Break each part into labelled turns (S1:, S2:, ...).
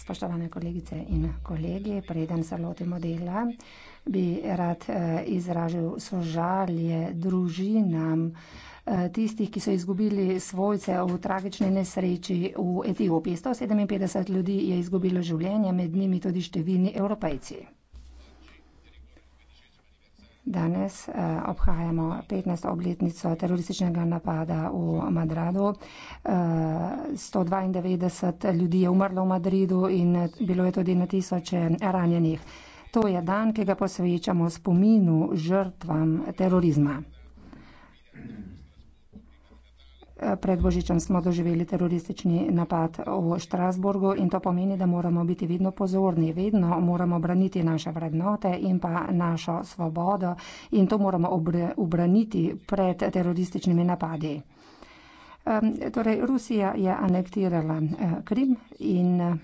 S1: Spoštovane kolegice in kolegi, preden se lotimo dela, bi rad eh, izražil sožalje družinam eh, tistih, ki so izgubili svojce v tragični nesreči v Etiopiji. Sto sedeminpetdeset ljudi je izgubilo življenje, med njimi tudi številni Evropejci. Danes eh, obhajamo 15. obletnico terorističnega napada v Madridu. Eh, 192 ljudi je umrlo v Madridu in eh, bilo je tudi na tisoče ranjenih. To je dan, ki ga posvečamo spominu žrtvam terorizma. Pred Božičem smo doživeli teroristični napad v Štrasburgu in to pomeni, da moramo biti vedno pozorni, vedno moramo braniti naše vrednote in pa našo svobodo in to moramo obraniti pred terorističnimi napadi. Torej, Rusija je anektirala eh, Krim in eh,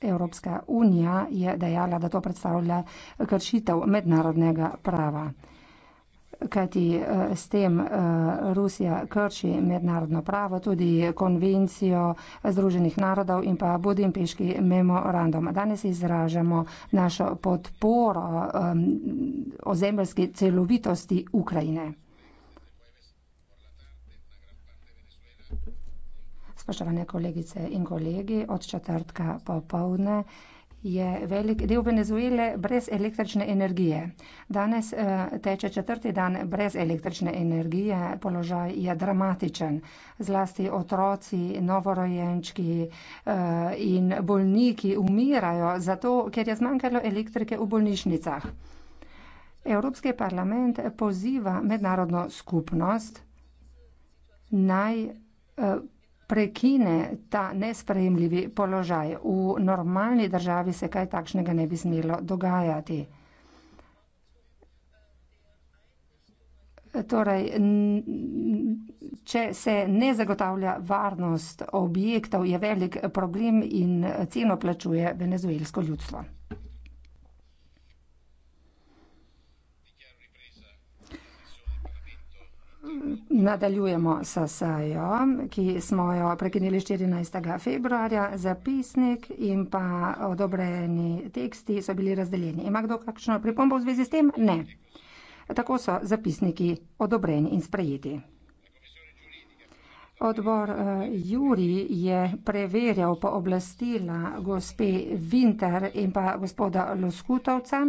S1: Evropska unija je dejala, da to predstavlja kršitev mednarodnega prava kajti, eh, s tem, eh, Rusija krši mednarodno pravo, tudi konvencijo Združenih narodov in pa Budimpeški memorandum. Danes izražamo našo podporo ozemljski celovitosti Ukrajine. Spoštovane kolegice in kolegi, od četrtka popovdne je velik del Venezuele brez električne energije. Danes eh, teče četrti dan brez električne energije, položaj je dramatičen. Zlasti otroci, novorojenčki eh, in bolniki umirajo zato, ker je zmanjkalo elektrike v bolnišnicah. Evropski parlament poziva mednarodno skupnost naj eh, prekine ta nesprejemljivi položaj. V normalni državi se kaj takšnega ne bi smelo dogajati. Torej, če se ne zagotavlja varnost objektov, je velik problem in ceno plačuje venezuelsko ljudstvo. Nadaljujemo s sajo, ki smo jo prekinili 14. februarja. Zapisnik in pa odobreni teksti so bili razdeljeni. Ima kdo kakšno pripombo v zvezi s tem? Ne. Tako so zapisniki odobreni in sprejeti. Odbor eh, Juri je preverjal pooblastila gospe Vinter in pa gospoda Loskutovca.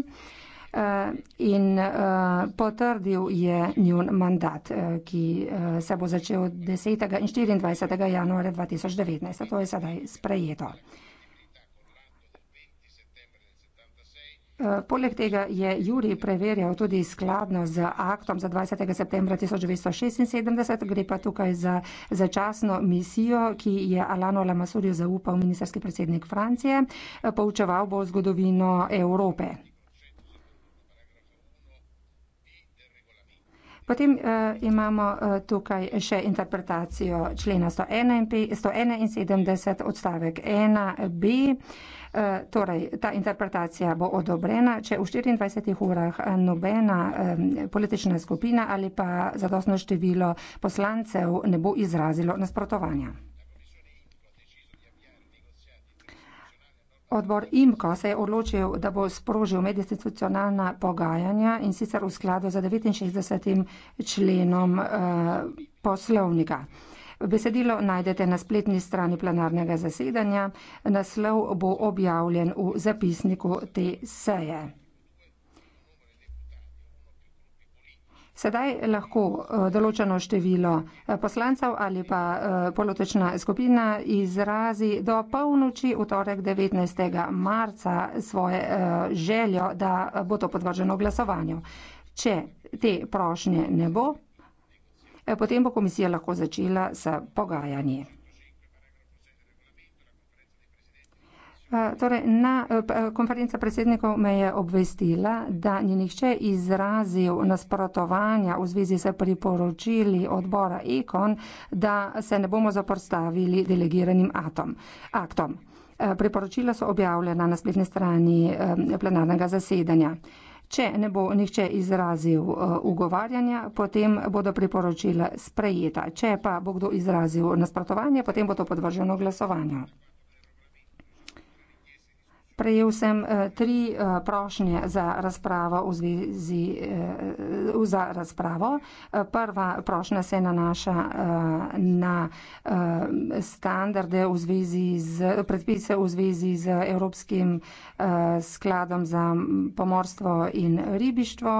S1: Eh, in eh, potrdil je njun mandat, eh, ki se bo začel 10. in 24. januarja 2019. To je sedaj sprejeto. Poleg tega je Juri preverjal tudi skladno z aktom za 20. septembra 1976, gre pa tukaj za začasno misijo, ki je Alano Lamasurjo zaupal ministerski predsednik Francije, poučeval bo zgodovino Evrope. Potem uh, imamo uh, tukaj še interpretacijo člena 171 odstavek 1b. Eh, torej, ta interpretacija bo odobrena, če v 24 urah nobena politična skupina ali pa zadostno število poslancev ne bo izrazilo nasprotovanja. Odbor IMKO se je odločil, da bo sprožil medinstitucionalna pogajanja in sicer v skladu z 69. členom eh, poslovnika. Besedilo najdete na spletni strani plenarnega zasedanja. Naslov bo objavljen v zapisniku te seje. Sedaj lahko eh, določeno število eh, poslancev ali pa eh, politična skupina izrazi do polnoči v torek 19. marca svoje željo, da bo to podvrženo glasovanju. Če te prošnje ne bo, potem bo komisija lahko začela s pogajanji. Eh, torej, na eh, eh, konferenca predsednikov me je obvestila, da ni nihče izrazil nasprotovanja v zvezi s priporočili odbora ECON, da se ne bomo zaprstavili delegiranim atom, aktom. Priporočila so objavljena na spletni strani plenarnega zasedanja. Če ne bo nihče izrazil ugovarjanja, potem bodo priporočila sprejeta. Če pa bo kdo izrazil nasprotovanje, potem bo to podvrženo glasovanju. Prejel sem eh, tri eh, prošnje za razpravo v zvezi eh, za razpravo. Prva prošnja se nanaša na standarde v zvezi z, predpise v zvezi z Evropskim skladom za pomorstvo in ribištvo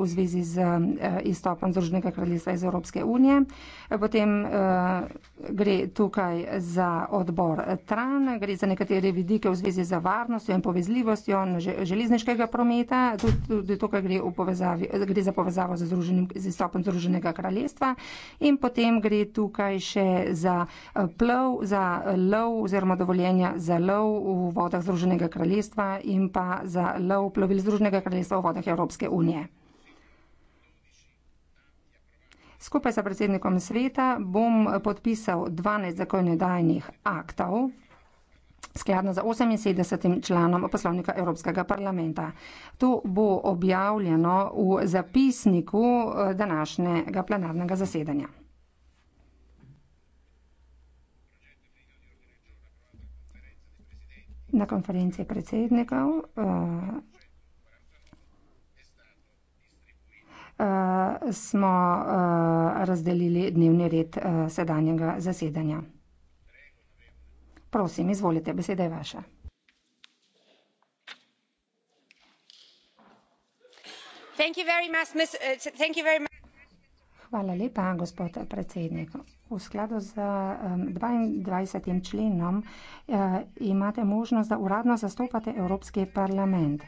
S1: v zvezi z izstopom Združenega kraljestva iz Evropske unije. Potem uh, gre tukaj za odbor TRAN, gre za nekatere vidike v zvezi z varnostjo in povezljivostjo železniškega prometa. Tudi, tudi tukaj gre, povezavi, gre za povezavo z, združenim, z izstopom Združenega kraljestva. In potem gre tukaj še za eh, plov, za eh, lov oziroma dovoljenja za lov v vodah Združenega kraljestva in pa za lov plovil Združenega kraljestva v vodah Evropske unije. Skupaj sa predsednikom sveta bom podpisal 12 zakonodajnih aktov, skladno za 78 članom poslovnika Evropskega parlamenta. To bo objavljeno v zapisniku eh, današnjega plenarnega zasedanja. Na konferenciji predsednikov eh, Eh, smo eh, razdelili dnevni red eh, sedanjega zasedanja. Prosim, izvolite, beseda je vaša. Hvala lepa, gospod predsednik. V skladu z 22. členom imate možnost, da uradno zastopate Evropski parlament.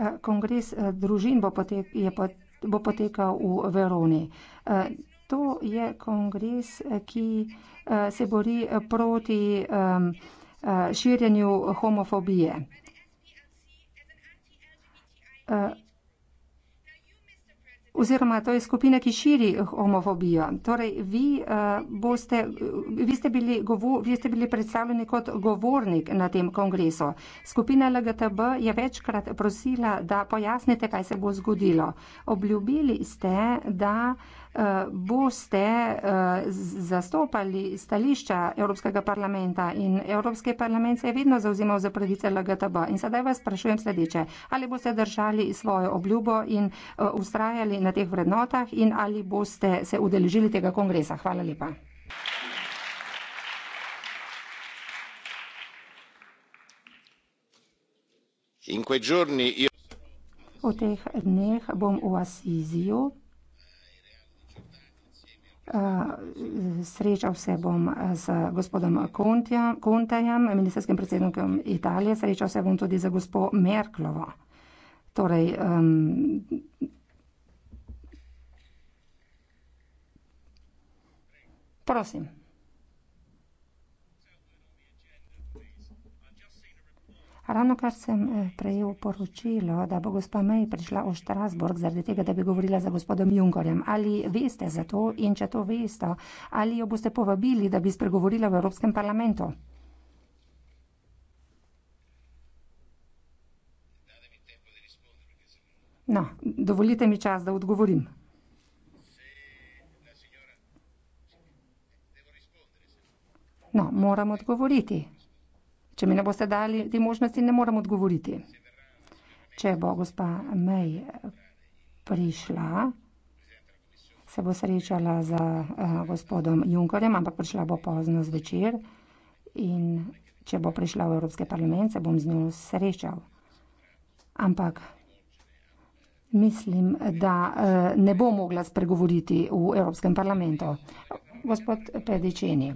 S1: Eh, kongres eh, družin bo, potek, je, bo potekal v Veroni. Eh, to je kongres, ki se bori proti ehm, širjenju homofobije oziroma to je skupina, ki širi homofobijo. Torej, vi uh, boste, vi ste, bili govo, vi ste bili predstavljeni kot govornik na tem kongresu. Skupina LGTB je večkrat prosila, da pojasnite, kaj se bo zgodilo. Obljubili ste, da uh, Eh, boste eh, zastopali stališča Evropskega parlamenta in Evropski parlament se je vedno zauzemal za pravice LGTB. In sedaj vas sprašujem sledeče, ali boste držali svojo obljubo in ustrajali eh, na teh vrednotah in ali boste se udeležili tega kongresa. Hvala lepa. V teh dneh bom v Asiziju. Eh, srečal se bom z gospodom Contija, Contejem, ministrskim predsednikom Italije, srečal se bom tudi z gospo Merklovo. Torej, um, prosim. Ravno kar sem eh, prejel poročilo, da bo gospa May prišla v Strasburg zaradi tega, da bi govorila za gospodom Junkorjem. Ali veste za to in če to veste, ali jo boste povabili, da bi spregovorila v Evropskem parlamentu? No, dovolite mi čas, da odgovorim. No, moram odgovoriti. Če mi ne boste dali te možnosti, ne morem odgovoriti. Če bo gospa May prišla, se bo srečala z eh, gospodom Junkerjem, ampak prišla bo pozno zvečer. In če bo prišla v Evropski parlament, se bom z njo srečal. Ampak mislim, da eh, ne bo mogla spregovoriti v Evropskem parlamentu. Gospod Pedičeni.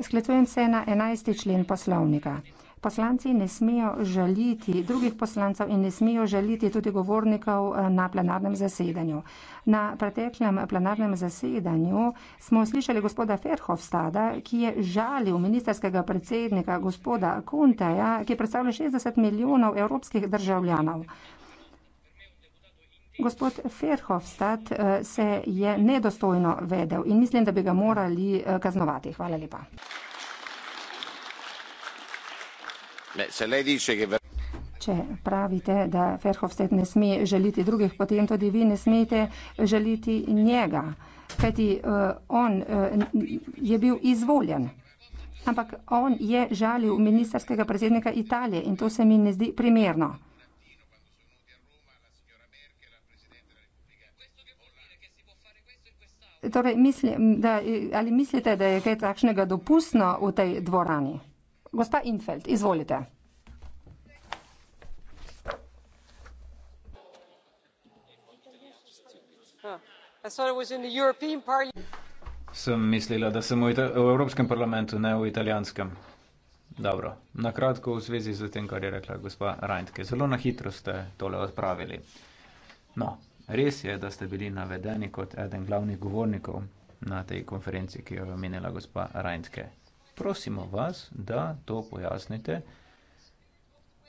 S1: Sklicujem se na 11. člen poslovnika. Poslanci ne smejo žaliti drugih poslancev in ne smejo žaliti tudi govornikov eh, na plenarnem zasedanju. Na preteklem plenarnem zasedanju smo slišali gospoda Ferhofstada, ki je žalil ministerskega predsednika gospoda Kunteja, ki predstavlja 60 milijonov evropskih državljanov. Gospod Ferhofstadt eh, se je nedostojno vedel in mislim, da bi ga morali eh, kaznovati. Hvala lepa. Če pravite, da Ferhofstadt ne sme želiti drugih, potem tudi vi ne smete želiti njega, kajti eh, on je bil izvoljen. Ampak on je žalil ministerskega predsednika Italije in to se mi ne zdi primerno. Torej, mislim, da, ali mislite, da je kaj takšnega dopustno v tej dvorani? Gospa Infeld, izvolite.
S2: Sem mislila, da sem v, v Evropskem parlamentu, ne v italijanskem. Dobro, na kratko v zvezi z tem, kar je rekla gospa Reintke. Zelo na hitro ste tole odpravili. No, Res je, da ste bili navedeni kot eden glavnih govornikov na tej konferenci, ki jo je omenila gospa Rajnske. Prosimo vas, da to pojasnite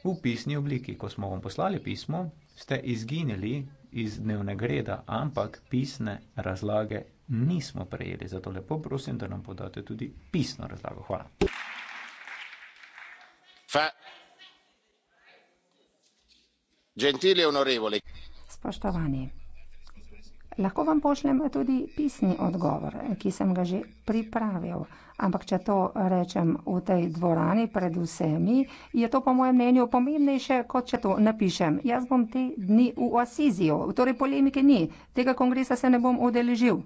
S2: v pisni obliki. Ko smo vam poslali pismo, ste izginili iz dnevnega reda, ampak pisne razlage nismo prejeli. Zato lepo prosim, da nam podate tudi pisno razlago. Hvala. Fa.
S3: Gentili onorevoli
S1: spoštovani. Lahko vam pošljem tudi pisni odgovor, ki sem ga že pripravil, ampak če to rečem v tej dvorani pred vsemi, je to po mojem mnenju pomembnejše, kot če to napišem. Jaz bom te dni v Asizijo, torej polemike ni, tega kongresa se ne bom udeležil.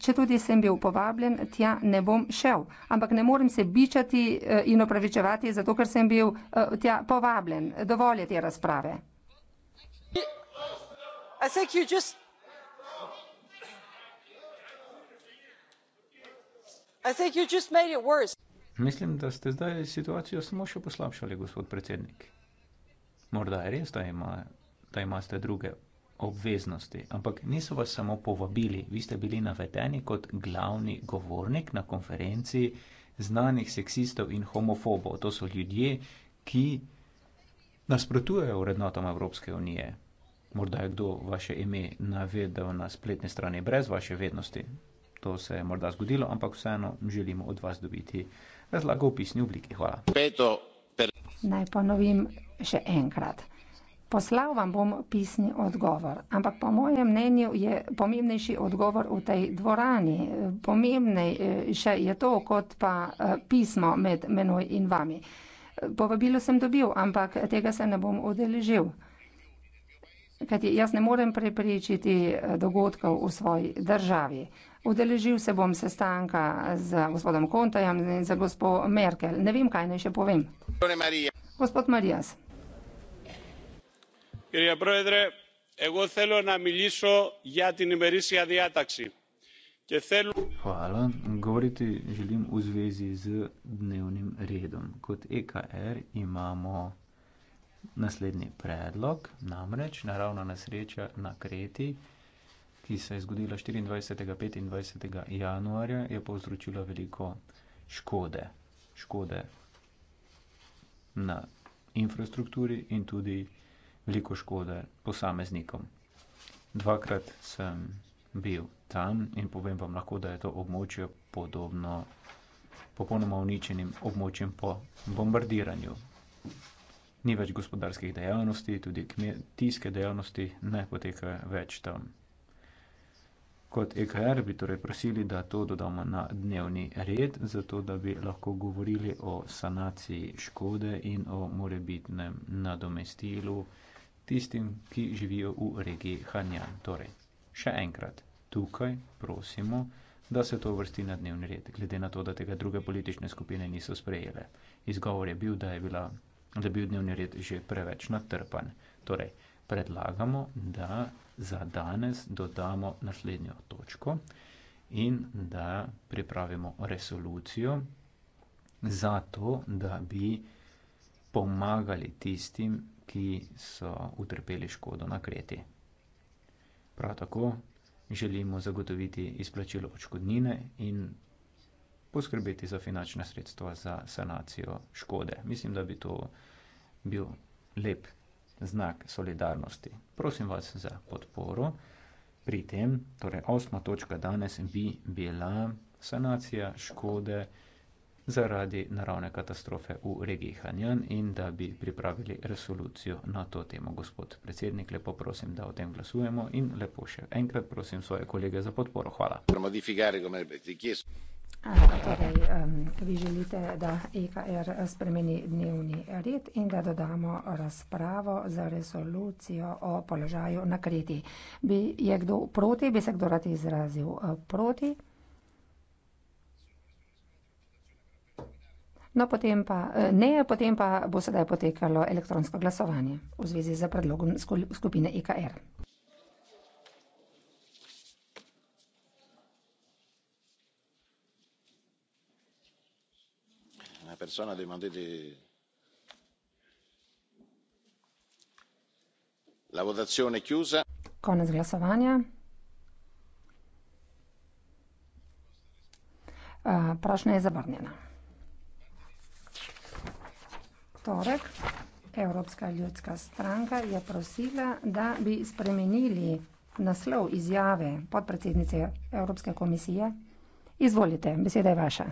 S1: Če tudi sem bil povabljen, tja ne bom šel, ampak ne morem se bičati eh, in opravičevati, zato ker sem bil eh, tja povabljen. Dovolj je
S4: te razprave i think you just i think you just made it worse
S2: mislim da ste zdaj situacijo samo še poslabšali gospod predsednik morda je res da ima da imate druge obveznosti, ampak niso vas samo povabili, vi ste bili navedeni kot glavni govornik na konferenci znanih seksistov in homofobov. To so ljudje, ki nasprotujejo vrednotam Evropske unije, Morda je kdo vaše ime navedel na spletni strani brez vaše vednosti. To se je morda zgodilo, ampak vseeno želimo od vas dobiti razlago v pisni obliki. Hvala. Peto,
S1: per... Naj ponovim še enkrat. Poslal vam bom pisni odgovor, ampak po mojem mnenju je pomembnejši odgovor v tej dvorani. Pomembnejše je to, kot pa eh, pismo med menoj in vami. Povabilo sem dobil, ampak tega se ne bom odeležil kajti jaz ne morem preprečiti eh, dogodkov v svoji državi. Udeležil se bom sestanka z gospodom Kontajem in z gospo Merkel. Ne vem, kaj naj še povem. Marija. Gospod Marijas.
S2: Hvala. Govoriti želim v zvezi z dnevnim redom. Kot EKR imamo naslednji predlog, namreč naravna nesreča na Kreti, ki se je zgodila 24. in 25. januarja, je povzročila veliko škode. Škode na infrastrukturi in tudi veliko škode posameznikom. Dvakrat sem bil tam in povem vam lahko, da je to območje podobno popolnoma uničenim območjem po bombardiranju ni več gospodarskih dejavnosti, tudi kmetijske dejavnosti ne potekajo več tam. Kot EKR bi torej prosili, da to dodamo na dnevni red, zato da bi lahko govorili o sanaciji škode in o morebitnem nadomestilu tistim, ki živijo v regiji Hanjan. Torej, še enkrat, tukaj prosimo, da se to vrsti na dnevni red, glede na to, da tega druge politične skupine niso sprejele. Izgovor je bil, da je bila da bi bil dnevni red že preveč natrpan. Torej, predlagamo, da za danes dodamo naslednjo točko in da pripravimo resolucijo za to, da bi pomagali tistim, ki so utrpeli škodo na kreti. Prav tako želimo zagotoviti izplačilo očkodnine in poskrbeti za finančna sredstva za sanacijo škode. Mislim, da bi to bil lep znak solidarnosti. Prosim vas za podporo. Pri tem, torej osma točka danes bi bila sanacija škode zaradi naravne katastrofe v regiji Hanjan in da bi pripravili resolucijo na to temo. Gospod predsednik, lepo prosim, da o tem glasujemo in lepo še enkrat prosim svoje kolege za podporo. Hvala.
S1: Aha, torej, um, vi želite, da EKR spremeni dnevni red in da dodamo razpravo za resolucijo o položaju na kriti. Bi je kdo proti, bi se kdo rad izrazil eh, proti? No, potem pa eh, ne, potem pa bo sedaj potekalo elektronsko glasovanje v zvezi z predlogom skupine IKR. E Konec glasovanja. Eh, prošnja je zavrnjena torek Evropska ljudska stranka je prosila, da bi spremenili naslov izjave podpredsednice Evropske komisije. Izvolite, beseda je vaša.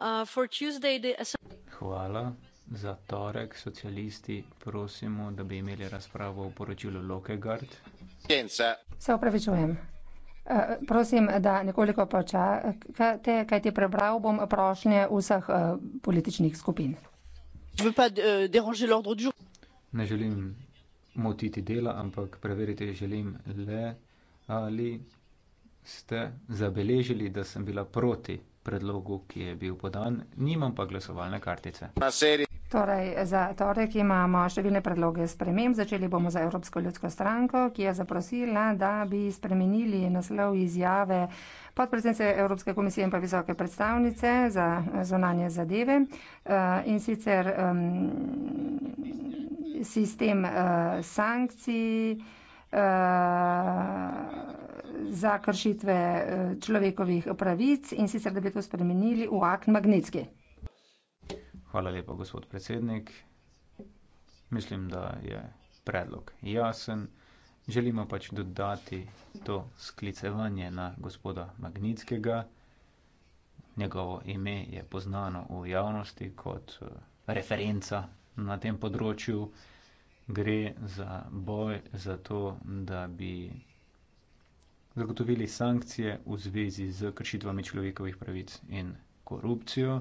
S4: Uh,
S2: Hvala. Za torek socialisti prosimo, da bi imeli razpravo o poročilu Lokegard.
S1: Se opravičujem, Eh, prosim, da nekoliko počakate, kaj ti prebral bom prošnje vseh eh, političnih skupin.
S5: Eh,
S2: ne želim motiti dela, ampak preveriti želim le, ali ste zabeležili, da sem bila proti predlogu, ki je bil podan, nimam pa glasovalne kartice. Na seriji.
S1: Torej, za torek imamo številne predloge sprememb. Začeli bomo za Evropsko ljudsko stranko, ki je zaprosila, da bi spremenili naslov izjave podpredsednice Evropske komisije in pa visoke predstavnice za zonanje zadeve. Eh, in sicer sistem eh, sankcij eh, za kršitve človekovih pravic in sicer, da bi to spremenili v akt magnitski.
S2: Hvala lepa, gospod predsednik. Mislim, da je predlog jasen. Želimo pač dodati to sklicevanje na gospoda Magnitskega. Njegovo ime je poznano v javnosti kot eh, referenca na tem področju. Gre za boj za to, da bi zagotovili sankcije v zvezi z kršitvami človekovih pravic in korupcijo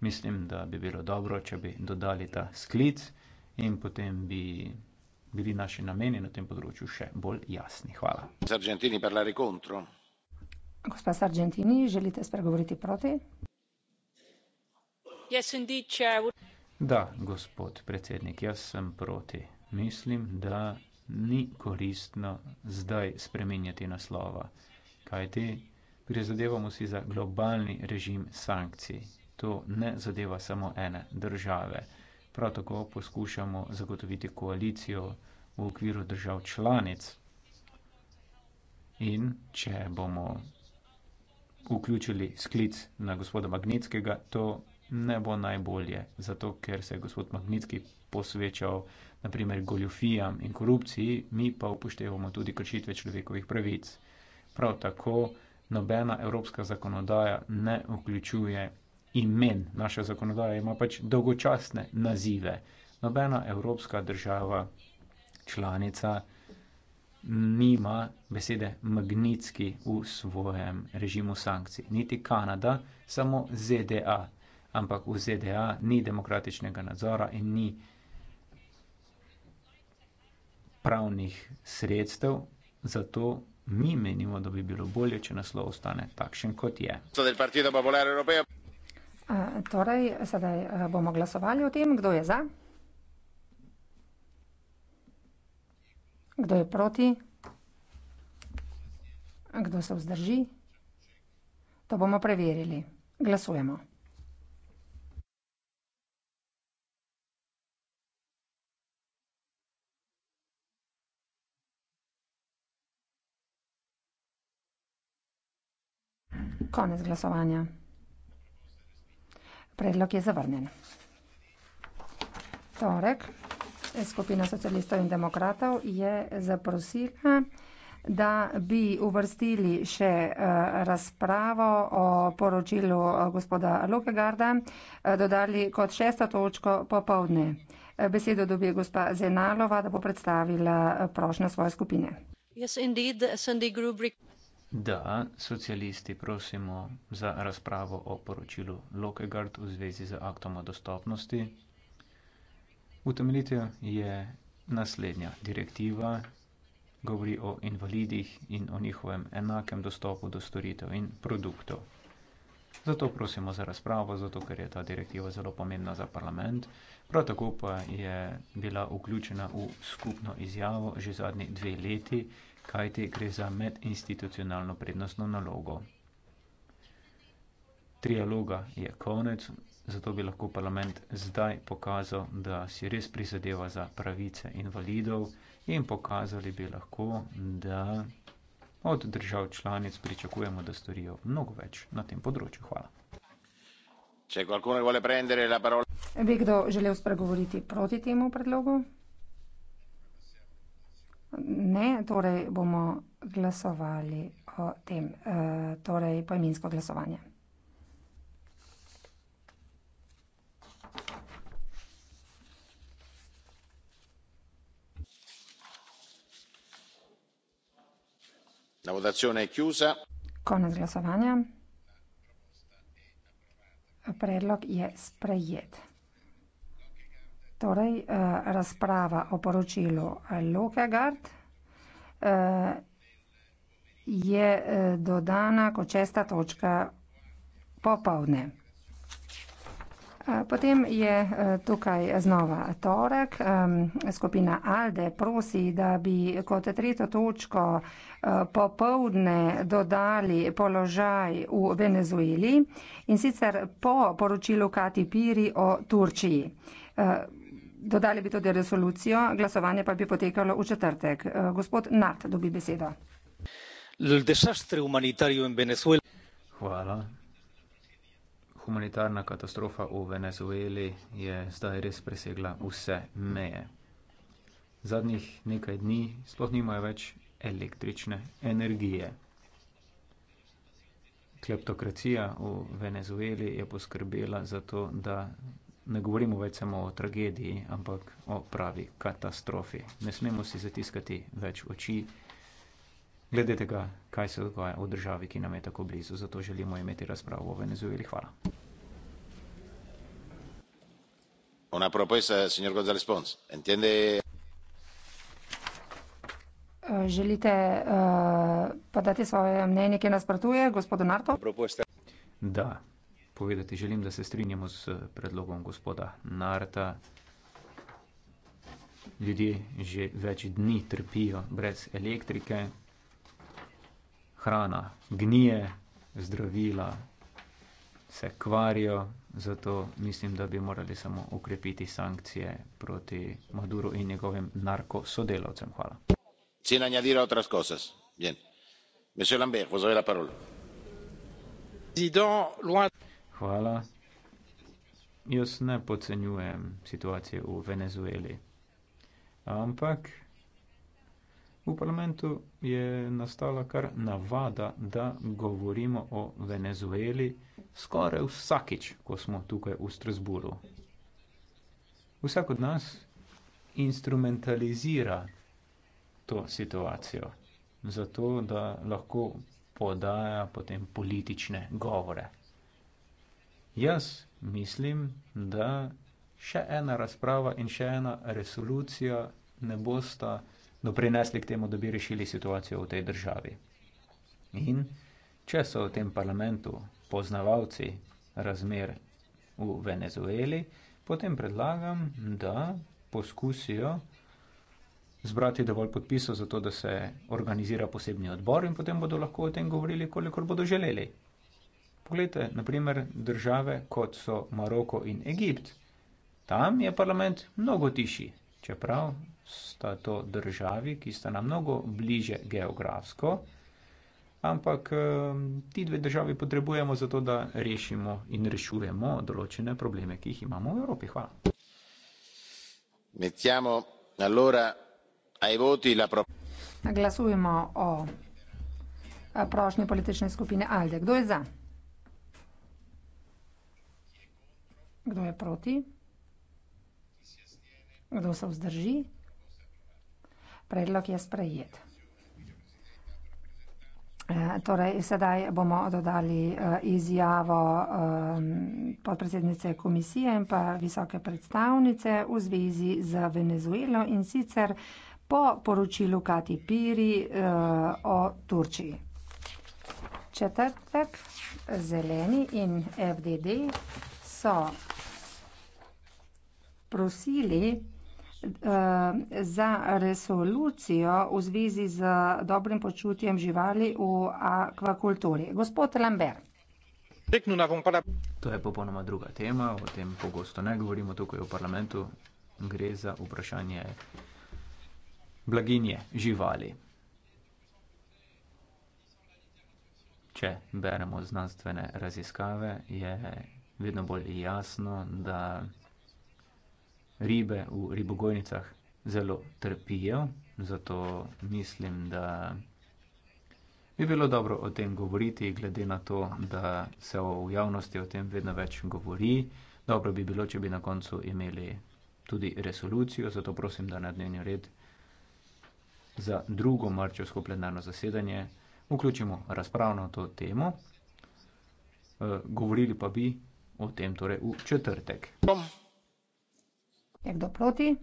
S2: mislim, da bi bilo dobro, če bi dodali ta sklic in potem bi bili naši nameni na tem področju še bolj jasni. Hvala.
S3: Sargentini, parlare contro.
S1: Gospa Sargentini, želite
S2: spregovoriti proti?
S6: Yes, indeed,
S2: da, gospod predsednik, jaz sem proti. Mislim, da ni koristno zdaj spremenjati naslova, kajti prizadevamo si za globalni režim sankcij to ne zadeva samo ene države. Prav tako poskušamo zagotoviti koalicijo v okviru držav članic in če bomo vključili sklic na gospoda Magnitskega, to ne bo najbolje, zato ker se je gospod Magnitski posvečal naprimer goljofijam in korupciji, mi pa upoštevamo tudi kršitve človekovih pravic. Prav tako nobena evropska zakonodaja ne vključuje imen. Naša zakonodaja ima pač dolgočasne nazive. Nobena evropska država, članica, nima besede magnitski v svojem režimu sankcij. Niti Kanada, samo ZDA. Ampak v ZDA ni demokratičnega nadzora in ni pravnih sredstev, zato mi menimo, da bi bilo bolje, če naslov ostane takšen, kot je.
S1: Torej, sedaj eh, bomo glasovali o tem, kdo je za. Kdo je proti? Kdo se vzdrži? To bomo preverili. Glasujemo. Konec glasovanja. Predlog je zavrnen. Torek, skupina socialistov in demokratov je zaprosila, da bi uvrstili še eh, razpravo o poročilu eh, gospoda Lukegarda, eh, dodali kot šesto točko popovdne. Besedo dobi gospa Zenalova, da bo predstavila prošnjo svoje skupine.
S4: Yes, indeed, SND group
S2: da socialisti prosimo za razpravo o poročilu Lokegard v zvezi z aktom o dostopnosti. Utemeljitev je naslednja. Direktiva govori o invalidih in o njihovem enakem dostopu do storitev in produktov. Zato prosimo za razpravo, zato ker je ta direktiva zelo pomembna za parlament. Prav tako pa je bila vključena v skupno izjavo že zadnji dve leti, kajti gre za medinstitucionalno prednostno nalogo. Trialoga je konec, zato bi lahko parlament zdaj pokazal, da si res prizadeva za pravice invalidov in pokazali bi lahko, da od držav članic pričakujemo, da storijo mnogo več na tem področju. Hvala.
S1: Bi kdo želel spregovoriti proti temu predlogu? ne, torej bomo glasovali o tem, eh, torej poimensko glasovanje. Konec glasovanja. Predlog je sprejet torej eh, razprava o poročilu Lokegard eh, je eh, dodana kot česta točka popovdne. Potem je tukaj znova torek. Skupina Alde prosi, da bi kot tretjo točko popovdne dodali položaj v Venezueli in sicer po poročilu Kati Piri o Turčiji. Dodali bi tudi resolucijo, glasovanje pa bi potekalo v četrtek. Eh, gospod Nat dobi besedo.
S7: Hvala.
S2: Humanitarna katastrofa v Venezueli je zdaj res presegla vse meje. Zadnjih nekaj dni sploh nimajo več električne energije. Kleptokracija v Venezueli je poskrbela za to, da ne govorimo več samo o tragediji, ampak o pravi katastrofi. Ne smemo si zatiskati več oči, glede tega, kaj se dogaja v državi, ki nam je tako blizu. Zato želimo imeti razpravo o Venezueli. Hvala.
S3: Una propuesta, señor González Pons. Entiende.
S2: Eh,
S1: želite uh, podati svoje mnenje, ki nasprotuje gospodu Narto?
S2: Propuesta. Da, povedati. Želim, da se strinjamo s eh, predlogom gospoda Narta. Ljudje že več dni trpijo brez elektrike, hrana gnije, zdravila se kvarijo, zato mislim, da bi morali samo ukrepiti sankcije proti Maduru in njegovim narkosodelovcem. Hvala.
S3: Monsieur Lambert, vous avez la parole.
S2: Président, loin. Hvala. Jaz ne podcenjujem situacije v Venezueli. Ampak v parlamentu je nastala kar navada, da govorimo o Venezueli skoraj vsakič, ko smo tukaj v Strasburu. Vsak od nas instrumentalizira to situacijo, zato da lahko podaja potem politične govore. Jaz mislim, da še ena razprava in še ena resolucija ne bosta doprinesli k temu, da bi rešili situacijo v tej državi. In če so v tem parlamentu poznavalci razmer v Venezueli, potem predlagam, da poskusijo zbrati dovolj podpisov za to, da se organizira posebni odbor in potem bodo lahko o tem govorili, kolikor bodo želeli. Poglejte, naprimer, države kot so Maroko in Egipt. Tam je parlament mnogo tišji, čeprav sta to državi, ki sta nam mnogo bliže geografsko, ampak ti dve državi potrebujemo za to, da rešimo in rešujemo določene probleme, ki jih imamo v Evropi. Hvala.
S3: Mettiamo allora ai voti la pro...
S1: Glasujemo o prošnji politične skupine ALDE. Kdo je za? Kdo je proti? Kdo se vzdrži? Predlog je sprejet. E, torej, sedaj bomo dodali e, izjavo e, podpredsednice komisije in pa visoke predstavnice v zvezi z Venezuelo in sicer po poročilu Kati Piri o Turčiji. Četrtek, zeleni in FDD so prosili eh, za resolucijo v zvezi z dobrim počutjem živali v akvakulturi. Gospod Lambert.
S2: To je popolnoma druga tema, o tem pogosto ne govorimo tukaj v parlamentu. Gre za vprašanje blaginje živali. Če beremo znanstvene raziskave, je vedno bolj jasno, da ribe v ribogojnicah zelo trpijo, zato mislim, da bi bilo dobro o tem govoriti, glede na to, da se v javnosti o tem vedno več govori. Dobro bi bilo, če bi na koncu imeli tudi resolucijo, zato prosim, da na dnevni red za drugo marčevsko plenarno zasedanje vključimo razpravno to temo. Eh, govorili pa bi o tem torej v četrtek. Bom
S1: je kdo proti?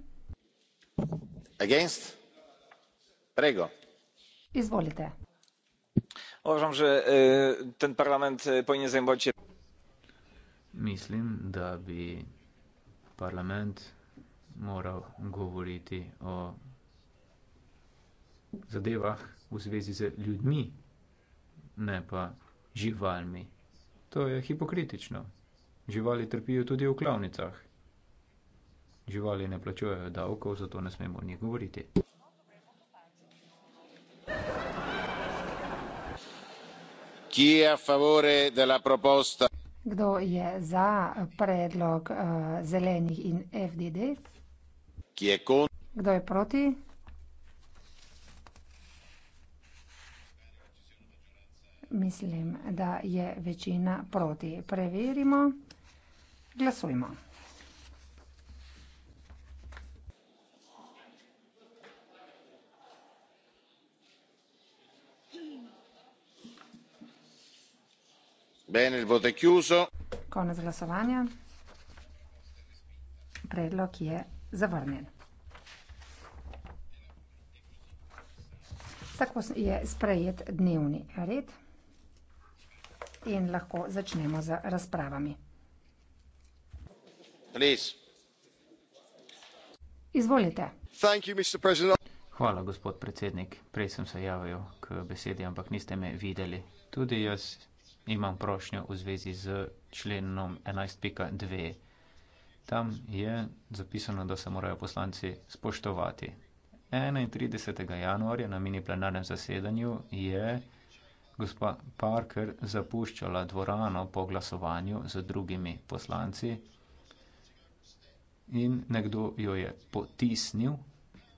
S2: against prego izvolite uważam
S3: że e, ten parlament e, powinien zajmować
S2: się mislim da bi parlament moral govoriti o zadevah v zvezi z ljudmi ne pa živalmi to je hipokritično živali trpijo tudi v klavnicah živali ne plačujejo davkov, zato ne smemo o njih govoriti.
S1: Kdo je za predlog uh, zelenih in FDD? Kdo je proti? Mislim, da je večina proti. Preverimo. Glasujmo.
S3: bene il voto è chiuso
S1: konec glasovanja predlog je zavrnjen tako je sprejet dnevni red in lahko začnemo z razpravami res izvolite
S2: thank you mister president Hvala, gospod predsednik. Prej sem se javil k besedi, ampak niste me videli. Tudi jaz imam prošnjo v zvezi z členom 11.2. Tam je zapisano, da se morajo poslanci spoštovati. 31. januarja na mini plenarnem zasedanju je gospa Parker zapuščala dvorano po glasovanju z drugimi poslanci in nekdo jo je potisnil,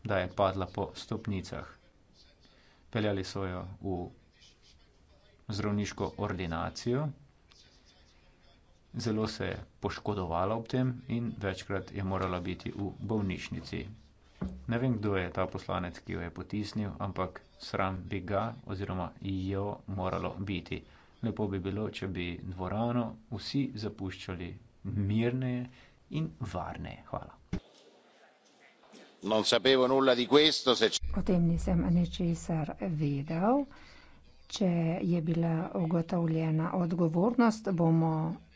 S2: da je padla po stopnicah. Peljali so jo v zdravniško ordinacijo. Zelo se je poškodovala ob tem in večkrat je morala biti v bolnišnici. Ne vem, kdo je ta poslanec, ki jo je potisnil, ampak sram bi ga oziroma jo moralo biti. Lepo bi bilo, če bi dvorano vsi zapuščali mirneje in varneje. Hvala.
S1: O tem nisem ničesar vedel. Če je bila ugotovljena odgovornost, bomo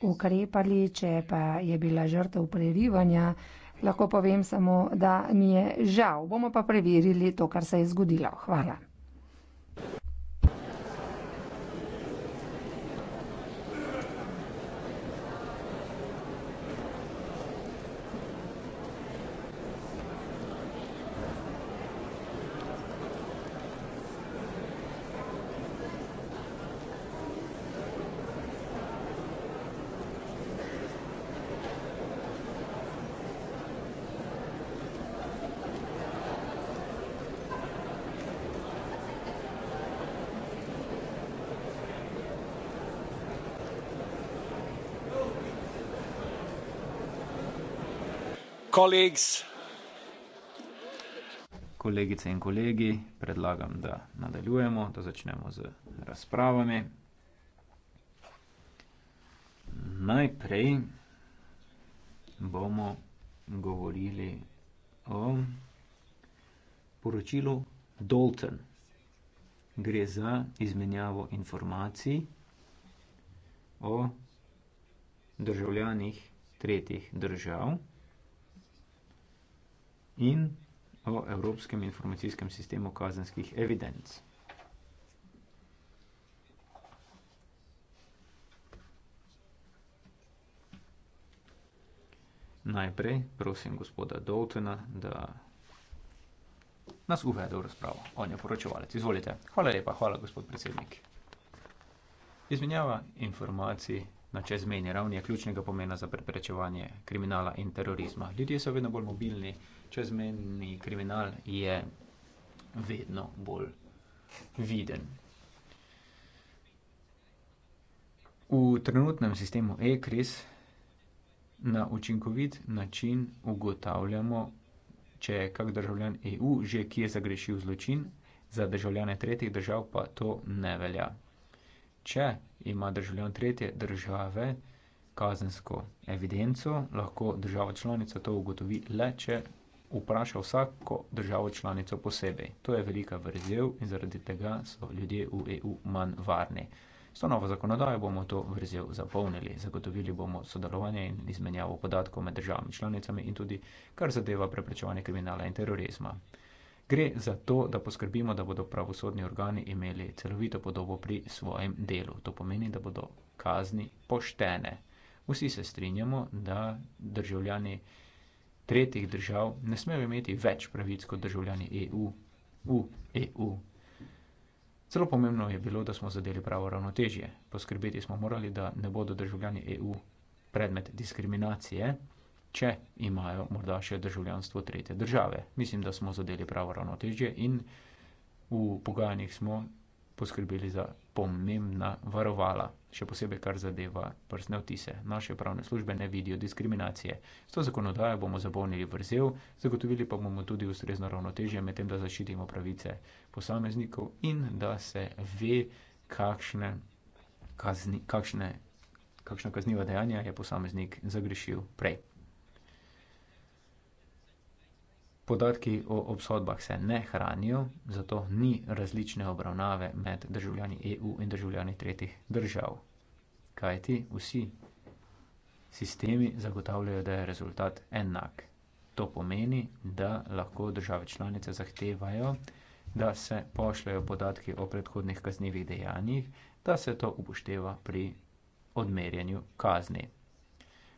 S1: ukrepali, če pa je bila žrtev prerivanja, lahko povem samo, da mi je žal. Bomo pa preverili to, kar se je zgodilo. Hvala.
S8: Kolegice
S2: in kolegi, predlagam, da nadaljujemo, da začnemo z razpravami. Najprej bomo govorili o poročilu Dalton. Gre za izmenjavo informacij o državljanih tretjih držav in o Evropskem informacijskem sistemu kazenskih evidenc. Najprej prosim gospoda Doltona, da nas uvede v razpravo. On je poročevalec. Izvolite. Hvala lepa, hvala gospod predsednik. Izmenjava informacij na čezmeni ravni je ključnega pomena za preprečevanje kriminala in terorizma. Ljudje so vedno bolj mobilni, čezmeni kriminal je vedno bolj viden. V trenutnem sistemu ECRIS na učinkovit način ugotavljamo, če je kak državljan EU že kje zagrešil zločin, za državljane tretjih držav pa to ne velja če ima državljan tretje države kazensko evidenco, lahko država članica to ugotovi le, če vpraša vsako državo članico posebej. To je velika vrzel in zaradi tega so ljudje v EU manj varni. S to novo zakonodajo bomo to vrzel zapolnili, zagotovili bomo sodelovanje in izmenjavo podatkov med državami članicami in tudi kar zadeva preprečevanje kriminala in terorizma. Gre za to, da poskrbimo, da bodo pravosodni organi imeli celovito podobo pri svojem delu. To pomeni, da bodo kazni poštene. Vsi se strinjamo, da državljani tretjih držav ne smejo imeti več pravic kot državljani EU v EU. Celo pomembno je bilo, da smo zadeli pravo ravnotežje. Poskrbeti smo morali, da ne bodo državljani EU predmet diskriminacije, če imajo morda še državljanstvo tretje države. Mislim, da smo zadeli pravo ravnotežje in v pogajanjih smo poskrbeli za pomembna varovala, še posebej kar zadeva prsne otise. Naše pravne službe ne vidijo diskriminacije. S to zakonodajo bomo zapolnili vrzel, zagotovili pa bomo tudi ustrezno ravnotežje med tem, da zaščitimo pravice posameznikov in da se ve, kakšne, kazni, kakšne, kakšne kazniva dejanja je posameznik zagrešil prej. Podatki o obsodbah se ne hranijo, zato ni različne obravnave med državljani EU in državljani tretjih držav. Kaj ti vsi sistemi zagotavljajo, da je rezultat enak. To pomeni, da lahko države članice zahtevajo, da se pošljajo podatki o predhodnih kaznjivih dejanjih, da se to upošteva pri odmerjanju kazni.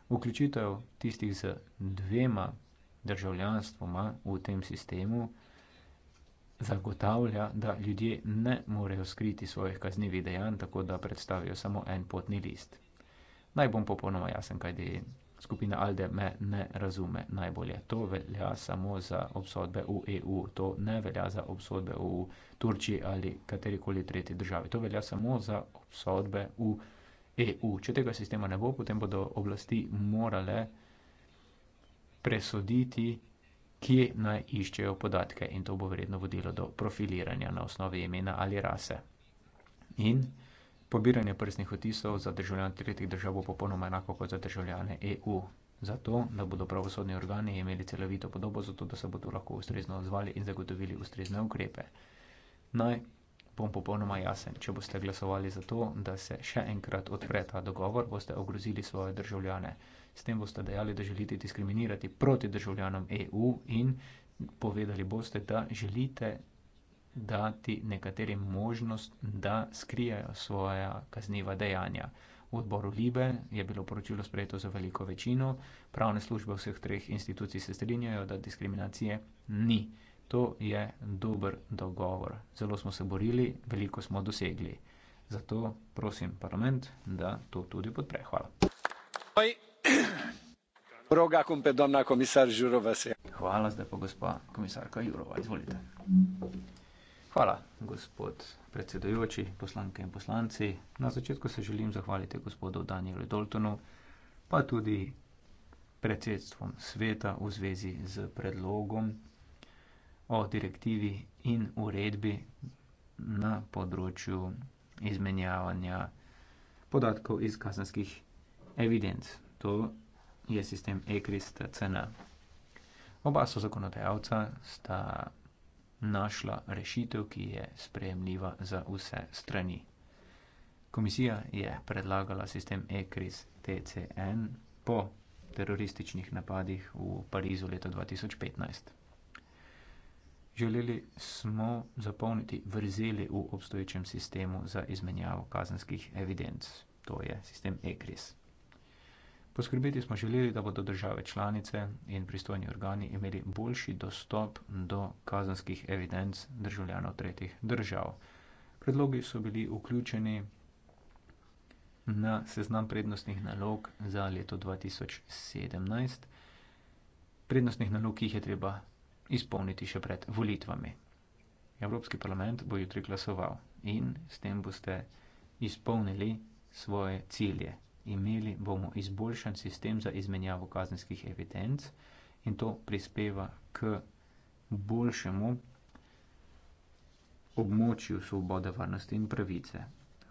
S2: Vključitev tistih z dvema državljanstvo ima v tem sistemu, zagotavlja, da ljudje ne morejo skriti svojih kaznjivih dejanj, tako da predstavijo samo en potni list. Naj bom popolnoma jasen, kaj deje. Skupina Alde me ne razume najbolje. To velja samo za obsodbe v EU, to ne velja za obsodbe v Turčiji ali katerikoli tretji državi. To velja samo za obsodbe v EU. Če tega sistema ne bo, potem bodo oblasti morale presoditi, kje naj iščejo podatke in to bo vredno vodilo do profiliranja na osnovi imena ali rase. In pobiranje prstnih otisov za državljane tretjih držav bo popolnoma enako kot za državljane EU. Zato, da bodo pravosodni organi imeli celovito podobo, zato da se bodo lahko ustrezno odzvali in zagotovili ustrezne ukrepe. Naj bom popolnoma jasen. Če boste glasovali za to, da se še enkrat odpre ta dogovor, boste ogrozili svoje državljane. S tem boste dejali, da želite diskriminirati proti državljanom EU in povedali boste, da želite dati nekaterim možnost, da skrijejo svoja kazniva dejanja. V odboru Libe je bilo poročilo sprejeto za veliko večino. Pravne službe vseh treh institucij se strinjajo, da diskriminacije ni. To je dober dogovor. Zelo smo se borili, veliko smo dosegli. Zato prosim parlament, da to tudi podpre. Hvala. Bye. Hvala, zdaj pa gospa komisarka Jurova, izvolite. Hvala, gospod predsedujoči, poslanke in poslanci. Na začetku se želim zahvaliti gospodu Danielu Daltonu, pa tudi predsedstvom sveta v zvezi z predlogom o direktivi in uredbi na področju izmenjavanja podatkov iz kazanskih evidenc to je sistem ECRIST-CN. Oba so zakonodajalca, sta našla rešitev, ki je sprejemljiva za vse strani. Komisija je predlagala sistem ECRIST-TCN po terorističnih napadih v Parizu leta 2015. Želeli smo zapolniti vrzeli v obstoječem sistemu za izmenjavo kazenskih evidenc, to je sistem ECRIST. Poskrbeti smo želeli, da bodo države članice in pristojni organi imeli boljši dostop do kazanskih evidenc državljanov tretjih držav. Predlogi so bili vključeni na seznam prednostnih nalog za leto 2017. Prednostnih nalog, ki jih je treba izpolniti še pred volitvami. Evropski parlament bo jutri glasoval in s tem boste izpolnili svoje cilje imeli bomo izboljšan sistem za izmenjavo kazenskih evidenc in to prispeva k boljšemu območju svobode, varnosti in pravice.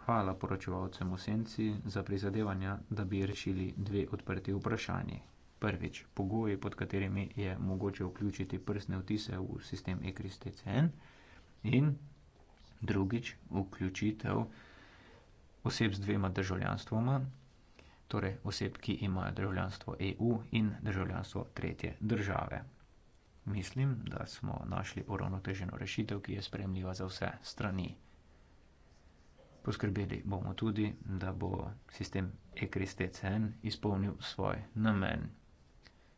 S2: Hvala poročevalcem v senci za prizadevanja, da bi rešili dve odprti vprašanji. Prvič, pogoji, pod katerimi je mogoče vključiti prstne vtise v sistem ECRIS-TCN in drugič, vključitev oseb z dvema državljanstvoma torej oseb, ki imajo državljanstvo EU in državljanstvo tretje države. Mislim, da smo našli uravnoteženo rešitev, ki je spremljiva za vse strani. Poskrbeli bomo tudi, da bo sistem ECRIS-TCN izpolnil svoj namen.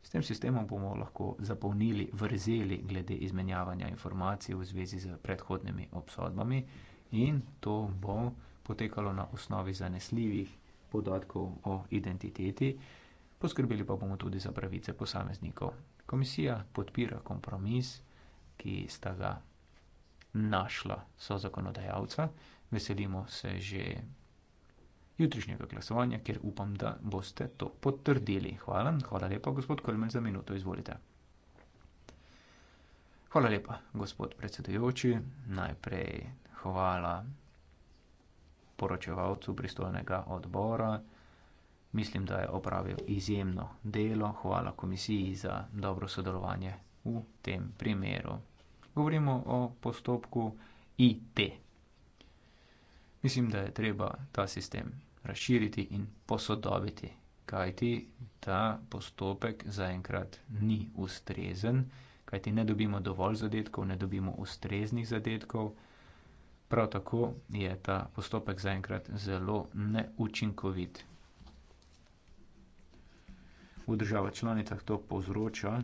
S2: S tem sistemom bomo lahko zapolnili vrzeli glede izmenjavanja informacij v zvezi z predhodnimi obsodbami in to bo potekalo na osnovi zanesljivih podatkov o identiteti, poskrbeli pa bomo tudi za pravice posameznikov. Komisija podpira kompromis, ki sta ga našla so zakonodajalca. Veselimo se že jutrišnjega glasovanja, ker upam, da boste to potrdili. Hvala, hvala lepa, gospod Kolmen, za minuto, izvolite. Hvala lepa, gospod predsedujoči. Najprej hvala poročevalcu pristojnega odbora. Mislim, da je opravil izjemno delo. Hvala komisiji za dobro sodelovanje v tem primeru. Govorimo o postopku IT. Mislim, da je treba ta sistem razširiti in posodobiti, kajti ta postopek zaenkrat ni ustrezen, kajti ne dobimo dovolj zadetkov, ne dobimo ustreznih zadetkov. Prav tako je ta postopek zaenkrat zelo neučinkovit. V državah članicah to povzroča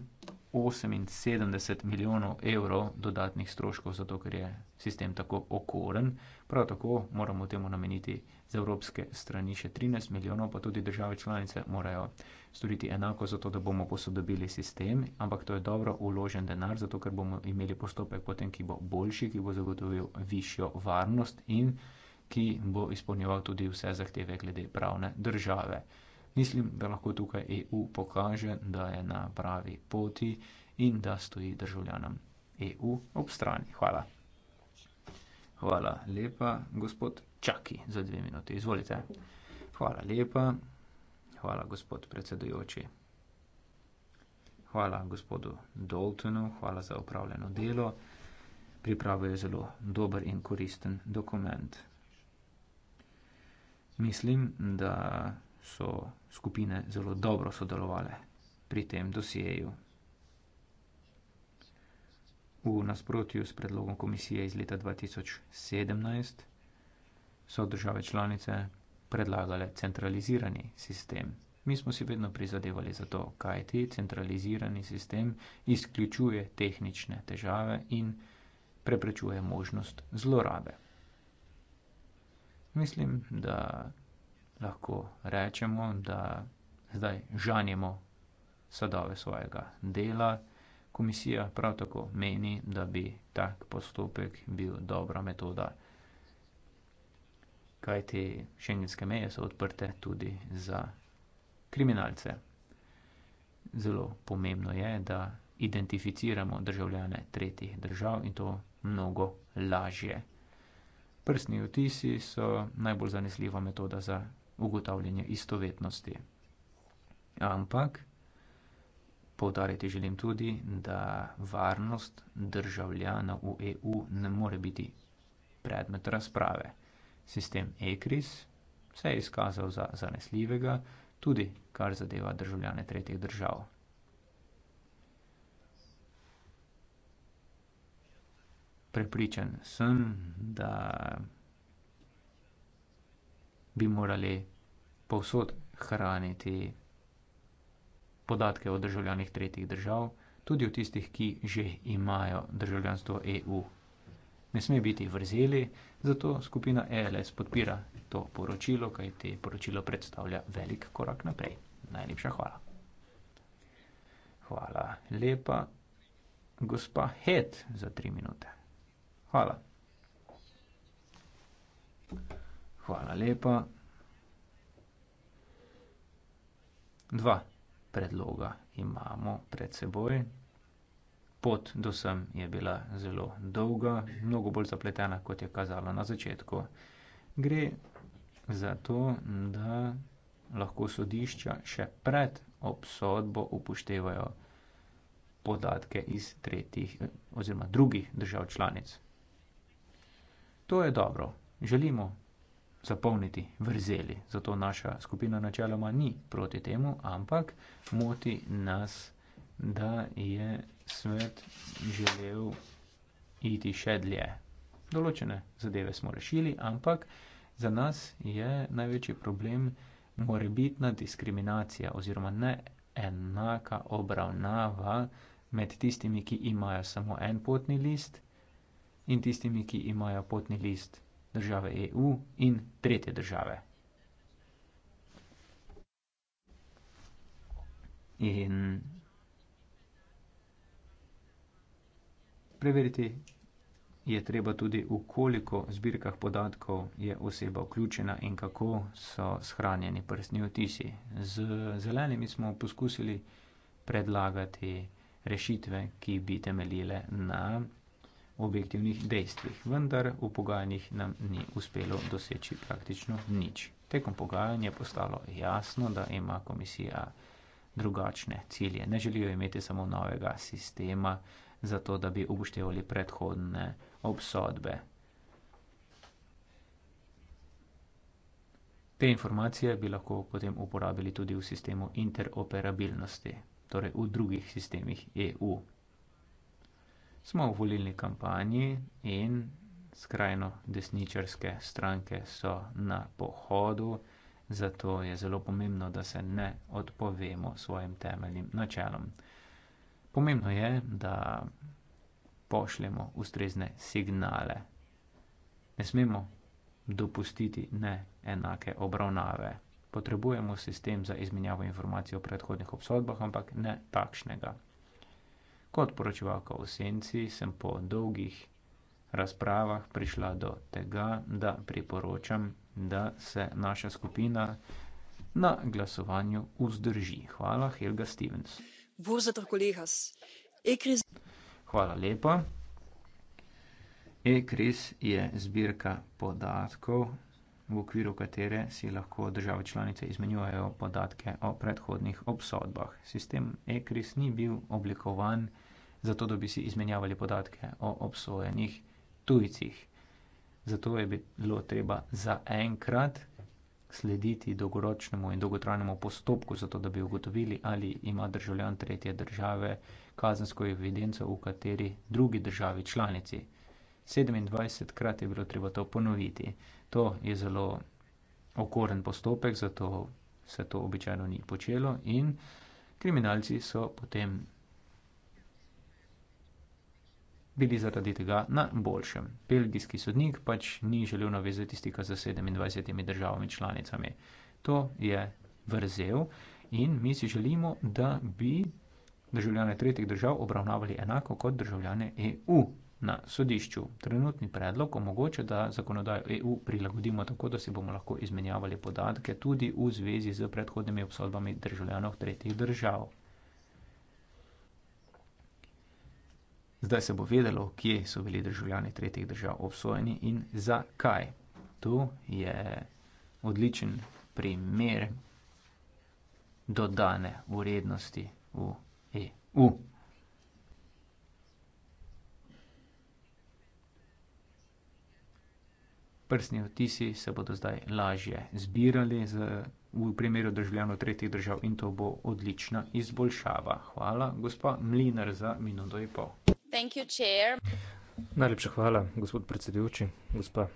S2: 78 milijonov evrov dodatnih stroškov, zato ker je sistem tako okoren. Prav tako moramo temu nameniti z evropske strani še 13 milijonov, pa tudi države članice morajo storiti enako, zato da bomo posodobili sistem, ampak to je dobro uložen denar, zato ker bomo imeli postopek potem, ki bo boljši, ki bo zagotovil višjo varnost in ki bo izpolnjeval tudi vse zahteve glede pravne države. Mislim, da lahko tukaj EU pokaže, da je na pravi poti in da stoji državljanom EU ob strani. Hvala. Hvala lepa, gospod Čaki, za dve minute. Izvolite. Hvala lepa. Hvala, gospod predsedujoči. Hvala gospodu Daltonu, hvala za upravljeno delo. Pripravo je zelo dober in koristen dokument. Mislim, da so skupine zelo dobro sodelovale pri tem dosjeju. V nasprotju s predlogom komisije iz leta 2017 so države članice predlagale centralizirani sistem. Mi smo si vedno prizadevali za to, kaj ti centralizirani sistem izključuje tehnične težave in preprečuje možnost zlorabe. Mislim, da lahko rečemo, da zdaj žanjemo sadove svojega dela. Komisija prav tako meni, da bi tak postopek bil dobra metoda, kaj te šengenske meje so odprte tudi za kriminalce. Zelo pomembno je, da identificiramo državljane tretjih držav in to mnogo lažje. Prstni vtisi so najbolj zanesljiva metoda za ugotavljanje istovetnosti. Ampak povdariti želim tudi, da varnost državljana v EU ne more biti predmet razprave. Sistem ECRIS se je izkazal za zanesljivega, tudi kar zadeva državljane tretjih držav. Prepričan sem, da bi morali povsod hraniti podatke o državljanih tretjih držav, tudi o tistih, ki že imajo državljanstvo EU. Ne sme biti vrzeli, zato skupina ELS podpira to poročilo, kaj te poročilo predstavlja velik korak naprej. Najlepša hvala. Hvala lepa, gospa Het, za tri minute. Hvala. Thank you. Hvala lepa. Dva predloga imamo pred seboj. Pot do sem je bila zelo dolga, mnogo bolj zapletena, kot je kazalo na začetku. Gre za to, da lahko sodišča še pred obsodbo upoštevajo podatke iz tretjih eh, oziroma drugih držav članic. To je dobro. Želimo zapolniti vrzeli. Zato naša skupina načeloma ni proti temu, ampak moti nas, da je svet želel iti še dlje. Določene zadeve smo rešili, ampak za nas je največji problem morebitna diskriminacija oziroma neenaka obravnava med tistimi, ki imajo samo en potni list in tistimi, ki imajo potni list države EU in tretje države. In preveriti je treba tudi, v koliko zbirkah podatkov je oseba vključena in kako so shranjeni prstni otisi. Z zelenimi smo poskusili predlagati rešitve, ki bi temeljile na objektivnih dejstvih, vendar v pogajanjih nam ni uspelo doseči praktično nič. Tekom pogajanj je postalo jasno, da ima komisija drugačne cilje. Ne želijo imeti samo novega sistema, zato da bi upoštevali predhodne obsodbe. Te informacije bi lahko potem uporabili tudi v sistemu interoperabilnosti, torej v drugih sistemih EU smo v volilni kampanji in skrajno desničarske stranke so na pohodu, zato je zelo pomembno, da se ne odpovemo svojim temeljnim načelom. Pomembno je, da pošljemo ustrezne signale. Ne smemo dopustiti neenake obravnave. Potrebujemo sistem za izmenjavo informacij o predhodnih obsodbah, ampak ne takšnega. Kot poročevalka v senci sem po dolgih razpravah prišla do tega, da priporočam, da se naša skupina na glasovanju vzdrži. Hvala, Helga Stevens. Hvala lepa. E-Kris je zbirka podatkov v okviru katere si lahko države članice izmenjujejo podatke o predhodnih obsodbah. Sistem ECRIS ni bil oblikovan zato, da bi si izmenjavali podatke o obsojenih tujcih. Zato je bilo treba zaenkrat slediti dolgoročnemu in dolgotrajnemu postopku, zato da bi ugotovili, ali ima državljan tretje države kazensko evidenco v kateri drugi državi članici. 27 krat je bilo treba to ponoviti. To je zelo okoren postopek, zato se to običajno ni počelo in kriminalci so potem bili zaradi tega na boljšem. Belgijski sodnik pač ni želel navezati stika za 27 državami članicami. To je vrzel in mi si želimo, da bi državljane tretjih držav obravnavali enako kot državljane EU na sodišču. Trenutni predlog omogoča, da zakonodajo EU prilagodimo tako, da si bomo lahko izmenjavali podatke tudi v zvezi z predhodnimi obsodbami državljanov tretjih držav. Zdaj se bo vedelo, kje so bili državljani tretjih držav obsojeni in zakaj. Tu je odličen primer dodane vrednosti v EU. prstni odtisi se bodo zdaj lažje zbirali z, v primeru državljanov tretjih držav in to bo odlična izboljšava. Hvala, gospa Mlinar, za minuto
S7: in pol. Najlepša hvala, gospod predsedujoči, gospa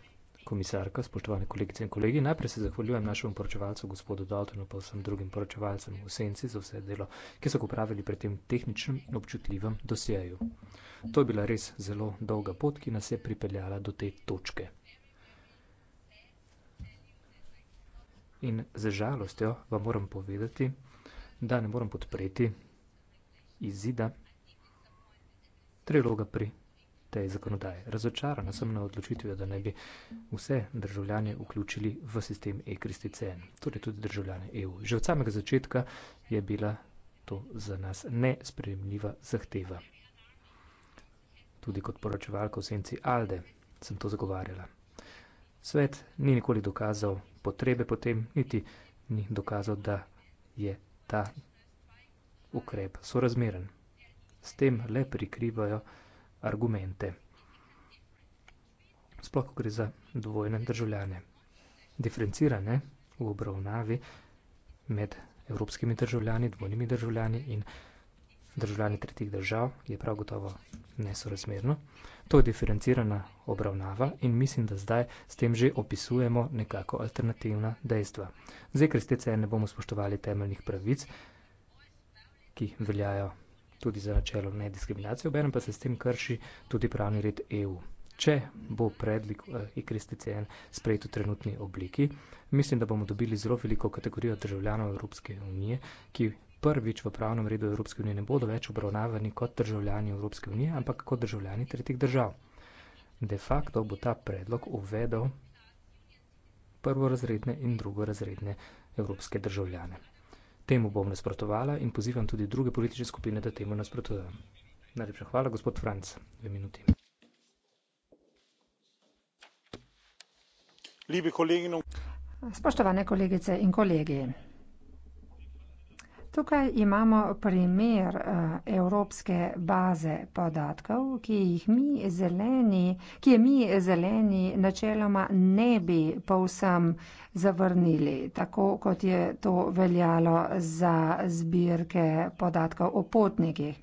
S7: komisarka, spoštovane kolegice in kolegi. Najprej se zahvaljujem našemu poročevalcu, gospodu Daltonu, pa vsem drugim poročevalcem v senci za vse delo, ki so ga upravili pri tem tehničnem in občutljivem dosjeju. To je bila res zelo dolga pot, ki nas je pripeljala do te točke. In z žalostjo vam moram povedati, da ne morem podpreti izida triloga pri tej zakonodaji. Razočarana sem na odločitvijo, da ne bi vse državljane vključili v sistem e-kristicen, torej tudi državljane EU. Že od samega začetka je bila to za nas nespremljiva zahteva. Tudi kot poročevalka v senci Alde sem to zagovarjala. Svet ni nikoli dokazal potrebe potem, niti ni dokazal, da je ta ukrep sorazmeren. S tem le prikrivajo argumente. Sploh, ko gre za dvojne državljane. Diferencirane v obravnavi med evropskimi državljani, dvojnimi državljani in državljani državljani tretjih držav, je prav gotovo nesorazmerno. To je diferencirana obravnava in mislim, da zdaj s tem že opisujemo nekako alternativna dejstva. Zdaj, ker ste ne bomo spoštovali temeljnih pravic, ki veljajo tudi za načelo nediskriminacije, obenem pa se s tem krši tudi pravni red EU. Če bo predlik eh, ICRISTICN sprejet v trenutni obliki, mislim, da bomo dobili zelo veliko kategorijo državljanov Evropske unije, ki prvič v pravnem redu Evropske unije ne bodo več obravnavani kot državljani Evropske unije, ampak kot državljani tretjih držav. De facto bo ta predlog uvedel prvorazredne in drugorazredne evropske državljane. Temu bom nasprotovala in pozivam tudi druge politične skupine, da temu nasprotujejo. Najlepša hvala, gospod Franc. Dve minuti.
S1: Spoštovane kolegice in kolegi. Tukaj imamo primer eh, evropske baze podatkov, ki jih mi zeleni, ki je mi zeleni načeloma ne bi povsem zavrnili, tako kot je to veljalo za zbirke podatkov o potnikih.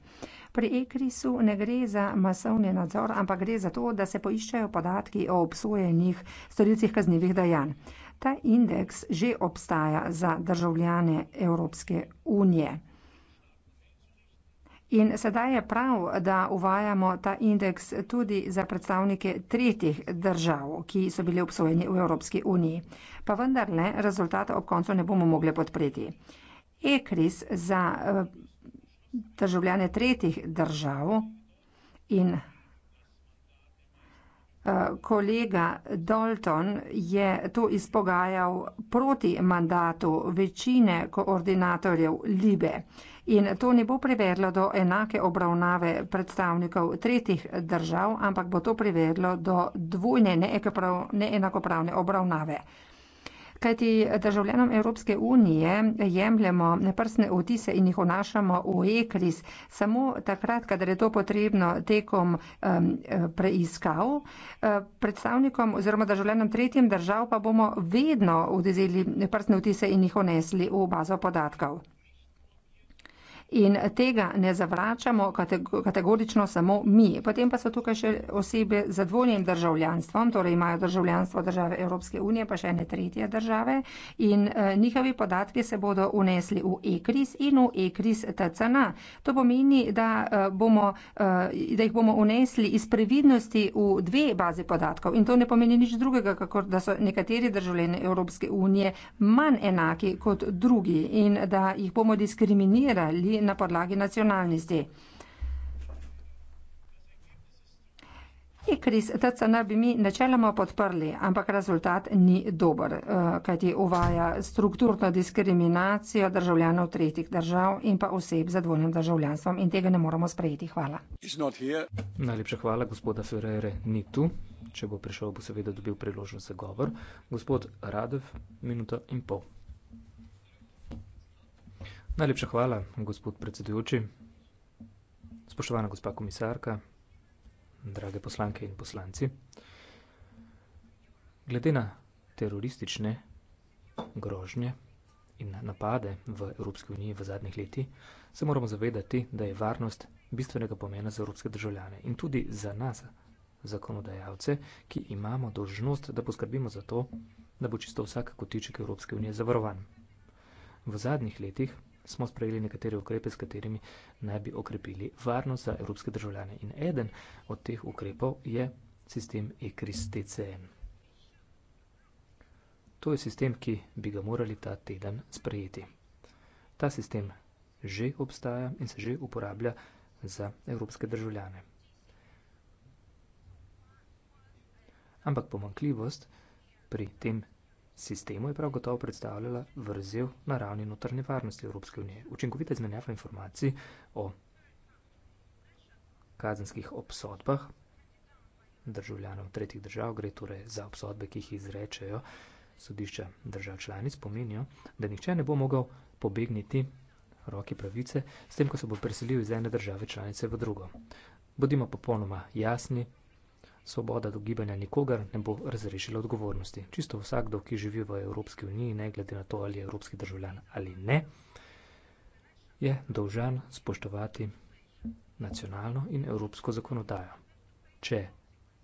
S1: Pri ECRISu ne gre za masovni nadzor, ampak gre za to, da se poiščajo podatki o obsojenih storilcih kaznjivih dejanj. Ta indeks že obstaja za državljane Evropske unije. In sedaj je prav, da uvajamo ta indeks tudi za predstavnike tretjih držav, ki so bile obsojeni v Evropski uniji. Pa vendarle rezultata ob koncu ne bomo mogli podpreti. Ekris za eh, državljane tretjih držav in Eh, kolega Dalton je to izpogajal proti mandatu večine koordinatorjev Libe in to ne bo privedlo do enake obravnave predstavnikov tretjih držav, ampak bo to privedlo do dvojne neenakopravne obravnave kajti državljanom Evropske unije jemljemo prstne otise in jih vnašamo v ekris samo takrat, kadar je to potrebno tekom um, preiskav. Eh, predstavnikom oziroma državljanom tretjem držav pa bomo vedno odezeli prstne otise in jih vnesli v bazo podatkov in tega ne zavračamo kategorično samo mi. Potem pa so tukaj še osebe z dvojnim državljanstvom, torej imajo državljanstvo države Evropske unije, pa še ene tretje države in eh, njihovi podatki se bodo unesli v ECRIS in v ECRIS TCN. To pomeni, da, eh, bomo, eh, da jih bomo unesli iz previdnosti v dve baze podatkov in to ne pomeni nič drugega, kot da so nekateri državljani Evropske unije manj enaki kot drugi in da jih bomo diskriminirali na podlagi nacionalnosti. Ekris TCN bi mi načeloma podprli, ampak rezultat ni dober, eh, kajti uvaja strukturno diskriminacijo državljanov tretjih držav in pa oseb za dvojnim državljanstvom in tega ne moremo sprejeti. Hvala.
S7: Najlepša hvala, gospoda Ferrere ni tu. Če bo prišel, bo seveda dobil priložnost za govor. Gospod Radev, minuta in pol. Najlepša hvala, gospod predsedujoči. Spoštovana gospa komisarka, drage poslanke in poslanci. Glede na teroristične grožnje in napade v Evropski uniji v zadnjih letih, se moramo zavedati, da je varnost bistvenega pomena za evropske državljane in tudi za nas, zakonodajalce, ki imamo dožnost, da poskrbimo za to, da bo čisto vsak kotiček Evropske unije zavarovan. V zadnjih letih smo sprejeli nekatere ukrepe, s katerimi naj bi okrepili varnost za evropske državljane. In eden od teh ukrepov je sistem ECRIS-TCM. To je sistem, ki bi ga morali ta teden sprejeti. Ta sistem že obstaja in se že uporablja za evropske državljane. Ampak pomankljivost pri tem Sistemu je prav gotovo predstavljala vrzel na ravni notrne varnosti Evropske unije. Učinkovita izmenjava informacij o kazenskih obsodbah državljanov tretjih držav, gre torej za obsodbe, ki jih izrečejo sodišča držav članic, pomenijo, da nihče ne bo mogel pobegniti roki pravice, s tem, ko se bo preselil iz ene države članice v drugo. Bodimo popolnoma jasni, Svoboda do gibanja nikogar ne bo razrešila odgovornosti. Čisto vsakdo, ki živi v Evropski uniji, ne glede na to, ali je evropski državljan ali ne, je dolžan spoštovati nacionalno in evropsko zakonodajo. Če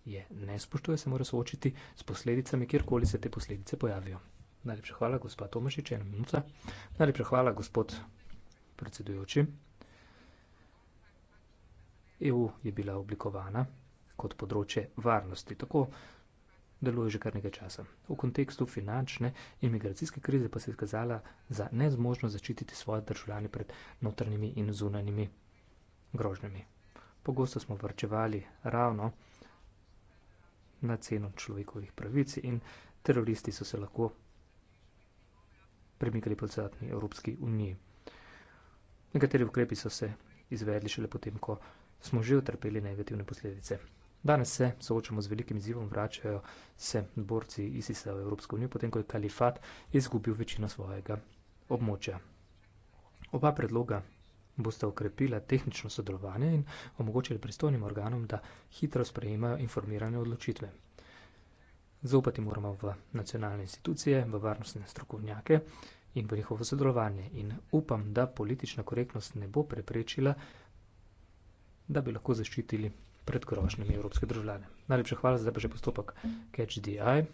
S7: je ne spoštuje, se mora soočiti s posledicami, kjerkoli se te posledice pojavijo. Najlepša hvala, gospod Tomašič, ena minuta. Najlepša hvala, gospod predsedujoči. EU je bila oblikovana kot področje varnosti. Tako deluje že kar nekaj časa. V kontekstu finančne in migracijske krize pa se je izkazala za nezmožno zaščititi svoje državljane pred notranjimi in zunanjimi grožnjami. Pogosto smo vrčevali ravno na ceno človekovih pravic in teroristi so se lahko premikali po celotni Evropski uniji. Nekateri ukrepi so se izvedli šele potem, ko smo že utrpeli negativne posledice. Danes se soočamo z velikim izzivom, vračajo se borci ISIS-a v Evropsko unijo, potem ko je kalifat izgubil večino svojega območja. Oba predloga boste okrepila tehnično sodelovanje in omogočili pristojnim organom, da hitro sprejemajo informirane odločitve. Zaupati moramo v nacionalne institucije, v varnostne strokovnjake in v njihovo sodelovanje in upam, da politična korektnost ne bo preprečila, da bi lahko zaščitili pred grožnjami evropske državljane. Najlepša hvala, zdaj pa že postopek CatchDI.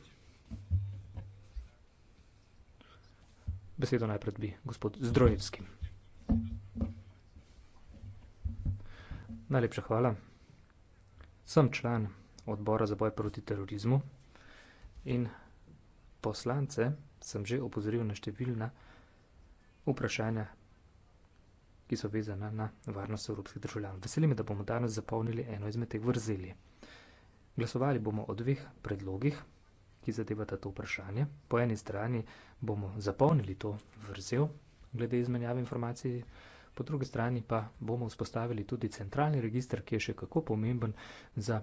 S7: Besedo najprej bi gospod Zdrojevski. Najlepša hvala. Sem član odbora za boj proti terorizmu in poslance sem že opozoril na številna vprašanja ki so vezane na varnost evropskih državljanov. Veseli me, da bomo danes zapolnili eno izmed teh vrzeli. Glasovali bomo o dveh predlogih, ki zadevata to vprašanje. Po eni strani bomo zapolnili to vrzel glede izmenjave informacij, po drugi strani pa bomo vzpostavili tudi centralni registr, ki je še kako pomemben za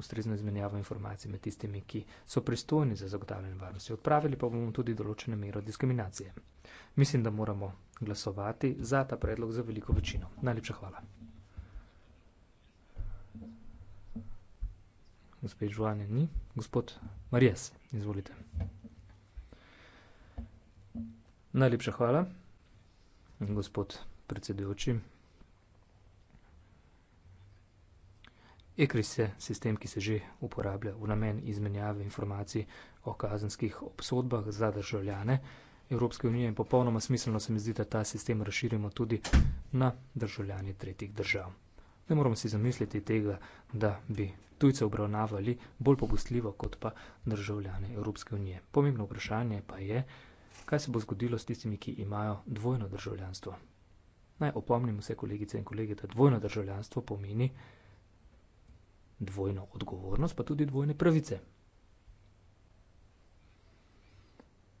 S7: ustrezno izmenjavo informacij med tistimi, ki so pristojni za zagotavljanje varnosti. Odpravili pa bomo tudi določene mero diskriminacije. Mislim, da moramo glasovati za ta predlog za veliko večino. Najlepša hvala. Gospod Žuanje ni. Gospod Marijas, izvolite. Najlepša hvala. Gospod predsedujoči. ECRIS je sistem, ki se že uporablja v namen izmenjave informacij o kazenskih obsodbah za državljane, Evropske unije in popolnoma smiselno se mi zdi, da ta sistem razširimo tudi na državljanje tretjih držav. Ne moramo si zamisliti tega, da bi tujce obravnavali bolj pogostljivo kot pa državljane Evropske unije. Pomembno vprašanje pa je, kaj se bo zgodilo s tistimi, ki imajo dvojno državljanstvo. Naj opomnim vse kolegice in kolege, da dvojno državljanstvo pomeni dvojno odgovornost, pa tudi dvojne pravice.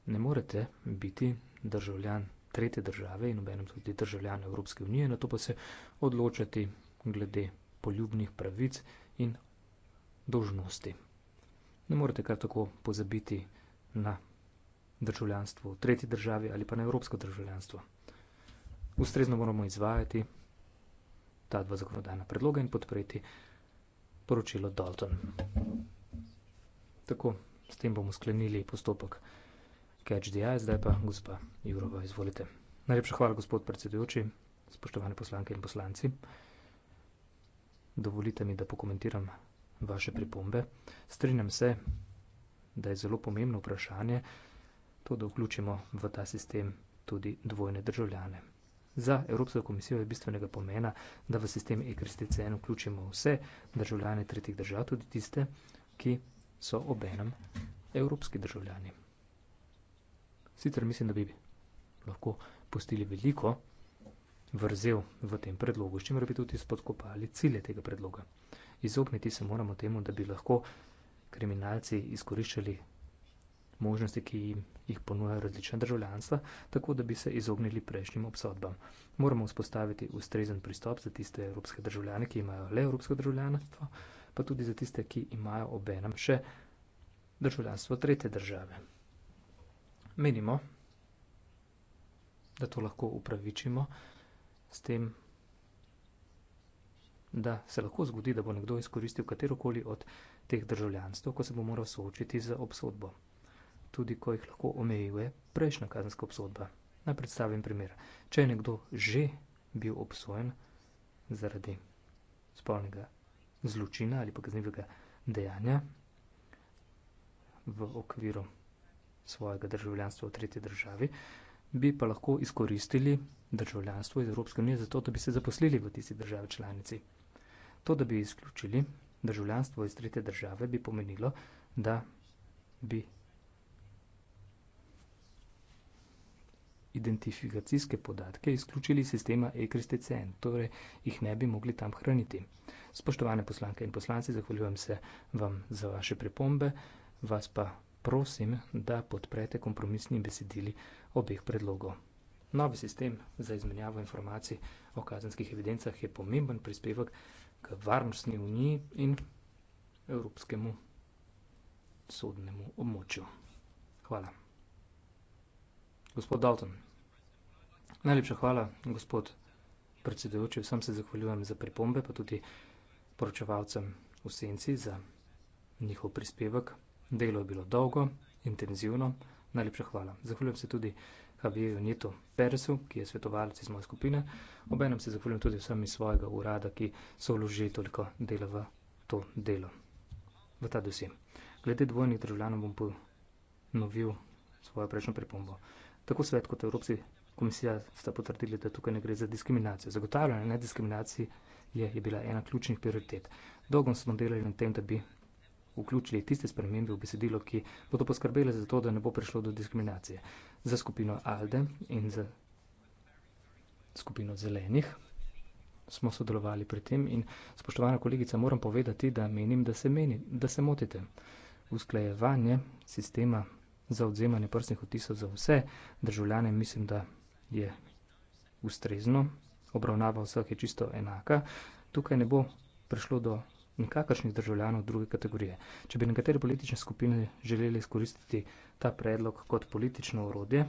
S7: ne morete biti državljan tretje države in obenem tudi državljan Evropske unije, na to pa se odločati glede poljubnih pravic in dožnosti. Ne morete kar tako pozabiti na državljanstvo v tretji državi ali pa na evropsko državljanstvo. Ustrezno moramo izvajati ta dva zakonodajna predloga in podpreti poročilo Dalton. Tako, s tem bomo sklenili postopek. Catch the Eye, zdaj pa gospa Jurova, izvolite. Najlepša hvala, gospod predsedujoči, spoštovane poslanke in poslanci. Dovolite mi, da pokomentiram vaše pripombe. Strinjam se, da je zelo pomembno vprašanje to, da vključimo v ta sistem tudi dvojne državljane. Za Evropsko komisijo je bistvenega pomena, da v sistem ekristicen vključimo vse državljane tretjih držav, tudi tiste, ki so obenem evropski državljani. Sicer mislim, da bi lahko postili veliko vrzel v tem predlogu, s čimer bi tudi spodkopali cilje tega predloga. Izogniti se moramo temu, da bi lahko kriminalci izkoriščali možnosti, ki jim jih ponujajo različna državljanstva, tako da bi se izognili prejšnjim obsodbam. Moramo vzpostaviti ustrezen pristop za tiste evropske državljane, ki imajo le evropsko državljanstvo, pa tudi za tiste, ki imajo obenem še državljanstvo tretje države menimo, da to lahko upravičimo s tem, da se lahko zgodi, da bo nekdo izkoristil katerokoli od teh državljanstv, ko se bo moral soočiti z obsodbo, tudi ko jih lahko omejuje prejšnja kazenska obsodba. Naj predstavim primer. Če je nekdo že bil obsojen zaradi spolnega zločina ali pa kaznivega dejanja v okviru svojega državljanstva v tretji državi, bi pa lahko izkoristili državljanstvo iz Evropske unije za to, da bi se zaposlili v tisti državi članici. To, da bi izključili državljanstvo iz tretje države, bi pomenilo, da bi identifikacijske podatke izključili sistema e-kristicen, torej jih ne bi mogli tam hraniti. Spoštovane poslanke in poslanci, zahvaljujem se vam za vaše pripombe, vas pa prosim, da podprete kompromisni besedili obeh predlogov. Novi sistem za izmenjavo informacij o kazenskih evidencah je pomemben prispevek k varnostni uniji in evropskemu sodnemu območju. Hvala. Gospod Dalton, najlepša hvala, gospod predsedujoči, vsem se zahvaljujem za pripombe, pa tudi poročevalcem v senci za njihov prispevek. Delo je bilo dolgo, intenzivno, najlepša hvala. Zahvaljujem se tudi Javiju Nitu Persu, ki je svetovalec iz moje skupine. Obenem se zahvaljujem tudi vsem iz svojega urada, ki so vložili toliko dela v to delo, v ta dosje. Glede dvojnih državljanov bom ponovil svojo prejšnjo pripombo. Tako svet kot Evropski komisija sta potrdili, da tukaj ne gre za diskriminacijo. Zagotavljanje nediskriminacije je, je bila ena ključnih prioritet. Dolgo smo delali na tem, da bi vključili tiste spremembe v besedilo, ki bodo poskrbele za to, da ne bo prišlo do diskriminacije za skupino ALDE in za skupino zelenih. Smo sodelovali pri tem in spoštovana kolegica, moram povedati, da menim, da se, meni, da se motite. Usklajevanje sistema za odzemanje prstnih otisov za vse državljane mislim, da je ustrezno. Obravnava vseh je čisto enaka. Tukaj ne bo prišlo do nikakršnih državljanov druge kategorije. Če bi nekatere politične skupine želeli izkoristiti ta predlog kot politično urodje,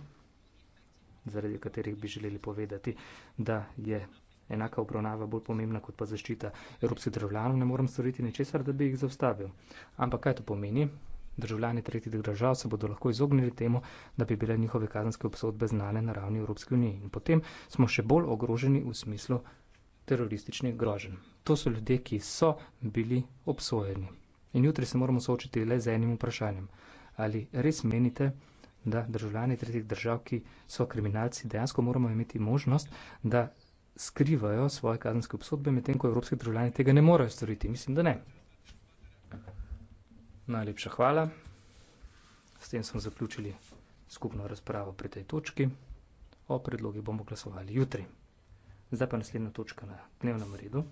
S7: zaradi katerih bi želeli povedati, da je enaka obravnava bolj pomembna kot pa zaščita evropskih državljanov, ne morem storiti ničesar, da bi jih zaustavil. Ampak kaj to pomeni? Državljani tretjih držav se bodo lahko izognili temu, da bi bile njihove kazenske obsodbe znane na ravni Evropske unije. In potem smo še bolj ogroženi v smislu terorističnih groženj. To so ljudje, ki so bili obsojeni. In jutri se moramo soočiti le z enim vprašanjem. Ali res menite, da državljani tretjih držav, ki so kriminalci, dejansko moramo imeti možnost, da skrivajo svoje kazenske obsodbe, medtem ko evropski državljani tega ne morejo storiti? Mislim, da ne. Najlepša hvala. S tem smo zaključili skupno razpravo pri tej točki. O predlogi bomo glasovali jutri. Zdaj pa naslednja točka na dnevnem redu.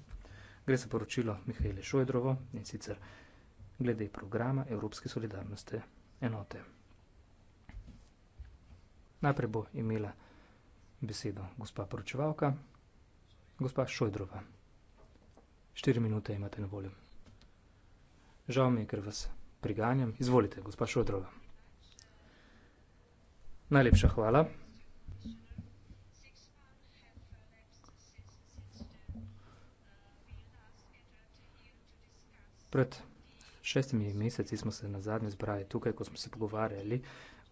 S7: Gre za poročilo Mihajla Šojdrova in sicer glede programa Evropske solidarnosti enote. Najprej bo imela besedo gospa poročevalka, gospa Šojdrova. Štiri minute imate na voljo. Žal mi je, ker vas priganjam. Izvolite, gospa Šojdrova. Najlepša hvala. Pred šestimi meseci smo se na zadnje zbrali tukaj, ko smo se pogovarjali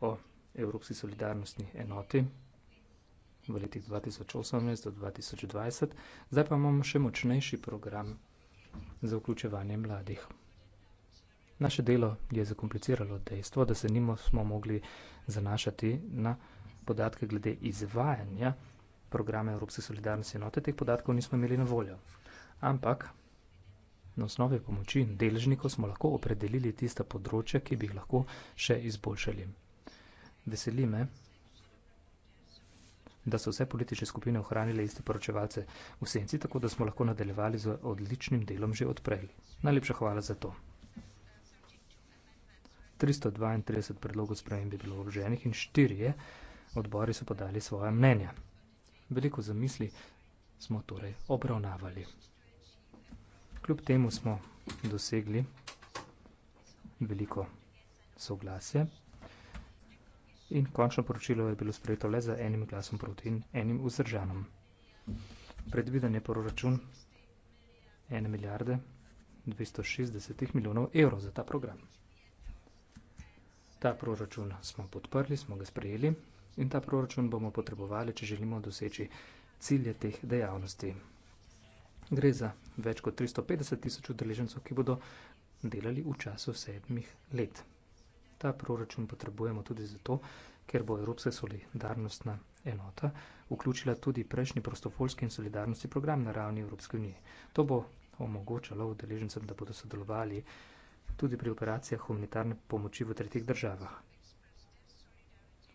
S7: o Evropski solidarnostni enoti v letih 2018 do 2020. Zdaj pa imamo še močnejši program za vključevanje mladih. Naše delo je zakompliciralo dejstvo, da se nimo smo mogli zanašati na podatke glede izvajanja programa Evropske solidarnostne enote, teh podatkov nismo imeli na voljo. Ampak Na osnovi pomoči deležnikov smo lahko opredelili tiste področje, ki bi jih lahko še izboljšali. Veseli me, da so vse politične skupine ohranile iste poročevalce v senci, tako da smo lahko nadaljevali z odličnim delom že odprej. Najlepša hvala za to. 332 predlogov sprememb je bilo obženih in štirje odbori so podali svoje mnenja. Veliko zamisli smo torej obravnavali. Kljub temu smo dosegli veliko soglase in končno poročilo je bilo sprejeto le za enim glasom proti in enim vzdržanom. Predviden je proračun 1 milijarde 260 milijonov evrov za ta program. Ta proračun smo podprli, smo ga sprejeli in ta proračun bomo potrebovali, če želimo doseči cilje teh dejavnosti. Gre za več kot 350 tisoč udeležencev, ki bodo delali v času sedmih let. Ta proračun potrebujemo tudi zato, ker bo Evropska solidarnostna enota vključila tudi prejšnji prostovoljski in solidarnostni program na ravni Evropske unije. To bo omogočalo udeležencem, da bodo sodelovali tudi pri operacijah humanitarne pomoči v tretjih državah.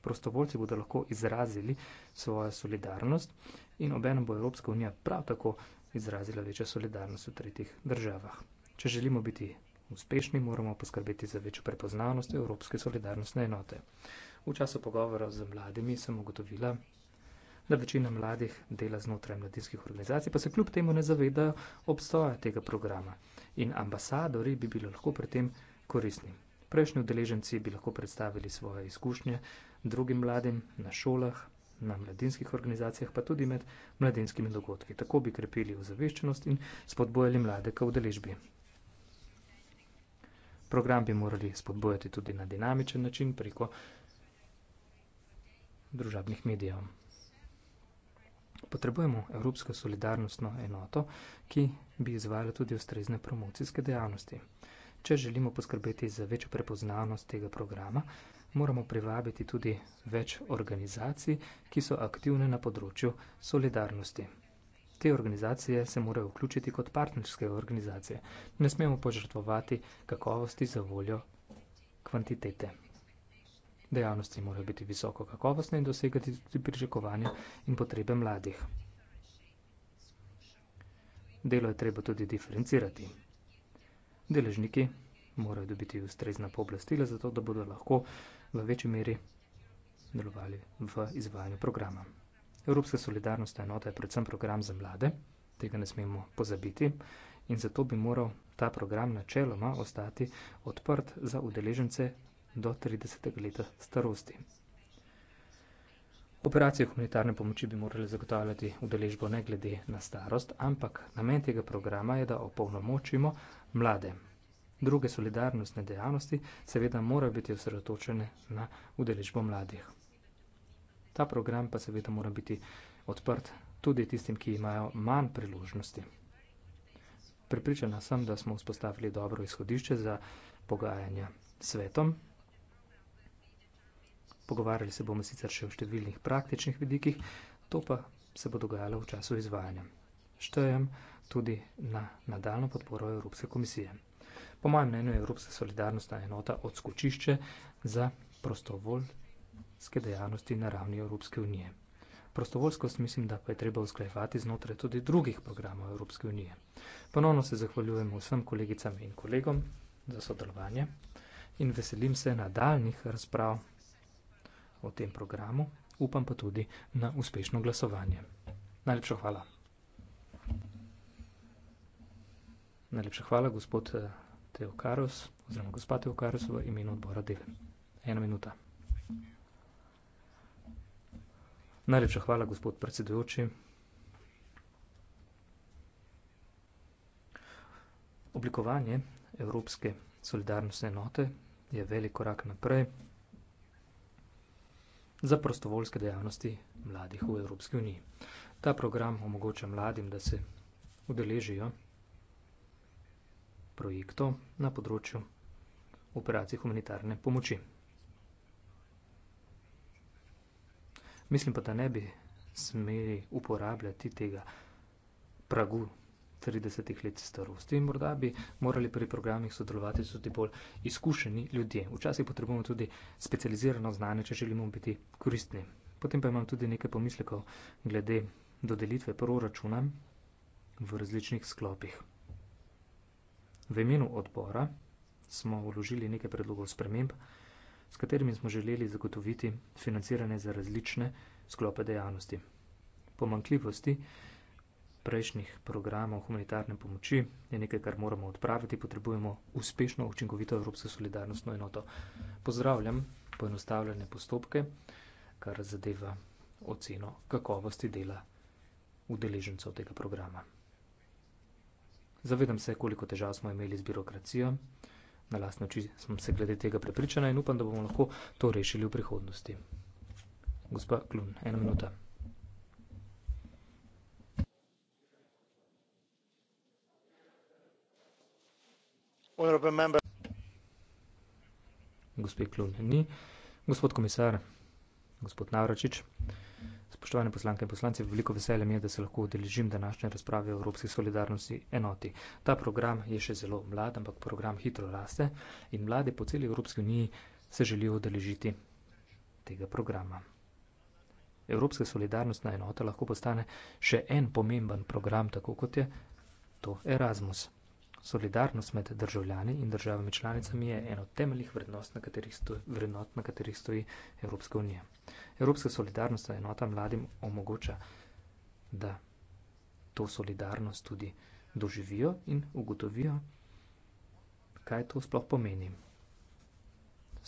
S7: Prostovoljci bodo lahko izrazili svojo solidarnost in obenem bo Evropska unija prav tako izrazila večjo solidarnost v tretjih državah. Če želimo biti uspešni, moramo poskrbeti za večjo prepoznavnost Evropske solidarnostne enote. V času pogovora z mladimi sem ugotovila, da večina mladih dela znotraj mladinskih organizacij, pa se kljub temu ne zavedajo obstoja tega programa in ambasadori bi bili lahko pri tem koristni. Prejšnji udeleženci bi lahko predstavili svoje izkušnje drugim mladim na šolah, na mladinskih organizacijah, pa tudi med mladinskimi dogodki. Tako bi krepili ozaveščenost in spodbojali mlade k vdeležbi. Program bi morali spodbojati tudi na dinamičen način preko družabnih medijev. Potrebujemo evropsko solidarnostno enoto, ki bi izvajala tudi ustrezne promocijske dejavnosti. Če želimo poskrbeti za večjo prepoznavnost tega programa, moramo privabiti tudi več organizacij, ki so aktivne na področju solidarnosti. Te organizacije se morajo vključiti kot partnerske organizacije. Ne smemo požrtvovati kakovosti za voljo kvantitete. Dejavnosti morajo biti visoko kakovostne in dosegati tudi pričakovanja in potrebe mladih. Delo je treba tudi diferencirati. Deležniki morajo dobiti ustrezna pooblastila, zato da bodo lahko v večji meri delovali v izvajanju programa. Evropska solidarnostna enota je predvsem program za mlade, tega ne smemo pozabiti in zato bi moral ta program načeloma ostati odprt za udeležence do 30. leta starosti. Operacije humanitarne pomoči bi morali zagotavljati udeležbo ne glede na starost, ampak namen tega programa je, da opolnomočimo mlade druge solidarnostne dejavnosti seveda morajo biti osredotočene na udeležbo mladih. Ta program pa seveda mora biti odprt tudi tistim, ki imajo manj priložnosti. Pripričana sem, da smo vzpostavili dobro izhodišče za pogajanja s svetom. Pogovarjali se bomo sicer še o številnih praktičnih vidikih, to pa se bo dogajalo v času izvajanja. Štejem tudi na nadaljno podporo Evropske komisije. Po mojem mnenju je Evropska solidarnostna enota odskočišče za prostovoljske dejavnosti na ravni Evropske unije. Prostovoljskost mislim, da pa je treba usklajevati znotraj tudi drugih programov Evropske unije. Ponovno se zahvaljujem vsem kolegicam in kolegom za sodelovanje in veselim se nadaljnih razprav o tem programu, upam pa tudi na uspešno glasovanje. Najlepša hvala. Najlepša hvala, gospod eh, Teokaros, oziroma gospa Teokaros v imenu odbora dele. Ena minuta. Najlepša hvala, gospod predsedujoči. Oblikovanje Evropske solidarnostne enote je velik korak naprej za prostovoljske dejavnosti mladih v Evropski uniji. Ta program omogoča mladim, da se udeležijo projektov na področju operacij humanitarne pomoči. Mislim pa, da ne bi smeli uporabljati tega pragu 30 let starosti in morda bi morali pri programih sodelovati tudi bolj izkušeni ljudje. Včasih potrebujemo tudi specializirano znanje, če želimo biti koristni. Potem pa imam tudi nekaj pomislekov glede dodelitve proračuna v različnih sklopih. V imenu odbora smo vložili nekaj predlogov sprememb, s katerimi smo želeli zagotoviti financiranje za različne sklope dejavnosti. Pomankljivosti prejšnjih programov humanitarne pomoči je nekaj, kar moramo odpraviti. Potrebujemo uspešno, učinkovito Evropsko solidarnostno enoto. Pozdravljam poenostavljene postopke, kar zadeva oceno kakovosti dela udeležencev tega programa. Zavedam se, koliko težav smo imeli z birokracijo. Na lastno oči sem se glede tega prepričana in upam, da bomo lahko to rešili v prihodnosti. Gospa Klun, ena minuta. Gospe Klun ni. Gospod komisar, gospod Navračič. Spoštovane poslanke in poslanci, veliko veselje mi je, da se lahko udeležim današnje razprave o Evropski solidarnosti enoti. Ta program je še zelo mlad, ampak program hitro raste in mlade po celi Evropski uniji se želijo udeležiti tega programa. Evropska solidarnostna enota lahko postane še en pomemben program, tako kot je to Erasmus. Solidarnost med državljani in državami članicami je eno od temeljnih vrednost, na katerih, stoj, vrednot, na katerih stoji Evropska unija. Evropska solidarnost enota mladim omogoča, da to solidarnost tudi doživijo in ugotovijo, kaj to sploh pomeni.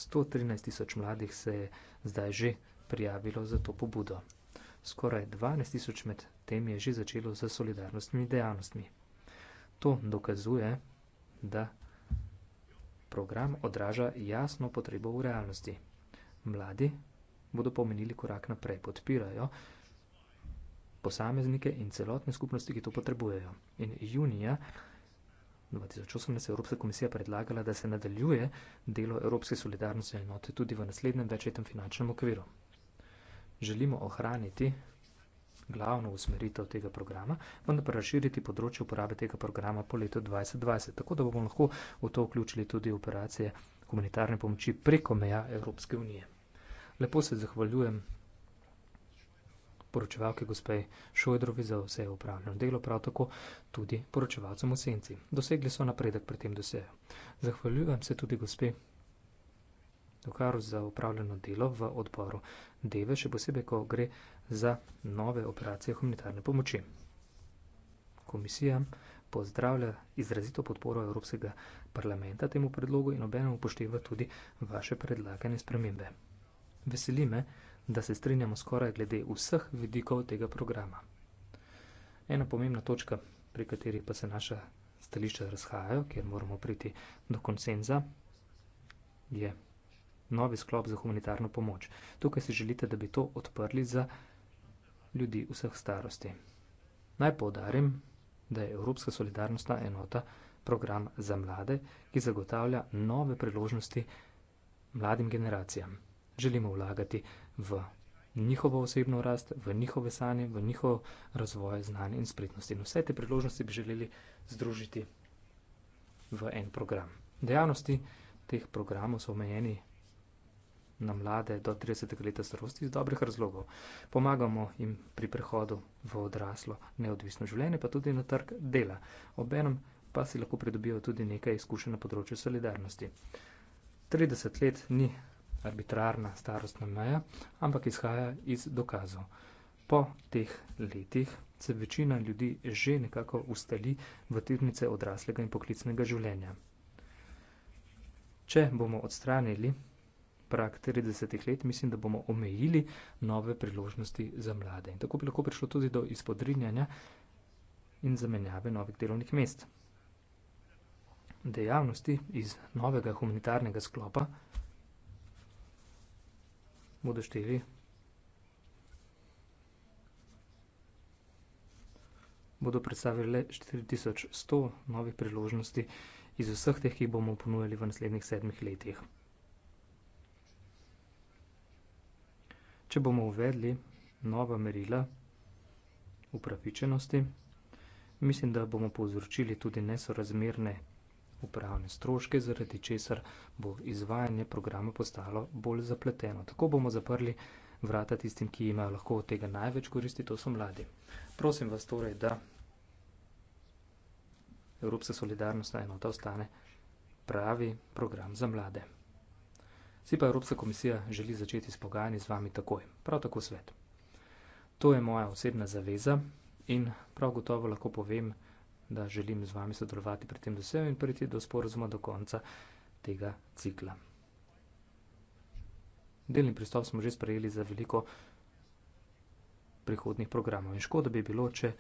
S7: 113 tisoč mladih se je zdaj že prijavilo za to pobudo. Skoraj 12 tisoč med tem je že začelo z solidarnostnimi dejavnostmi. To dokazuje, da program odraža jasno potrebo v realnosti. Mladi bodo pomenili korak naprej, podpirajo posameznike in celotne skupnosti, ki to potrebujejo. In junija 2018 je Evropska komisija predlagala, da se nadaljuje delo Evropske solidarnostne enote tudi v naslednjem večletnem finančnem okviru. Želimo ohraniti glavno usmeritev tega programa, vendar pa razširiti področje uporabe tega programa po letu 2020, tako da bomo lahko v to vključili tudi operacije humanitarne pomoči preko meja Evropske unije. Lepo se zahvaljujem poročevalke gospe Šojdrovi za vse upravljeno delo, prav tako tudi poročevalcem v senci. Dosegli so napredek pri tem dosejo. Zahvaljujem se tudi gospe Dokaru za upravljeno delo v odboru Deve, še posebej, ko gre za nove operacije humanitarne pomoči. Komisija pozdravlja izrazito podporo Evropskega parlamenta temu predlogu in obenem upošteva tudi vaše predlagane spremembe. Veseli me, da se strinjamo skoraj glede vseh vidikov tega programa. Ena pomembna točka, pri kateri pa se naša stališča razhajajo, kjer moramo priti do konsenza, je novi sklop za humanitarno pomoč. Tukaj si želite, da bi to odprli za ljudi vseh starosti. Naj podarim, da je Evropska solidarnostna enota program za mlade, ki zagotavlja nove priložnosti mladim generacijam. Želimo vlagati v njihovo osebno rast, v njihove sanje, v njihov razvoj znanja in spretnosti. In vse te priložnosti bi želeli združiti v en program. Dejavnosti teh programov so omejeni na mlade do 30 let starosti iz dobrih razlogov. Pomagamo jim pri prehodu v odraslo neodvisno življenje, pa tudi na trg dela. Obenem pa si lahko pridobijo tudi nekaj izkušenj na področju solidarnosti. 30 let ni arbitrarna starostna meja, ampak izhaja iz dokazov. Po teh letih se večina ljudi že nekako ustali v tirnice odraslega in poklicnega življenja. Če bomo odstranili prak 30 let, mislim, da bomo omejili nove priložnosti za mlade. In tako bi lahko prišlo tudi do izpodrinjanja in zamenjave novih delovnih mest. Dejavnosti iz novega humanitarnega sklopa bodo števi bodo predstavili le 4100 novih priložnosti iz vseh teh, ki jih bomo ponujali v naslednjih sedmih letih. Če bomo uvedli nova merila upravičenosti, mislim, da bomo povzročili tudi nesorazmerne upravne stroške, zaradi česar bo izvajanje programa postalo bolj zapleteno. Tako bomo zaprli vrata tistim, ki imajo lahko od tega največ koristi, to so mladi. Prosim vas torej, da Evropska solidarnostna enota ostane pravi program za mlade. Zdaj pa Evropska komisija želi začeti s pogajanji z vami takoj, prav tako svet. To je moja osebna zaveza in prav gotovo lahko povem, da želim z vami sodelovati pri tem dosegu in priti do sporozuma do konca tega cikla. Delni pristop smo že sprejeli za veliko prihodnih programov in škoda bi bilo, če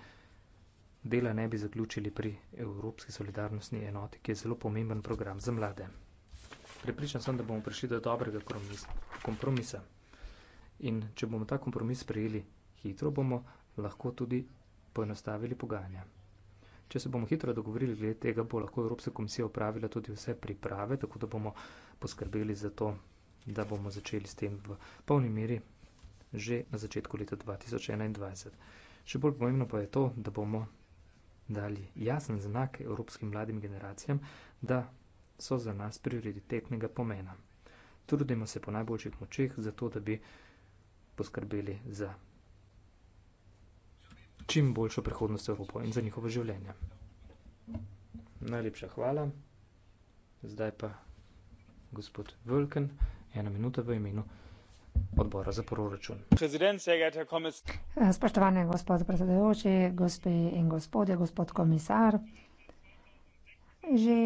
S7: dela ne bi zaključili pri Evropski solidarnostni enoti, ki je zelo pomemben program za mlade prepričan sem, da bomo prišli do dobrega kompromisa. In če bomo ta kompromis sprejeli hitro, bomo lahko tudi poenostavili pogajanja. Če se bomo hitro dogovorili glede tega, bo lahko Evropska komisija upravila tudi vse priprave, tako da bomo poskrbeli za to, da bomo začeli s tem v polni meri že na začetku leta 2021. Še bolj pomembno pa je to, da bomo dali jasen znak evropskim mladim generacijam, da so za nas prioritetnega pomena. Trudimo se po najboljših močeh za to, da bi poskrbeli za čim boljšo prihodnost Evropo in za njihovo življenje. Najlepša hvala. Zdaj pa gospod Völken, ena minuta v imenu odbora za proračun.
S1: Spoštovani gospod predsedujoči, gospe in gospodje, gospod komisar. Že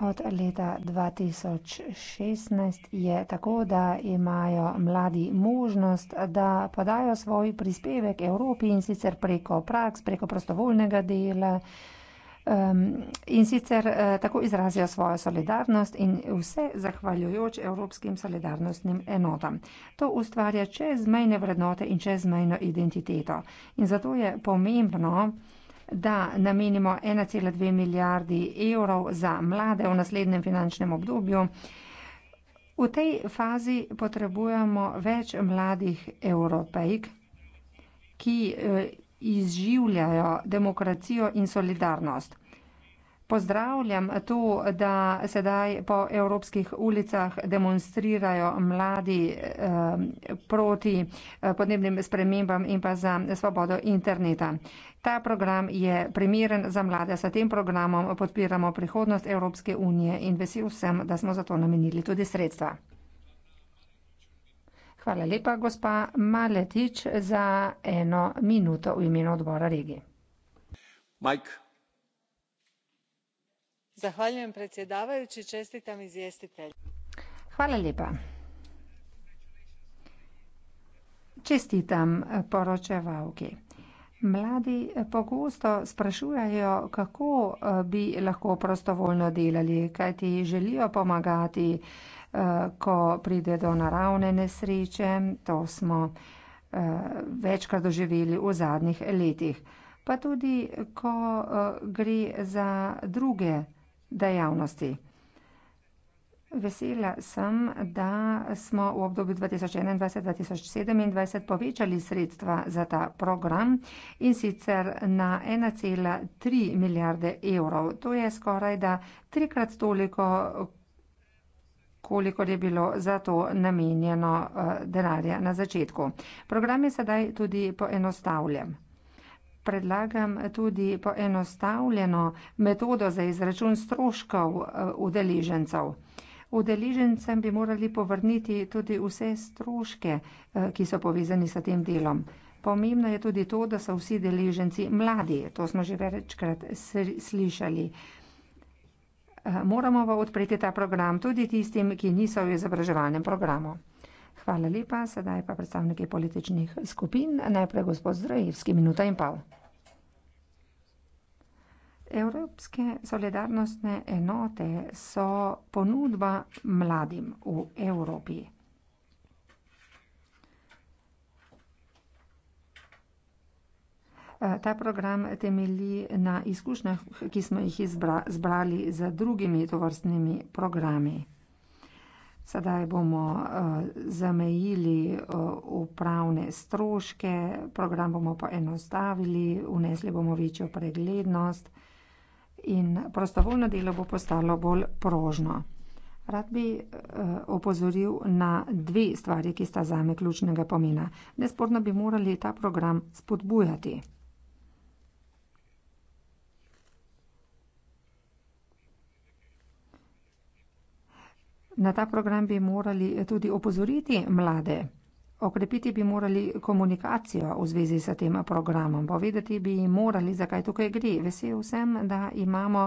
S1: Od leta 2016 je tako, da imajo mladi možnost, da podajo svoj prispevek Evropi in sicer preko praks, preko prostovoljnega dela um, in sicer eh, tako izrazijo svojo solidarnost in vse zahvaljujoč evropskim solidarnostnim enotam. To ustvarja čezmejne vrednote in čezmejno identiteto. In zato je pomembno, da namenimo 1,2 milijardi evrov za mlade v naslednjem finančnem obdobju. V tej fazi potrebujemo več mladih evropejk, ki eh, izživljajo demokracijo in solidarnost. Pozdravljam to, da sedaj po evropskih ulicah demonstrirajo mladi eh, proti eh, podnebnim spremembam in pa za svobodo interneta. Ta program je primeren za mlade, sa tem programom podpiramo prihodnost Evropske unije in vesel sem, da smo za to namenili tudi sredstva. Hvala lepa, gospa Maletič, za eno minuto v imenu odbora regi.
S5: Mike.
S9: Zahvaljujem predsjedavajući, čestitam izvjestitelj.
S1: Hvala lepa. Čestitam poročevalki. Okay. Mladi eh, pogosto sprašujejo, kako eh, bi lahko prostovoljno delali, kajti želijo pomagati, eh, ko pride do naravne nesreče. To smo večkrat doživeli v zadnjih letih. Pa tudi, ko gre za druge dejavnosti. Vesela sem, da smo v obdobju 2021-2027 povečali sredstva za ta program in sicer na 1,3 milijarde evrov. To je skoraj da trikrat toliko, koliko je bilo za to namenjeno eh, denarja na začetku. Program je sedaj tudi poenostavljen. Predlagam tudi poenostavljeno metodo za izračun stroškov eh, udeležencev. Uh, Udeležencem bi morali povrniti tudi vse stroške, eh, ki so povezani s tem delom. Pomembno je tudi to, da so vsi deleženci mladi, to smo že večkrat slišali. Eh, moramo pa odpreti ta program tudi tistim, ki niso v izobraževalnem programu. Hvala lepa, sedaj pa predstavniki političnih skupin, najprej gospod Zdrajevski, minuta in pol. Evropske solidarnostne enote so ponudba mladim v Evropi. Eh, ta program temelji na izkušnjah, ki smo jih izbra, zbrali z drugimi tovrstnimi programi. Sedaj bomo uh, zamejili uh, upravne stroške, program bomo poenostavili, vnesli bomo večjo preglednost in prostovoljno delo bo postalo bolj prožno. Rad bi eh, opozoril na dve stvari, ki sta zame ključnega pomena. Nesporno bi morali ta program spodbujati. Na ta program bi morali tudi opozoriti mlade. Okrepiti bi morali komunikacijo v zvezi s tem programom, povedati bi morali, zakaj tukaj gre. Vesel sem, da imamo,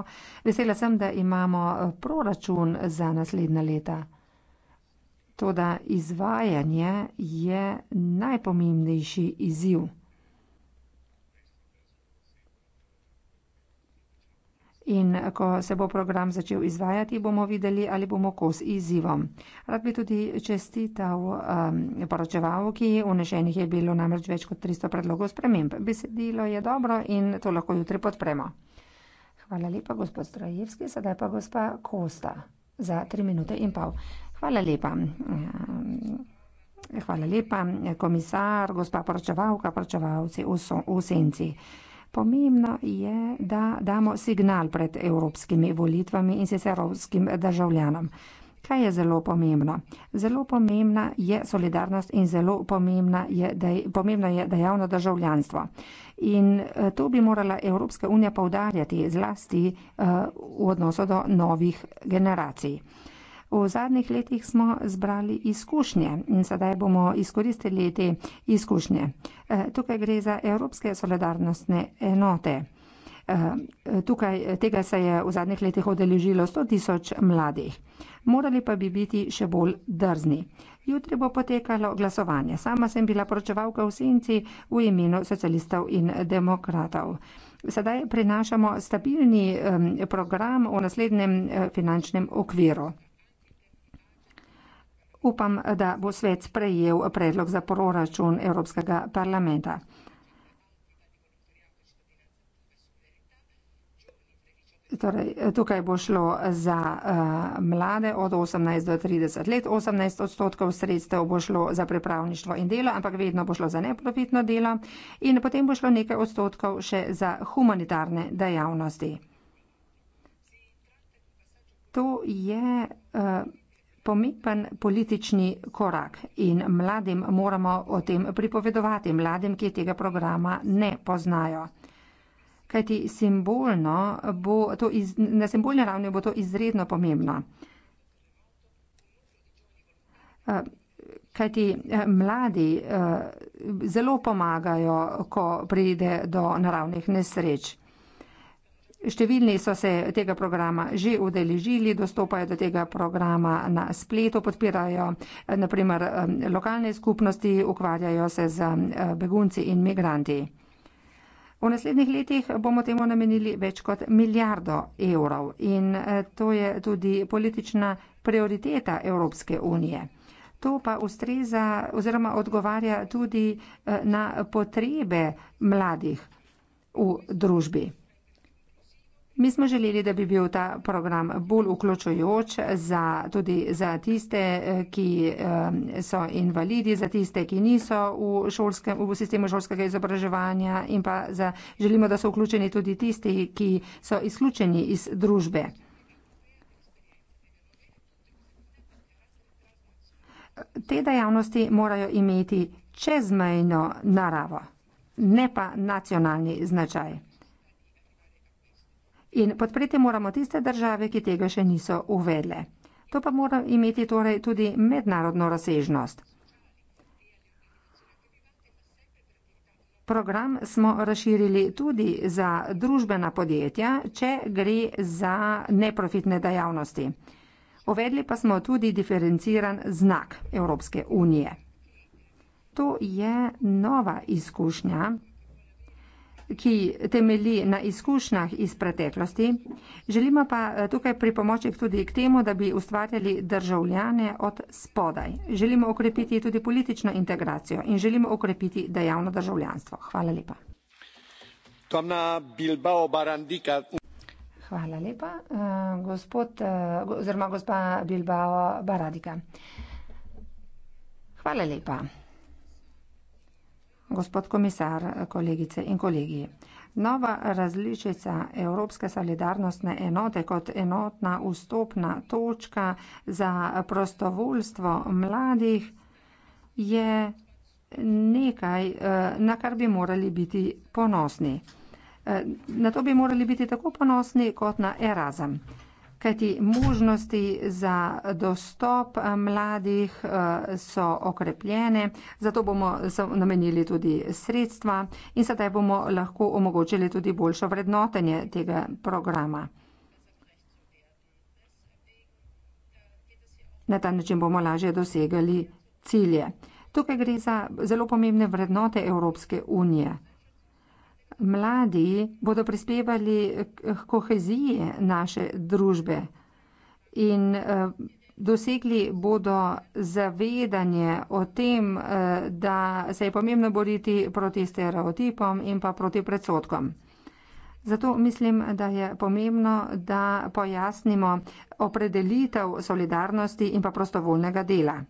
S1: vesela sem, da imamo eh, proračun za naslednja leta. Toda izvajanje je najpomembnejši izziv. In ko se bo program začel izvajati, bomo videli, ali bomo kos izzivom. Rad bi tudi čestital um, poročevalki, vnešenih je bilo namreč več kot 300 predlogov sprememb. Besedilo je dobro in to lahko jutri podpremo. Hvala lepa, gospod Strojevski, sedaj pa gospa Kosta za tri minute in pol. Hvala lepa. Hvala lepa, komisar, gospa poročevalka, poročevalci v, v senci. Pomembno je, da damo signal pred evropskimi volitvami in sicer evropskim državljanom. Kaj je zelo pomembno? Zelo pomembna je solidarnost in zelo pomembna je, da je, pomembno je dejavno državljanstvo. In eh, to bi morala Evropska unija povdarjati zlasti uh, v odnosu do novih generacij. V zadnjih letih smo zbrali izkušnje in sedaj bomo izkoristili te izkušnje. E, tukaj gre za evropske solidarnostne enote. E, tukaj tega se je v zadnjih letih odeležilo 100 tisoč mladih. Morali pa bi biti še bolj drzni. Jutri bo potekalo glasovanje. Sama sem bila poročevalka v senci v imenu socialistov in demokratov. Sedaj prinašamo stabilni program o naslednjem finančnem okviru. Upam, da bo svet sprejel predlog za proračun Evropskega parlamenta. Torej, tukaj bo šlo za uh, mlade od 18 do 30 let. 18 odstotkov sredstev bo šlo za pripravništvo in delo, ampak vedno bo šlo za neprofitno delo. In potem bo šlo nekaj odstotkov še za humanitarne dejavnosti. To je. Uh, pomemben politični korak in mladim moramo o tem pripovedovati, mladim, ki tega programa ne poznajo. Kajti simbolno bo to, iz, na simbolni ravni bo to izredno pomembno. Eh, kajti eh, mladi eh, zelo pomagajo, ko pride do naravnih nesreč. Številni so se tega programa že udeležili, dostopajo do tega programa na spletu, podpirajo eh, naprimer eh, lokalne skupnosti, ukvarjajo se z eh, begunci in migranti. V naslednjih letih bomo temu namenili več kot milijardo evrov in to je tudi politična prioriteta Evropske unije. To pa ustreza oziroma odgovarja tudi na potrebe mladih v družbi. Mi smo želeli, da bi bil ta program bolj vključujoč za, tudi za tiste, eh, ki eh, so invalidi, za tiste, ki niso v, šolske, v sistemu šolskega izobraževanja in pa za, želimo, da so vključeni tudi tisti, ki so izključeni iz družbe. Te dejavnosti morajo imeti čezmejno naravo, ne pa nacionalni značaj in podpreti moramo tiste države, ki tega še niso uvedle. To pa mora imeti torej tudi mednarodno razsežnost. Program smo razširili tudi za družbena podjetja, če gre za neprofitne dejavnosti. Uvedli pa smo tudi diferenciran znak Evropske unije. To je nova izkušnja ki temelji na izkušnjah iz preteklosti. Želimo pa eh, tukaj pripomoček tudi k temu, da bi ustvarjali državljane od spodaj. Želimo okrepiti tudi politično integracijo in želimo okrepiti dejavno državljanstvo. Hvala lepa.
S8: Tomna Bilbao Barandika.
S1: Hvala lepa, eh, gospod eh, oziroma gospa Bilbao Baradika. Hvala lepa gospod komisar, kolegice in kolegi. Nova različica Evropske solidarnostne enote kot enotna vstopna točka za prostovoljstvo mladih je nekaj, eh, na kar bi morali biti ponosni. Eh, na to bi morali biti tako ponosni kot na Erasmus kajti možnosti za dostop eh, mladih eh, so okrepljene, zato bomo namenili tudi sredstva in sedaj bomo lahko omogočili tudi boljšo vrednotenje tega programa. Na ta način bomo lažje dosegali cilje. Tukaj gre za zelo pomembne vrednote Evropske unije mladi bodo prispevali h koheziji naše družbe in eh, dosegli bodo zavedanje o tem, eh, da se je pomembno boriti proti stereotipom in pa proti predsotkom. Zato mislim, da je pomembno, da pojasnimo opredelitev solidarnosti in pa prostovoljnega dela.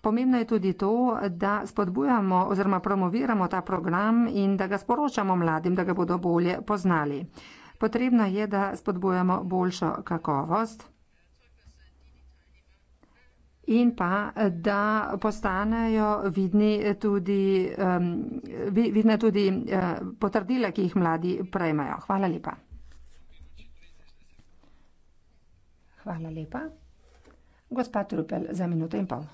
S1: Pomembno je tudi to, da spodbujamo oziroma promoviramo ta program in da ga sporočamo mladim, da ga bodo bolje poznali. Potrebno je, da spodbujamo boljšo kakovost in pa, da postanejo vidni tudi, um, vidne tudi uh, eh, potrdila, ki jih mladi prejmajo. Hvala lepa. Hvala lepa. Gospa Trupel za minuto in pol.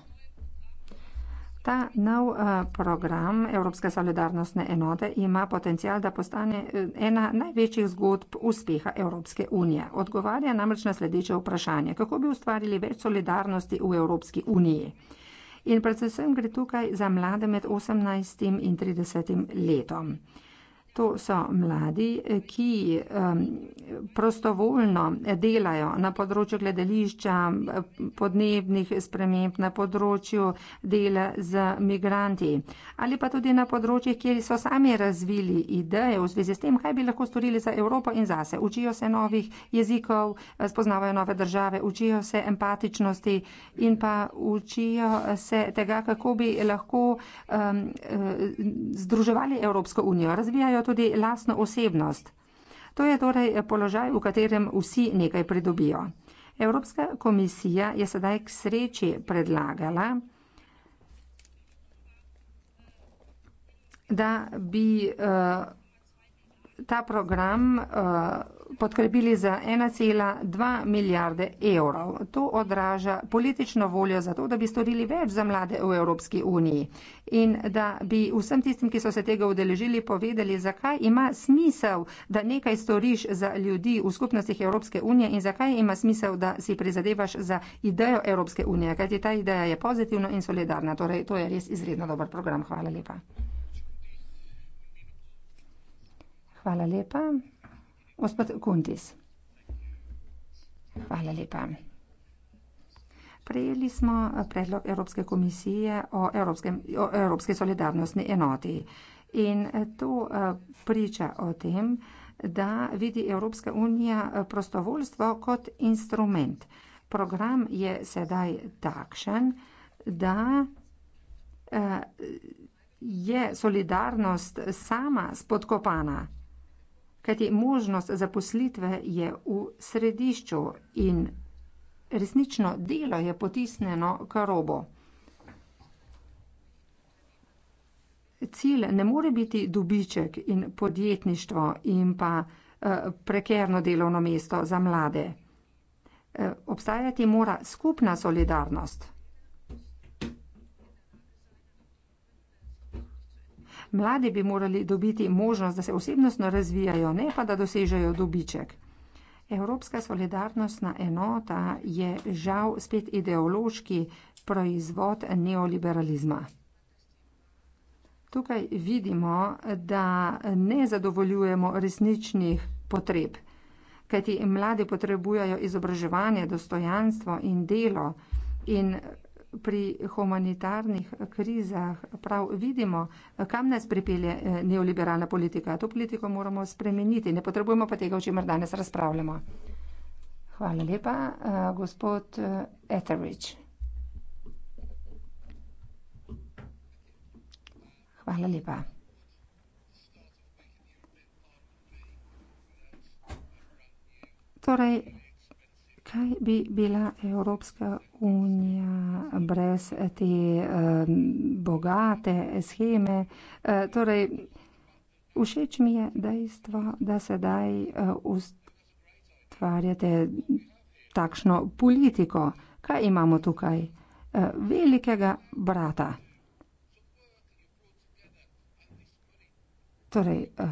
S1: Ta nov eh, program Evropske solidarnostne enote ima potencial, da postane eh, ena največjih zgodb uspeha Evropske unije. Odgovarja namreč na sledeče vprašanje, kako bi ustvarili več solidarnosti v Evropski uniji. In predvsem gre tukaj za mlade med 18 in 30 letom. To so mladi, eh, ki prostovoljno delajo na področju gledališča, podnebnih sprememb, na področju dela z migranti ali pa tudi na področjih, kjer so sami razvili ideje v zvezi s tem, kaj bi lahko storili za Evropo in zase. Učijo se novih jezikov, eh, spoznavajo nove države, učijo se empatičnosti in pa učijo se tega, kako bi lahko um, združevali Evropsko unijo. Razvijajo tudi lasno osebnost. To je torej položaj, v katerem vsi nekaj pridobijo. Evropska komisija je sedaj k sreči predlagala, da bi uh, ta program uh, podkrepili za 1,2 milijarde evrov. To odraža politično voljo za to, da bi storili več za mlade v Evropski uniji in da bi vsem tistim, ki so se tega udeležili, povedali, zakaj ima smisel, da nekaj storiš za ljudi v skupnostih Evropske unije in zakaj ima smisel, da si prizadevaš za idejo Evropske unije, kajti ta ideja je pozitivna in solidarna. Torej, to je res izredno dober program. Hvala lepa. Hvala lepa. Gospod Kuntis. Hvala lepa. Prejeli smo predlog Evropske komisije o, Evropskem, o Evropske solidarnostni enoti. In eh, to eh, priča o tem, da vidi Evropska unija eh, prostovoljstvo kot instrument. Program je sedaj takšen, da je solidarnost sama spodkopana kajti možnost zaposlitve je v središču in resnično delo je potisneno k robu. Cilj ne more biti dobiček in podjetništvo in pa eh, prekerno delovno mesto za mlade. Eh, obstajati mora skupna solidarnost. Mladi bi morali dobiti možnost, da se osebnostno razvijajo, ne pa da dosežejo dobiček. Evropska solidarnostna enota je žal spet ideološki proizvod neoliberalizma. Tukaj vidimo, da ne zadovoljujemo resničnih potreb, kajti mladi potrebujajo izobraževanje, dostojanstvo in delo in pri humanitarnih krizah prav vidimo, kam nas pripelje eh, neoliberalna politika. To politiko moramo spremeniti, ne potrebujemo pa tega, o čemer danes razpravljamo. Hvala lepa, eh, gospod eh, Etheridge. Hvala lepa. Torej, kaj bi bila Evropska unija brez te eh, bogate scheme. Eh, torej, všeč mi je dejstvo, da sedaj eh, ustvarjate takšno politiko. Kaj imamo tukaj? Eh, velikega brata. Torej, eh,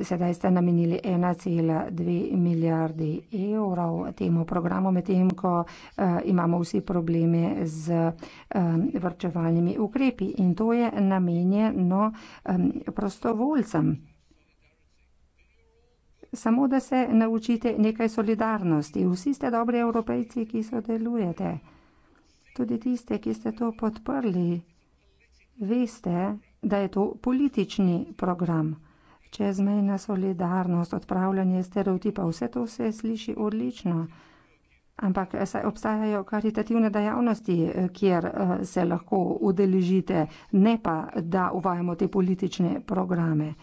S1: sedaj ste namenili 1,2 milijardi evrov temu programu, medtem ko uh, imamo vsi probleme z um, eh, vrčevalnimi ukrepi in to je namenjeno um, prostovoljcem. Samo da se naučite nekaj solidarnosti. Vsi ste dobri evropejci, ki sodelujete. Tudi tiste, ki ste to podprli, veste, da je to politični program čezmejna solidarnost, odpravljanje stereotipa, vse to se sliši odlično. Ampak eh, obstajajo karitativne dejavnosti, eh, kjer eh, se lahko udeležite, ne pa, da uvajamo te politične programe.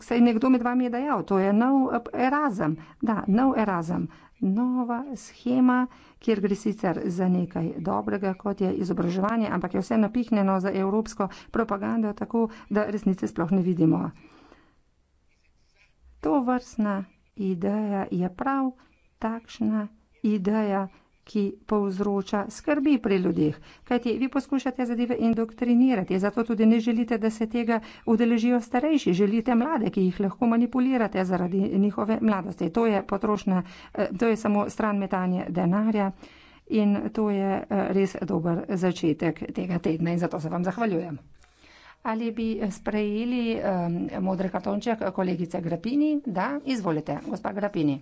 S1: Sej nekdo med vami je dejal, to je nov Erasm, da, nov Erasm, nova schema, kjer gre sicer za nekaj dobrega, kot je izobraževanje, ampak je vse napihnjeno za evropsko propagando, tako da resnice sploh ne vidimo. To vrstna ideja je prav takšna ideja, ki povzroča skrbi pri ljudeh. Kajti vi poskušate zadeve indoktrinirati, zato tudi ne želite, da se tega udeležijo starejši. Želite mlade, ki jih lahko manipulirate zaradi njihove mladosti. To je potrošna, eh, to je samo stran metanje denarja in to je eh, res dober začetek tega tedna in zato se vam zahvaljujem ali bi sprejeli um, modri kartonček kolegice Grapini? Da, izvolite, gospa Grapini.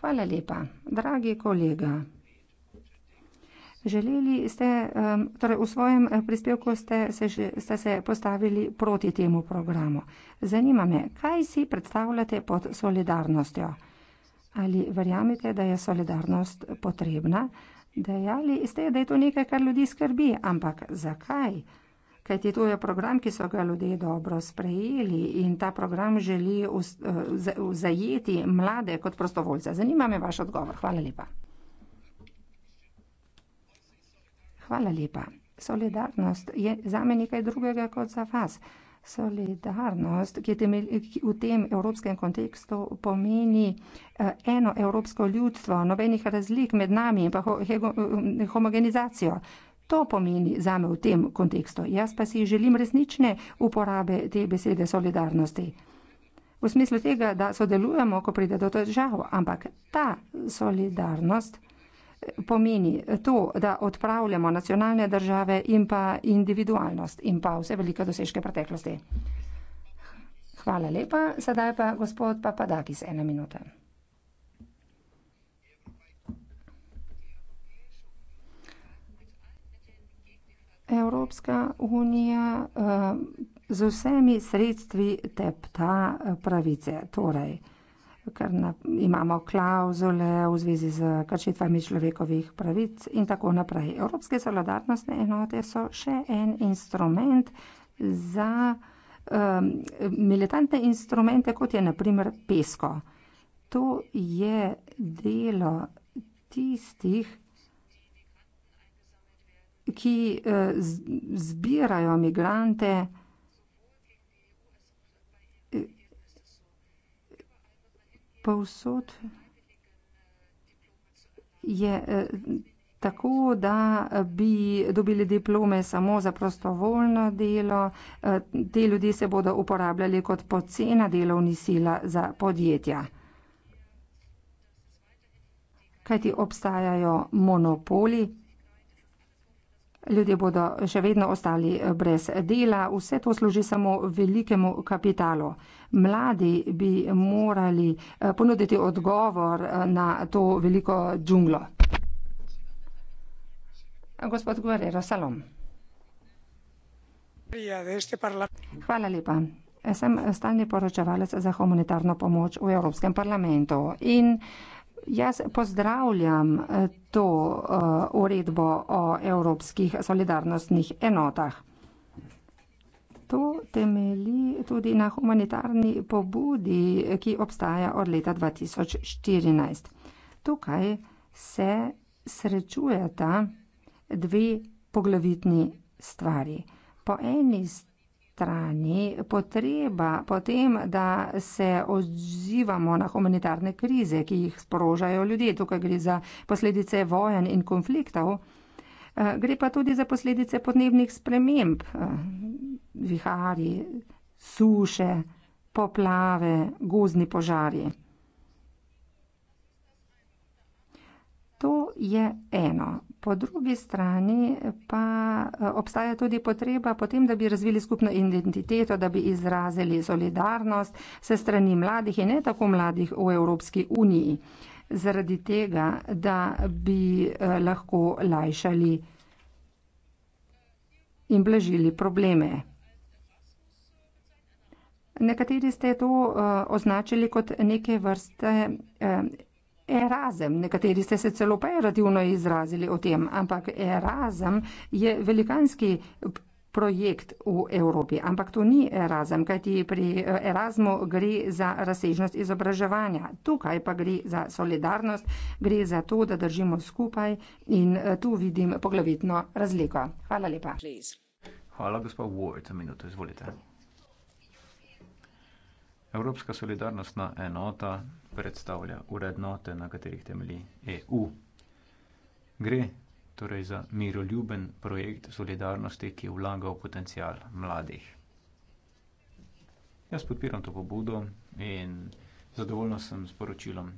S1: Hvala lepa, dragi kolega. Želeli ste, um, torej v svojem prispevku ste se, ste se postavili proti temu programu. Zanima me, kaj si predstavljate pod solidarnostjo? Ali verjamete, da je solidarnost potrebna? Dejali ste, da je to nekaj, kar ljudi skrbi, ampak zakaj? kajti to je program, ki so ga ljudje dobro sprejeli in ta program želi eh, zajeti mlade kot prostovoljce. Zanima me vaš odgovor. Hvala lepa. Hvala lepa. Solidarnost je za me nekaj drugega kot za vas. Solidarnost, ki, temel, ki v tem evropskem kontekstu pomeni eh, eno evropsko ljudstvo, nobenih razlik med nami in pa eh, homogenizacijo. To pomeni zame v tem kontekstu. Jaz pa si želim resnične uporabe te besede solidarnosti. V smislu tega, da sodelujemo, ko pride do težav, ampak ta solidarnost eh, pomeni to, da odpravljamo nacionalne države in pa individualnost in pa vse velike dosežke preteklosti. Hvala lepa. Sedaj pa gospod Papadakis, ena minuta. Evropska unija eh, z vsemi sredstvi tepta eh, pravice. Torej, ker na, imamo klauzule v zvezi z kršitvami človekovih pravic in tako naprej. Evropske solidarnostne enote so še en instrument za um, militantne instrumente, kot je naprimer pesko. To je delo tistih, ki eh, zbirajo migrante, eh, povsod je eh, tako, da bi dobili diplome samo za prostovoljno delo, te ljudi se bodo uporabljali kot pocena delovni sila za podjetja. Kajti obstajajo monopoli, Ljudje bodo še vedno ostali eh, brez dela, vse to služi samo velikemu kapitalu. Mladi bi morali eh, ponuditi odgovor eh, na to veliko džunglo. Gospod Guerrero, salom. Hvala lepa. Sem stalni poročevalec za humanitarno pomoč v Evropskem parlamentu in jaz pozdravljam eh, to eh, uredbo o evropskih solidarnostnih enotah. To temeli tudi na humanitarni pobudi, ki obstaja od leta 2014. Tukaj se srečujeta dve poglavitni stvari. Po eni strani, strani potreba potem, da se odzivamo na humanitarne krize, ki jih sprožajo ljudje. Tukaj gre za posledice vojen in konfliktov, eh, gre pa tudi za posledice podnebnih sprememb, eh, viharji, suše, poplave, gozni požarji. To je eno. Po drugi strani pa eh, obstaja tudi potreba potem, da bi razvili skupno identiteto, da bi izrazili solidarnost se strani mladih in ne tako mladih v Evropski uniji, zaradi tega, da bi eh, lahko lajšali in blažili probleme. Nekateri ste to uh, označili kot neke vrste uh, Erazem, nekateri ste se celo operativno izrazili o tem, ampak Erazem je velikanski projekt v Evropi, ampak to ni Erazem, kajti pri eh, Erazmu gre za razsežnost izobraževanja, tukaj pa gre za solidarnost, gre za to, da držimo skupaj in eh, tu vidim poglavitno razliko. Hvala lepa. Please.
S2: Hvala, gospod Ward, za minuto, izvolite. Evropska solidarnostna enota predstavlja urednote, na katerih temelji EU. Gre torej za miroljuben projekt solidarnosti, ki vlaga v potencial mladih. Jaz podpiram to pobudo in zadovoljno sem s poročilom,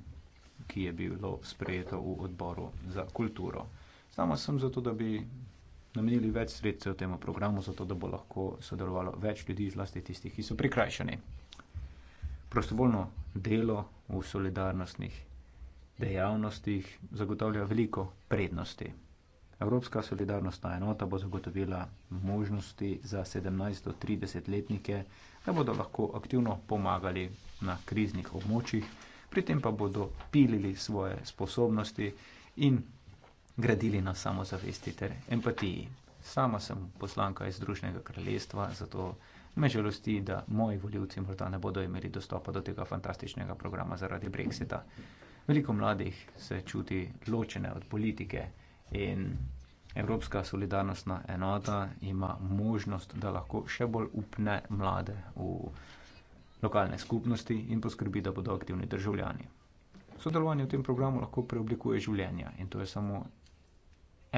S2: ki je bilo sprejeto v odboru za kulturo. Sama sem zato, da bi namenili več sredstev temu programu, zato da bo lahko sodelovalo več ljudi, zlasti tistih, ki so prikrajšani prostovoljno delo v solidarnostnih dejavnostih zagotavlja veliko prednosti. Evropska solidarnostna enota bo zagotovila možnosti za 17-30 letnike, da bodo lahko aktivno pomagali na kriznih območjih, pri tem pa bodo pilili svoje sposobnosti in gradili na samozavesti ter empatiji. Sama sem poslanka iz Združenega kraljestva, zato Me žalosti, da moji voljivci morda ne bodo imeli dostopa do tega fantastičnega programa zaradi Brexita. Veliko mladih se čuti ločene od politike in Evropska solidarnostna enota ima možnost, da lahko še bolj upne mlade v lokalne skupnosti in poskrbi, da bodo aktivni državljani. Sodelovanje v tem programu lahko preoblikuje življenja in to je samo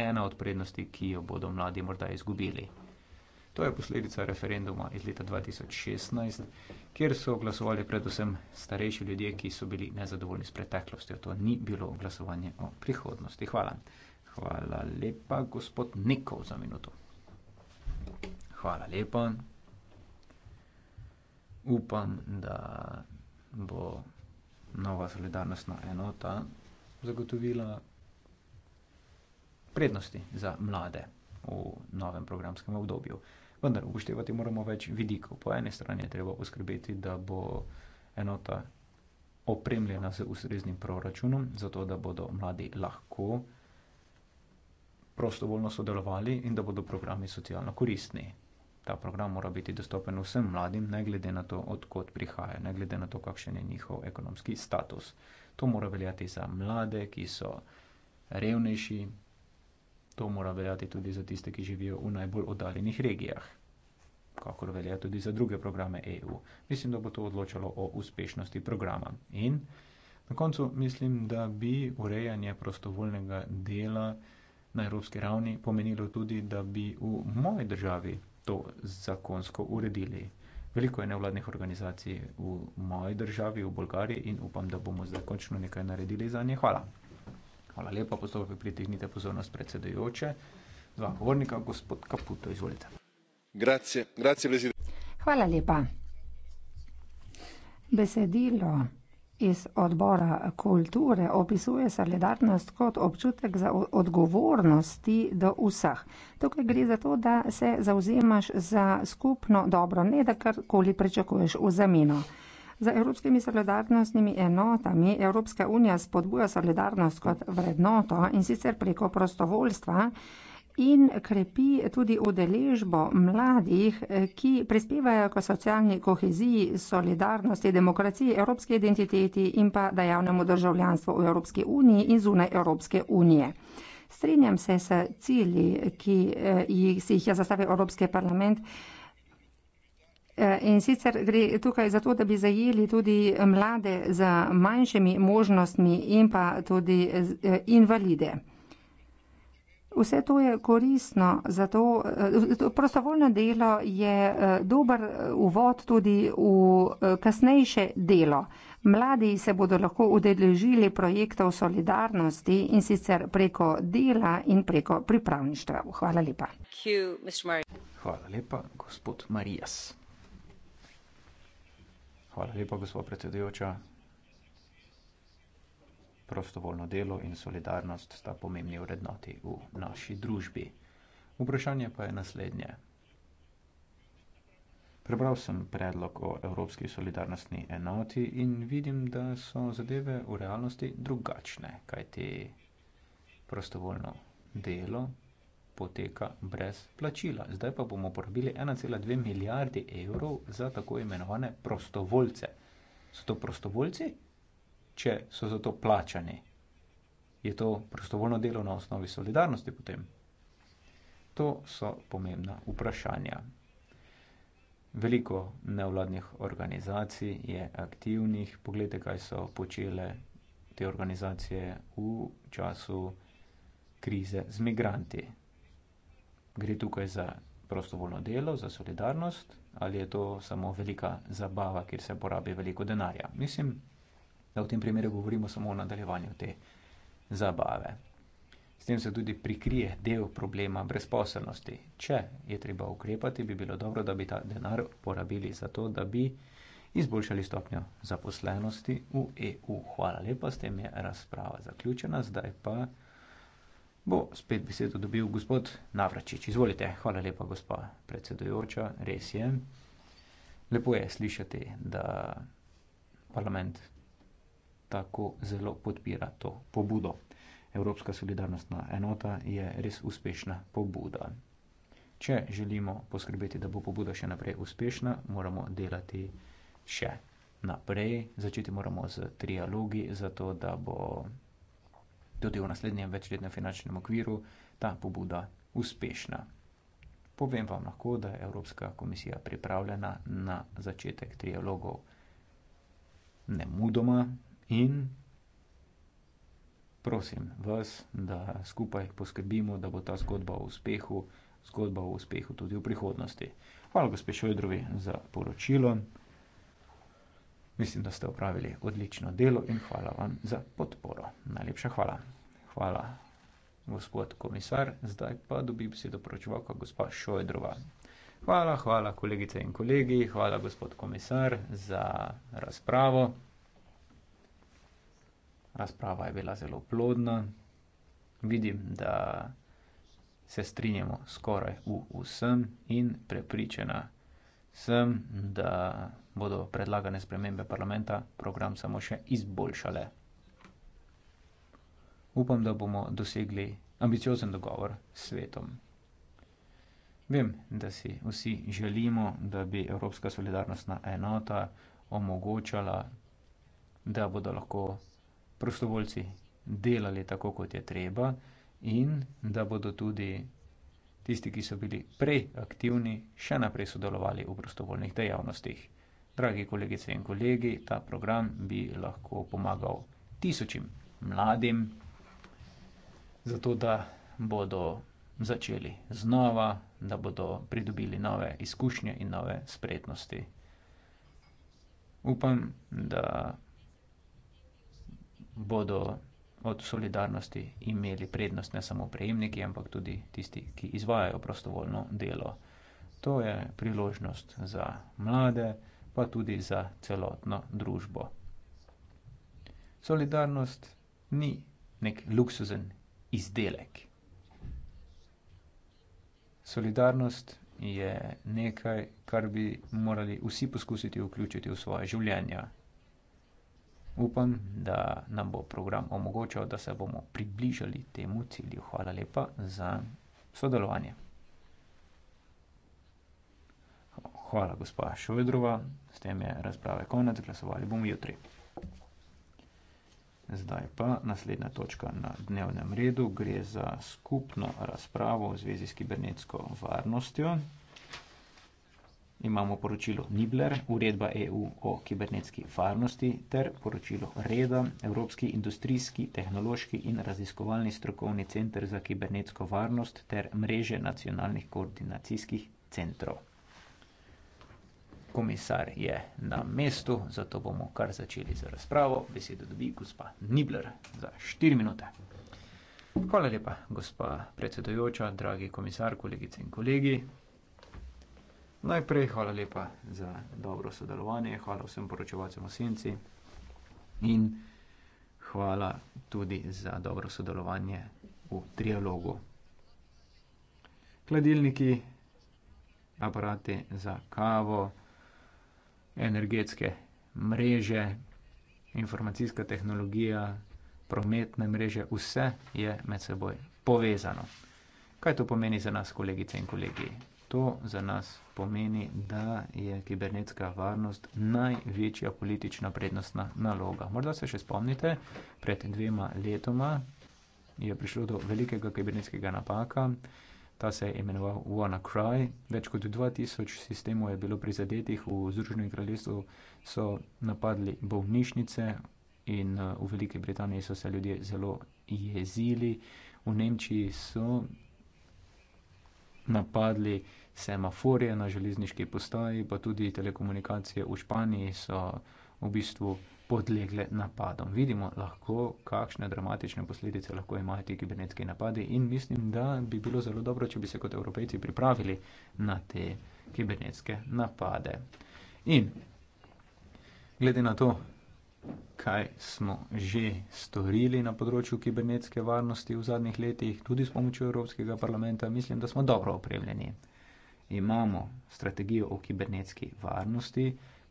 S2: ena od prednosti, ki jo bodo mladi morda izgubili. To je posledica referenduma iz leta 2016, kjer so glasovali predvsem starejši ljudje, ki so bili nezadovoljni s preteklostjo. To ni bilo glasovanje o prihodnosti. Hvala. Hvala lepa, gospod Nikov, za minuto. Hvala lepa. Upam, da bo nova solidarnostna enota zagotovila prednosti za mlade v novem programskem obdobju vendar upoštevati moramo več vidikov. Po eni strani je treba poskrbeti, da bo enota opremljena z ustreznim proračunom, zato da bodo mladi lahko prostovoljno sodelovali in da bodo programi socialno koristni. Ta program mora biti dostopen vsem mladim, ne glede na to, odkot prihaja, ne glede na to, kakšen je njihov ekonomski status. To mora veljati za mlade, ki so revnejši, To mora veljati tudi za tiste, ki živijo v najbolj oddaljenih regijah, kakor velja tudi za druge programe EU. Mislim, da bo to odločalo o uspešnosti programa. In na koncu mislim, da bi urejanje prostovoljnega dela na evropski ravni pomenilo tudi, da bi v moji državi to zakonsko uredili. Veliko je nevladnih organizacij v moji državi, v Bolgariji, in upam, da bomo zdaj končno nekaj naredili za nje. Hvala. Hvala lepa, postopek pritegnite pozornost predsedujoče. Dva govornika, gospod Kaputo, izvolite.
S8: Grazie, grazie presidente.
S1: Hvala lepa. Besedilo iz odbora kulture opisuje solidarnost kot občutek za odgovornosti do vseh. Tukaj gre za to, da se zauzemaš za skupno dobro, ne da karkoli pričakuješ v zameno. Za evropskimi solidarnostnimi enotami Evropska unija spodbuja solidarnost kot vrednoto in sicer preko prostovoljstva in krepi tudi udeležbo mladih, ki prispevajo k socialni koheziji, solidarnosti, demokraciji, evropski identiteti in pa dejavnemu državljanstvu v Evropski uniji in zunaj Evropske unije. Strenjam se s cilji, ki eh, jih, si jih je zastavil Evropski parlament. Eh, in sicer gre tukaj za to, da bi zajeli tudi mlade z manjšimi možnostmi in pa tudi eh, invalide. Vse to je koristno, zato eh, prostovoljno delo je dober uvod tudi v kasnejše delo. Mladi se bodo lahko udeležili projektov solidarnosti in sicer preko dela in preko
S2: pripravništva. Hvala lepa. Hvala lepa, gospod Marijas. Hvala lepa, gospod predsedujoča. Prostovoljno delo in solidarnost sta pomembni vrednoti v naši družbi. Vprašanje pa je naslednje. Prebral sem predlog o Evropski solidarnostni enoti in vidim, da so zadeve v realnosti drugačne, kajti prostovoljno delo poteka brez plačila. Zdaj pa bomo porabili 1,2 milijardi evrov za tako imenovane prostovoljce. So to prostovoljci, če so za to plačani? Je to prostovoljno delo na osnovi solidarnosti potem? To so pomembna vprašanja. Veliko nevladnih organizacij je aktivnih. Poglejte, kaj so počele te organizacije v času krize z migranti gre tukaj za prostovoljno delo, za solidarnost, ali je to samo velika zabava, kjer se porabi veliko denarja. Mislim, da v tem primeru govorimo samo o nadaljevanju te zabave. S tem se tudi prikrije del problema brezposelnosti. Če je treba ukrepati, bi bilo dobro, da bi ta denar porabili za to, da bi izboljšali stopnjo zaposlenosti v EU. Hvala lepa, s tem je razprava zaključena, zdaj pa bo spet besedo dobil gospod Navračič. Izvolite. Hvala lepa, gospa predsedujoča. Res je. Lepo je slišati, da parlament tako zelo podpira to pobudo. Evropska solidarnostna enota je res uspešna pobuda. Če želimo poskrbeti, da bo pobuda še naprej uspešna, moramo delati še naprej. Začeti moramo z trialogi, zato da bo tudi v naslednjem večletnem finančnem okviru ta pobuda uspešna. Povem vam lahko, da je Evropska komisija pripravljena na začetek trialogov ne mudoma in prosim vas, da skupaj poskrbimo, da bo ta zgodba o uspehu, zgodba o uspehu tudi v prihodnosti. Hvala gospe Šojdrovi za poročilo. Mislim, da ste upravili odlično delo in hvala vam za podporo. Najlepša hvala. Hvala, gospod komisar. Zdaj pa dobi besedo poročevalka gospa Šojdrova. Hvala, hvala, kolegice in kolegi. Hvala, gospod komisar, za razpravo. Razprava je bila zelo plodna. Vidim, da se strinjamo skoraj v vsem in prepričana sem, da bodo predlagane spremembe parlamenta program samo še izboljšale. Upam, da bomo dosegli ambiciozen dogovor s svetom. Vem, da si vsi želimo, da bi Evropska solidarnostna enota omogočala, da bodo lahko prostovoljci delali tako, kot je treba, in da bodo tudi tisti, ki so bili prej aktivni, še naprej sodelovali v prostovoljnih dejavnostih. Dragi kolegice in kolegi, ta program bi lahko pomagal tisočim mladim, zato da bodo začeli znova, da bodo pridobili nove izkušnje in nove spretnosti. Upam, da bodo od solidarnosti imeli prednost ne samo prejemniki, ampak tudi tisti, ki izvajajo prostovoljno delo. To je priložnost za mlade, pa tudi za celotno družbo. Solidarnost ni nek luksuzen izdelek. Solidarnost je nekaj, kar bi morali vsi poskusiti vključiti v svoje življenje. Upam, da nam bo program omogočal, da se bomo približali temu cilju. Hvala lepa za sodelovanje. Hvala, gospa Šojdrova. S tem je razprave konec. Glasovali bomo jutri. Zdaj pa naslednja točka na dnevnem redu. Gre za skupno razpravo v zvezi s kibernetsko varnostjo imamo poročilo Nibler, uredba EU o kibernetski varnosti ter poročilo REDA, Evropski industrijski, tehnološki in raziskovalni strokovni center za kibernetsko varnost ter mreže nacionalnih koordinacijskih centrov. Komisar je na mestu, zato bomo kar začeli z razpravo. Besedo dobi gospa Nibler za 4 minute. Hvala lepa, gospa predsedojoča, dragi komisar, kolegice in kolegi. Najprej hvala lepa za dobro sodelovanje, hvala vsem poročevalcem v Senci in hvala tudi za dobro sodelovanje v trialogu. Hladilniki, aparati za kavo, energetske mreže, informacijska tehnologija, prometne mreže, vse je med seboj povezano. Kaj to pomeni za nas, kolegice in kolegi? to za nas pomeni, da je kibernetska varnost največja politična prednostna naloga. Morda se še spomnite, pred dvema letoma je prišlo do velikega kibernetskega napaka. Ta se je imenoval WannaCry. Več kot 2000 sistemov je bilo prizadetih v Združenem kraljestvu, so napadli bolnišnice in v Veliki Britaniji so se ljudje zelo jezili. V Nemčiji so napadli semaforje na železniški postaji, pa tudi telekomunikacije v Španiji so v bistvu podlegle napadom. Vidimo lahko, kakšne dramatične posledice lahko imajo ti kibernetski napadi in mislim, da bi bilo zelo dobro, če bi se kot evropejci pripravili na te kibernetske napade. In glede na to, kaj smo že storili na področju kibernetske varnosti v zadnjih letih, tudi s pomočjo Evropskega parlamenta, mislim, da smo dobro opremljeni. Imamo strategijo o kibernetski varnosti,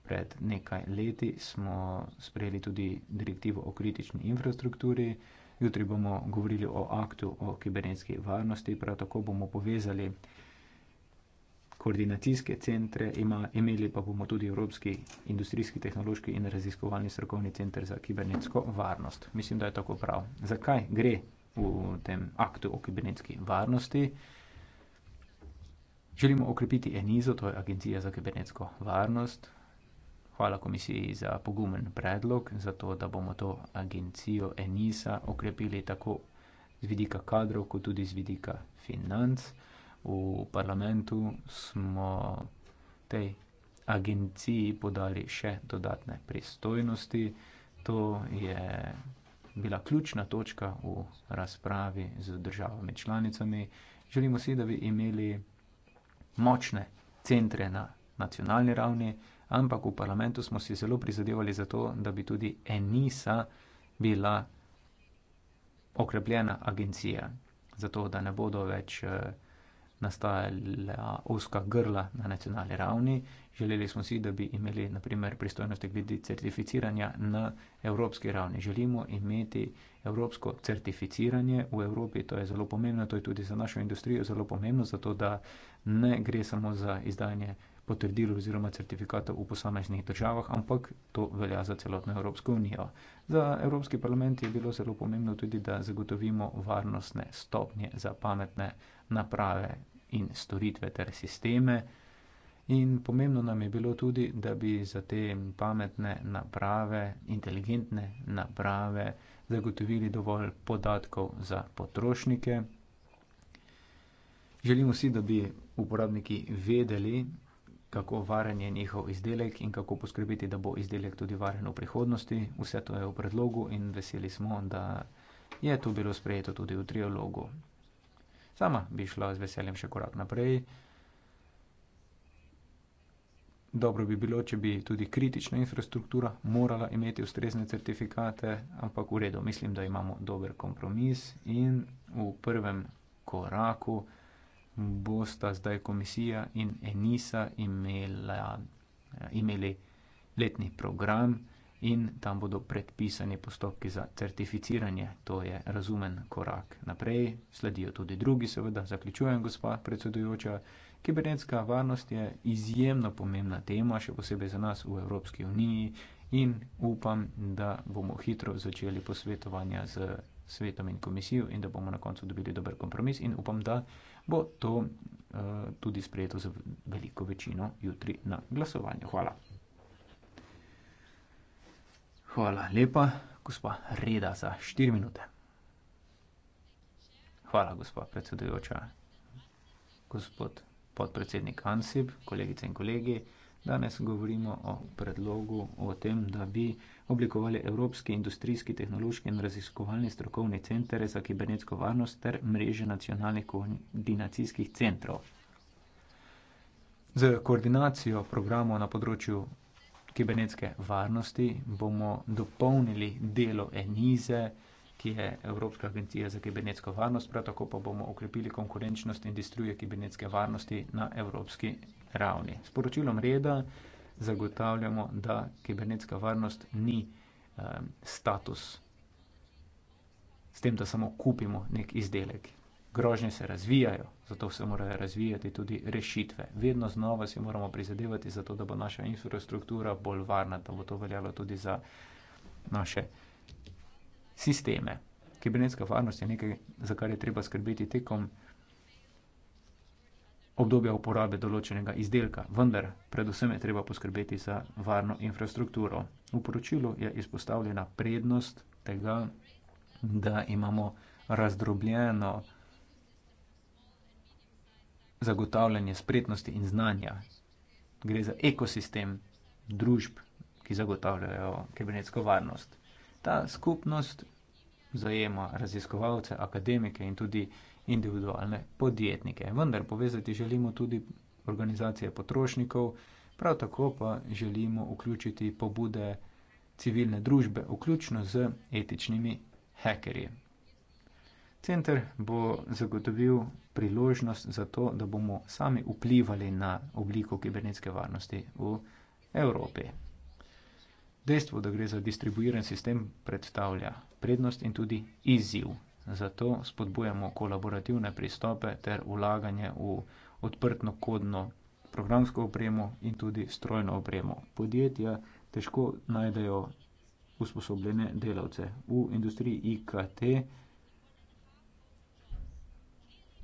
S2: pred nekaj leti smo sprejeli tudi direktivo o kritični infrastrukturi, jutri bomo govorili o aktu o kibernetski varnosti, prav tako bomo povezali koordinacijske centre, ima, imeli pa bomo tudi Evropski industrijski, tehnološki in raziskovalni strokovni center za kibernetsko varnost. Mislim, da je tako prav. Zakaj gre v tem aktu o kibernetski varnosti? Želimo okrepiti Enizo, to je Agencija za kibernetsko varnost. Hvala komisiji za pogumen predlog, za to, da bomo to agencijo Enisa okrepili tako z vidika kadrov, kot tudi z vidika financ v parlamentu smo tej agenciji podali še dodatne pristojnosti. To je bila ključna točka v razpravi z državami članicami. Želimo si, da bi imeli močne centre na nacionalni ravni, ampak v parlamentu smo si zelo prizadevali za to, da bi tudi Enisa bila okrepljena agencija, zato da ne bodo več eh, nastajala oska grla na nacionalni ravni. Želeli smo si, da bi imeli naprimer pristojnosti glede certificiranja na evropski ravni. Želimo imeti evropsko certificiranje v Evropi, to je zelo pomembno, to je tudi za našo industrijo zelo pomembno, zato da ne gre samo za izdanje potrdil oziroma certifikatov v posameznih državah, ampak to velja za celotno Evropsko unijo. Za Evropski parlament je bilo zelo pomembno tudi, da zagotovimo varnostne stopnje za pametne naprave in storitve ter sisteme. In pomembno nam je bilo tudi, da bi za te pametne naprave, inteligentne naprave, zagotovili dovolj podatkov za potrošnike. Želimo si, da bi uporabniki vedeli, kako varen je njihov izdelek in kako poskrbeti, da bo izdelek tudi varen v prihodnosti. Vse to je v predlogu in veseli smo, da je to bilo sprejeto tudi v trialogu sama bi šla z veseljem še korak naprej. Dobro bi bilo, če bi tudi kritična infrastruktura morala imeti ustrezne certifikate, ampak v redu, mislim, da imamo dober kompromis in v prvem koraku bosta zdaj komisija in Enisa imela, imeli letni program in tam bodo predpisani postopki za certificiranje. To je razumen korak naprej. Sledijo tudi drugi, seveda, zaključujem, gospa predsedujoča. Kibernetska varnost je izjemno pomembna tema, še posebej za nas v Evropski uniji in upam, da bomo hitro začeli posvetovanja z svetom in komisijo in da bomo na koncu dobili dober kompromis in upam, da bo to uh, tudi sprejeto z veliko večino jutri na glasovanju. Hvala. Hvala lepa, gospa Reda, za štiri minute. Hvala, gospa predsedujoča, gospod podpredsednik Ansip, kolegice in kolegi. Danes govorimo o predlogu o tem, da bi oblikovali Evropski industrijski tehnološki in raziskovalni strokovni center za kibernetsko varnost ter mreže nacionalnih koordinacijskih centrov. Za koordinacijo programov na področju kibernetske varnosti bomo dopolnili delo Enize, ki je Evropska agencija za kibernetsko varnost, prav tako pa bomo okrepili konkurenčnost industrije kibernetske varnosti na evropski ravni. S poročilom reda zagotavljamo, da kibernetska varnost ni um, status, s tem, da samo kupimo nek izdelek grožnje se razvijajo, zato se morajo razvijati tudi rešitve. Vedno znova si moramo prizadevati za to, da bo naša infrastruktura bolj varna, da bo to veljalo tudi za naše sisteme. Kibernetska varnost je nekaj, za kar je treba skrbeti tekom obdobja uporabe določenega izdelka, vendar predvsem je treba poskrbeti za varno infrastrukturo. V poročilu je izpostavljena prednost tega, da imamo razdrobljeno zagotavljanje spretnosti in znanja. Gre za ekosistem družb, ki zagotavljajo kibernetsko varnost. Ta skupnost zajema raziskovalce, akademike in tudi individualne podjetnike. Vendar povezati želimo tudi organizacije potrošnikov, prav tako pa želimo vključiti pobude civilne družbe, vključno z etičnimi hekerji. Center bo zagotovil priložnost za to, da bomo sami vplivali na obliko kibernetske varnosti v Evropi. Dejstvo, da gre za distribuiran sistem, predstavlja prednost in tudi izziv. Zato spodbujamo kolaborativne pristope ter ulaganje v odprto kodno programsko opremo in tudi strojno opremo. Podjetja težko najdejo usposobljene delavce. V industriji IKT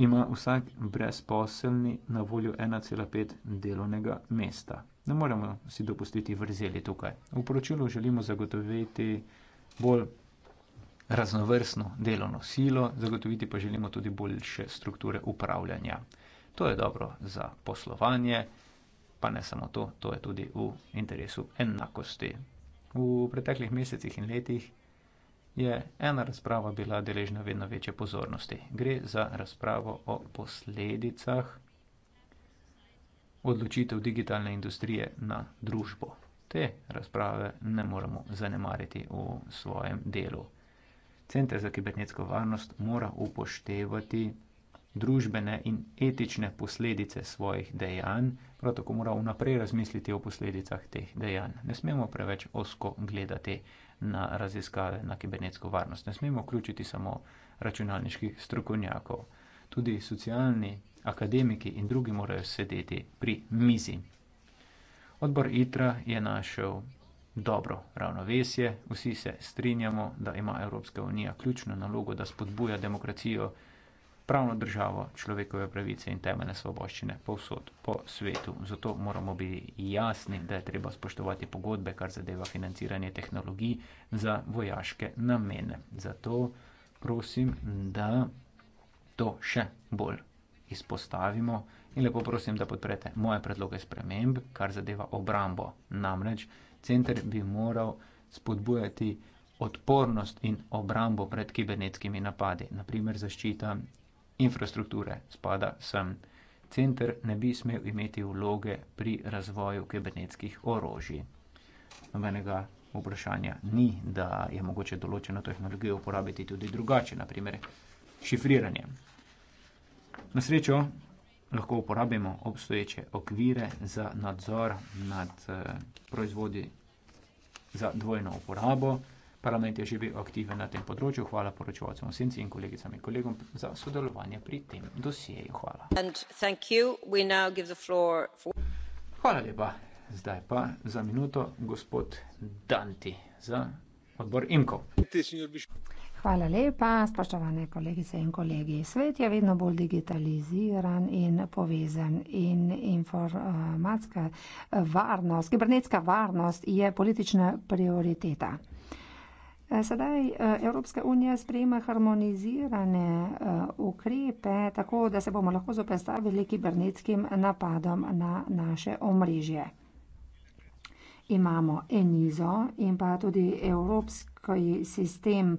S2: ima vsak brezposelni na voljo 1,5 delovnega mesta. Ne moremo si dopustiti vrzeli tukaj. V poročilu želimo zagotoviti bolj raznovrstno delovno silo, zagotoviti pa želimo tudi boljše strukture upravljanja. To je dobro za poslovanje, pa ne samo to, to je tudi v interesu enakosti. V preteklih mesecih in letih je ena razprava bila deležna vedno večje pozornosti. Gre za razpravo o posledicah odločitev digitalne industrije na družbo. Te razprave ne moremo zanemariti v svojem delu. Center za kibernetsko varnost mora upoštevati družbene in etične posledice svojih dejanj, prav tako mora vnaprej razmisliti o posledicah teh dejanj. Ne smemo preveč osko gledati na raziskave na kibernetsko varnost, ne smemo vključiti samo računalniških strokovnjakov. Tudi socialni, akademiki in drugi morajo sedeti pri mizi. Odbor ITRA je našel dobro ravnovesje, vsi se strinjamo, da ima Evropska unija ključno nalogo, da spodbuja demokracijo pravno državo, človekove pravice in temeljne svoboščine povsod po svetu. Zato moramo biti jasni, da je treba spoštovati pogodbe, kar zadeva financiranje tehnologij za vojaške namene. Zato prosim, da to še bolj izpostavimo in lepo prosim, da podprete moje predloge sprememb, kar zadeva obrambo. Namreč, center bi moral spodbujati odpornost in obrambo pred kibernetskimi napadi, naprimer zaščita infrastrukture spada sem. Center ne bi smel imeti vloge pri razvoju kibernetskih orožij. Nobenega vprašanja ni, da je mogoče določeno tehnologijo uporabiti tudi drugače, naprimer šifriranje. Na srečo lahko uporabimo obstoječe okvire za nadzor nad eh, proizvodi za dvojno uporabo. Parlament je že bil aktiven na tem področju. Hvala poročevalcem Senci in kolegicam in kolegom za sodelovanje pri tem dosjeju.
S9: Hvala.
S2: Hvala lepa. Zdaj pa za minuto gospod Danti za odbor IMKO.
S1: Hvala lepa, spoštovane kolegice in kolegi. Svet je vedno bolj digitaliziran in povezan in informacijska varnost, kibernetska varnost je politična prioriteta. Eh, sedaj eh, Evropska unija sprejema harmonizirane eh, ukrepe, tako da se bomo lahko zopestavili kibernetskim napadom na naše omrežje. Imamo Enizo in pa tudi Evropski sistem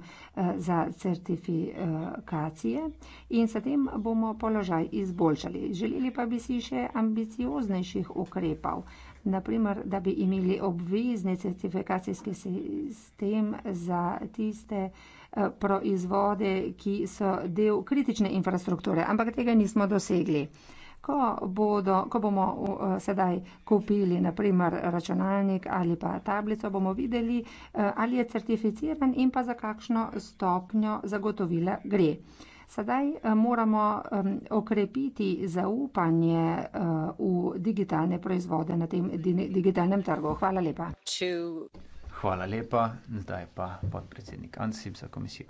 S1: za certifikacije in s tem bomo položaj izboljšali. Želeli pa bi si še ambicioznejših ukrepov na primer, da bi imeli obvezni certifikacijski sistem za tiste eh, proizvode, ki so del kritične infrastrukture, ampak tega nismo dosegli. Ko, bodo, ko bomo eh, sedaj kupili naprimer računalnik ali pa tablico, bomo videli, eh, ali je certificiran in pa za kakšno stopnjo zagotovila gre. Sedaj eh, moramo okrepiti zaupanje eh, v digitalne proizvode na tem digitalnem trgu. Hvala lepa.
S2: Hvala lepa, zdaj pa podpredsednik Ansip za
S7: komisijo.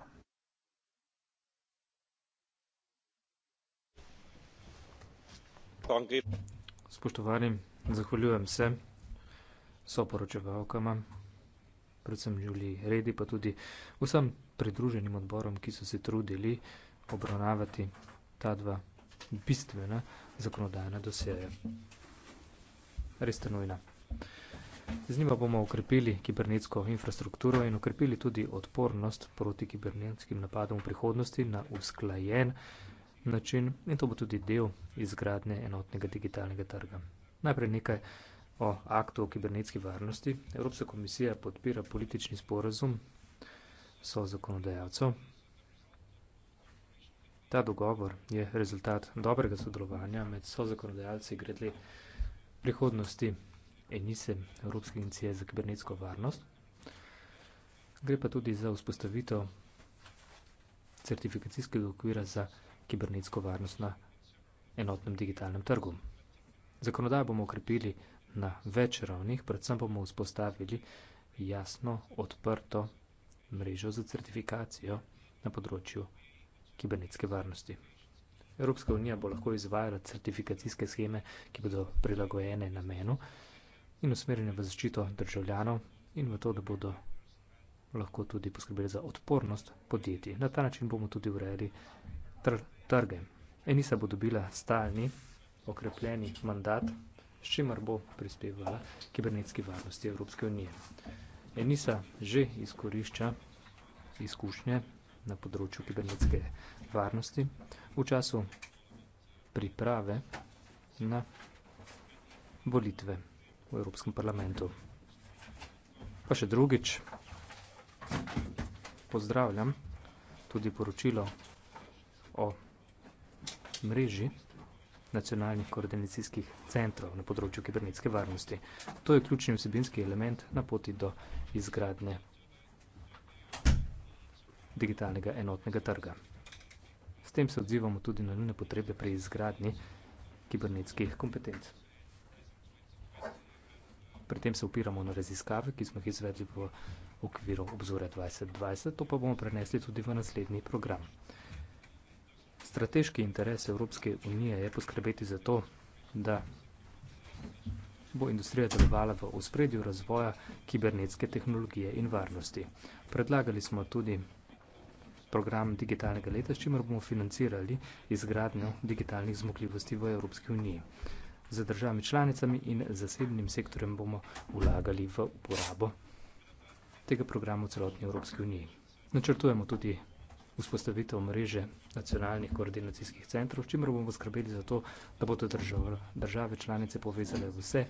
S7: Spoštovani, zahvaljujem se soporočevalkama, predvsem Juliji Redi, pa tudi vsem pridruženim odborom, ki so se trudili obravnavati ta dva bistvena zakonodajna dosjeja. Res te nujna. Z njima bomo ukrepili kibernetsko infrastrukturo in ukrepili tudi odpornost proti kibernetskim napadom v prihodnosti na usklajen način in to bo tudi del izgradnje enotnega digitalnega trga. Najprej nekaj o aktu o kibernetski varnosti. Evropska komisija podpira politični sporazum so zakonodajalcev Ta dogovor je rezultat dobrega sodelovanja med sozakonodajalci glede prihodnosti enice Evropske agencije za kibernetsko varnost. Gre pa tudi za vzpostavitev certifikacijskega okvira za kibernetsko varnost na enotnem digitalnem trgu. Zakonodajo bomo okrepili na več ravnih, predvsem bomo vzpostavili jasno odprto mrežo za certifikacijo na področju kibernetske varnosti. Evropska unija bo lahko izvajala certifikacijske scheme, ki bodo prilagojene namenu in usmerjene v zaščito državljanov in v to, da bodo lahko tudi poskrbeli za odpornost podjetij. Na ta način bomo tudi urejali tr trge. Enisa bo dobila stalni, okrepljeni mandat, s čimer bo prispevala kibernetski varnosti Evropske unije. Enisa že izkorišča izkušnje na področju kibernetske varnosti v času priprave na volitve v Evropskem parlamentu. Pa še drugič pozdravljam tudi poročilo o mreži nacionalnih koordinacijskih centrov na področju kibernetske varnosti. To je ključni vsebinski element na poti do izgradne digitalnega enotnega trga. S tem se odzivamo tudi na nujne potrebe pri izgradnji kibernetskih kompetenc. Pri tem se upiramo na raziskave, ki smo jih izvedli v okviru obzore 2020, to pa bomo prenesli tudi v naslednji program. Strateški interes Evropske unije je poskrbeti za to, da bo industrija delovala v ospredju razvoja kibernetske tehnologije in varnosti. Predlagali smo tudi program digitalnega leta, s čimer bomo financirali izgradnjo digitalnih zmogljivosti v Evropski uniji. Za državami članicami in zasebnim sektorjem bomo vlagali v uporabo tega programa v celotni Evropski uniji. Načrtujemo tudi vzpostavitev mreže nacionalnih koordinacijskih centrov, s čimer bomo skrbeli za to, da bodo države članice povezale vse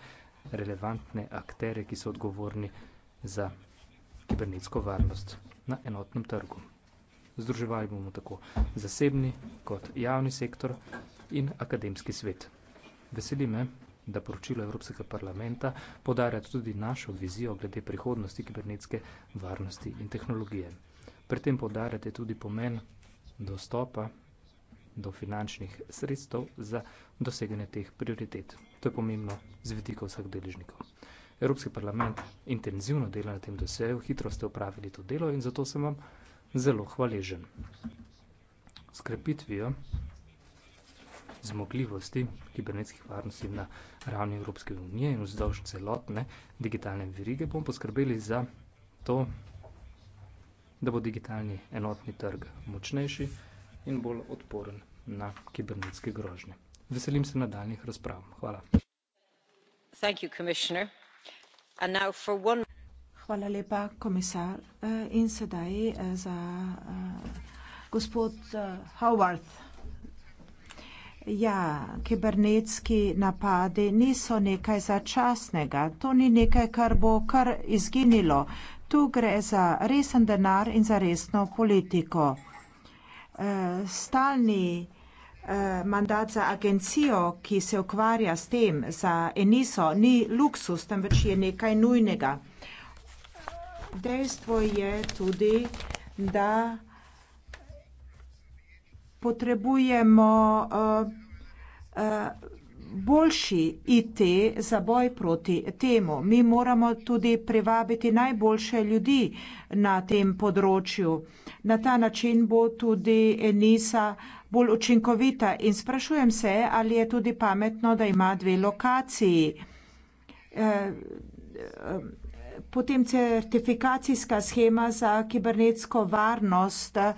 S7: relevantne aktere, ki so odgovorni za kibernetsko varnost na enotnem trgu. Združevali bomo tako zasebni kot javni sektor in akademski svet. Veseli me, da poročilo Evropskega parlamenta podarja tudi našo vizijo glede prihodnosti kibernetske varnosti in tehnologije. Pri tem podarjate tudi pomen dostopa do finančnih sredstev za doseganje teh prioritet. To je pomembno z vidika vseh deležnikov. Evropski parlament intenzivno dela na tem doseju, hitro ste upravili to delo in zato sem vam zelo hvaležen. S krepitvijo zmogljivosti kibernetskih varnosti na ravni Evropske unije in vzdolž celotne digitalne verige bomo poskrbeli za to, da bo digitalni enotni trg močnejši in bolj odporen na kibernetske grožnje. Veselim se nadaljnjih razprav. Hvala. Thank you, commissioner. And now for one...
S10: Hvala lepa, komisar. Eh, in sedaj eh, za eh, gospod Howard. Ja, kibernetski napadi niso nekaj začasnega, to ni nekaj, kar bo kar izginilo. Tu gre za resen denar in za resno politiko. Stalni mandat za agencijo, ki se ukvarja s tem, za Eniso, ni luksus, temveč je nekaj nujnega dejstvo je tudi, da potrebujemo eh, eh, boljši IT za boj proti temu. Mi moramo tudi privabiti najboljše ljudi na tem področju. Na ta način bo tudi Enisa bolj učinkovita in sprašujem se, ali je tudi pametno, da ima dve lokaciji. Eh, potem certifikacijska schema za kibernetsko varnost eh,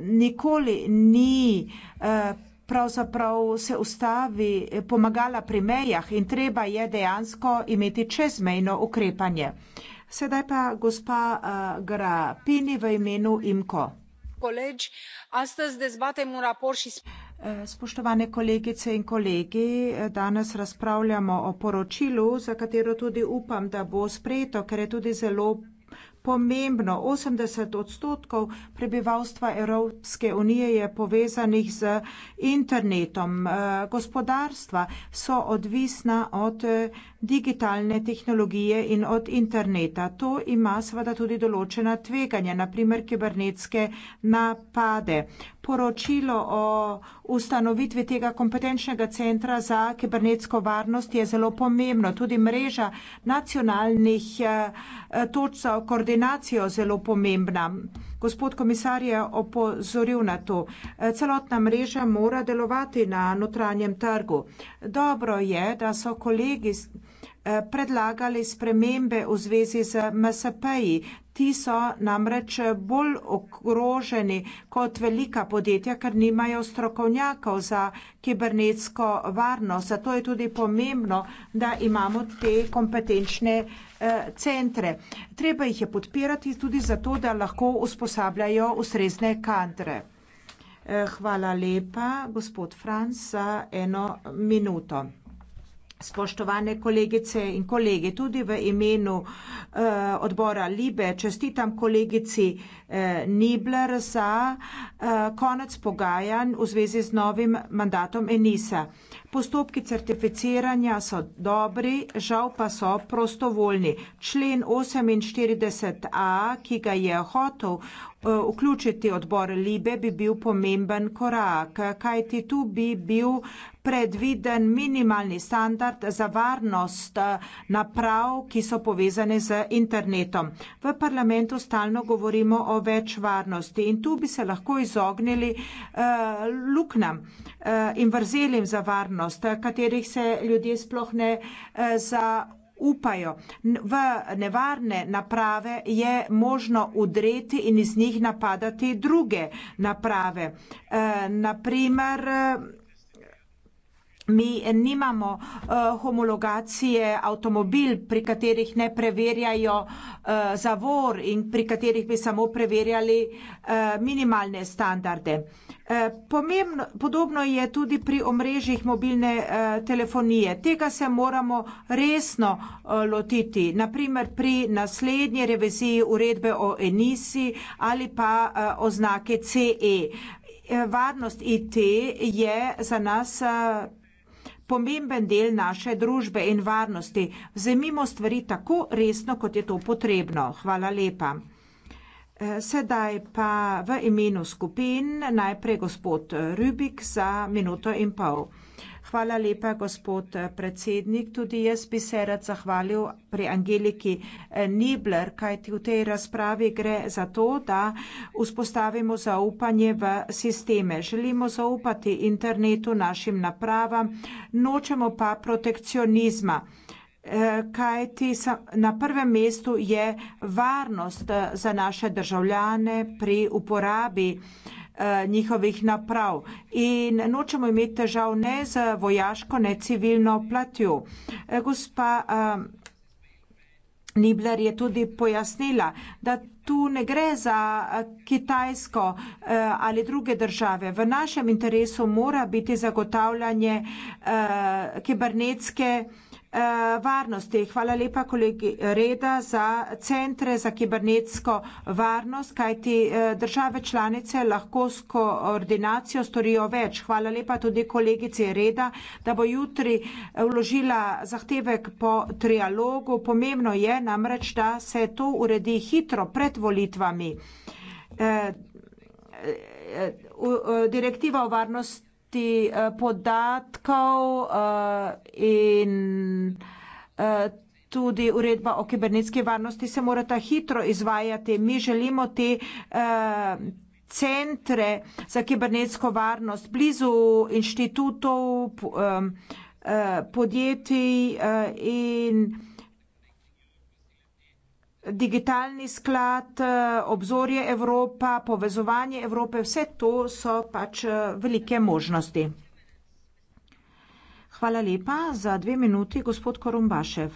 S10: nikoli ni eh, pravzaprav se ustavi, eh, pomagala pri mejah in treba je dejansko imeti čezmejno ukrepanje. Sedaj pa gospa Grapini v imenu IMCO. Kolegi, danes debatiramo o poročilu. Spoštovane kolegice in kolegi, danes razpravljamo o poročilu, za katero tudi upam, da bo sprejeto, ker je tudi zelo pomembno. 80 odstotkov prebivalstva Evropske unije je povezanih z internetom. Gospodarstva so odvisna od digitalne tehnologije in od interneta. To ima seveda tudi določena tveganja, naprimer kibernetske napade poročilo o ustanovitvi tega kompetenčnega centra za kibernetsko varnost je zelo pomembno. Tudi mreža nacionalnih eh, toč za koordinacijo je zelo pomembna. Gospod komisar je opozoril na to. Eh, celotna mreža mora delovati na notranjem trgu. Dobro je, da so kolegi eh, predlagali spremembe v zvezi z MSP-ji ti so namreč bolj ogroženi kot velika podjetja, ker nimajo strokovnjakov za kibernetsko varnost. Zato je tudi pomembno, da imamo te kompetenčne eh, centre. Treba jih je podpirati tudi zato, da lahko usposabljajo ustrezne kantre. Eh, hvala lepa, gospod Franc, za eno minuto. Spoštovane kolegice in kolege, tudi v imenu eh, odbora Libe čestitam kolegici eh, Nibler za eh, konec pogajanj v zvezi z novim mandatom Enisa. Postopki certificiranja so dobri, žal pa so prostovoljni. Člen 48a, ki ga je hotel eh, vključiti odbor Libe, bi bil pomemben korak, kajti tu bi bil eh, predviden minimalni standard za varnost eh, naprav, ki so povezane z internetom. V parlamentu stalno govorimo o več varnosti in tu bi se lahko izognili uh, eh, luknam uh, eh, in vrzelim za varnost, katerih se ljudje sploh ne uh, za. Upajo. V nevarne naprave je možno udreti in iz njih napadati druge naprave. E, naprimer, mi nimamo uh, homologacije avtomobil, pri katerih ne preverjajo uh, zavor in pri katerih bi samo preverjali uh, minimalne standarde. Uh, pomembno, podobno je tudi pri omrežjih mobilne uh, telefonije. Tega se moramo resno uh, lotiti. Naprimer pri naslednji reviziji uredbe o enisi ali pa uh, oznake CE. Varnost IT je za nas uh, pomemben del naše družbe in varnosti. Vzemimo stvari tako resno, kot je to potrebno. Hvala lepa. Eh, sedaj pa v imenu skupin najprej gospod Rübik za minuto in pol. Hvala lepa, gospod eh, predsednik. Tudi jaz bi se rad zahvalil pri Angeliki eh, Nibler, kajti v tej razpravi gre za to, da vzpostavimo zaupanje v sisteme. Želimo zaupati internetu, našim napravam, nočemo pa protekcionizma. Eh, kajti na prvem mestu je varnost za naše državljane pri uporabi Eh, njihovih naprav. In nočemo imeti težav ne z vojaško, ne civilno platjo. Eh, gospa eh, Nibler je tudi pojasnila, da tu ne gre za Kitajsko ali druge države. V našem interesu mora biti zagotavljanje kibernetske vojaške Eh, varnosti. Hvala lepa kolegi Reda za centre za kibernetsko varnost, kajti eh, države članice lahko s koordinacijo storijo več. Hvala lepa tudi kolegici Reda, da bo jutri eh, vložila zahtevek po trialogu. Pomembno je namreč, da se to uredi hitro pred volitvami. Direktiva o varnosti te eh, podatkov eh, in eh, tudi uredba o kibernetski varnosti se mora ta hitro izvajati. Mi želimo te centre za kibernetsko varnost blizu inštitutov, podjetij in inštitutov, digitalni sklad, eh, obzorje Evropa, povezovanje Evrope, vse to so pač eh, velike možnosti. Hvala lepa za dve minuti, gospod Korumbašev.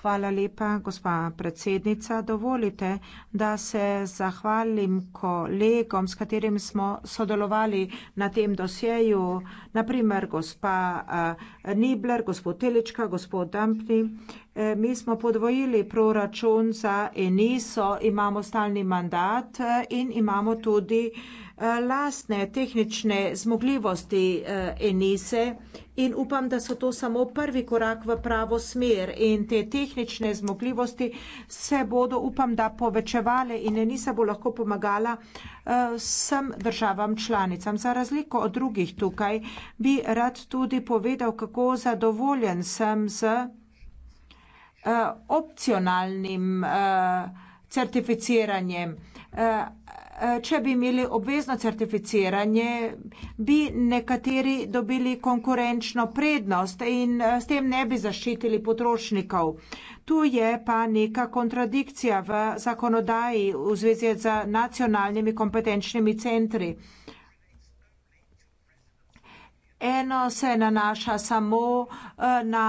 S10: Hvala lepa, gospa predsednica. Dovolite, da se zahvalim kolegom, s katerim smo sodelovali na tem dosjeju, naprimer gospa Nibler, gospod Telička, gospod Dampni. E, mi smo podvojili proračun za ENISO, imamo stalni mandat e, in imamo tudi lastne tehnične zmogljivosti eh, Enise in upam, da so to samo prvi korak v pravo smer in te tehnične zmogljivosti se bodo, upam, da povečevale in Enisa bo lahko pomagala eh, vsem državam članicam. Za razliko od drugih tukaj bi rad tudi povedal, kako zadovoljen sem z eh, opcionalnim certificiranjem če bi imeli obvezno certificiranje, bi nekateri dobili konkurenčno prednost in eh, s tem ne bi zaščitili potrošnikov. Tu je pa neka kontradikcija v zakonodaji v zvezi z nacionalnimi kompetenčnimi centri. Eno se nanaša samo eh, na.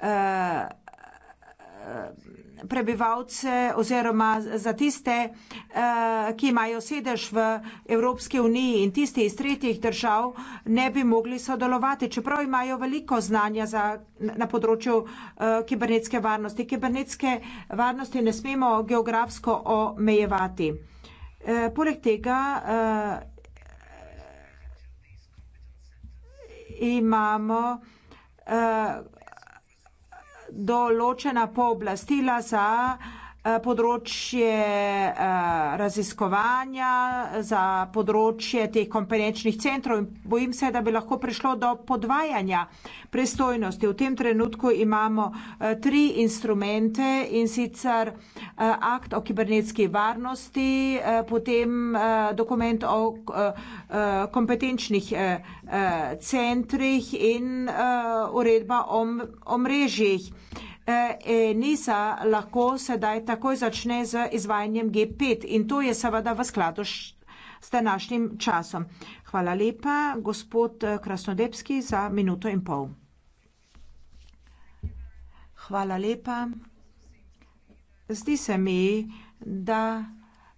S10: Uh, uh, prebivalce oziroma za tiste, eh, ki imajo sedež v Evropske unije in tisti iz tretjih držav ne bi mogli sodelovati, čeprav imajo veliko znanja za, na področju eh, kibernetske varnosti. Kibernetske varnosti ne smemo geografsko omejevati. Eh, poleg tega imamo določena pooblastila za Eh, področje eh, raziskovanja, za področje teh konferenčnih centrov. Bojim se, da bi lahko prišlo do podvajanja prestojnosti. V tem trenutku imamo eh, tri instrumente in sicer akt o kibernetski varnosti, potem dokument o kompetenčnih centrih in uredba o mrežjih. ENISA lahko sedaj takoj začne z izvajanjem G5 in to je seveda v skladu s današnjim časom. Hvala lepa, gospod eh, Krasnodebski, za minuto in pol. Hvala lepa. Zdi se mi, da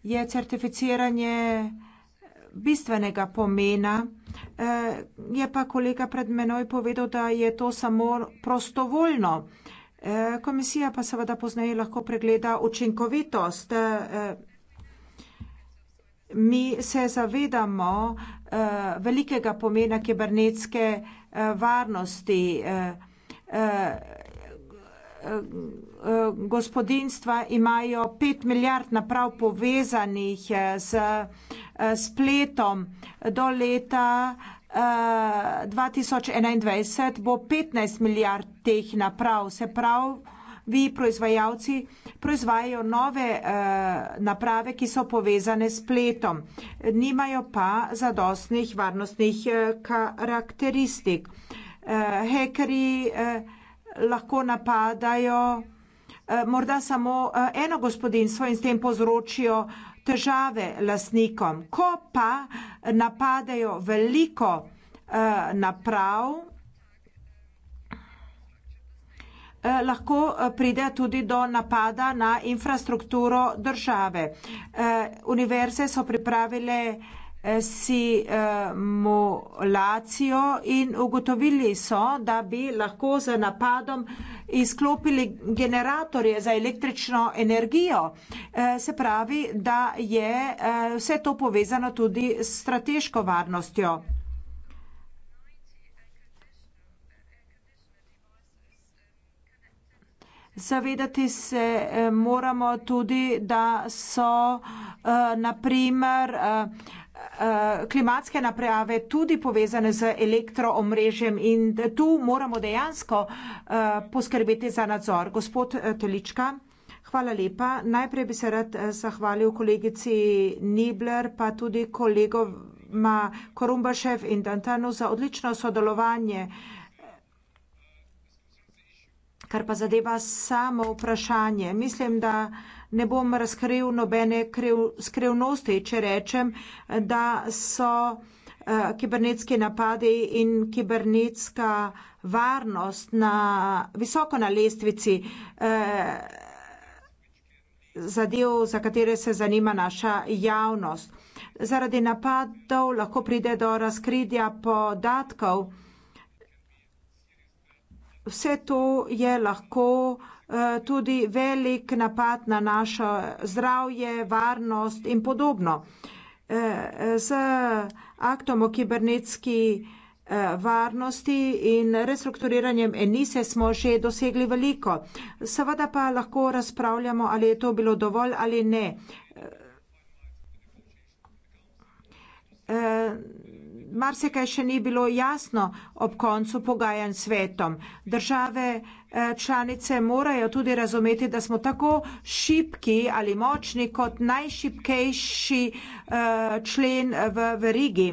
S10: je certificiranje bistvenega pomena. Eh, je pa kolega pred menoj povedal, da je to samo prostovoljno. Eh, komisija pa seveda poznaje lahko pregleda učinkovitost. Eh, mi se zavedamo eh, velikega pomena kibernetske varnosti gospodinstva imajo pet milijard naprav povezanih s spletom. Do leta 2021 eh, bo 15 milijard teh naprav, se pravi, vi proizvajalci proizvajajo nove uh, naprave, ki so povezane s spletom, nimajo pa zadostnih varnostnih uh, karakteristik. Uh, hekeri uh, lahko napadajo uh, morda samo uh, eno gospodinstvo in s tem povzročijo uh, težave lastnikom. Ko pa napadajo veliko eh, naprav, eh, lahko eh, pride tudi do napada na infrastrukturo države. Univerze so pripravile vse, simulacijo eh, in ugotovili so, da bi lahko z napadom izklopili generatorje za električno energijo. Eh, se pravi, da je eh, vse to povezano tudi s strateško varnostjo. Zavedati se moramo tudi, da so naprimer Eh, klimatske naprave tudi povezane z elektroomrežjem in tu moramo dejansko eh, poskrbeti za nadzor. Gospod eh, Telička, hvala lepa. Najprej bi se rad zahvalil kolegici Nibler, pa tudi kolegoma Korumbašev in Dantanu za odlično sodelovanje. Kar pa zadeva samo vprašanje. Mislim, da ne bom razkril nobene skrivnosti, če rečem, da so eh, kibernetski napadi in kibernetska varnost na, visoko na lestvici eh, zadev, za katere se zanima naša javnost. Zaradi napadov lahko pride do razkritja podatkov. Vse to je lahko eh, Eh, tudi velik napad na naše zdravje, varnost in podobno. Z eh, aktom o kibernetski eh, varnosti in restrukturiranjem Enise smo že dosegli veliko. Seveda pa lahko razpravljamo, ali je to bilo dovolj ali ne marsikaj še ni bilo jasno ob koncu pogajanj svetom. Države eh, članice morajo tudi razumeti, da smo tako šipki ali močni kot najšipkejši eh, člen v verigi.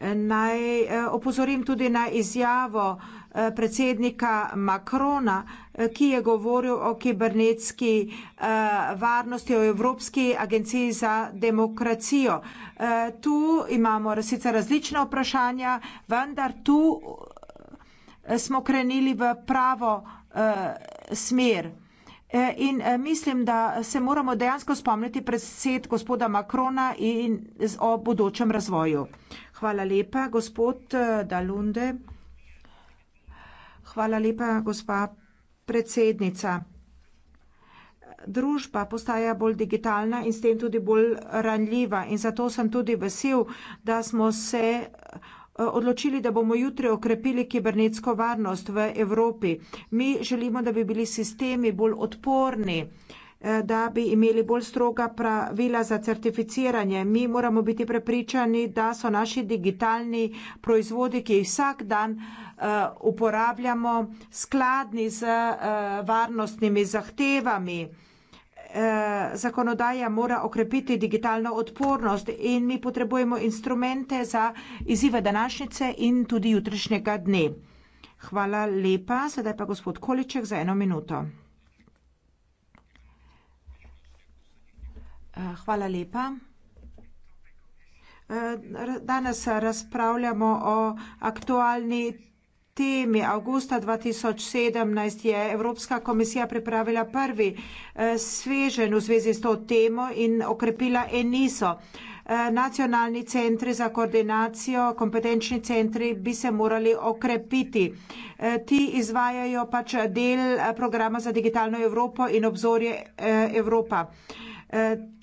S10: Naj eh, opozorim tudi na izjavo Eh, predsednika Macrona, eh, ki je govoril o kibernetski eh, varnosti, o Evropski agenciji za demokracijo. Tu imamo sicer različna vprašanja, vendar tu smo krenili v pravo smer. In mislim, da se moramo dejansko spomniti predsed gospoda Makrona in o bodočem razvoju. Hvala lepa, gospod Dalunde. Hvala lepa, gospa predsednica. Družba postaja bolj digitalna in s tem tudi bolj ranljiva in zato sem tudi vesel, da smo se eh, odločili, da bomo jutri okrepili kibernetsko varnost v Evropi. Mi želimo, da bi bili sistemi bolj odporni. Eh, da bi imeli bolj stroga pravila za certificiranje. Mi moramo biti prepričani, da so naši digitalni proizvodi, ki jih vsak dan eh, uporabljamo, skladni z eh, varnostnimi zahtevami. Zakonodaja mora okrepiti digitalno odpornost in mi potrebujemo instrumente za izzive današnjice in tudi jutrišnjega dne. Hvala lepa. Sedaj pa gospod Količek za eno minuto. Eh, hvala lepa. Eh, danes razpravljamo o aktualni temi. Avgusta dva tisoč sedemnajst je Evropska komisija pripravila prvi eh, sveženj v zvezi s to temo in okrepila ENISO. Nacionalni centri za koordinacijo, kompetenčni centri bi se morali okrepiti. Ti izvajajo pač del programa za digitalno Evropo in obzorje Evropa.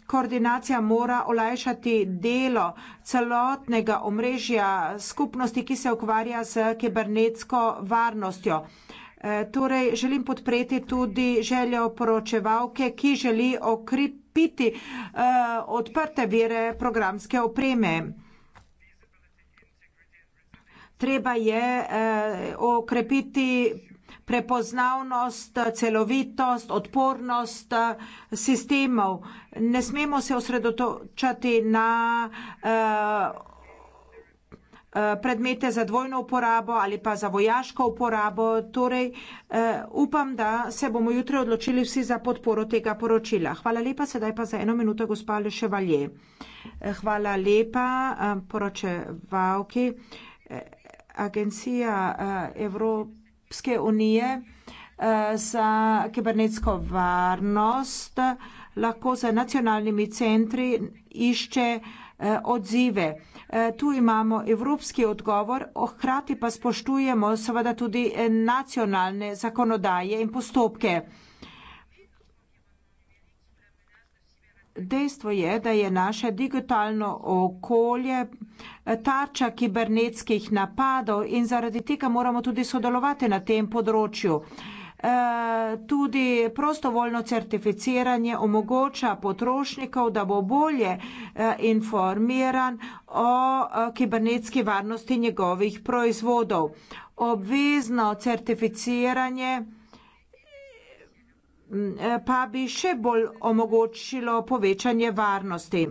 S10: Koordinacija mora olajšati delo celotnega omrežja skupnosti, ki se ukvarja z kibernetsko varnostjo. E, torej, želim podpreti tudi željo poročevalke, ki želi okrepiti e, odprte vire programske opreme. Treba je e, okrepiti prepoznavnost, celovitost, odpornost eh, sistemov. Ne smemo se osredotočati na eh, eh, predmete za dvojno uporabo ali pa za vojaško uporabo. Torej, upam, da se bomo jutri odločili vsi za podporo tega poročila. Hvala lepa, sedaj pa za eno minuto gospa Leševalje. Hvala lepa, poročevalki. Agencija Evropa. Evropske unije eh, za kibernetsko varnost lahko z nacionalnimi centri išče eh, odzive. Eh, tu imamo evropski odgovor, hkrati pa spoštujemo seveda tudi nacionalne zakonodaje in postopke. dejstvo je, da je naše digitalno okolje eh, tarča kibernetskih napadov in zaradi tega moramo tudi sodelovati na tem področju. Eh, tudi prostovoljno certificiranje omogoča potrošnikov, da bo bolje eh, informiran o kibernetski varnosti njegovih proizvodov. Obvezno certificiranje pa bi še bolj omogočilo povečanje varnosti.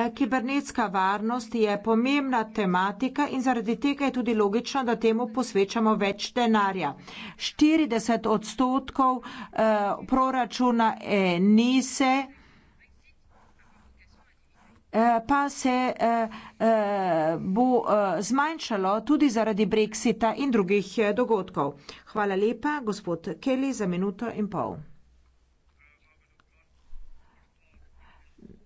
S10: E, kibernetska varnost je pomembna tematika in zaradi tega je tudi logično, da temu posvečamo več denarja. 40 odstotkov e, proračuna e, NISE Eh, pa se eh, eh, bo zmanjšalo tudi zaradi brexita in drugih dogodkov. Hvala lepa, gospod Kelly, za minuto in pol.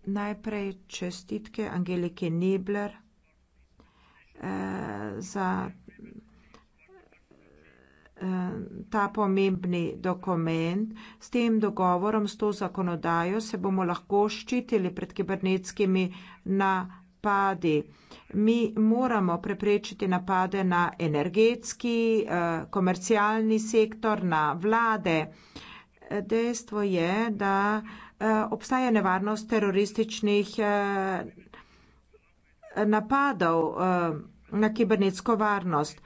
S10: Najprej čestitke Angelike Nebler za Eh, ta pomembni dokument. S tem dogovorom, s to zakonodajo se bomo lahko ščitili pred kibernetskimi napadi. Mi moramo preprečiti napade na energetski, eh, komercialni sektor, na vlade. Dejstvo je, da eh, obstaja nevarnost terorističnih napadov na kibernetsko varnost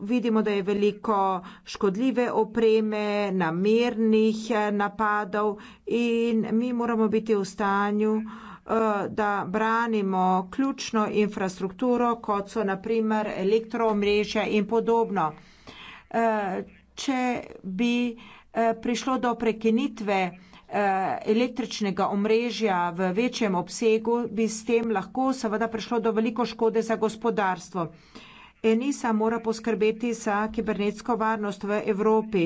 S10: vidimo, da je veliko škodljive opreme, namernih eh, napadov in mi moramo biti v stanju, eh, da branimo ključno infrastrukturo, kot so naprimer elektroomrežja in podobno. Eh, če bi prišlo do prekinitve električnega omrežja v večjem obsegu, bi s tem lahko seveda prišlo do veliko škode za gospodarstvo. Enisa mora poskrbeti za kibernetsko varnost v Evropi.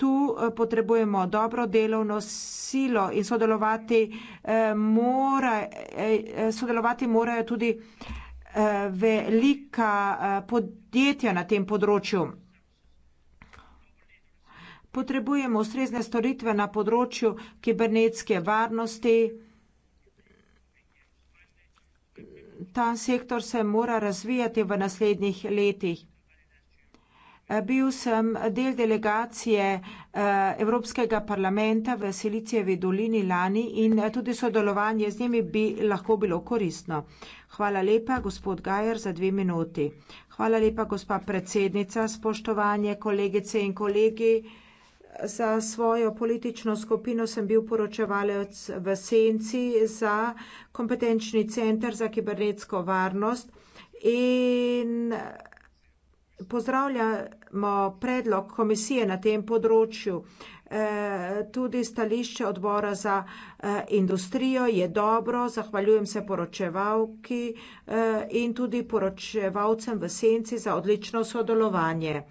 S10: Tu eh, potrebujemo dobro delovno silo in sodelovati, eh, mora, eh, sodelovati morajo tudi velika podjetja na tem področju. Potrebujemo ustrezne storitve na področju kibernetske varnosti. ta sektor se mora razvijati v naslednjih letih. Bil sem del delegacije eh, Evropskega parlamenta v Silicijevi dolini lani in eh, tudi sodelovanje z njimi bi lahko bilo koristno. Hvala lepa, gospod Gajer, za dve minuti. Hvala lepa, gospa predsednica, spoštovanje kolegice in kolegi za svojo politično skupino sem bil poročevalec v Senci za kompetenčni center za kibernetsko varnost in pozdravljamo predlog komisije na tem področju. E, tudi stališče odbora za e, industrijo je dobro, zahvaljujem se poročevalki e, in tudi poročevalcem v Senci za odlično sodelovanje.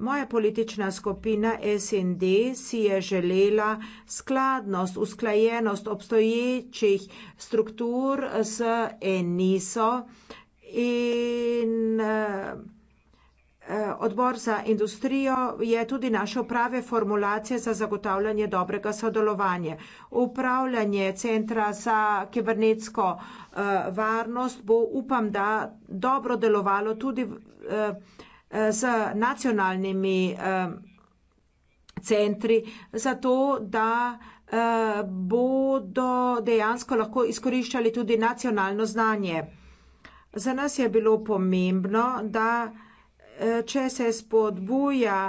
S10: Moja politična skupina SND si je želela skladnost, usklajenost obstoječih struktur s Eniso in eh, Odbor za industrijo je tudi našel prave formulacije za zagotavljanje dobrega sodelovanja. Upravljanje centra za kibernetsko eh, varnost bo upam, da dobro delovalo tudi v eh, z nacionalnimi eh, centri, zato da eh, bodo dejansko lahko izkoriščali tudi nacionalno znanje. Za nas je bilo pomembno, da eh, če se spodbuja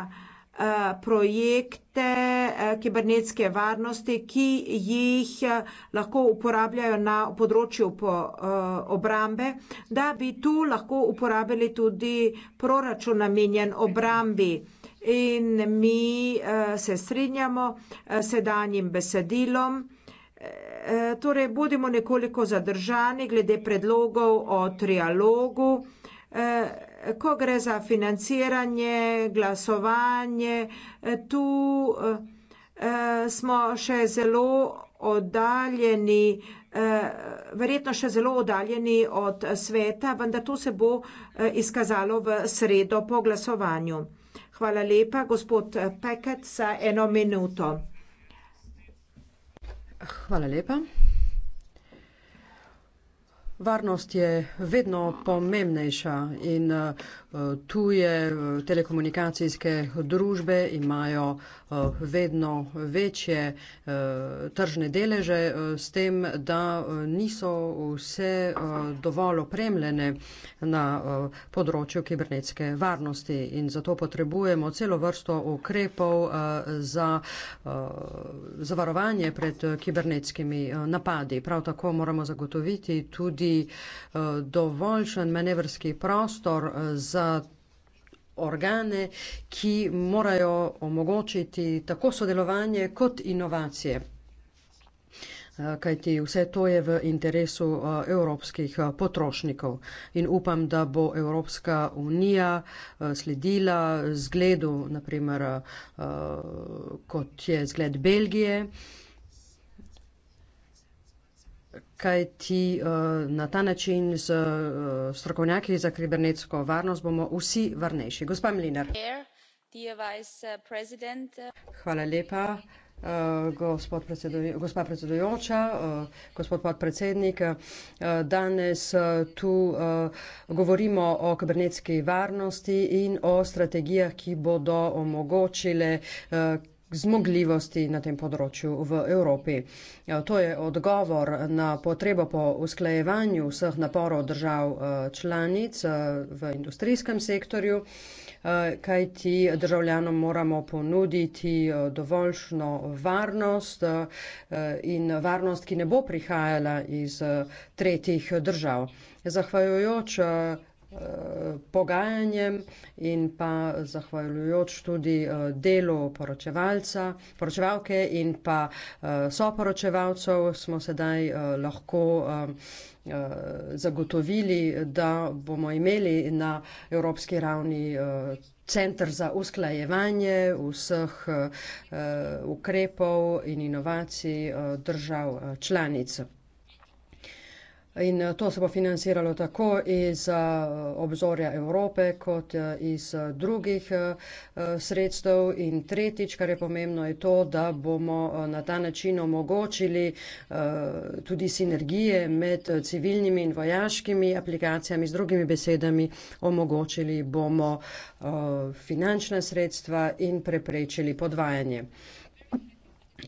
S10: Eh, projekte eh, kibernetske varnosti, ki jih eh, lahko uporabljajo na področju obrambe, da bi tu lahko uporabili tudi proračun namenjen obrambi. In mi se strinjamo sedanjim besedilom. Torej, bodimo nekoliko zadržani glede predlogov o trialogu ko gre za financiranje, glasovanje, tu eh, eh, smo še zelo oddaljeni, eh, verjetno še zelo oddaljeni od sveta, vendar to se bo izkazalo v sredo po glasovanju. Hvala lepa, gospod Peket, za
S4: eno minuto. Hvala lepa. Varnost je vedno pomembnejša in eh, tuje eh, telekomunikacijske družbe imajo eh, vedno večje eh, tržne deleže s tem, da niso vse dovolj opremljene na področju kibernetske varnosti in zato potrebujemo celo vrsto ukrepov za zavarovanje pred kibernetskimi napadi. Prav tako moramo zagotoviti tudi dovoljšen manevrski prostor za za organe, ki morajo omogočiti tako sodelovanje kot inovacije. Eh, kajti vse to je v interesu eh, evropskih eh, potrošnikov in upam, da bo Evropska unija sledila zgledu, naprimer kot je zgled Belgije, kaj ti uh, eh, na ta način z uh, strokovnjaki za kibernetsko varnost bomo vsi varnejši. Gospa Mlinar. Hvala lepa. Uh, gospod predsedujo, gospa predsedujoča, uh, gospod podpredsednik, uh, danes uh, tu uh, govorimo o kibernetski varnosti in o strategijah, ki bodo omogočile uh, zmogljivosti na tem področju v Evropi. Ja, to je odgovor na potrebo po usklajevanju vseh naporov držav eh, članic eh, v industrijskem sektorju, eh, kaj ti državljanom moramo ponuditi dovoljšno varnost in varnost, ki ne bo prihajala iz tretjih držav. Zahvaljujoč Eh, pogajanjem in pa zahvaljujoč tudi eh, delu poročevalca, poročevalke in pa eh, soporočevalcev smo sedaj lahko zagotovili, da bomo imeli na evropski ravni centr za usklajevanje vseh ukrepov in inovacij držav članic. In eh, to se bo financiralo tako iz eh, obzorja Evrope kot eh, iz drugih sredstev. In tretjič, kar je pomembno, je to, da bomo na ta način omogočili tudi sinergije med civilnimi in vojaškimi aplikacijami. Z drugimi besedami omogočili bomo finančne sredstva in preprečili podvajanje.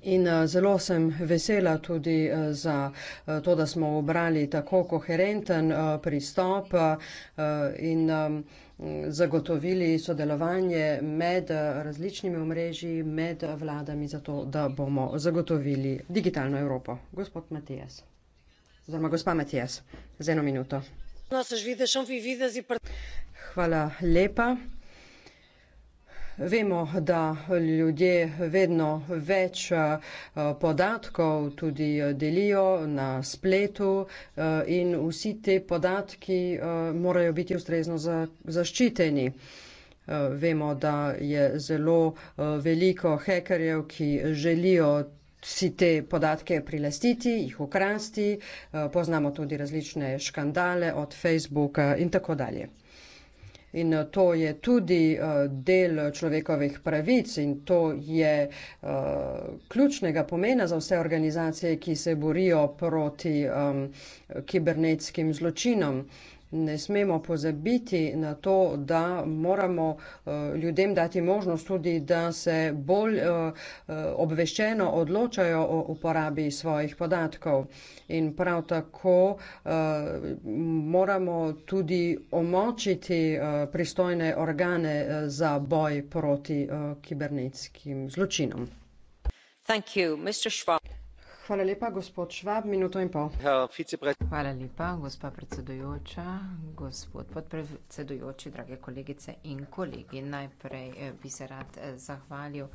S4: In eh, zelo sem vesela tudi eh, za eh, to, da smo obrali tako koherenten pristop in zagotovili sodelovanje med različnimi omrežji, med vladami, zato da bomo zagotovili digitalno Evropo. Gospod Matijas. Oziroma gospa Matijas, z eno minuto. E Hvala lepa. Vemo, da ljudje vedno več eh, podatkov tudi eh, delijo na spletu eh, in vsi te podatki morajo biti ustrezno zaščiteni. Vemo, da je zelo veliko hekerjev, ki želijo si te podatke prilastiti, jih ukrasti. Poznamo tudi različne škandale od Facebooka in tako dalje. In eh, to je tudi eh, del človekovih pravic in to je eh, ključnega pomena za vse organizacije, ki se borijo proti ehm, kibernetskim zločinom ne smemo pozabiti na to, da moramo eh, ljudem dati možnost tudi, da se bolj eh, eh, obveščeno odločajo o uporabi svojih podatkov. In prav tako moramo tudi omočiti pristojne organe za boj proti kibernetskim zločinom. Hvala lepa, gospod Švab, minuto in pol.
S11: Hvala lepa, gospa predsedujoča, gospod podpredsedujoči, drage kolegice in kolegi. Najprej eh, bi se rad eh, zahvalil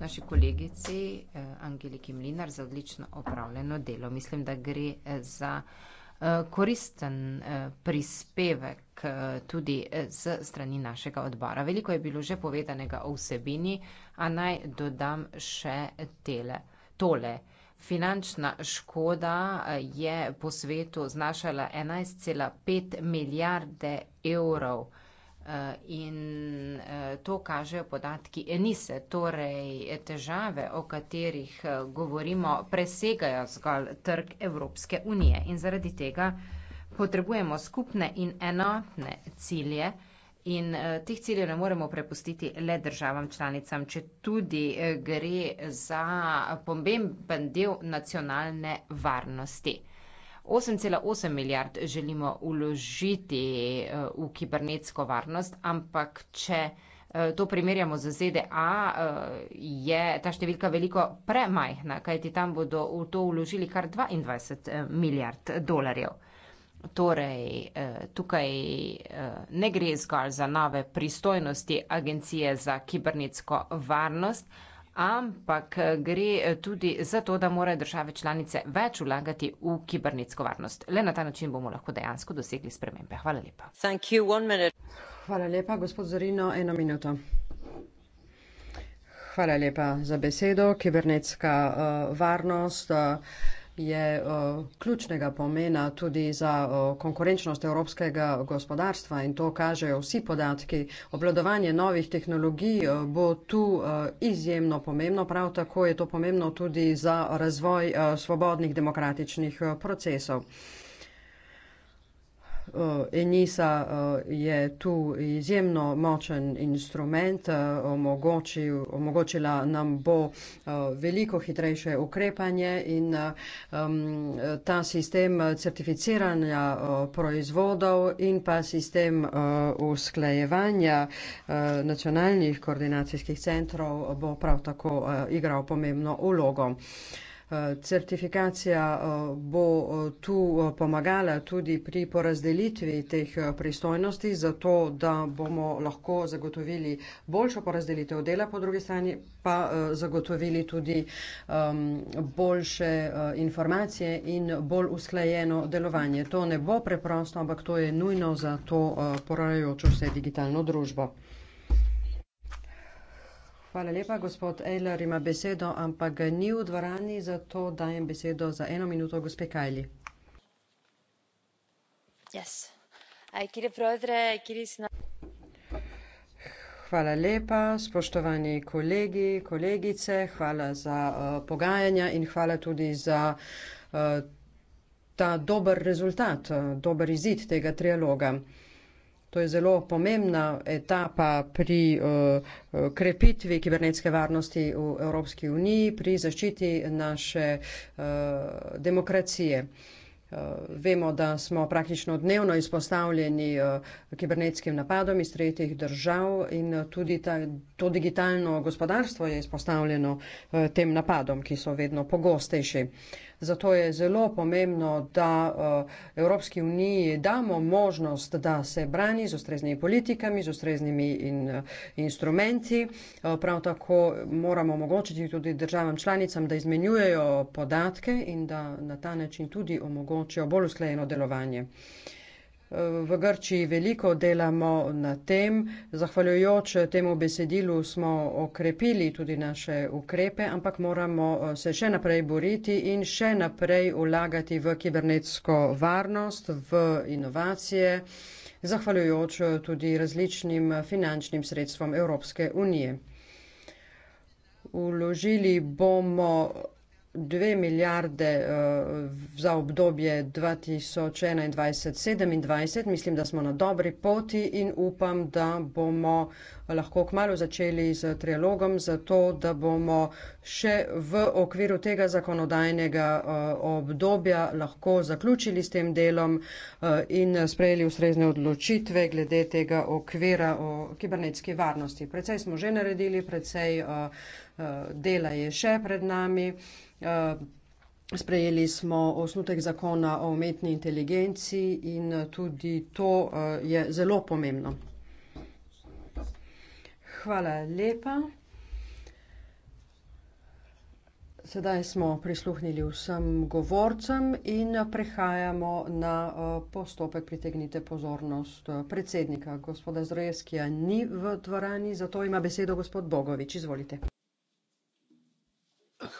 S11: naši kolegici eh, Angeliki Mlinar za odlično opravljeno delo. Mislim, da gre za koristen prispevek tudi z strani našega odbora. Veliko je bilo že povedanega o vsebini, a naj dodam še tele, tole. Finančna škoda eh, je po svetu znašala 11,5 milijarde evrov eh, in eh, to kažejo podatki Enise. Torej, težave, o katerih govorimo, presegajo zgolj trg Evropske unije in zaradi tega potrebujemo skupne in enotne cilje. In uh, teh ciljev ne moremo prepustiti le državam članicam, če tudi uh, eh, gre za pomemben del nacionalne varnosti. 8,8 milijard želimo uložiti uh, eh, v kibernetsko varnost, ampak če uh, to primerjamo z ZDA, uh, je ta številka veliko premajhna, kajti tam bodo v to uložili kar 22 milijard dolarjev. Torej, eh, tukaj eh, ne gre zgolj za nove pristojnosti Agencije za kibernetsko varnost, ampak eh, gre tudi za to, da morajo države članice več vlagati v kibernetsko varnost. Le na ta način bomo lahko dejansko dosegli spremembe. Hvala lepa. Hvala
S4: lepa, gospod Zorino, eno minuto. Hvala lepa za besedo. Kibernetska uh, varnost. Uh, je ključnega pomena tudi za konkurenčnost evropskega gospodarstva in to kažejo vsi podatki. Obladovanje novih tehnologij bo tu izjemno pomembno, prav tako je to pomembno tudi za razvoj svobodnih demokratičnih procesov. Uh, Enisa uh, je tu izjemno močen instrument, uh, eh, omogočil, omogočila nam bo uh, veliko hitrejše ukrepanje in uh, um, ta sistem certificiranja uh, proizvodov in pa sistem uh, usklajevanja uh, nacionalnih koordinacijskih centrov bo prav tako uh, igral pomembno ulogo. Uh, Eh, certifikacija eh, bo eh, tu pomagala tudi pri porazdelitvi teh pristojnosti, zato da bomo lahko zagotovili boljšo porazdelitev dela, po drugi strani pa zagotovili tudi ehm, boljše informacije in bolj usklajeno delovanje. To ne bo preprosto, ampak to je nujno za to porajajočo se digitalno družbo. Hvala lepa, gospod Eiler ima besedo, ampak ga ni v dvorani, zato dajem besedo za eno minuto gospe Kajli. Hvala lepa, spoštovani kolegi, kolegice, hvala za, eh, pogajanja in hvala tudi za, eh, ta dober rezultat, eh, dober izid tega trialoga. To je zelo pomembna etapa pri uh, krepitvi kibernetske varnosti v Evropski uniji, pri zaščiti naše uh, demokracije. Vemo, da smo praktično dnevno izpostavljeni kibernetskim napadom iz tretjih držav in tudi ta, to digitalno gospodarstvo je izpostavljeno tem napadom, ki so vedno pogostejši. Zato je zelo pomembno, da eh, Evropski uniji damo možnost, da se brani z ustreznimi politikami, z ustreznimi in, eh, instrumenti. Eh, prav tako moramo omogočiti tudi državam članicam, da izmenjujejo podatke in da na ta način tudi omogočijo bolj usklajeno delovanje. Uh, V Grčiji veliko delamo na tem, zahvaljujoč temu besedilu smo okrepili tudi naše ukrepe, ampak moramo eh, se še naprej boriti in še naprej ulagati v kibernetsko varnost, v inovacije, zahvaljujoč eh, tudi različnim finančnim sredstvom Evropske unije. Uložili bomo dve milijarde uh, za obdobje 2021-2027. Mislim, da smo na dobri poti in upam, da bomo lahko kmalo začeli z trialogom, zato da bomo še v okviru tega zakonodajnega uh, obdobja lahko zaključili s tem delom uh, in sprejeli ustrezne odločitve glede tega okvira o kibernetski varnosti. Predvsej smo že naredili, predvsej uh, dela je še pred nami. Eh, sprejeli smo osnutek zakona o umetni inteligenci in eh, tudi to eh, je zelo pomembno. Hvala lepa. Sedaj smo prisluhnili vsem govorcem in prehajamo na postopek pritegnite pozornost predsednika. Gospoda Zdrojevskija ni v dvorani, zato ima besedo gospod Bogovič. Izvolite.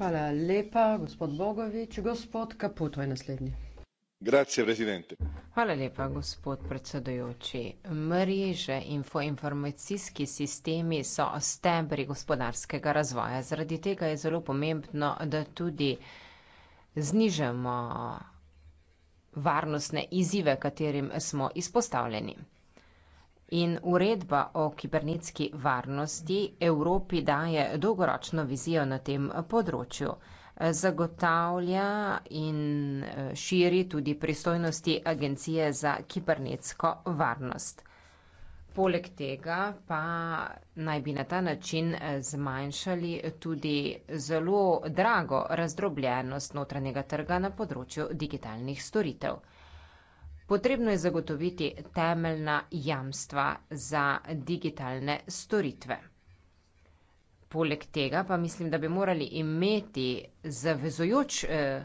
S4: Hvala lepa, gospod Bogovič. Gospod Kaputo je naslednji. Hvala lepa, gospod predsedujoči. Mreže
S11: in informacijski sistemi so stebri gospodarskega razvoja. Zaradi tega je zelo pomembno, da tudi znižamo varnostne izzive, katerim smo izpostavljeni. In uredba o kibernetski varnosti Evropi daje dolgoročno vizijo na tem področju. Zagotavlja in eh, širi tudi pristojnosti Agencije za kibernetsko varnost. Poleg tega pa naj bi na ta način eh, zmanjšali tudi zelo drago razdrobljenost notranjega trga na področju digitalnih storitev potrebno je zagotoviti temeljna jamstva za digitalne storitve. Poleg tega pa mislim, da bi morali imeti zavezojoč eh,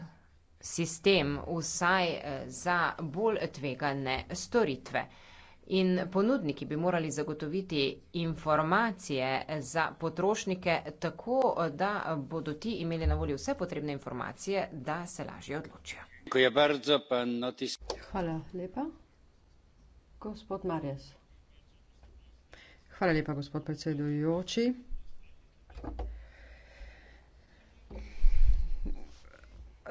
S11: sistem vsaj eh, za bolj tvegane storitve. In ponudniki bi morali zagotoviti informacije za potrošnike tako, da bodo ti imeli na voljo vse potrebne informacije, da se lažje odločijo.
S4: Hvala lepa, gospod predsedujoči.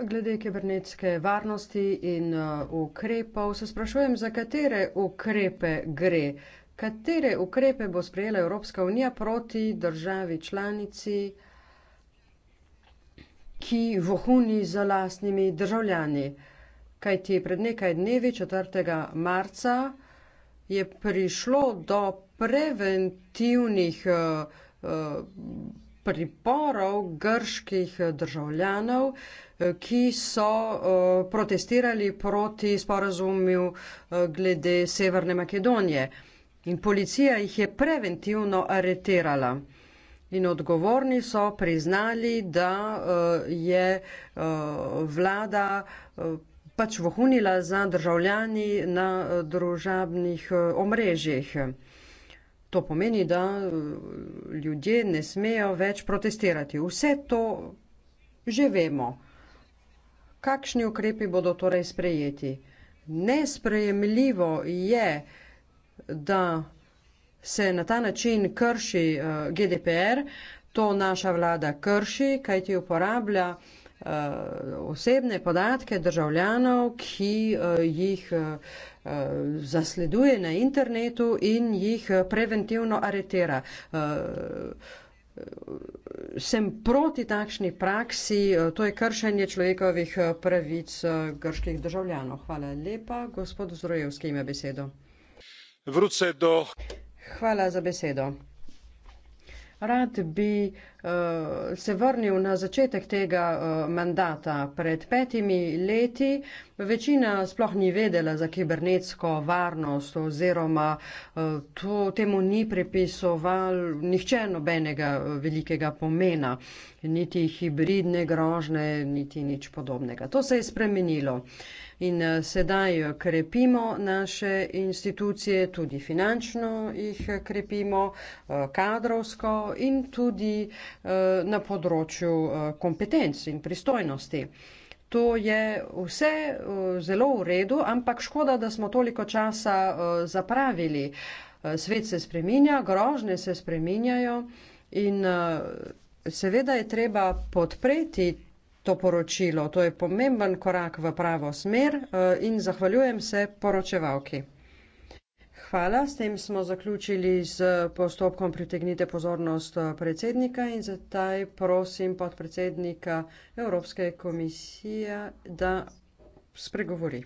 S4: Glede kibernetske varnosti in, uh, ukrepov se sprašujem, za katere ukrepe gre. Katere ukrepe bo sprejela Evropska unija proti državi članici, ki vohuni za lastnimi državljani. Kajti pred nekaj dnevi, 4. marca, je prišlo do preventivnih eh, eh, priporov grških državljanov, eh, ki so protestirali proti sporazumju glede Severne Makedonije. In policija jih je preventivno areterala. In odgovorni so priznali, da eh, je eh, vlada eh, pač vohunila za državljani na družabnih omrežjih. To pomeni, da ljudje ne smejo več protestirati. Vse to že vemo. Kakšni ukrepi bodo torej sprejeti? Nesprejemljivo je, da se na ta način krši eh, GDPR, to naša vlada krši, kajti uporablja eh, osebne podatke državljanov, ki eh, jih zasleduje na internetu in jih preventivno aretira. Sem proti takšni praksi, to je kršenje človekovih pravic grških državljanov. Hvala lepa. Gospod Zrojevski ima besedo.
S8: Vruce do
S4: Hvala za besedo. Rad bi uh, se vrnil na začetek tega uh, mandata. Pred petimi leti večina sploh ni vedela za kibernetsko varnost oziroma uh, to, temu ni pripisoval nihče nobenega velikega pomena, niti hibridne grožne, niti nič podobnega. To se je spremenilo. Uh, in eh, sedaj eh, krepimo naše institucije, tudi finančno jih eh, krepimo, kadrovsko in tudi na področju kompetenc in pristojnosti. To je vse zelo v redu, ampak škoda, da smo toliko časa zapravili. Svet se spreminja, grožne se spreminjajo in seveda je treba podpreti to poročilo. To je pomemben korak v pravo smer eh, in zahvaljujem se poročevalki. Hvala, s tem smo zaključili z postopkom pritegnite pozornost eh, predsednika in zataj prosim podpredsednika Evropske komisije, da spregovori.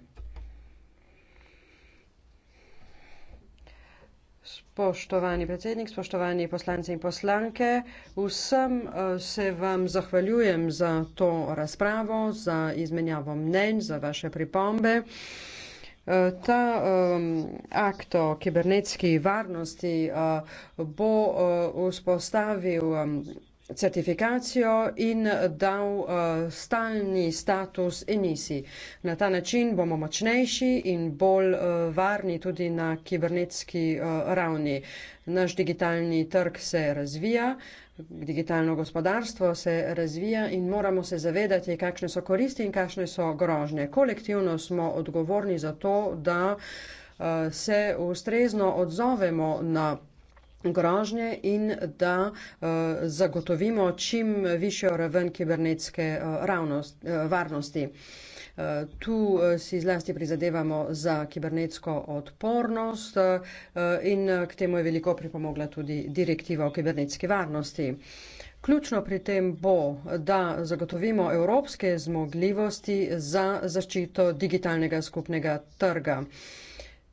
S4: Spoštovani predsednik, spoštovani poslanci in poslanke, vsem eh, se vam zahvaljujem za to razpravo, za izmenjavo mnenj, za vaše pripombe. Eh, ta um, akt o kibernetski varnosti uh, bo uh, vzpostavil um, certifikacijo in dal uh, stalni status enisi. Na ta način bomo močnejši in bolj uh, varni tudi na kibernetski uh, ravni. Naš digitalni trg se razvija, digitalno gospodarstvo se razvija in moramo se zavedati, kakšne so koristi in kakšne so grožnje. Kolektivno smo odgovorni za to, da uh, se ustrezno odzovemo na grožnje in da eh, zagotovimo čim višjo raven kibernetske eh, ravnost, eh, varnosti. Tu si zlasti prizadevamo za kibernetsko odpornost in k temu je veliko pripomogla tudi direktiva o kibernetski varnosti. Ključno pri tem bo, da zagotovimo evropske zmogljivosti za zaščito digitalnega skupnega trga.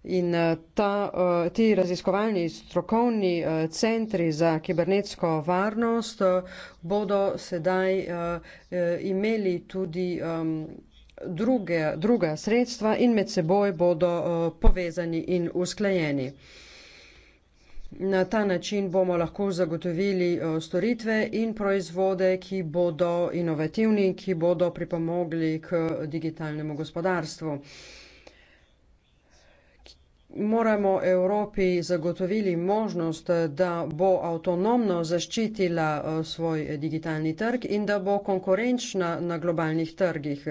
S4: In eh, ta, eh, ti raziskovalni strokovni eh, centri za kibernetsko varnost bodo sedaj imeli tudi druge, druga sredstva in med seboj bodo povezani in usklajeni. Na ta način bomo lahko zagotovili storitve in proizvode, ki bodo inovativni, ki bodo pripomogli k digitalnemu gospodarstvu moramo Evropi zagotovili možnost, da bo avtonomno zaščitila eh, svoj digitalni trg in da bo konkurenčna na globalnih trgih.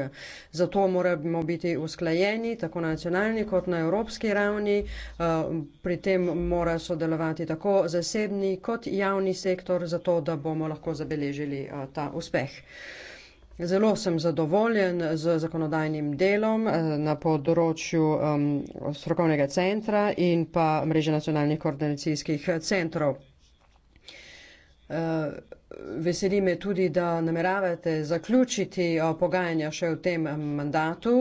S4: Zato moramo biti usklajeni tako nacionalni kot na evropski ravni. Eh, pri tem mora sodelovati tako zasebni kot javni sektor, zato da bomo lahko zabeležili eh, ta uspeh. Zelo sem zadovoljen z zakonodajnim delom eh, na področju um, strokovnega centra in pa mreže nacionalnih koordinacijskih centrov. Eh, veseli me tudi, da nameravate zaključiti eh, pogajanja še v tem eh, mandatu.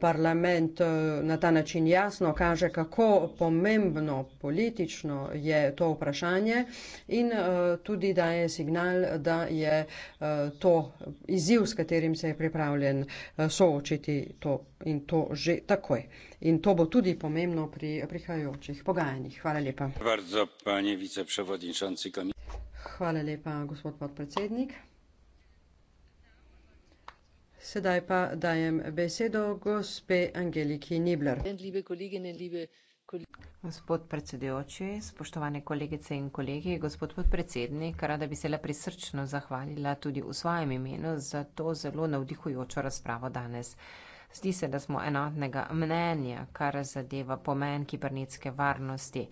S4: Parlament na ta način jasno kaže, kako pomembno politično je to vprašanje in tudi daje signal, da je to izziv, s katerim se je pripravljen soočiti to in to že takoj. In to bo tudi pomembno pri prihajajočih pogajanjih. Hvala lepa. Hvala lepa, gospod podpredsednik. Sedaj pa dajem besedo gospe Angeliki Nibler. Gospod predsedujoči, spoštovane
S11: kolegice in kolegi, gospod podpredsednik, rada bi se le prisrčno zahvalila tudi v svojem imenu za to zelo navdihujočo razpravo danes. Zdi se, da smo enotnega mnenja, kar zadeva pomen kibernetske varnosti.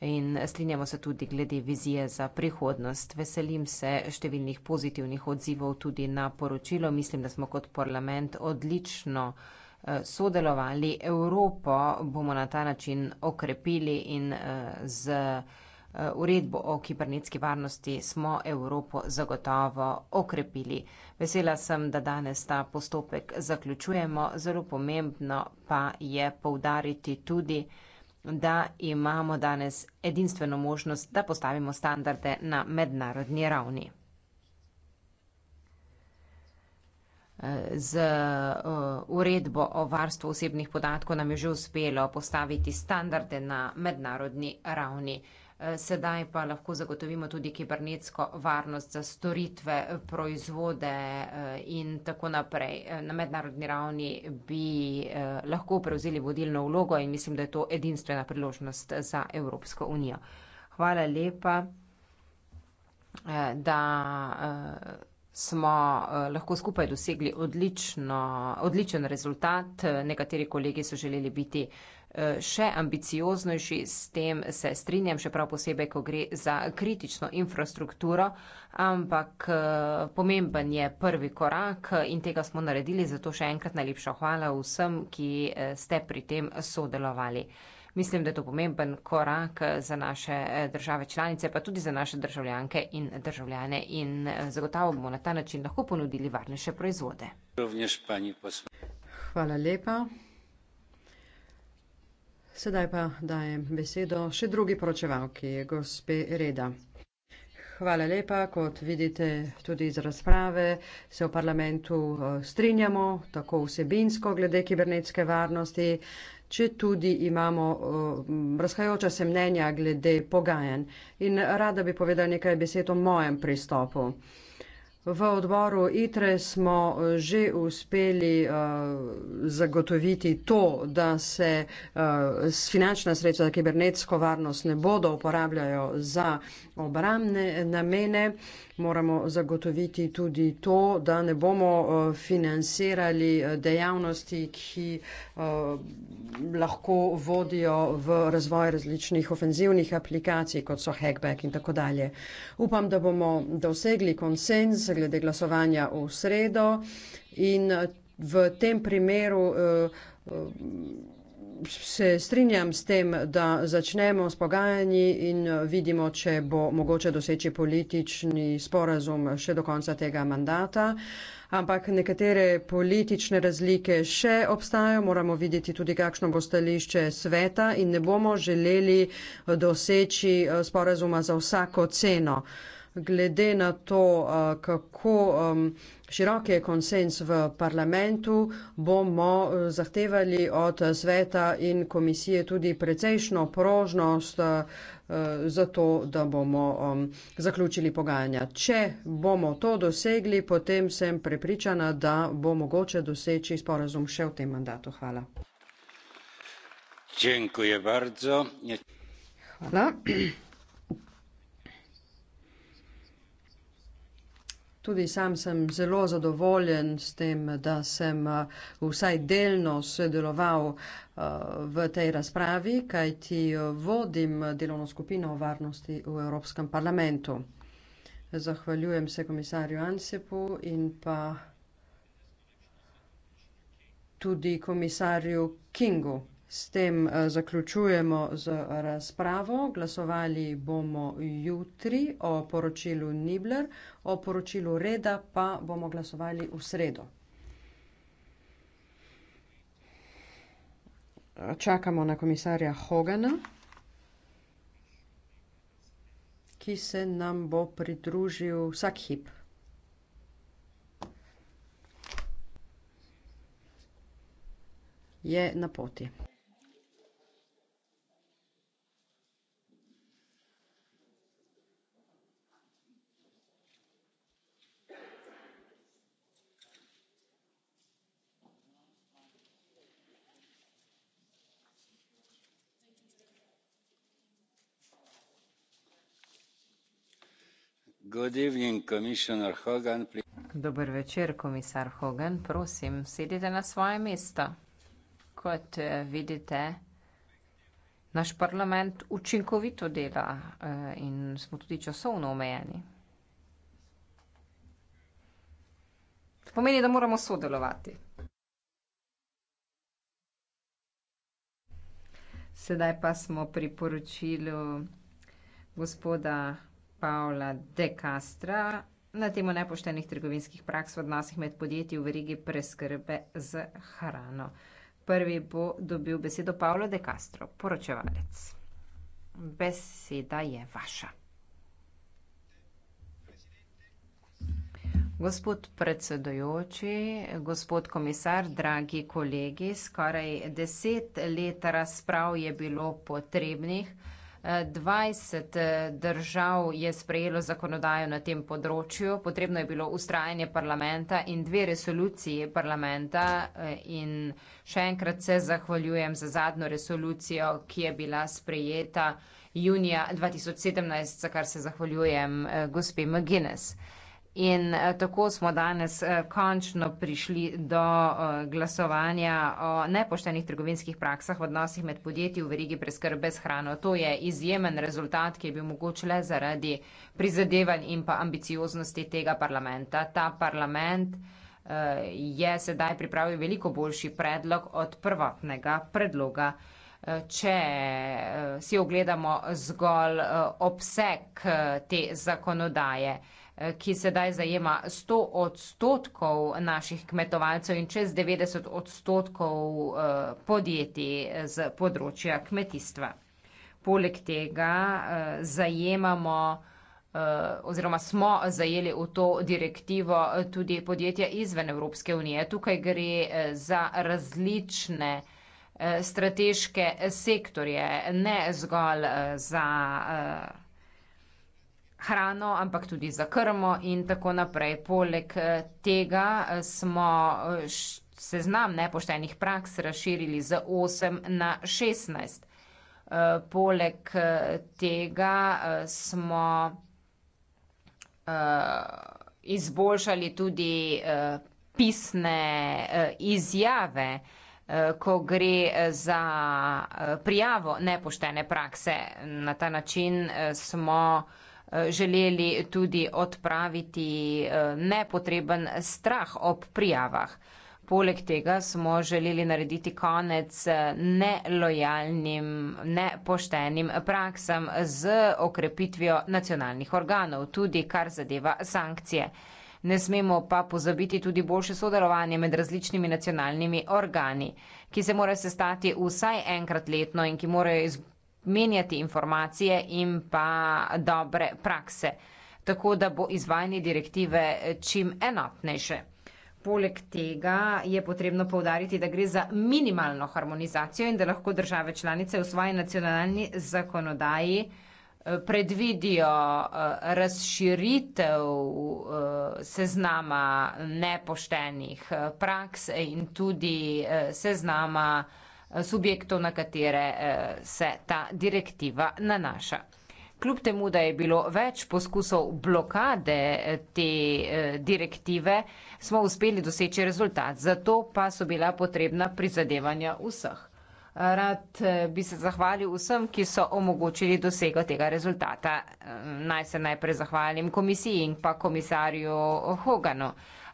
S11: In strinjamo se tudi glede vizije za prihodnost. Veselim se številnih pozitivnih odzivov tudi na poročilo. Mislim, da smo kot parlament odlično eh, sodelovali. Evropo bomo na ta način okrepili in eh, z eh, uredbo o kibernetski varnosti smo Evropo zagotovo okrepili. Vesela sem, da danes ta postopek zaključujemo. Zelo pomembno pa je poudariti tudi, da imamo danes edinstveno možnost, da postavimo standarde na mednarodni ravni. Z uh, uredbo o varstvu osebnih podatkov nam je že uspelo postaviti standarde na mednarodni ravni. Eh, sedaj pa lahko zagotovimo tudi kibernetsko varnost za storitve, proizvode eh, in tako naprej. Eh, na mednarodni ravni bi lahko prevzeli vodilno vlogo in mislim, da je to edinstvena priložnost za Evropsko unijo. Hvala lepa, da smo lahko skupaj dosegli odlično, odličen rezultat. Nekateri kolegi so želeli biti Eh, še ambicioznejši, s tem se strinjam, še prav posebej, ko gre za kritično infrastrukturo, ampak eh, pomemben je prvi korak in tega smo naredili, zato še enkrat najlepša hvala vsem, ki eh, ste pri tem sodelovali. Mislim, da je to pomemben korak za naše države članice, pa tudi za naše državljanke in državljane in zagotavo bomo na ta
S4: način lahko ponudili varnejše proizvode. Hvala lepa. Sedaj pa dajem besedo še drugi poročevalki, gospe Reda. Hvala lepa. Kot vidite tudi iz razprave, se v parlamentu eh, strinjamo tako vsebinsko glede kibernetske varnosti, če tudi imamo eh, razhajajoča se mnenja glede pogajanj. In rada bi povedala nekaj besed o mojem pristopu. V odboru ITRE smo eh, že uspeli uh, zagotoviti to, da se uh, finančna sredstva za kibernetsko varnost ne bodo uporabljajo za obramne namene. Uh, moramo zagotoviti tudi to, da ne bomo eh, financirali eh, dejavnosti, ki eh, lahko vodijo v razvoj različnih ofenzivnih aplikacij, kot so hackback in tako dalje. Upam, da bomo dosegli konsens glede glasovanja v sredo in v tem primeru se strinjam s tem, da začnemo s pogajanji in vidimo, če bo mogoče doseči politični sporazum še do konca tega mandata. Ampak nekatere politične razlike še obstajajo, moramo videti tudi, kakšno bo stališče sveta in ne bomo želeli doseči eh, sporazuma za vsako ceno glede na to, uh, kako um, širok je konsens v parlamentu, bomo uh, zahtevali od sveta in komisije tudi precejšno prožnost uh, za to, da bomo um, zaključili pogajanja. Če bomo to dosegli, potem sem prepričana, da bo mogoče doseči sporazum še v tem mandatu. Hvala. Hvala. Tudi sam sem zelo zadovoljen s tem, da sem eh, vsaj delno sodeloval eh, v tej razpravi, kaj ti eh, vodim delovno skupino o varnosti v Evropskem parlamentu. Zahvaljujem se komisarju Ansepu in pa tudi komisarju Kingu. S tem eh, zaključujemo z razpravo. Glasovali bomo jutri o poročilu Nibler, o poročilu Reda pa bomo glasovali v sredo. Čakamo na komisarja Hogana, ki se nam bo pridružil vsak hip. Je na poti.
S11: Dober večer, komisar Hogan. Prosim, sedite na svoje mesto. Kot eh, vidite, naš parlament učinkovito dela eh, in smo tudi časovno omejeni. To pomeni, da moramo sodelovati. Sedaj pa smo pri poročilu gospoda Paula De Castra na temo nepoštenih trgovinskih praks v odnosih med podjetji v verigi preskrbe z hrano. Prvi bo dobil besedo Paula De Castro, poročevalec. Beseda je vaša. Gospod predsedujoči, gospod komisar, dragi kolegi, skoraj deset let razprav je bilo potrebnih, 20 eh, držav je sprejelo zakonodajo na tem področju. Potrebno je bilo ustrajanje parlamenta in dve resoluciji parlamenta. Eh, in še enkrat se zahvaljujem za zadnjo resolucijo, ki je bila sprejeta junija 2017, za kar se zahvaljujem eh, gospe McGuinness. In eh, tako smo danes eh, končno prišli do eh, glasovanja o nepoštenih trgovinskih praksah v odnosih med podjetji v verigi preskrbe s hrano. To je izjemen rezultat, ki je bil mogoče le zaradi prizadevanj in pa ambicioznosti tega parlamenta. Ta parlament je sedaj pripravil veliko boljši predlog od prvotnega predloga. Če si ogledamo zgolj obseg te zakonodaje, Eh, ki sedaj zajema 100 odstotkov naših kmetovalcev in čez 90 odstotkov eh, podjetij eh, z področja kmetijstva. Poleg tega zajemamo oziroma smo zajeli v to direktivo tudi podjetja izven Evropske unije. Tukaj gre za različne strateške sektorje, ne zgolj za hrano, ampak tudi za krmo in tako naprej. Poleg eh, tega eh, smo eh, seznam nepoštenih praks razširili z 8 na 16. Poleg tega smo izboljšali tudi pisne izjave, ko gre za prijavo nepoštene prakse. Na ta način smo uh, Eh, želeli tudi odpraviti eh, nepotreben strah ob prijavah. Poleg tega smo želeli narediti konec eh, nelojalnim, nepoštenim praksam z okrepitvijo nacionalnih organov, tudi kar zadeva sankcije. Ne smemo pa pozabiti tudi boljše sodelovanje med različnimi nacionalnimi organi, ki se morajo sestati vsaj enkrat letno in ki morajo izpolniti menjati informacije in pa dobre prakse, tako da bo izvajanje direktive čim enotnejše. Poleg tega je potrebno povdariti, da gre za minimalno harmonizacijo in da lahko države članice v svoji nacionalni zakonodaji eh, predvidijo eh, razširitev eh, seznama nepoštenih praks in tudi seznama subjektov, na katere eh, se ta direktiva nanaša. Kljub temu, da je bilo več poskusov blokade eh, te eh, direktive, smo uspeli doseči rezultat. Zato pa so bila potrebna prizadevanja vseh. Rad bi se zahvalil vsem, ki so omogočili dosego tega rezultata. Naj se najprej zahvalim komisiji in pa komisarju Hoganu.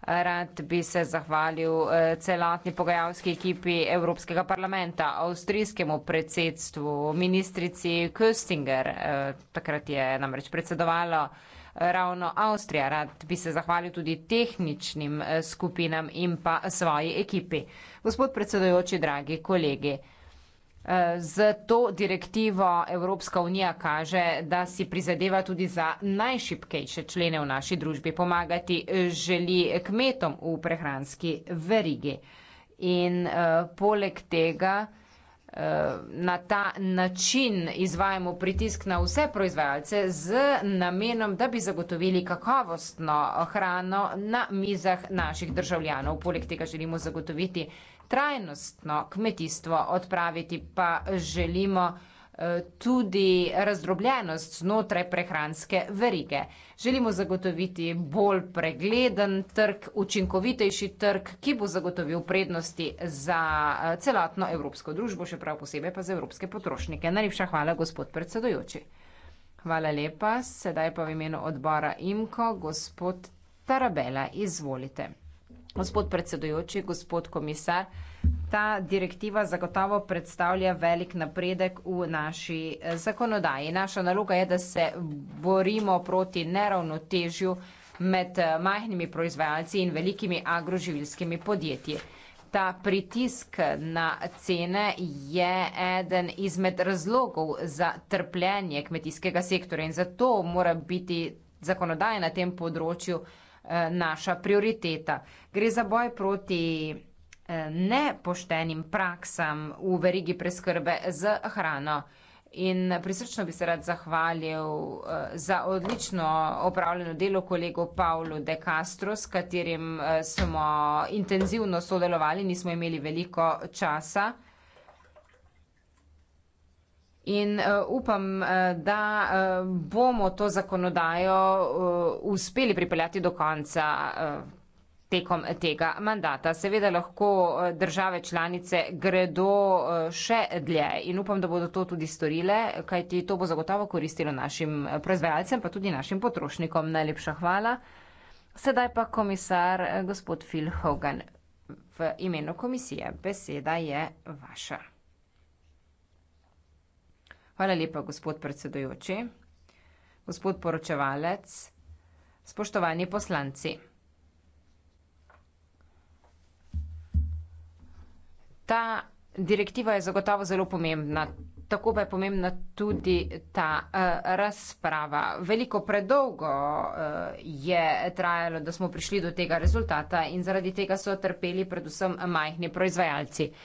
S11: Rad bi se zahvalil eh, celotni pogajalski ekipi Evropskega parlamenta, avstrijskemu predsedstvu, ministrici Köstinger, eh, takrat je namreč predsedovala eh, ravno Avstrija. Rad bi se zahvalil tudi tehničnim skupinam in pa svoji ekipi. Gospod predsedojoči, dragi kolegi, Z to direktivo Evropska unija kaže, da si prizadeva tudi za najšipkejše člene v naši družbi pomagati, želi kmetom v prehranski verigi. In uh, poleg tega uh, na ta način izvajamo pritisk na vse proizvajalce z namenom, da bi zagotovili kakovostno hrano na mizah naših državljanov. Poleg tega želimo zagotoviti trajnostno kmetijstvo, odpraviti pa želimo eh, tudi razdrobljenost znotraj prehranske verige. Želimo zagotoviti bolj pregleden trg, učinkovitejši trg, ki bo zagotovil prednosti za eh, celotno evropsko družbo, še prav posebej pa za evropske potrošnike. Najlepša hvala, gospod predsedujoči. Hvala lepa. Sedaj pa v imenu odbora IMKO, gospod Tarabela, izvolite. Gospod predsedujoči, gospod komisar, ta direktiva zagotovo predstavlja velik napredek v naši eh, zakonodaji. Naša naloga je, da se borimo proti neravnotežju med eh, majhnimi proizvajalci in velikimi agroživilskimi podjetji. Ta pritisk na cene je eden izmed razlogov za trpljenje kmetijskega sektora in zato mora biti zakonodaja na tem področju Eh, naša prioriteta. Gre za boj proti eh, nepoštenim praksam v verigi preskrbe z hrano. In prisrčno bi se rad zahvalil eh, za odlično opravljeno delo kolego Pavlu De Castro, s katerim smo intenzivno sodelovali, nismo imeli veliko časa. In uh, upam, eh, da uh, bomo to zakonodajo uh, uspeli pripeljati do konca. Uh, tekom tega mandata. Seveda lahko države članice gredo še dlje in upam, da bodo to tudi storile, kajti to bo zagotovo koristilo našim proizvajalcem, pa tudi našim potrošnikom. Najlepša hvala. Sedaj pa komisar gospod Phil Hogan. V imenu komisije beseda je vaša. Hvala lepa, gospod predsedujoči. Gospod poročevalec, spoštovani poslanci. Ta direktiva je zagotovo zelo pomembna. Tako pa je pomembna tudi ta uh, razprava. Veliko predolgo uh, je trajalo, da smo prišli do tega rezultata in zaradi tega so trpeli predvsem majhni proizvajalci. Uh,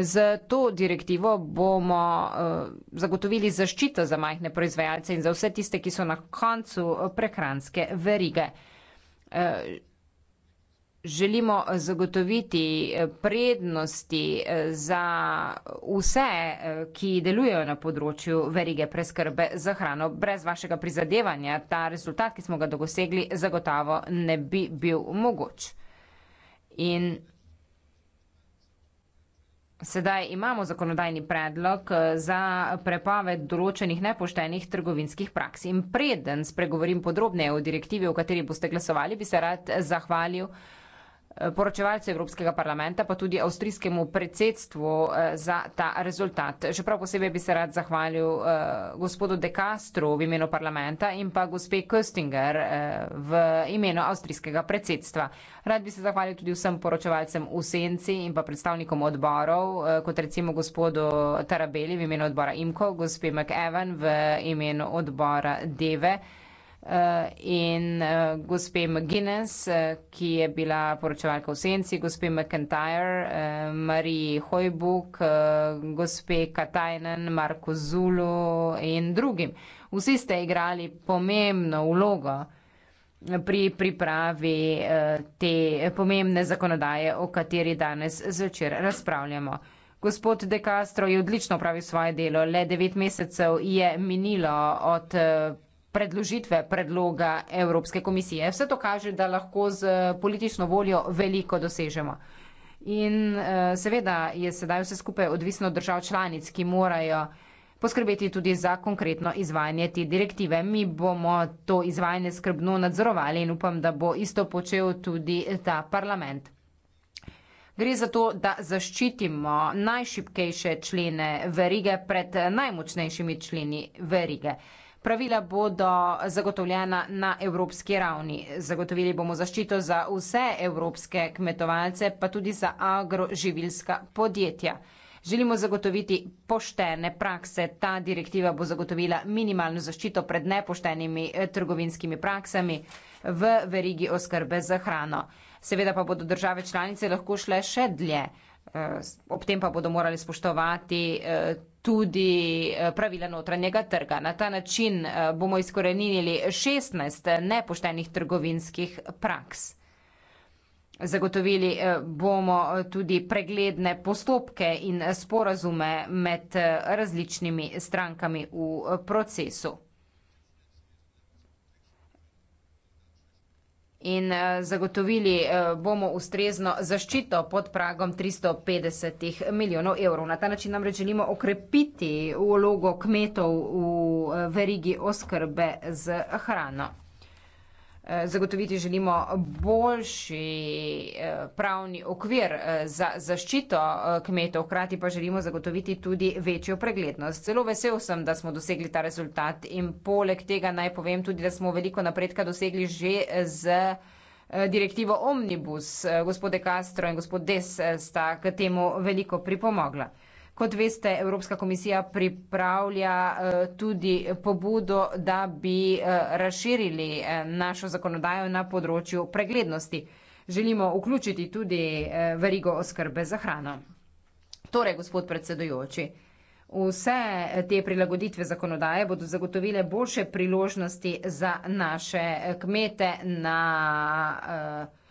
S11: Z to direktivo bomo eh, zagotovili zaščito za majhne proizvajalce in za vse tiste, ki so na koncu eh, prehranske verige. Eh, želimo zagotoviti prednosti za vse, ki delujejo na področju verige preskrbe za hrano. Brez vašega prizadevanja ta rezultat, ki smo ga dogosegli, zagotavo ne bi bil mogoč. In Sedaj imamo zakonodajni predlog eh, za prepoved določenih nepoštenih trgovinskih praks. In preden spregovorim podrobneje o direktivi, o kateri boste glasovali, bi se rad zahvalil poročevalcu Evropskega parlamenta, pa tudi avstrijskemu predsedstvu eh, za ta rezultat. Še prav posebej bi se rad zahvalil eh, gospodu De Castro v imenu parlamenta in pa gospe Köstinger eh, v imenu avstrijskega predsedstva. Rad bi se zahvalil tudi vsem poročevalcem v senci in pa predstavnikom odborov, kot recimo gospodu Tarabeli v imenu odbora IMKO, gospe McEwan v imenu odbora DEVE. Eh, in uh, gospe McGuinness, uh, ki je bila poročevalka v senci, gospe McIntyre, uh, Marie Hojbuk, uh, gospe Katajnen, Marko Zulu in drugim. Vsi ste igrali pomembno vlogo pri pripravi uh, te pomembne zakonodaje, o kateri danes zvečer razpravljamo. Gospod De Castro je odlično pravil svoje delo, le devet mesecev je minilo od. Uh, predložitve predloga Evropske komisije. Vse to kaže, da lahko z politično voljo veliko dosežemo. In eh, seveda je sedaj vse skupaj odvisno od držav članic, ki morajo poskrbeti tudi za konkretno izvajanje te direktive. Mi bomo to izvajanje skrbno nadzorovali in upam, da bo isto počel tudi ta parlament. Gre za to, da zaščitimo najšipkejše člene verige pred najmočnejšimi členi verige. Pravila bodo zagotovljena na evropski ravni. Zagotovili bomo zaščito za vse evropske kmetovalce, pa tudi za agroživilska podjetja. Želimo zagotoviti poštene prakse. Ta direktiva bo zagotovila minimalno zaščito pred nepoštenimi eh, trgovinskimi praksami v verigi oskrbe za hrano. Seveda pa bodo države članice lahko šle še dlje. Eh, ob tem pa bodo morali spoštovati eh, tudi eh, pravila notranjega trga. Na ta način eh, bomo izkorenili 16 eh, nepoštenih trgovinskih praks. Zagotovili bomo tudi pregledne postopke in sporazume med različnimi strankami v procesu. In eh, zagotovili eh, bomo ustrezno zaščito pod pragom 350 milijonov evrov. Na ta način namreč želimo okrepiti vlogo kmetov v eh, verigi oskrbe z hrano. Eh, zagotoviti želimo boljši eh, pravni okvir eh, za zaščito kmetov, hkrati pa želimo zagotoviti tudi večjo preglednost. Zelo vesel sem, da smo dosegli ta rezultat in poleg tega naj povem tudi, da smo veliko napredka dosegli že z direktivo Omnibus. Gospode Castro in gospod Des sta k temu veliko pripomogla. Kot veste, Evropska komisija pripravlja eh, tudi pobudo, da bi eh, razširili eh, našo zakonodajo na področju preglednosti. Želimo vključiti tudi verigo oskrbe za hrano. Torej, gospod predsedujoči, vse te prilagoditve zakonodaje bodo zagotovile boljše priložnosti za naše kmete na. Uh,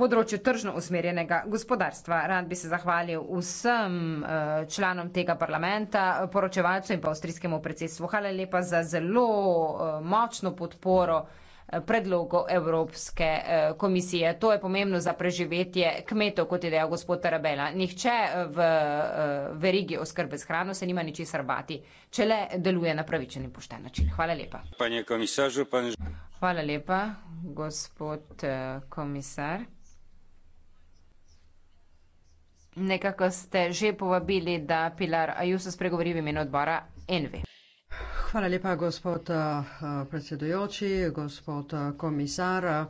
S11: področju tržno usmerjenega gospodarstva. Rad bi se zahvalil vsem eh, članom tega parlamenta, poročevalcu in pa avstrijskemu predsedstvu. Hvala lepa za zelo eh, močno podporo eh, predlogo Evropske komisije. To je pomembno za preživetje kmetov, kot je dejal gospod Tarabela. Nihče v verigi oskrbe s hrano se nima niči srbati, če le deluje na pravičen in pošten način. Hvala lepa. Hvala lepa, gospod komisar. Nekako ste že povabili, da Pilar Ajuso spregovori v imenu odbora Envi.
S4: Hvala lepa, gospod eh, predsedujoči, gospod eh, komisar. Eh,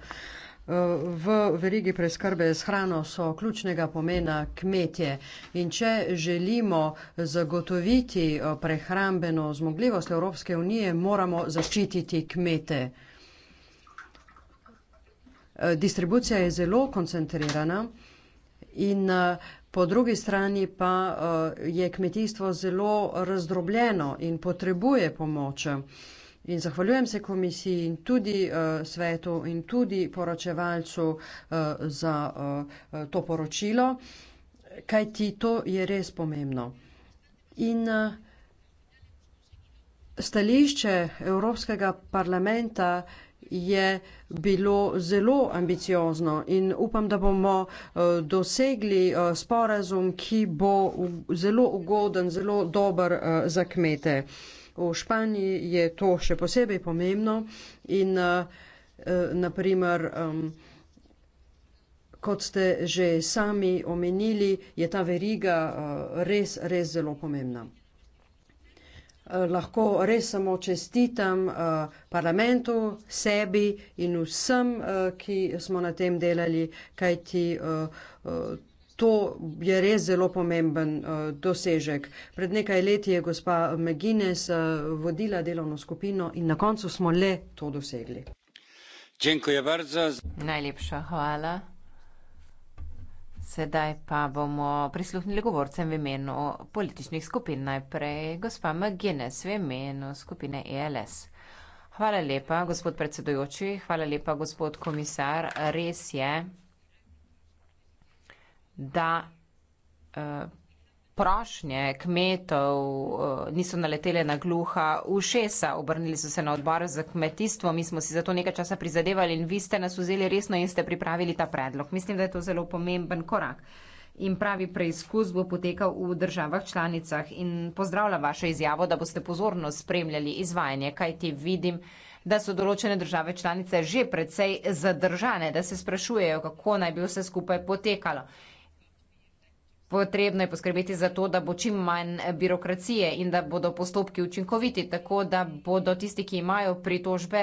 S4: v verigi preskrbe s hrano so ključnega pomena kmetje in če želimo zagotoviti prehrambeno zmogljivost Evropske unije, moramo zaščititi kmete. Distribucija je zelo koncentrirana in Po drugi strani pa eh, je kmetijstvo zelo razdrobljeno in potrebuje pomoč. In zahvaljujem se komisiji in tudi eh, svetu in tudi poročevalcu eh, za to poročilo, kaj ti to je res pomembno. In stališče Evropskega parlamenta je bilo zelo ambiciozno in upam, da bomo eh, dosegli eh, sporazum, ki bo zelo ugoden, zelo dober eh, za kmete. V Španiji je to še posebej pomembno in naprimer, kot ste že sami omenili, je ta veriga res, res zelo pomembna. Eh, lahko res samo čestitam eh, parlamentu, sebi in vsem, eh, ki smo na tem delali, kajti to je res zelo pomemben dosežek. Pred nekaj leti je gospa McGuinness vodila delovno skupino in na koncu smo le to dosegli. Najlepša
S11: hvala. Sedaj pa bomo prisluhnili govorcem v imenu političnih skupin. Najprej gospa McGuinness v imenu skupine ELS. Hvala lepa, gospod predsedujoči, hvala lepa, gospod komisar. Res je, da uh, prošnje kmetov eh, niso naletele na gluha ušesa. Obrnili so se na odbor za kmetijstvo, mi smo si za to nekaj časa prizadevali in vi ste nas vzeli resno in ste pripravili ta predlog. Mislim, da je to zelo pomemben korak. In pravi preizkus bo potekal v državah članicah in pozdravljam vašo izjavo, da boste pozorno spremljali izvajanje, kajti vidim, da so določene države članice že precej zadržane, da se sprašujejo, kako naj bi vse skupaj potekalo. Potrebno je poskrbeti za to, da bo čim manj eh, birokracije in da bodo postopki učinkoviti, tako da bodo tisti, ki imajo pritožbe,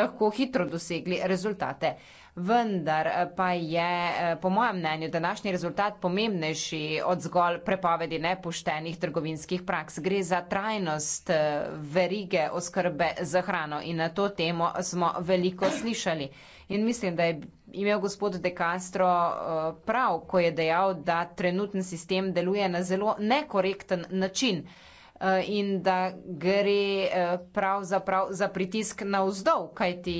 S11: lahko hitro dosegli rezultate vendar pa je eh, po mojem mnenju današnji rezultat pomembnejši od zgolj prepovedi nepoštenih trgovinskih praks. Gre za trajnost eh, verige oskrbe za hrano in na to temo smo veliko slišali. In mislim, da je imel gospod De Castro eh, prav, ko je dejal, da trenutni sistem deluje na zelo nekorekten način. Eh, in da gre eh, pravzaprav za pritisk na vzdolj, kajti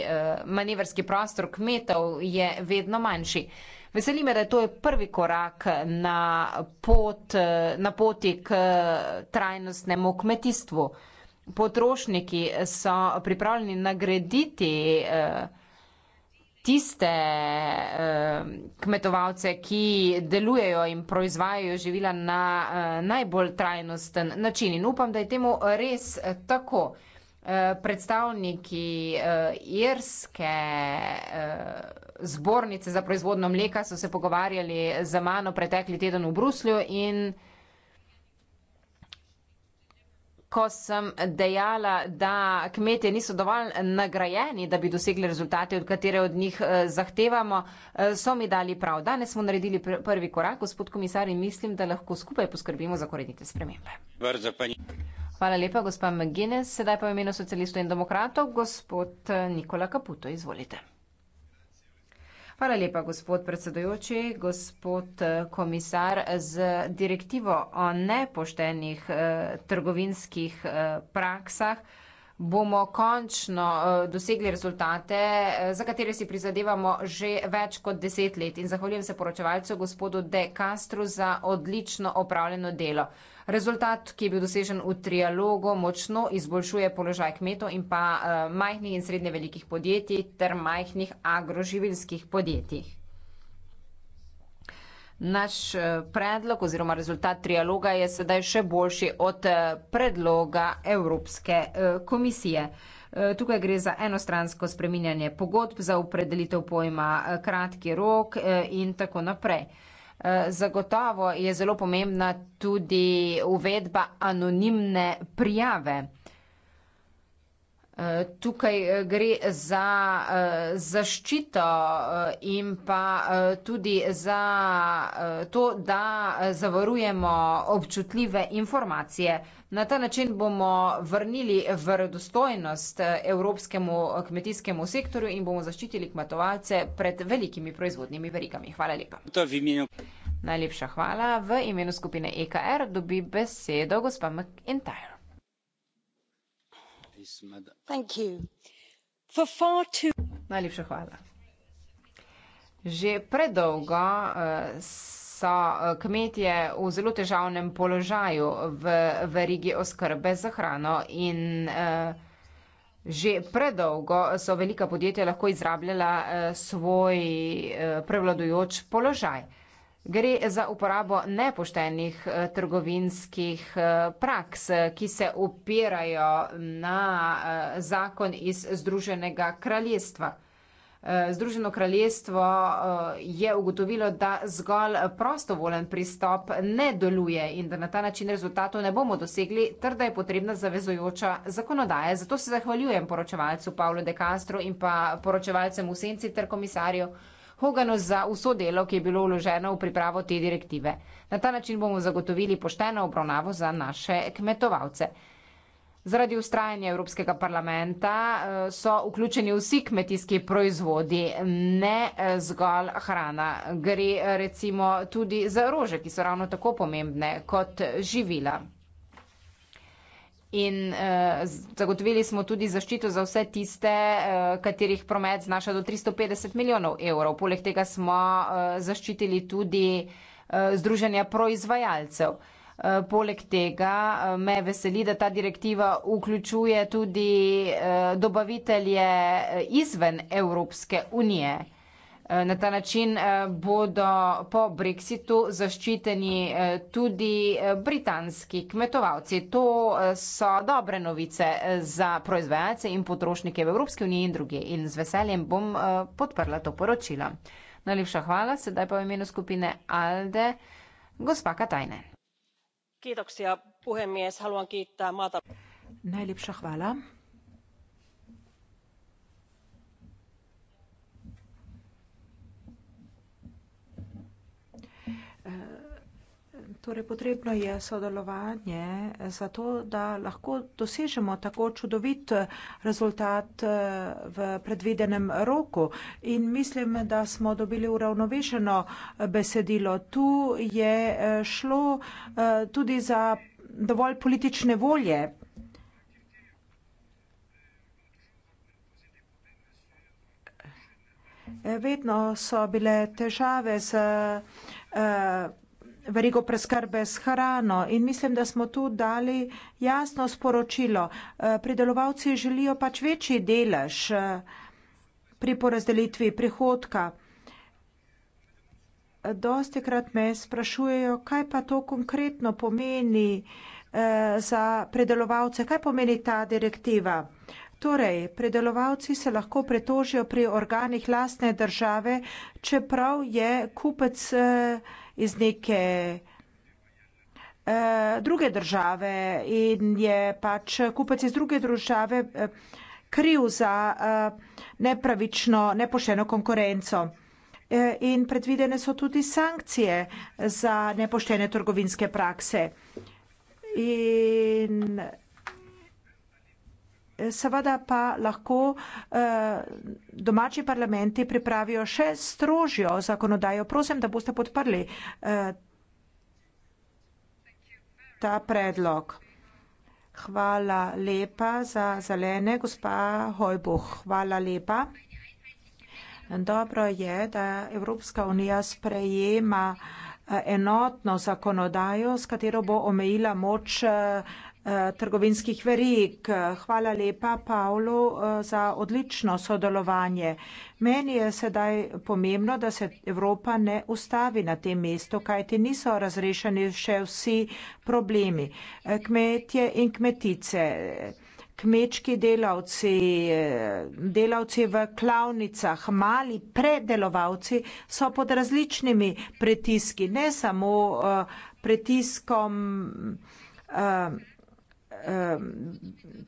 S11: eh, manevrski prostor kmetov je vedno manjši. Veseli me, da je to prvi korak na, pot, na poti k trajnostnemu kmetijstvu. Potrošniki so pripravljeni nagraditi eh, tiste uh, kmetovalce, ki delujejo in proizvajajo živila na uh, najbolj trajnosten način. In upam, da je temu res uh, tako. Uh, predstavniki uh, irske uh, zbornice za proizvodno mleka so se pogovarjali z mano pretekli teden v Bruslju in uh, ko sem dejala, da kmetje niso dovolj nagrajeni, da bi dosegli rezultate, od katere od njih eh, zahtevamo, eh, so mi dali prav. Danes smo naredili pr prvi korak, gospod komisar, in mislim, da lahko skupaj poskrbimo za korenite spremembe. Hvala lepa, gospa McGuinness. Sedaj pa v imenu socialistov in demokratov, gospod eh, Nikola Kaputo, izvolite. Hvala lepa, gospod predsedujoči, gospod eh, komisar. Z direktivo o nepoštenih eh, trgovinskih eh, praksah bomo končno eh, dosegli rezultate, eh, za katere si prizadevamo že več kot deset let. In zahvaljujem se poročevalcu gospodu De Castru za odlično opravljeno delo. Rezultat, ki je bil dosežen v trialogu, močno izboljšuje položaj kmetov in pa eh, majhnih in srednje velikih podjetij ter majhnih agroživilskih podjetij. Naš eh, predlog oziroma rezultat trialoga je sedaj še boljši od eh, predloga Evropske eh, komisije. Tukaj gre za enostransko spreminjanje pogodb za upredelitev pojma kratki rok in tako naprej. Zagotovo je zelo pomembna tudi uvedba anonimne prijave. Eh, tukaj eh, gre za eh, zaščito in pa tudi za to, da zavarujemo občutljive informacije. Na ta način bomo vrnili vredostojnost evropskemu kmetijskemu sektorju in bomo zaščitili kmetovalce pred velikimi proizvodnimi verigami. Hvala lepa. Najlepša hvala. V imenu skupine EKR dobi besedo gospa McIntyre. Najlepša hvala. Že predolgo, eh, so, eh, kmetje v zelo težavnem položaju v verigi oskrbe s hrano in, eh, že predolgo so velika podjetja lahko izrabljala, svoj, prevladujoč položaj. Gre za uporabo nepoštenih eh, trgovinskih eh, praks, eh, ki se upirajo na zakon iz Združenega kraljestva. Združeno kraljestvo je ugotovilo, da zgolj prostovolen pristop ne deluje in da na ta način rezultatov ne bomo dosegli, ter da je potrebna zavezojoča zakonodaja. Zato se zahvaljujem poročevalcu Pavlu De Castro in pa poročevalcem v senci ter komisarju Hoganu za vso delo, ki je bilo vloženo v pripravo te direktive. Na ta način bomo zagotovili pošteno obravnavo za naše kmetovalce. Zaradi ustrajanja Evropskega parlamenta eh, so vključeni vsi kmetijski proizvodi, ne eh, zgolj hrana. Gre eh, recimo tudi za rože, ki so ravno tako pomembne kot živila. In eh, zagotovili smo tudi zaščito za vse tiste, eh, katerih promet znaša do 350 milijonov evrov. Poleg tega smo eh, zaščitili tudi eh, združenja proizvajalcev. Eh, poleg tega eh, me veseli, da ta direktiva vključuje tudi eh, dobavitelje eh, izven Evropske unije. Eh, Eh, na ta način eh, bodo po brexitu zaščiteni eh, tudi britanski kmetovalci. To so dobre novice za proizvajalce in potrošnike v Evropski uniji in druge. In z veseljem bom podprla to poročilo. Najlepša hvala, sedaj pa v imenu skupine ALDE, gospa Katajne. Najlepša hvala.
S10: Torej, potrebno je sodelovanje za to, da lahko dosežemo tako čudovit rezultat eh, v predvidenem roku. In mislim, da smo dobili uravnovešeno eh, besedilo. Tu je eh, šlo tudi za dovolj politične volje. Vedno so bile težave z. Uh, verigo preskrbe s hrano in mislim, da smo tu dali jasno sporočilo. Eh, pridelovalci želijo pač večji delež eh, pri porazdelitvi prihodka. Dosti krat me sprašujejo, kaj pa to konkretno pomeni eh, za predelovalce, kaj pomeni ta direktiva. Torej, predelovalci se lahko pretožijo pri organih lastne države, čeprav je kupec eh, iz neke eh, druge države in je pač kupec iz druge države eh, kriv za eh, nepravično, nepošteno konkurenco. Eh, in predvidene so tudi sankcije za nepoštene trgovinske prakse. In seveda pa lahko eh, domači parlamenti pripravijo še strožjo zakonodajo. Prosim, da boste podprli eh, ta predlog. Hvala lepa za zelene, gospa Hojbuh. Hvala lepa. Dobro je, da Evropska unija sprejema eh, enotno zakonodajo, s katero bo omejila moč Eh, trgovinskih verig. Hvala lepa, Pavlu, eh, za odlično sodelovanje. Meni je sedaj pomembno, da se Evropa ne ustavi na tem mestu, kajti niso razrešeni še vsi problemi. Eh, kmetje in kmetice, kmečki delavci, delavci v klavnicah, mali predelovalci so pod različnimi pritiski, ne samo pritiskom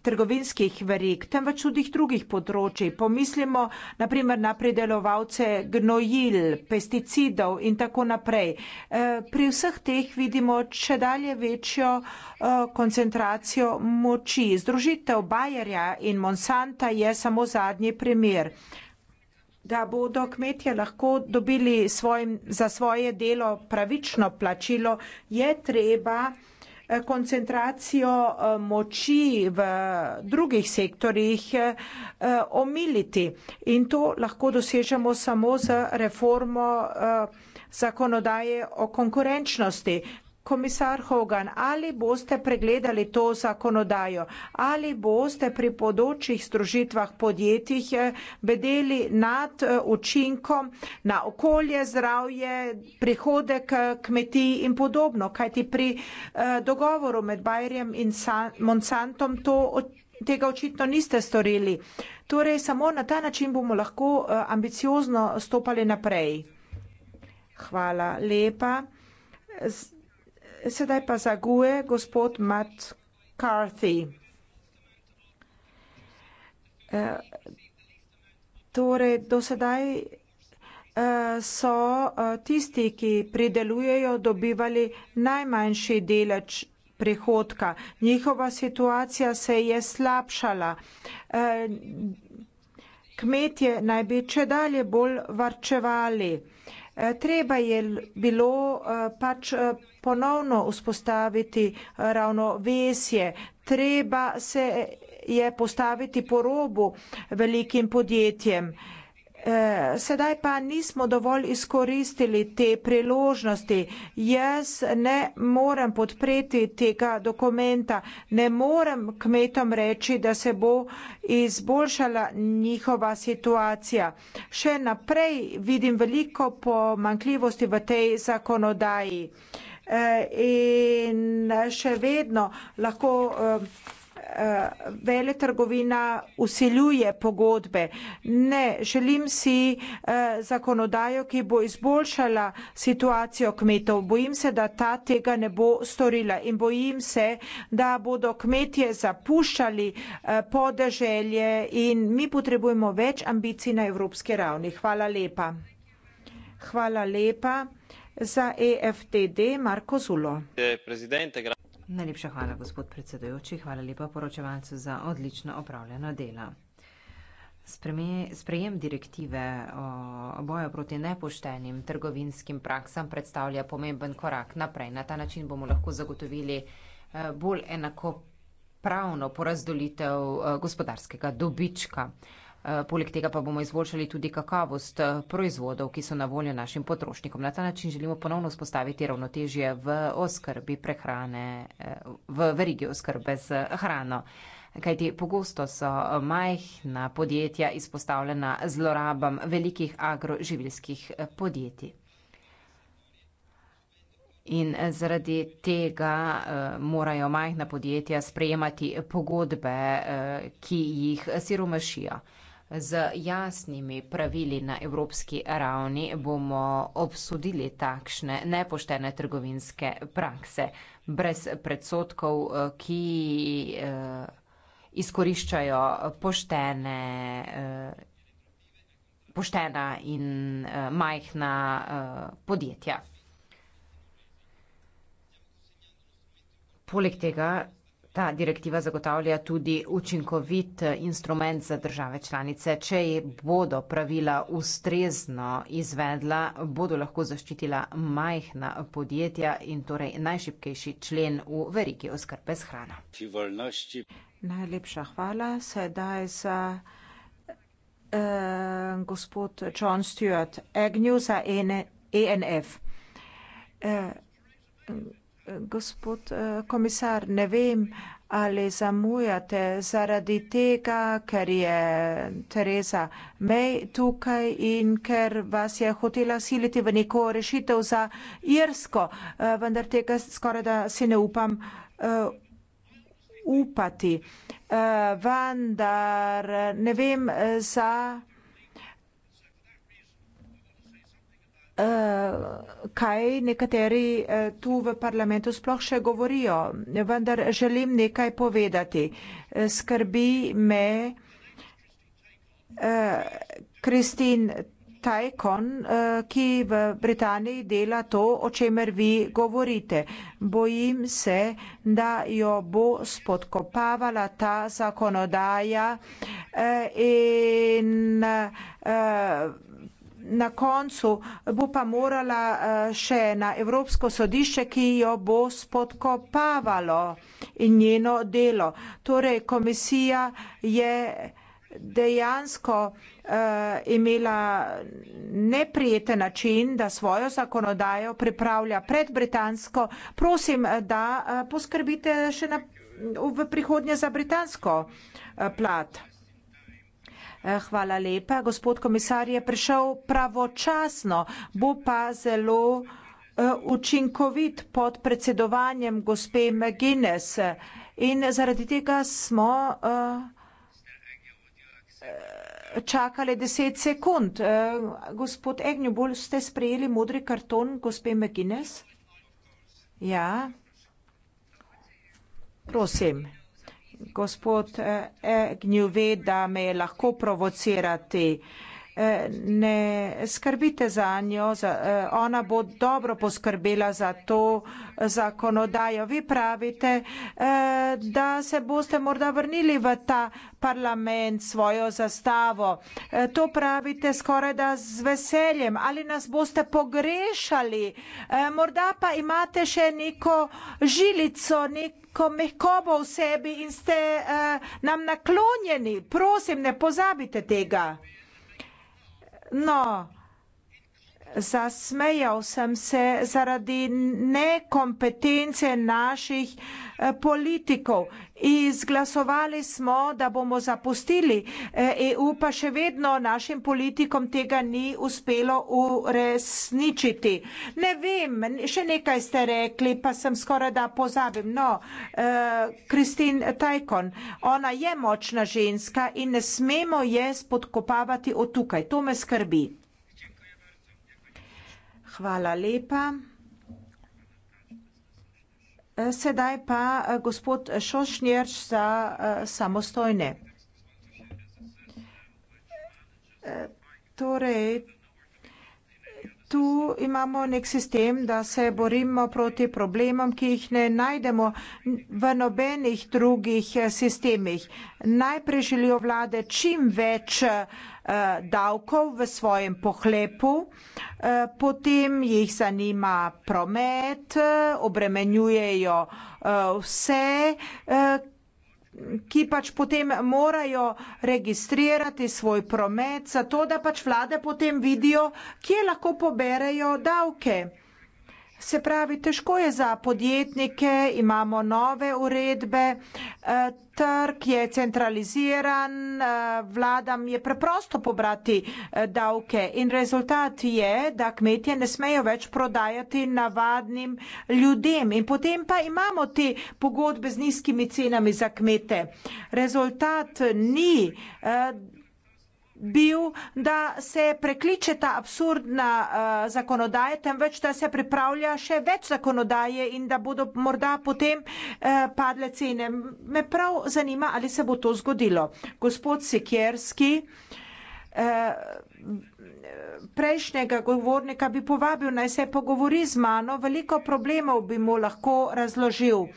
S10: trgovinskih verik, temveč tudi drugih področji. Pomislimo naprimer na pridelovalce gnojil, pesticidov in tako naprej. Eh, pri vseh teh vidimo še dalje večjo eh, koncentracijo moči. Združitev Bajerja in Monsanta je samo zadnji primer da bodo kmetje lahko dobili svojim, za svoje delo pravično plačilo, je treba uh, Eh, koncentracijo eh, moči v drugih sektorjih eh, omiliti. In to lahko dosežemo samo z reformo zakonodaje o konkurenčnosti komisar Hogan, ali boste pregledali to zakonodajo, ali boste pri podočih združitvah podjetjih eh, bedeli nad eh, učinkom na okolje, zdravje, prihodek eh, kmetij in podobno, kajti pri dogovoru med Bajerjem in Monsantom to tega očitno niste storili. Torej, samo na ta način bomo lahko ambiciozno stopali naprej. Hvala lepa. Sedaj pa za GUE gospod Matt Carthy. Eh, torej, do sedaj eh, so eh, tisti, ki pridelujejo, dobivali najmanjši delač prihodka. Njihova situacija se je slabšala. Kmetje naj bi če dalje bolj varčevali. Eh, treba je bilo eh, pač eh, ponovno vzpostaviti ravnovesje, treba se je postaviti po robu velikim podjetjem. Eh, sedaj pa nismo dovolj izkoristili te priložnosti. Jaz ne morem podpreti tega dokumenta, ne morem kmetom reči, da se bo izboljšala njihova situacija. Še naprej vidim veliko pomankljivosti v tej zakonodaji. Eh, in še vedno lahko eh, Eh, vele trgovina usiljuje pogodbe. Ne, želim si eh, zakonodajo, ki bo izboljšala situacijo kmetov. Bojim se, da ta tega ne bo storila in bojim se, da bodo kmetje zapuščali eh, podeželje in mi potrebujemo več ambicij na evropski ravni. Hvala lepa. Hvala lepa. Za EFTD Marko Zulo.
S11: Najlepša hvala, gospod predsedujoči. Hvala lepa poročevalcu za odlično opravljeno delo. Spreme, sprejem direktive o boju proti nepoštenim trgovinskim praksam predstavlja pomemben korak naprej. Na ta način bomo lahko zagotovili eh, bolj enakopravno porazdolitev eh, gospodarskega dobička. Eh, poleg tega pa bomo izboljšali tudi kakavost eh, proizvodov, ki so na voljo našim potrošnikom. Na ta način želimo ponovno vzpostaviti ravnotežje v oskrbi prehrane, eh, v verigi oskrbe z hrano. Kajti pogosto so majhna podjetja izpostavljena zlorabam velikih agroživilskih podjetij. In zaradi tega morajo majhna podjetja sprejemati pogodbe, ki jih siromašijo. Z jasnimi pravili na evropski ravni bomo obsodili takšne nepoštene trgovinske prakse brez predsotkov, eh, ki eh, izkoriščajo poštene, eh, poštena in majhna podjetja. Poleg tega Ta direktiva zagotavlja tudi učinkovit instrument za države članice. Če bodo pravila ustrezno izvedla, bodo lahko zaščitila majhna podjetja in torej najšipkejši člen v veriki oskrbe z hrano. Najlepša hvala. Sedaj
S10: za eh, gospod John Stewart Agnew za ENF. Eh, Gospod eh, komisar, ne vem, ali zamujate zaradi tega, ker je Tereza May tukaj in ker vas je hotela siliti v neko rešitev za Irsko, eh, vendar tega skoraj da si ne upam eh, upati. Vendar ne vem za. uh, kaj nekateri uh, tu v parlamentu sploh še govorijo, vendar želim nekaj povedati. Uh, skrbi me Kristin uh, Tajkon, uh, ki v Britaniji dela to, o čemer vi govorite. Bojim se, da jo bo spodkopavala ta zakonodaja uh, in uh, na koncu bo pa morala eh, še na Evropsko sodišče, ki jo bo spodkopavalo in njeno delo. Torej, komisija je dejansko uh, imela neprijeten način, da svojo zakonodajo pripravlja pred britansko. Prosim, da uh, poskrbite še na, v prihodnje za britansko uh, plat. Eh, hvala lepa. Gospod komisar je prišel pravočasno, bo pa zelo eh, učinkovit pod predsedovanjem gospe McGuinness. In zaradi tega smo eh, čakali deset sekund. Gospod Egnjubol, ste sprejeli modri karton gospe McGuinness? Ja. Prosim gospod eh, eh, Gnjuveda me je lahko provocirati. Eh, ne skrbite za njo, eh, ona bo dobro poskrbela za to eh, zakonodajo. Vi pravite, da se boste morda vrnili v ta parlament svojo zastavo. To pravite skoraj da z veseljem. Ali nas boste pogrešali? Morda pa imate še neko žilico, neko mehkobo v sebi in ste nam naklonjeni. Prosim, ne pozabite tega. No, zasmejal sem se zaradi nekompetence naših eh, politikov. Izglasovali smo, da bomo zapustili EU, eh, e pa še vedno našim politikom tega ni uspelo uresničiti. Ne vem, še nekaj ste rekli, pa sem skoraj da pozabim. No, eh, Kristin uh, Tajkon, ona je močna ženska in ne smemo je spodkopavati od tukaj. To me skrbi. Hvala lepa. Sedaj pa eh, gospod Šošnjerč za eh, samostojne. Eh, torej, tu imamo nek sistem, da se borimo proti problemom, ki jih ne najdemo v nobenih drugih sistemih. Najprej želijo vlade čim več problemov, Eh, davkov v svojem pohlepu, eh, potem jih zanima promet, obremenjujejo eh, vse, ki pač potem morajo registrirati svoj promet, zato da pač vlade potem vidijo, kje lahko poberejo davke. Se pravi, težko je za podjetnike, imamo nove uredbe, eh, trg je centraliziran, eh, vladam je preprosto pobrati eh, davke in rezultat je, da kmetje ne smejo več prodajati navadnim ljudem. In potem pa imamo te pogodbe z nizkimi cenami za kmete. Rezultat ni bil, da se prekliče ta absurdna uh, zakonodaja, temveč da se pripravlja še več zakonodaje in da bodo morda potem uh, padle cene. Me prav zanima, ali se bo to zgodilo. Gospod Sikerski. Uh, eh, prejšnjega govornika bi povabil, naj se pogovori z mano, veliko problemov bi mu lahko razložil.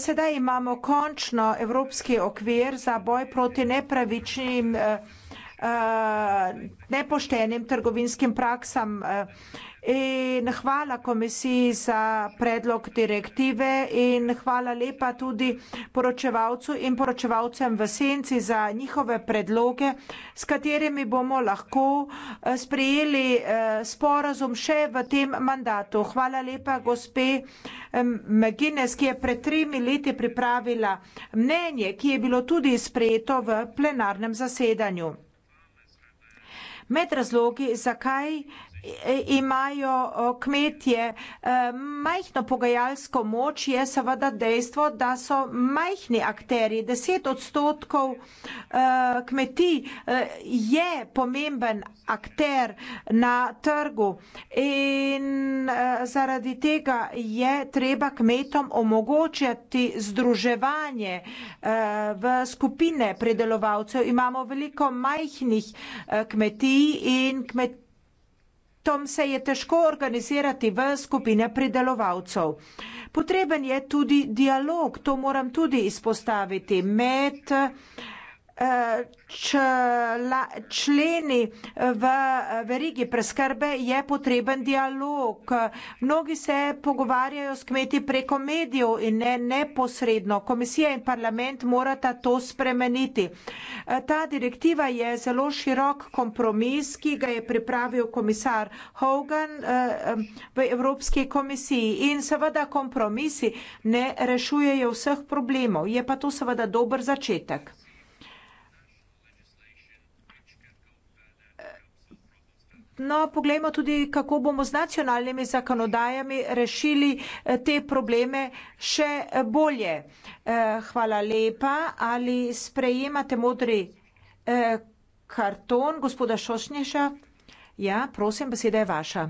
S10: Sedaj imamo končno evropski okvir za boj proti nepravičnim. Uh, Eh, nepoštenim trgovinskim praksam. Eh, in hvala komisiji za predlog direktive in hvala lepa tudi poročevalcu in poročevalcem v senci za njihove predloge, s katerimi bomo lahko eh, sprejeli sporazum še v tem mandatu. Hvala lepa gospe McGuinness, ki je pred tremi leti pripravila mnenje, ki je bilo tudi sprejeto v plenarnem zasedanju. Med razlogi, zakaj imajo kmetje e, majhno pogajalsko moč, je seveda dejstvo, da so majhni akteri. Deset odstotkov e, kmetij e, je pomemben akter na trgu in zaradi tega je treba kmetom omogočati združevanje v skupine predelovalcev. Imamo veliko majhnih kmetij in kmetij Tom se je težko organizirati v skupine pridelovalcev. Potreben je tudi dialog, to moram tudi izpostaviti, med uh, Eh, čla, členi eh, v eh, verigi preskrbe je potreben dialog. Mnogi se pogovarjajo s kmeti preko medijev in ne neposredno. Komisija in parlament morata to spremeniti. Ta direktiva je zelo širok kompromis, ki ga je pripravil komisar Hogan v Evropski komisiji. In seveda kompromisi ne rešujejo vseh problemov. Je pa to seveda dober začetek. No, poglejmo tudi, kako bomo z nacionalnimi zakonodajami rešili eh, te probleme še eh, bolje. Eh, hvala lepa. Ali sprejemate modri karton gospoda Šošnješa? Ja, prosim, beseda je vaša.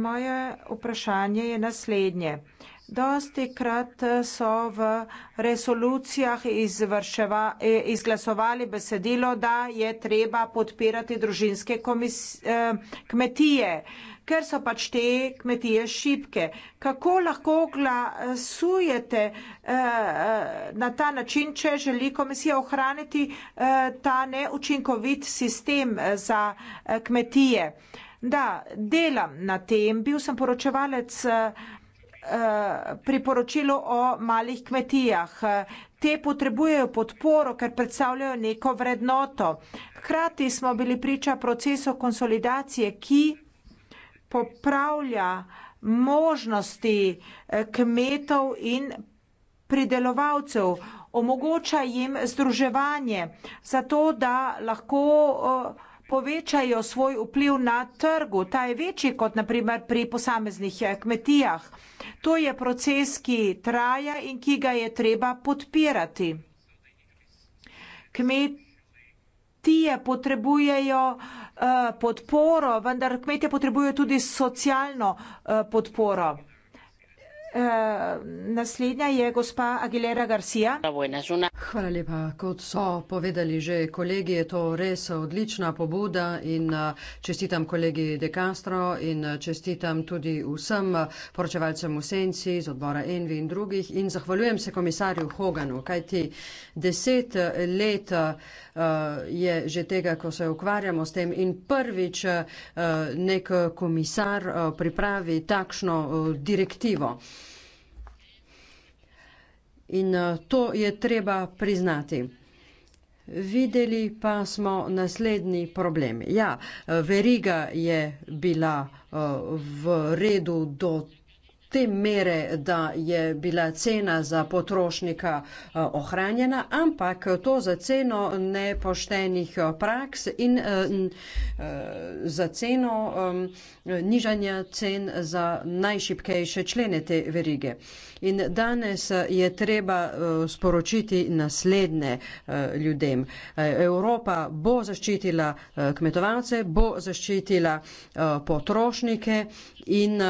S10: Moje vprašanje je naslednje. Dosti krat so v resolucijah izvrševa, izglasovali besedilo, da je treba podpirati družinske komis, eh, kmetije, ker so pač te kmetije šipke. Kako lahko glasujete eh, na ta način, če želi komisija ohraniti eh, ta neučinkovit sistem za kmetije? Da, delam na tem, bil sem poročevalec Eh, priporočilo o malih kmetijah. Te potrebujejo podporo, ker predstavljajo neko vrednoto. Hkrati smo bili priča procesu konsolidacije, ki popravlja možnosti eh, kmetov in pridelovalcev, omogoča jim združevanje, zato da lahko uh, povečajo svoj vpliv na trgu. Ta je večji kot naprimer pri posameznih eh, kmetijah. To je proces, ki traja in ki ga je treba podpirati. Kmetije potrebujejo uh, podporo, vendar kmetije potrebujejo tudi socialno uh, podporo.
S4: Eh, naslednja je gospa Aguilera Garcia. Hvala lepa. Kot so povedali že kolegi, je to res odlična pobuda in eh, čestitam kolegi De Castro in eh, čestitam tudi vsem poročevalcem v Senci z odbora Envi in drugih in zahvaljujem se komisarju Hoganu, kajti deset let je že tega, ko se ukvarjamo s tem in prvič nek komisar pripravi takšno direktivo in eh, to je treba priznati. Videli pa smo naslednji problem. Ja, eh, veriga je bila eh, v redu do te mere, da je bila cena za potrošnika eh, ohranjena, ampak to za ceno nepoštenih eh, praks in eh, za ceno nižanja cen za najšipkejše člene te verige. In danes je treba sporočiti naslednje ljudem. Evropa bo zaščitila kmetovalce, bo zaščitila potrošnike in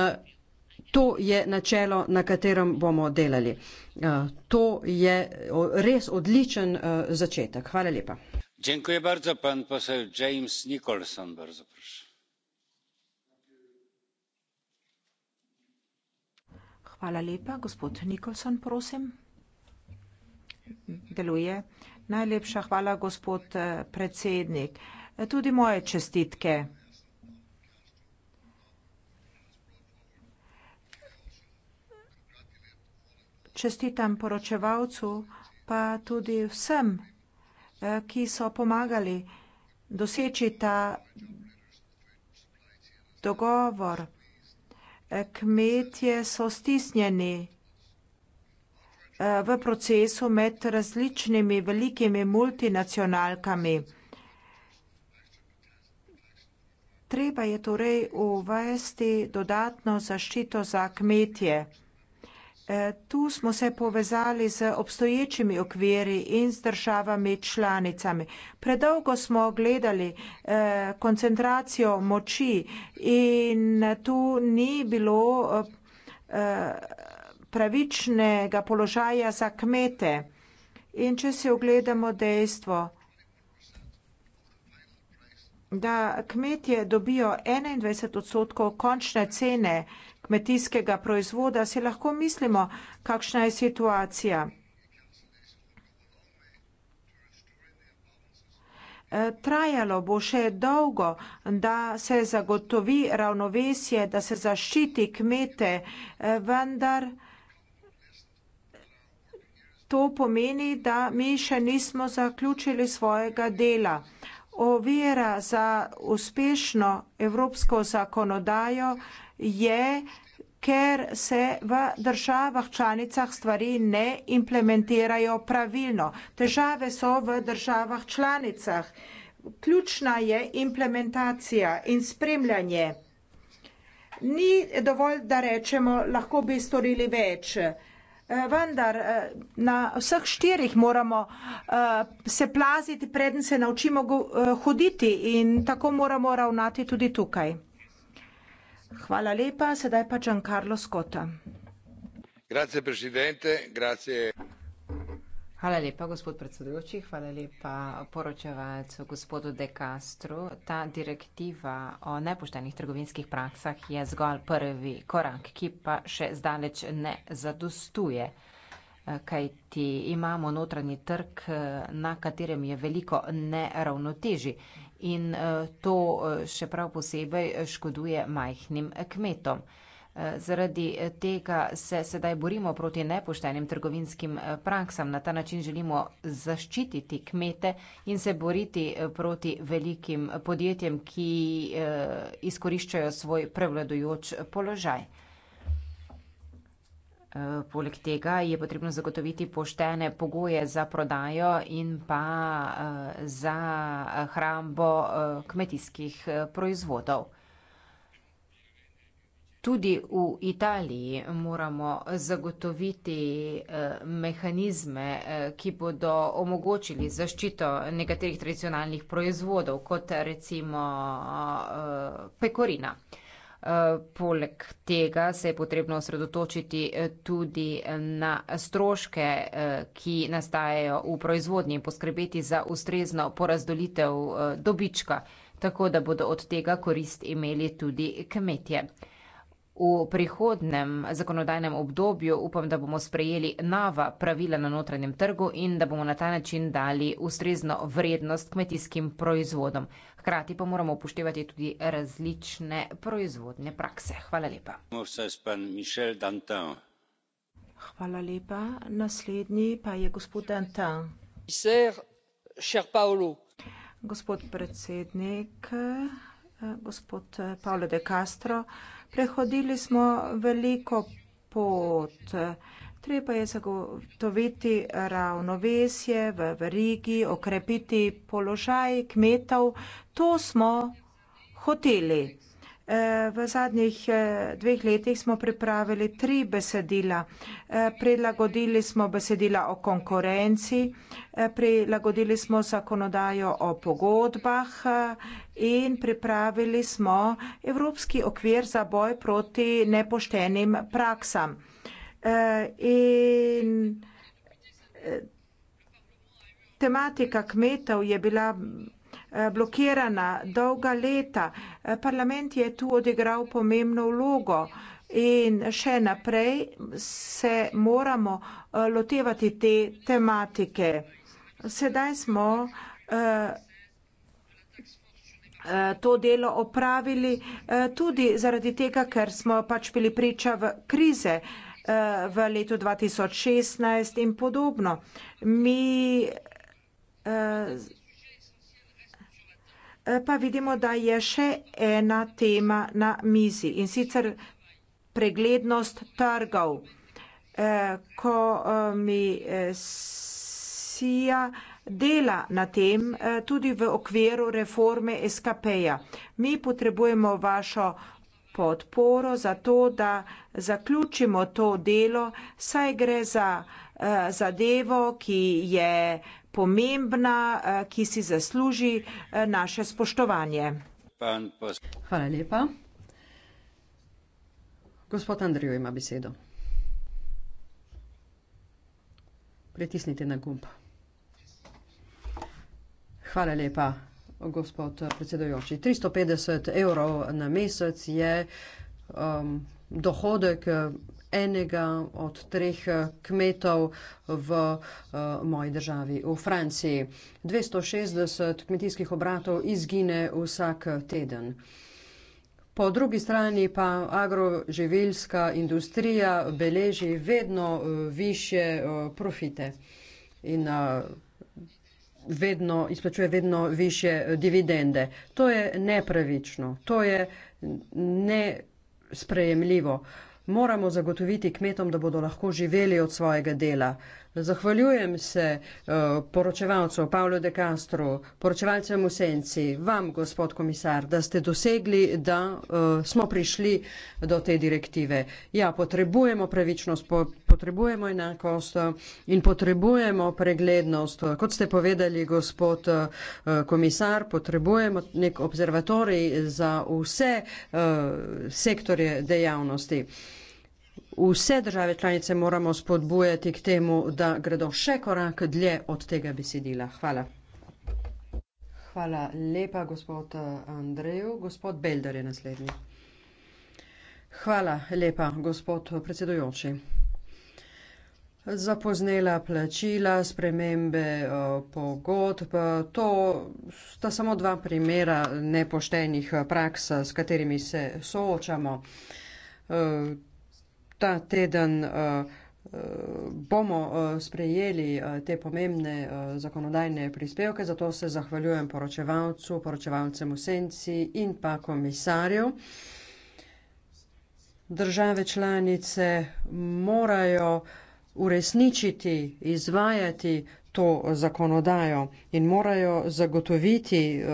S4: To je načelo, na katerem bomo delali. Eh, to je res odličen eh, začetek. Hvala lepa.
S10: Hvala lepa. Gospod Nicholson, prosim. Deluje. Najlepša hvala, gospod eh, predsednik. Tudi moje čestitke. čestitam poročevalcu, pa tudi vsem, eh, ki so pomagali doseči ta dogovor. Eh, kmetje so stisnjeni eh, v procesu med različnimi velikimi multinacionalkami. Treba je torej uvesti dodatno zaščito za kmetje. Eh, tu smo se povezali z obstoječimi okviri in z državami članicami. Predolgo smo gledali eh, koncentracijo moči in tu ni bilo eh, pravičnega položaja za kmete. In če si ogledamo dejstvo, da kmetje dobijo 21 odstotkov končne cene kmetijskega proizvoda, si lahko mislimo, kakšna je situacija. E, trajalo bo še dolgo, da se zagotovi ravnovesje, da se zaščiti kmete, e, vendar to pomeni, da mi še nismo zaključili svojega dela ovira za uspešno evropsko zakonodajo je, ker se v državah članicah stvari ne implementirajo pravilno. Težave so v državah članicah. Ključna je implementacija in spremljanje. Ni dovolj, da rečemo, lahko bi storili več. Eh, vendar eh, na vseh štirih moramo eh, se plaziti, preden se naučimo hoditi in tako moramo ravnati tudi tukaj. Hvala lepa, sedaj pa Giancarlo Scotta.
S3: Grazie, predsednik, grazie.
S11: Hvala lepa, gospod predsedujoči, hvala lepa poročevalcu gospodu De Castro. Ta direktiva o nepoštenih trgovinskih praksah je zgolj prvi korak, ki pa še zdaleč ne zadostuje, eh, kajti imamo notranji trg, eh, na katerem je veliko neravnoteži in eh, to še prav posebej škoduje majhnim kmetom. Zaradi tega se sedaj borimo proti nepoštenim trgovinskim eh, praksam. Na ta način želimo zaščititi kmete in se boriti eh, proti velikim podjetjem, ki eh, izkoriščajo svoj prevladojoč položaj. Poleg tega je potrebno zagotoviti poštene pogoje za prodajo in pa za hrambo kmetijskih proizvodov tudi v Italiji moramo zagotoviti eh, mehanizme, eh, ki bodo omogočili zaščito nekaterih tradicionalnih proizvodov, kot recimo eh, pekorina. Poleg tega se je potrebno osredotočiti tudi na stroške, ki nastajajo v proizvodnji in poskrbeti za ustrezno porazdolitev dobička, tako da bodo od tega korist imeli tudi kmetje. V prihodnem zakonodajnem obdobju upam, da bomo sprejeli nova pravila na notranjem trgu in da bomo na ta način dali ustrezno vrednost kmetijskim proizvodom. Hkrati pa moramo upoštevati tudi različne proizvodne prakse. Hvala lepa. Hvala lepa. Naslednji pa je gospod Dantin.
S10: Gospod predsednik, eh, gospod eh, Paolo de Castro. Prehodili smo veliko pot. Treba je zagotoviti ravnovesje v verigi, okrepiti položaj kmetov. To smo hoteli. Eh, v zadnjih eh, dveh letih smo pripravili tri besedila. Eh, prilagodili smo besedila o konkurenci, prilagodili smo zakonodajo o pogodbah in pripravili smo Evropski okvir za boj proti nepoštenim praksam. In tematika kmetov je bila Eh, blokirana dolga leta. Eh, parlament je tu odigral pomembno vlogo in še naprej se moramo eh, lotevati te tematike. Sedaj smo to delo opravili tudi zaradi tega, ker smo pač bili priča v krize v letu 2016 in podobno. Mi Eh, pa vidimo, da je še ena tema na mizi in sicer preglednost trgov. Eh, ko eh, mi Sija dela na tem tudi v okviru reforme SKP-ja. Mi potrebujemo vašo podporo za to, da zaključimo to delo, saj gre za eh, zadevo, ki je pomembna, eh, ki si zasluži eh, naše spoštovanje.
S4: Hvala lepa. Gospod Andrej ima besedo. Pritisnite na gumb. Hvala lepa gospod predsedojoči. 350 evrov na mesec je um, dohodek enega od treh kmetov v uh, moji državi, v Franciji. 260 kmetijskih obratov izgine vsak teden. Po drugi strani pa agroživilska industrija beleži vedno uh, više uh, profite. In uh, vedno, izplačuje vedno više eh, dividende. To je nepravično, to je nesprejemljivo. Moramo zagotoviti kmetom, da bodo lahko živeli od svojega dela. Zahvaljujem se eh, poročevalcu Pavlu De Castro, poročevalcem v senci, vam, gospod komisar, da ste dosegli, da eh, smo prišli do te direktive. Ja, potrebujemo pravičnost, potrebujemo enakost eh, in potrebujemo preglednost. Kot ste povedali, gospod komisar, potrebujemo nek observatorij za vse sektorje dejavnosti vse države članice moramo spodbujati k temu, da gredo še korak dlje od tega besedila. Hvala. Hvala lepa, gospod eh, Andreju. Gospod Belder je naslednji. Hvala lepa, gospod predsedujoči. Zapoznela plačila, spremembe eh, pogodb, to sta samo dva primera nepoštenih praks, s katerimi se soočamo. Eh, ta teden eh, eh, bomo eh, sprejeli te pomembne zakonodajne prispevke, zato se zahvaljujem poročevalcu, poročevalcem v senci in pa komisarju. Države članice morajo uresničiti, izvajati to zakonodajo in morajo zagotoviti,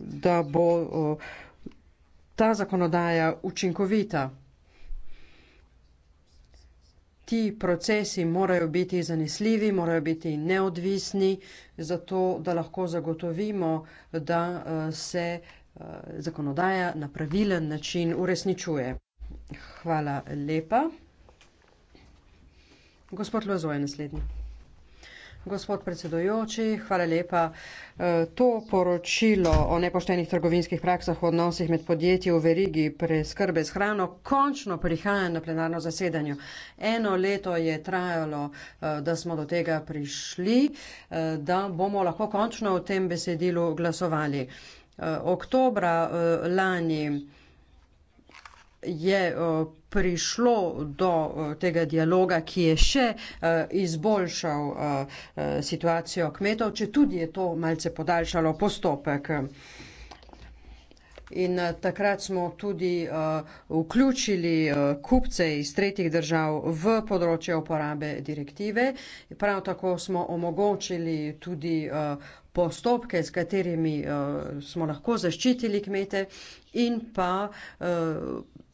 S4: da bo ta zakonodaja učinkovita ti procesi morajo biti zanesljivi, morajo biti neodvisni, zato da lahko zagotovimo, da eh, se eh, zakonodaja na pravilen način uresničuje. Hvala lepa. Gospod Lozo je naslednji. Gospod predsedujoči, hvala lepa. E, to poročilo o nepoštenih trgovinskih praksah v odnosih med podjetji v verigi preskrbe z hrano končno prihaja na plenarno zasedanje. Eno leto je trajalo, e, da smo do tega prišli, e, da bomo lahko končno o tem besedilu glasovali. Oktobra lani je prišlo do tega dialoga, ki je še izboljšal situacijo kmetov, če tudi je to malce podaljšalo postopek. In takrat smo tudi uh, vključili uh, kupce iz tretjih držav v področje uporabe direktive. Prav tako smo omogočili tudi uh, postopke, s katerimi uh, smo lahko zaščitili kmete in pa uh,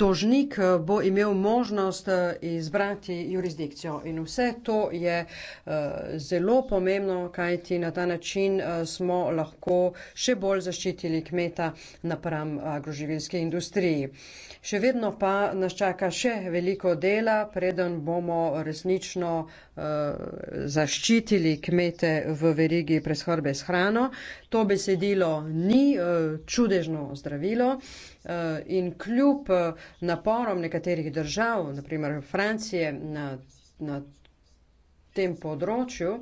S4: Tožnik eh, bo imel možnost eh, izbrati jurisdikcijo in vse to je eh, zelo pomembno, kajti na ta način smo lahko še bolj zaščitili kmeta napram agroživilske industriji. Še vedno pa nas čaka še veliko dela, preden bomo resnično zaščitili kmete v verigi preskrbe s hrano. To besedilo ni čudežno zdravilo in kljub naporom nekaterih držav, naprimer Francije, na, na tem področju,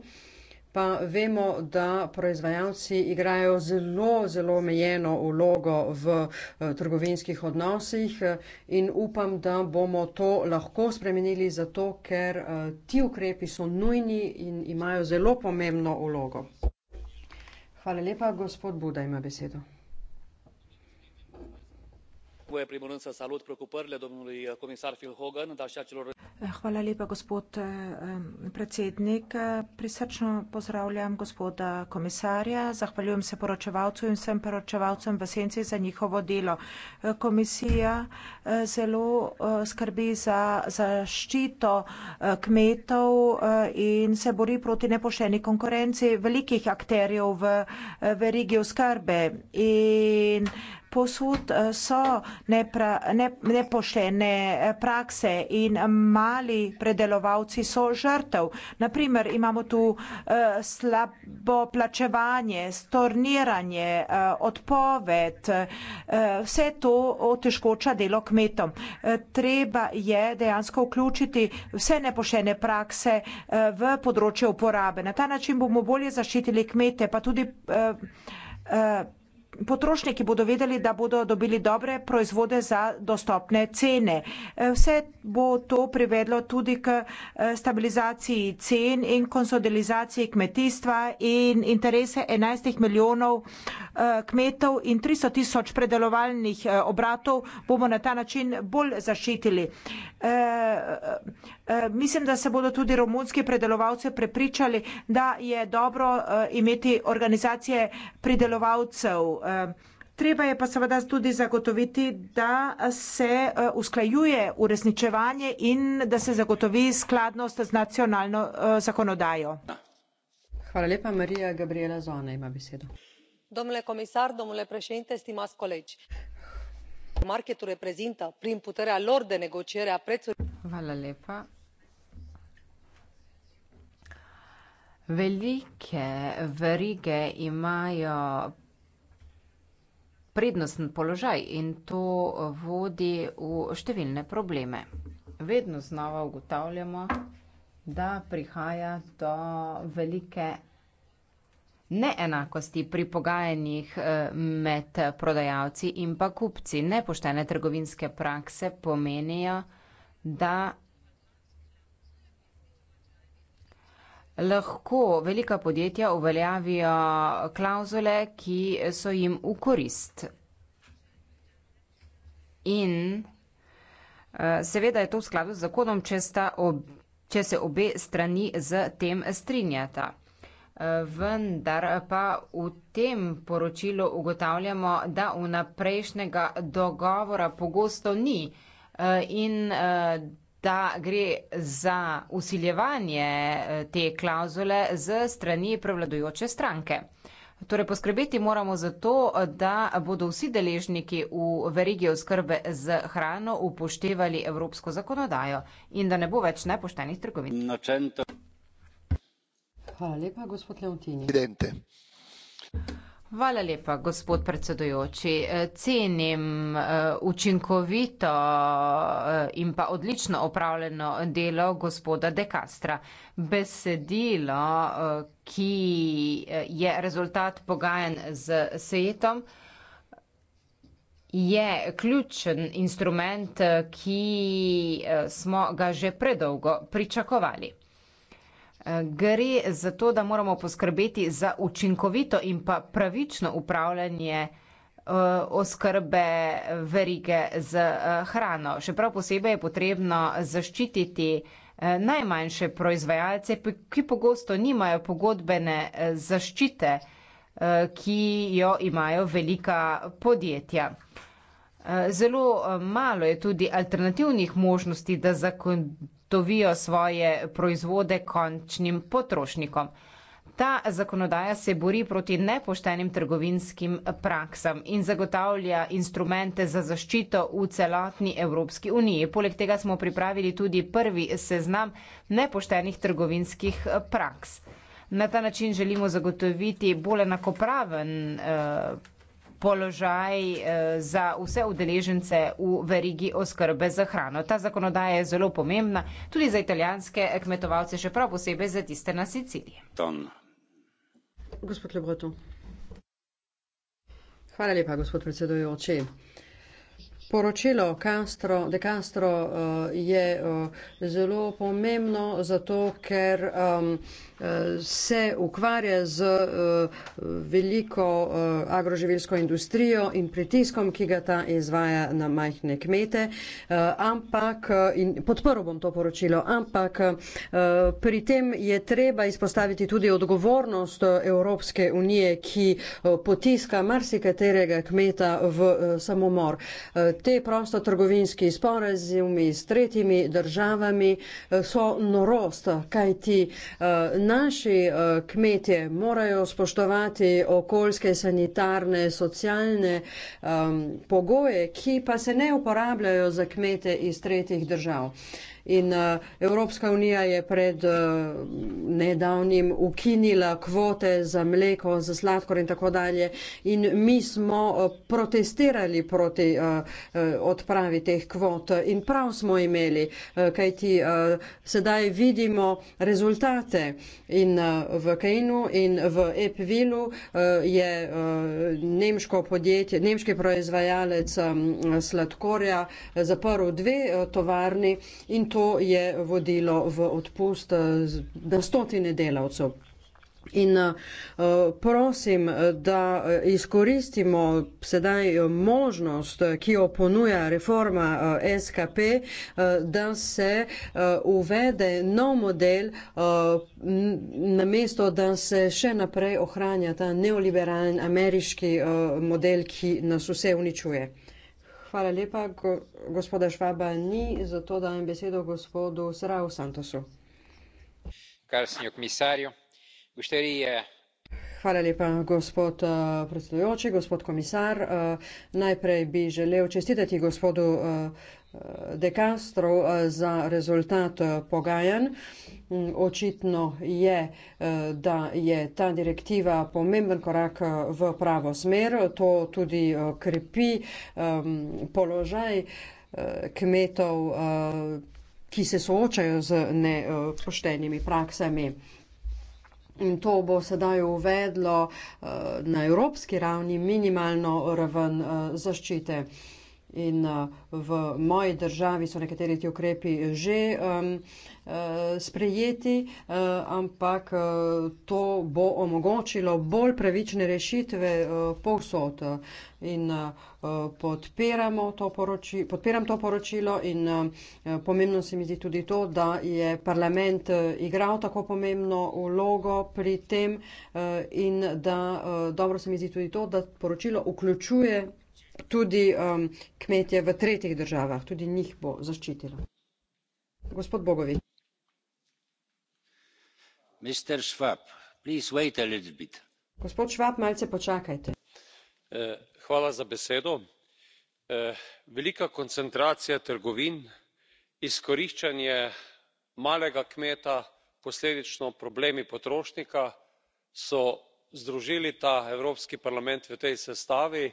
S4: pa vemo, da proizvajalci igrajo zelo, zelo omejeno vlogo v eh, trgovinskih odnosih eh, in upam, da bomo to lahko spremenili zato, ker eh, ti ukrepi so nujni in imajo zelo pomembno vlogo. Hvala lepa, gospod Buda ima besedo
S7: voi în primul rând să salut preocupările domnului uh, comisar Phil Hogan, dar și a celor...
S10: Hvala lepa, gospod uh, um, predsednik. Uh, prisrčno pozdravljam gospoda komisarja, zahvaljujem se poročevalcu in vsem poročevalcem v senci za njihovo delo. Komisija zelo skrbi za zaščito kmetov in se bori proti nepošteni konkurenci velikih akterjev v, v regiji oskrbe. In posud eh, so nepoštene eh, prakse in mali predelovalci so žrtev. Naprimer, imamo tu eh, slabo plačevanje, storniranje, odpoved, vse to otežkoča delo kmetom. Treba je dejansko vključiti vse nepoštene prakse v področje uporabe. Na ta način bomo bolje zaščitili kmete, pa tudi potrošniki bodo vedeli, da bodo dobili dobre proizvode za dostopne cene. E, vse bo to privedlo tudi k e, stabilizaciji cen in konsolidizaciji kmetijstva in interese 11 milijonov e, kmetov in 300 tisoč predelovalnih obratov bomo na ta način bolj zašitili. Eh, mislim, da se bodo tudi romunski predelovalci prepričali, da je dobro eh, imeti organizacije pridelovalcev. Eh, treba je pa seveda tudi zagotoviti, da se usklajuje uresničevanje in da se zagotovi skladnost z nacionalno zakonodajo. Hvala lepa,
S4: Marija Gabriela Zona ima besedo. Domnule komisar, domnule președinte, stimați colegi.
S1: Marketul reprezintă, prin puterea lor de negociere a prețurilor.
S11: Velike verige imajo prednosten položaj in to vodi v številne probleme. Vedno znova ugotavljamo, da prihaja do velike neenakosti pri pogajanjih eh, med prodajalci in pa kupci. Nepoštene trgovinske prakse pomenijo, da lahko velika podjetja uveljavijo klauzule, ki so jim v korist. In eh, seveda je to v skladu z zakonom, če, sta, ob, če se obe strani z tem strinjata. Eh, vendar pa v tem poročilu ugotavljamo, da v naprejšnjega dogovora pogosto ni eh, in da gre za usiljevanje eh, te klauzule z strani prevladujoče stranke. Torej, poskrbeti moramo za to, da bodo vsi deležniki v verigi oskrbe z hrano upoštevali evropsko zakonodajo in da ne bo več nepoštenih trgovin. Načento. Hvala
S4: lepa, gospod
S11: Leontini. Evidente. Hvala lepa, gospod predsedujoči. E, cenim e, učinkovito e, in pa odlično opravljeno delo gospoda De Castra. Besedilo, ki je rezultat pogajanj z Sejetom, je ključen instrument, ki smo ga že predolgo pričakovali gre za to, da moramo poskrbeti za učinkovito in pa pravično upravljanje eh, oskrbe verige z eh, hrano. Še prav posebej je potrebno zaščititi eh, najmanjše proizvajalce, ki pogosto nimajo pogodbene zaščite, ki jo imajo velika podjetja. Zelo malo je tudi alternativnih možnosti, da zakon tovijo svoje proizvode končnim potrošnikom. Ta zakonodaja se bori proti nepoštenim trgovinskim praksam in zagotavlja instrumente za zaščito v celotni Evropski uniji. Poleg tega smo pripravili tudi prvi seznam nepoštenih trgovinskih praks. Na ta način želimo zagotoviti bolj enakopraven eh, položaj eh, za vse udeležence v verigi oskrbe za hrano. Ta zakonodaja je zelo pomembna tudi za italijanske kmetovalce, še prav posebej za tiste na Siciliji.
S5: Ton.
S4: Gospod Lebrotu. Hvala lepa, gospod predsedujoči. Poročilo Castro, de Castro uh, je uh, zelo pomembno, zato ker um, se ukvarja z eh, veliko eh, agroživelsko industrijo in pritiskom, ki ga ta izvaja na majhne kmete, eh, ampak in podprl bom to poročilo, ampak pri tem je treba izpostaviti tudi odgovornost Evropske unije, ki potiska marsikaterega kmeta v samomor. Te prostotrgovinski sporazumi s tretjimi državami so norost, kajti naši uh, kmetje morajo spoštovati okoljske, sanitarne, socialne um, pogoje, ki pa se ne uporabljajo za kmete iz tretjih držav. Uh, In uh, Evropska unija je pred uh, nedavnim ukinila kvote za mleko, za sladkor in tako dalje. In mi smo uh, protestirali proti uh, uh, odpravi teh kvot in prav smo imeli, uh, kajti uh, sedaj vidimo rezultate in uh, v Kejnu in v Epvilu uh, je uh, nemško podjetje, nemški proizvajalec um, sladkorja uh, zaprl dve uh, tovarni in to to je vodilo v odpust eh, na stotine delavcev. In eh, prosim, da eh, izkoristimo sedaj možnost, ki jo ponuja reforma SKP, da se uvede nov model, namesto da se še naprej ohranja ta neoliberalen ameriški model, ki nas vse uničuje. Hvala lepa. Go, gospoda Švaba ni, zato dajem besedo gospodu Srau Santosu. Hvala lepa, gospod uh, predsedujoči, gospod komisar. Uh, najprej bi želel čestitati gospodu uh, De Castro eh, za rezultat eh, pogajanj. Mm, očitno je, eh, da je ta direktiva pomemben korak v pravo smer. To tudi krepi ehm, položaj kmetov, ki se soočajo z nepoštenimi praksami. In to bo sedaj uvedlo na evropski ravni minimalno raven zaščite. In eh, v moji državi so nekateri ti ukrepi že um, sprejeti, eh, ampak to bo omogočilo bolj pravične rešitve povsod. In podpiramo to, poroči, podpiram to poročilo in pomembno se mi zdi tudi to, da je parlament igral tako pomembno vlogo pri tem in da dobro se mi zdi tudi to, da poročilo vključuje tudi um, kmetje v tretjih državah, tudi njih bo zaščitilo. Gospod Bogovič.
S5: Mr. Schwab, please wait a little
S8: bit.
S4: Gospod Schwab, malce počakajte.
S8: Eh, hvala za besedo. Eh, velika koncentracija trgovin, izkoriščanje malega kmeta, posledično problemi potrošnika so združili ta Evropski parlament v tej sestavi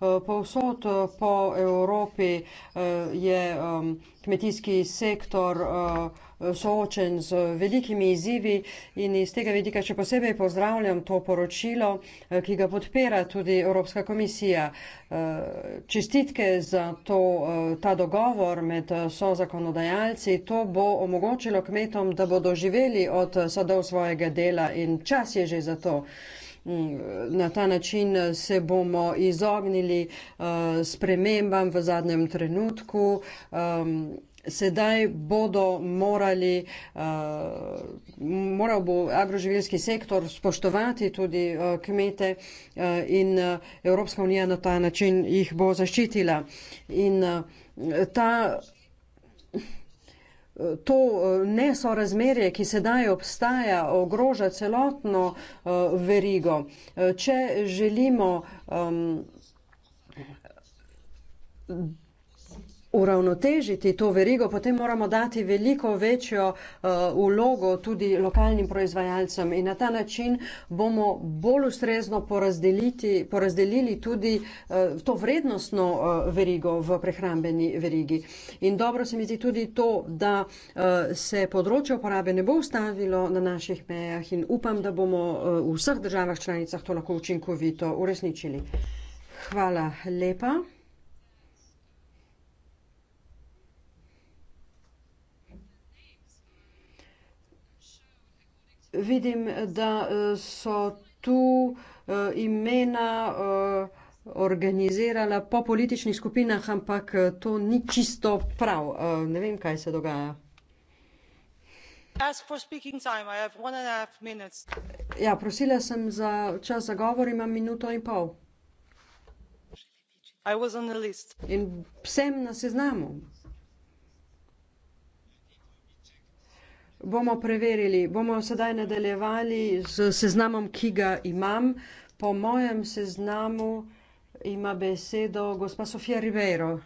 S4: Povsod eh, po Evropi eh, je kmetijski sektor eh, soočen z velikimi izzivi in iz tega vidika še posebej pozdravljam to poročilo, ki ga podpira tudi Evropska komisija. Čestitke za to, ta dogovor med sozakonodajalci, to bo omogočilo kmetom, da bodo živeli od sadov svojega dela in čas je že za to na ta način se bomo izognili eh, spremembam v zadnjem trenutku. Sedaj bodo morali, eh, moral bo agroživljenski sektor spoštovati tudi eh, kmete in Evropska unija na ta način jih bo zaščitila. In ta to eh, nesorazmerje, ki sedaj obstaja, ogroža celotno eh, verigo. Eh, če želimo. Ehm, uravnotežiti to verigo, potem moramo dati veliko večjo uh, vlogo tudi lokalnim proizvajalcem in na ta način bomo bolj ustrezno porazdelili tudi uh, to vrednostno uh, verigo v prehrambeni verigi. In dobro se mi zdi tudi to, da uh, se področje uporabe ne bo ustavilo na naših mejah in upam, da bomo uh, v vseh državah članicah to lahko učinkovito uresničili. Hvala lepa. vidim, da eh, so tu eh, imena eh, organizirala po političnih skupinah, ampak to ni čisto prav. Ne vem, kaj se dogaja. Ja, prosila sem za čas za govor, imam minuto in pol. In sem na seznamu. Bomo preverili, bomo sedaj nadaljevali z seznamom, ki ga imam. Po mojem seznamu ima besedo gospa Sofija Ribeiro.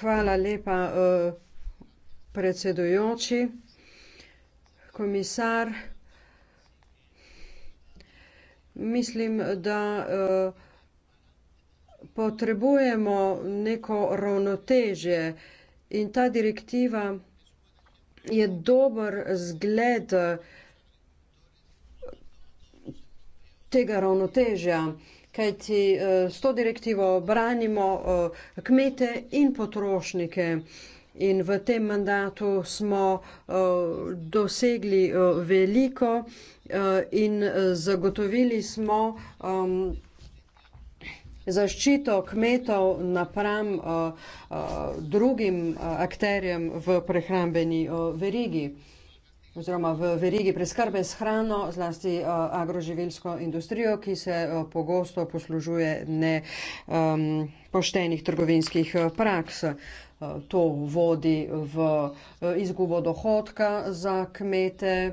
S4: Hvala lepa, eh, predsedujoči, komisar. Mislim, da. Eh, potrebujemo neko ravnotežje in ta direktiva je dober zgled tega ravnotežja, kajti eh, s to direktivo branimo eh, kmete in potrošnike in v tem mandatu smo eh, dosegli veliko in zagotovili smo, da ehm, zaščito kmetov napram uh, uh, drugim uh, akterjem v prehrambeni uh, verigi oziroma v verigi preskrbe s hrano, zlasti uh, agroživilsko industrijo, ki se uh, pogosto poslužuje ne um, poštenih trgovinskih praks. Uh, to vodi v uh, izgubo dohodka za kmete,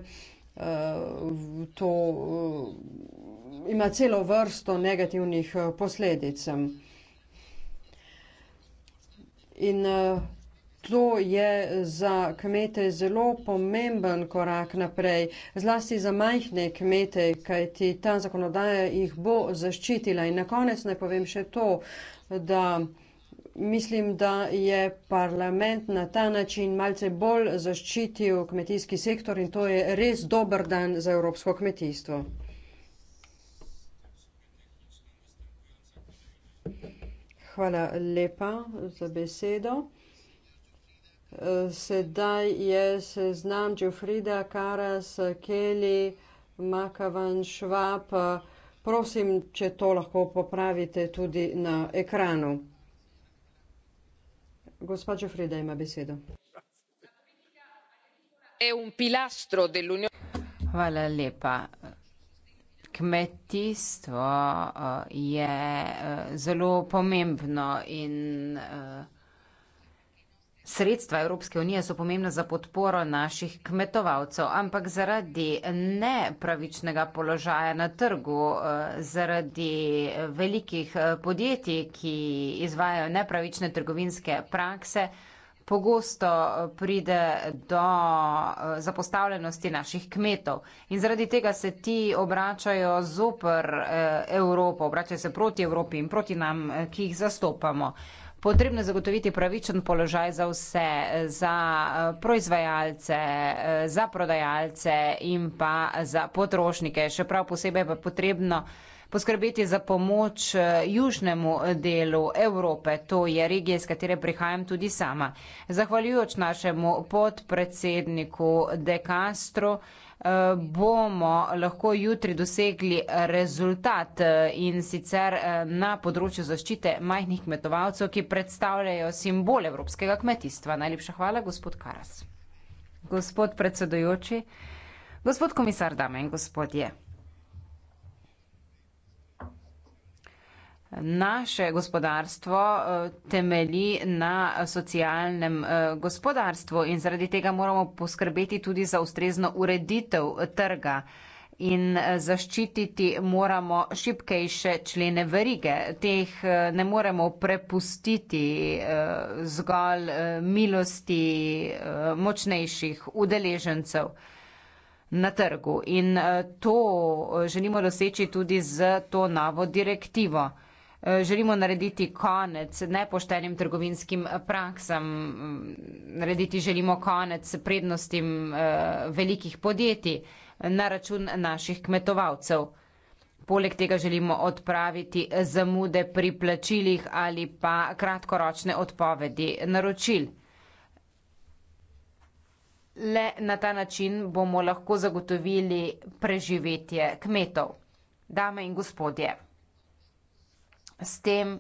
S4: uh, to. Uh, ima celo vrsto negativnih eh, posledic. In eh, to je za kmete zelo pomemben korak naprej, zlasti za majhne kmete, kajti ta zakonodaja jih bo zaščitila. In na konec naj povem še to, da mislim, da je parlament na ta način malce bolj zaščitil kmetijski sektor in to je res dober dan za evropsko kmetijstvo. Hvala lepa za besedo. Sedaj je seznam Geoffrida, Karas, Kelly, Makavan, Švab. Prosim, če to lahko popravite tudi na ekranu. Gospa Geoffrida ima besedo. Hvala lepa kmetijstvo
S11: uh, je uh, zelo pomembno in uh, sredstva Evropske unije so pomembna za podporo naših kmetovalcev, ampak zaradi nepravičnega položaja na trgu, uh, zaradi velikih uh, podjetij, ki izvajajo nepravične trgovinske prakse, uh, pogosto eh, pride do eh, zapostavljenosti naših kmetov. In zaradi tega se ti obračajo zoper eh, Evropo, obračajo se proti Evropi in proti nam, ki jih zastopamo. Potrebno je zagotoviti pravičen položaj za vse, za proizvajalce, za prodajalce in pa za potrošnike. Še prav posebej pa potrebno poskrbeti za pomoč eh, južnemu delu Evrope, to je regija, iz katere prihajam tudi sama. Zahvaljujoč našemu podpredsedniku De Castro eh, bomo lahko jutri dosegli rezultat eh, in sicer na področju zaščite majhnih kmetovalcev, ki predstavljajo simbol evropskega kmetijstva. Najlepša hvala, gospod Karas. Gospod predsedujoči, gospod komisar, dame in gospodje. Naše gospodarstvo eh, temelji na socialnem eh, gospodarstvu in zaradi tega moramo poskrbeti tudi za ustrezno ureditev eh, trga in zaščititi moramo šipkejše člene verige. Teh ne moremo prepustiti zgolj milosti močnejših udeležencev na trgu in to želimo doseči tudi z to novo direktivo. Eh, želimo narediti konec nepoštenim trgovinskim praksam, narediti želimo konec prednostim eh, velikih podjetij na račun naših kmetovalcev. Poleg tega želimo odpraviti zamude pri plačilih ali pa kratkoročne odpovedi naročil. Le na ta način bomo lahko zagotovili preživetje kmetov. Dame in gospodje. S tem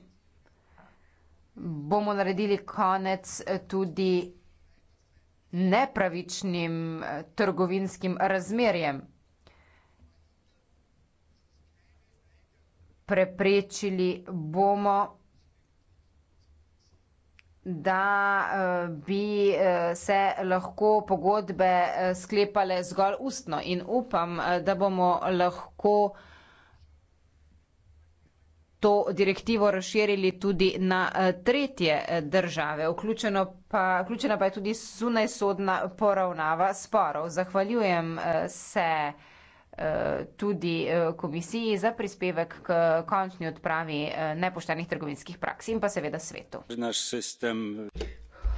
S11: bomo naredili konec eh, tudi nepravičnim eh, trgovinskim razmerjem. Preprečili bomo, da eh, bi se lahko pogodbe sklepale zgolj ustno in upam, da bomo lahko to direktivo razširili tudi na eh, tretje eh, države. Pa, vključena pa je tudi sunajsodna poravnava sporov. Zahvaljujem eh, se tudi komisiji za prispevek k končni odpravi nepoštenih trgovinskih praks in pa seveda svetu.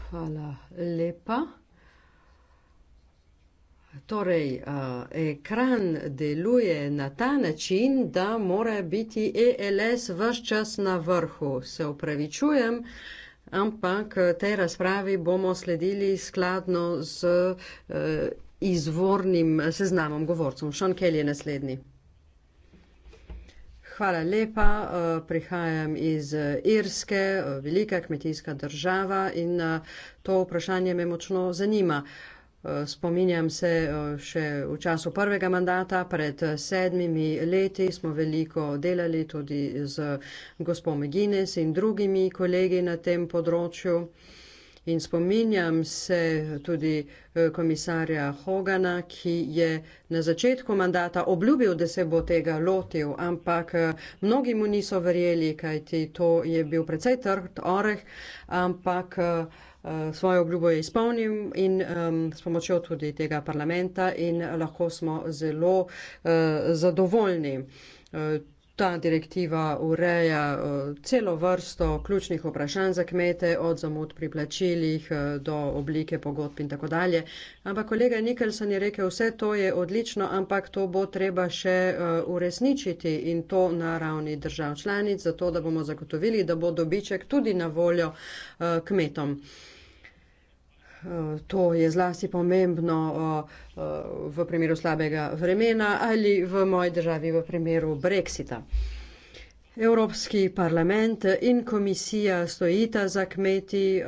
S4: Hvala lepa. Torej, uh, ekran deluje na ta način, da mora biti ELS vse čas na vrhu. Se upravičujem, ampak tej razpravi bomo sledili skladno z uh, izvornim seznamom govorcev. Sean Kelly je naslednji. Hvala lepa, e, prihajam iz Irske, e, velika kmetijska država in to vprašanje me močno zanima. Spominjam se eh, še v času prvega mandata, pred eh, sedmimi leti smo veliko delali tudi z gospom Gines in drugimi kolegi na tem področju. In spominjam se tudi eh, komisarja Hogana, ki je na začetku mandata obljubil, da se bo tega lotil, ampak mnogi mu niso verjeli, kajti to je bil precej trd oreh, ampak Eh, svojo obljubo je izpolnil in um, s pomočjo tudi tega parlamenta in lahko smo zelo uh, zadovoljni. Eh, ta direktiva ureja celo vrsto ključnih vprašanj za kmete, od zamud pri plačilih do oblike pogodb in tako dalje. Ampak kolega Nikelsen je rekel, vse to je odlično, ampak to bo treba še uresničiti in to na ravni držav članic, zato da bomo zagotovili, da bo dobiček tudi na voljo kmetom. To je zlasti pomembno v primeru slabega vremena ali v moji državi v primeru Brexita. Evropski parlament in komisija stojita za kmeti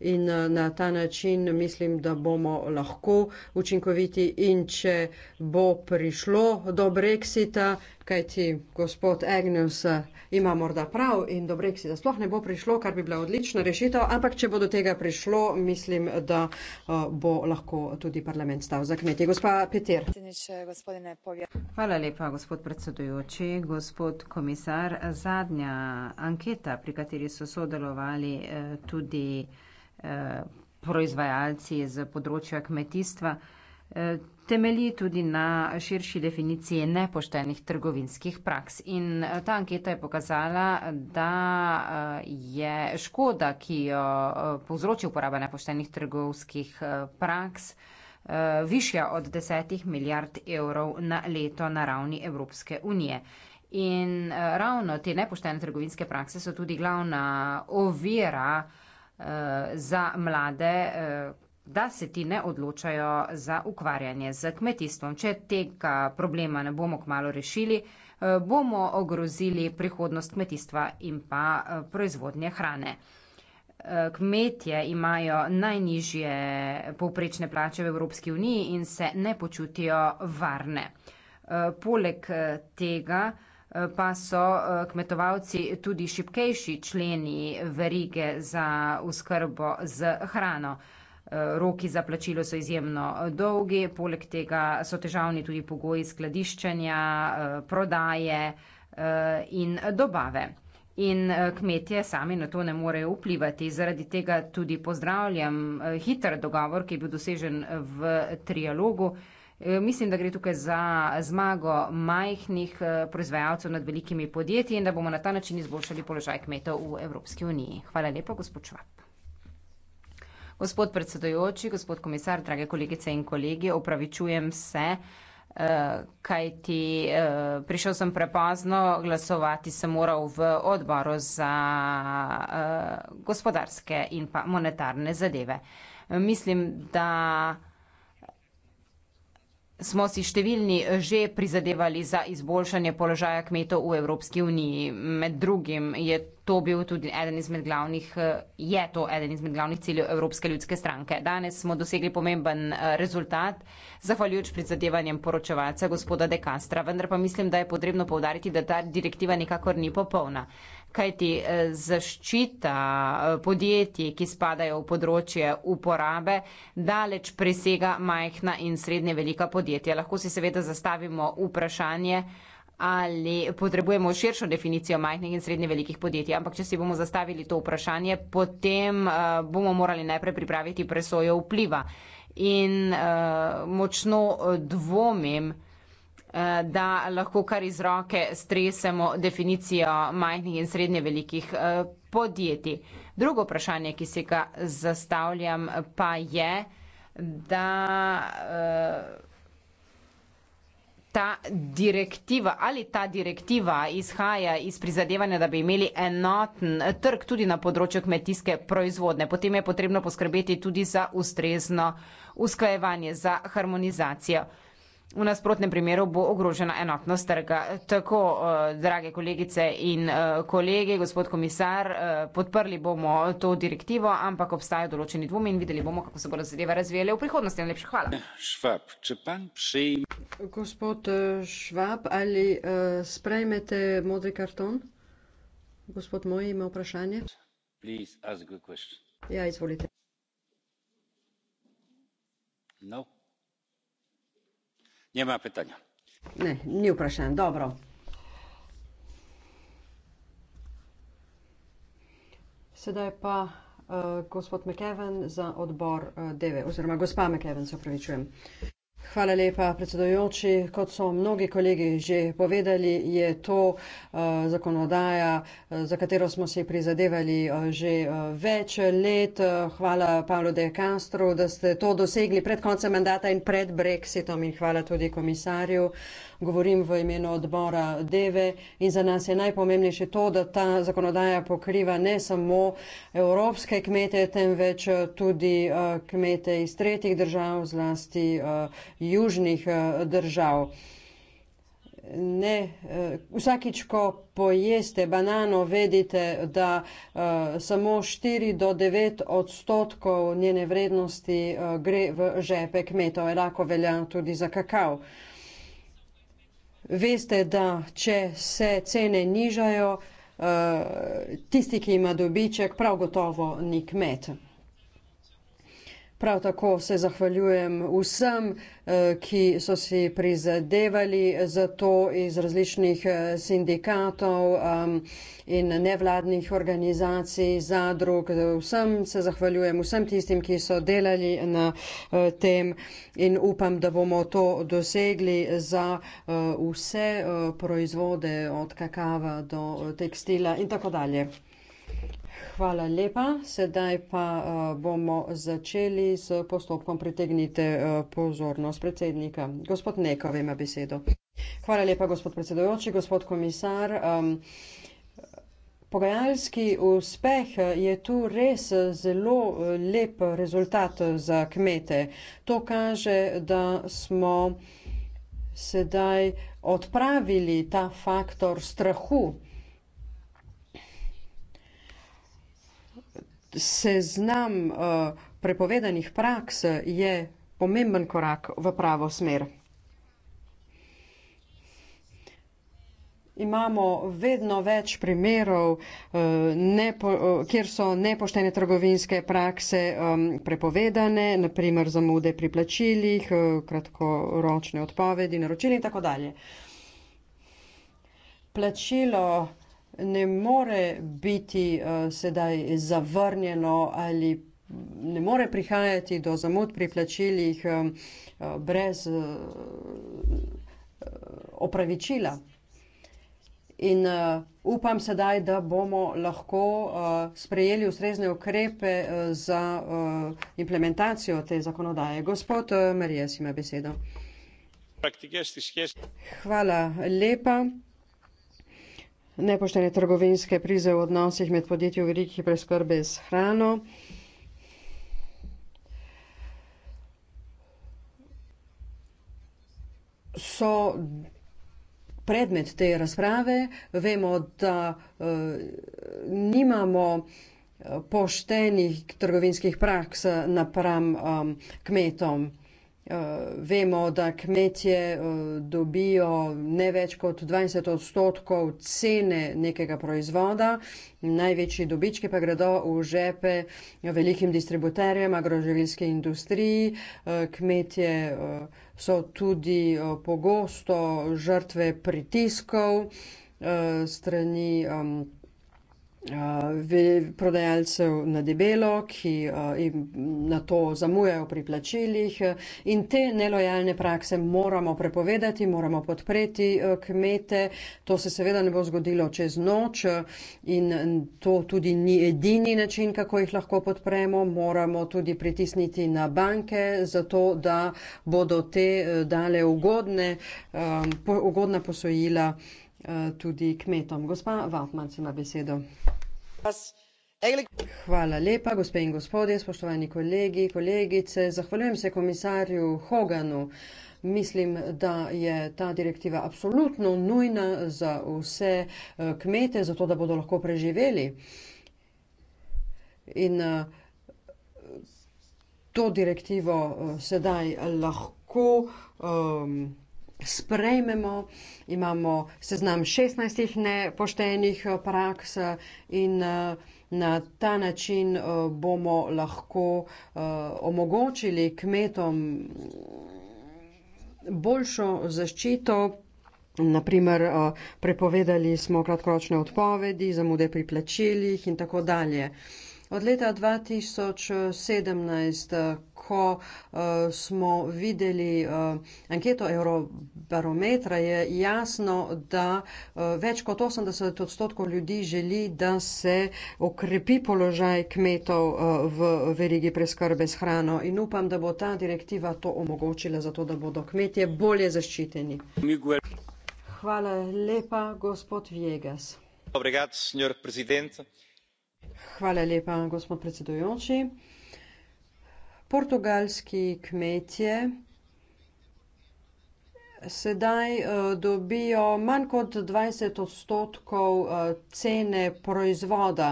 S4: in na ta način mislim, da bomo lahko učinkoviti in če bo prišlo do Brexita, kajti gospod Agnes ima morda prav in do Brexita sploh ne bo prišlo, kar bi bila odlična rešitev, ampak če bo do tega prišlo, mislim, da eh, bo lahko tudi parlament stal za kmetje. Gospa Peter.
S11: Hvala lepa, gospod predsedujoči, gospod komisar. Zadnja anketa, pri kateri so sodelovali eh, tudi eh, proizvajalci z področja kmetijstva, temelji tudi na širši definiciji nepoštenih trgovinskih praks. In eh, ta anketa je pokazala, da eh, je škoda, ki jo eh, povzroči uporaba nepoštenih trgovskih praks, višja od 10 milijard evrov na leto na ravni Evropske unije. In ravno te nepoštene trgovinske prakse so tudi glavna ovira za mlade, da se ti ne odločajo za ukvarjanje z kmetijstvom. Če tega problema ne bomo kmalo rešili, eh, bomo ogrozili prihodnost kmetijstva in pa eh, proizvodnje hrane. Eh, kmetje imajo najnižje povprečne plače v Evropski uniji in se ne počutijo varne. Poleg tega pa so kmetovalci tudi šipkejši členi verige za uskrbo z hrano. Eh, roki za plačilo so izjemno eh, dolgi, poleg tega so težavni tudi pogoji skladiščenja, eh, prodaje in dobave. In kmetje sami na to ne morejo vplivati. Zaradi tega tudi pozdravljam hiter dogovor, ki je bil dosežen v trialogu. Mislim, da gre tukaj za zmago majhnih proizvajalcev nad velikimi podjetji in da bomo na ta način izboljšali položaj kmetov v Evropski uniji. Hvala lepa, gospod Švab. Gospod predsedojoči, gospod komisar, drage kolegice in kolegi, opravičujem se, eh, kaj ti eh, prišel sem prepozno, glasovati sem moral v odboru za eh, gospodarske in pa monetarne zadeve. Mislim, da smo si številni že prizadevali za izboljšanje položaja kmetov v Evropski uniji. Med drugim je to bil tudi eden izmed glavnih, eh, je to eden izmed glavnih ciljev Evropske ljudske stranke. Danes smo dosegli pomemben eh, rezultat, zahvaljujoč prizadevanjem poročevalca gospoda De Castra, vendar pa mislim, da je potrebno povdariti, da ta direktiva nikakor ni popolna. Kajti eh, zaščita podjetij, ki spadajo v področje uporabe, daleč presega majhna in srednje velika podjetja. Lahko si seveda zastavimo vprašanje, ali potrebujemo širšo definicijo majhnih in srednje velikih podjetij. Ampak, če si bomo zastavili to vprašanje, potem uh, bomo morali najprej pripraviti presojo vpliva. In uh, močno eh, dvomim, uh, da lahko kar iz roke stresemo definicijo majhnih in srednje velikih uh, podjetij. Drugo vprašanje, ki se ga zastavljam, pa je, da. Uh, ta direktiva, ali ta direktiva izhaja iz prizadevanja, da bi imeli enoten trg tudi na področju kmetijske proizvodne. Potem je potrebno poskrbeti tudi za ustrezno usklajevanje, za harmonizacijo. V nasprotnem primeru bo ogrožena enotnost trga. Tako, eh, drage kolegice in eh, kolege, gospod komisar, eh, podprli bomo to direktivo, ampak obstajajo
S4: določeni dvomi in videli bomo, kako se bodo zadeve razvijale v prihodnosti. Najlepša hvala.
S11: Švab, če pan
S5: prejme.
S4: Gospod Švab, ali uh, sprejmete modri karton? Gospod moj ima vprašanje. Please, ja, izvolite.
S5: No nie ma pytania.
S4: Nie uprašam, dobro. Sedaj pa uh, gospod McEwen za odbor uh, eh, DV, oziroma gospa McEwen, se opravičujem. Hvala lepa, predsedojoči. Kot so mnogi kolegi že povedali, je to uh, zakonodaja, eh, za katero smo si prizadevali uh, že uh, več let. Hvala Pavlo De Castro, da ste to dosegli pred koncem mandata in pred brexitom in hvala tudi komisarju. Uh, govorim v imenu odbora Deve in za nas je najpomembnejše to, da ta zakonodaja pokriva ne samo evropske kmete, temveč tudi eh, kmete iz tretjih držav, zlasti eh, južnih eh, držav. Ne, vsakič, ko pojeste banano, vedite, da uh, samo 4 do 9 odstotkov njene vrednosti uh, gre v žepe kmetov. Enako velja tudi za kakav. Uh, veste, da če se cene nižajo, eh, tisti, ki ima dobiček, prav gotovo ni kmet. Prav tako se zahvaljujem vsem, eh, ki so si prizadevali za to iz različnih eh, sindikatov um, in nevladnih organizacij, zadrug. Vsem se zahvaljujem, vsem tistim, ki so delali na eh, tem in upam, da bomo to dosegli za vse proizvode od kakava do tekstila in tako dalje. Hvala lepa. Sedaj pa eh, bomo začeli s postopkom pritegnite eh, pozornost predsednika. Gospod Nekov ima besedo. Hvala lepa, gospod predsedojoči, gospod komisar. Pogajalski uspeh eh, je tu res zelo lep rezultat za kmete. To kaže, da smo sedaj odpravili ta faktor strahu seznam eh, prepovedanih praks je pomemben korak v pravo smer. Imamo vedno več primerov, eh, nepo, eh, kjer so nepoštene trgovinske prakse ehm, prepovedane, naprimer zamude pri plačilih, kratkoročne odpovedi, naročili in tako dalje. Plačilo ne more biti uh, sedaj zavrnjeno ali ne more prihajati do zamud pri plačilih uh, brez uh, opravičila. In uh, upam sedaj, da bomo lahko uh, sprejeli ustrezne ukrepe uh, za uh, implementacijo te zakonodaje. Gospod uh, Marijas ima besedo. Hvala lepa nepoštene trgovinske prize v odnosih med podjetji v veliki preskrbi s hrano. So predmet te razprave. Vemo, da e, nimamo eh, poštenih trgovinskih praks eh, napram e, kmetom. Uh, vemo, da kmetje uh, dobijo ne več kot 20 odstotkov cene nekega proizvoda, največji dobički pa gredo v žepe velikim distributerjem, agroživilske industriji. Uh, kmetje uh, so tudi uh, pogosto žrtve pritiskov uh, strani. Um, prodajalcev na debelo, ki eh, na to zamujajo pri plačilih in te nelojalne prakse moramo prepovedati, moramo podpreti eh, kmete. To se seveda ne bo zgodilo čez noč eh, in to tudi ni edini način, kako jih lahko podpremo. Moramo tudi pritisniti na banke, zato da bodo te dale ugodne, ugodna posojila. Eh, tudi kmetom. Gospa Vautman, ima besedo. Hvala lepa, gospe in gospodje, spoštovani kolegi, kolegice. Zahvaljujem se komisarju Hoganu. Mislim, da je ta direktiva absolutno nujna za vse eh, kmete, zato da bodo lahko preživeli. In eh, to direktivo sedaj lahko. Um, sprejmemo, imamo seznam 16 nepoštenih eh, praks eh, in eh, na ta način bomo lahko omogočili kmetom boljšo zaščito. Naprimer, prepovedali smo kratkoročne odpovedi, zamude pri plačilih in tako dalje. Od leta 2017 ko uh, smo videli uh, anketo Eurobarometra, je jasno, da uh, več kot 80 odstotkov ljudi želi, da se okrepi položaj kmetov uh, v verigi preskrbe s hrano. In upam, da bo ta direktiva to omogočila, zato da bodo kmetje bolje zaščiteni. Miguel. Hvala lepa, gospod Viegas. Obrigado, Hvala lepa, gospod predsedujoči portugalski kmetje sedaj eh, dobijo manj kot dvajset odstotkov eh, cene proizvoda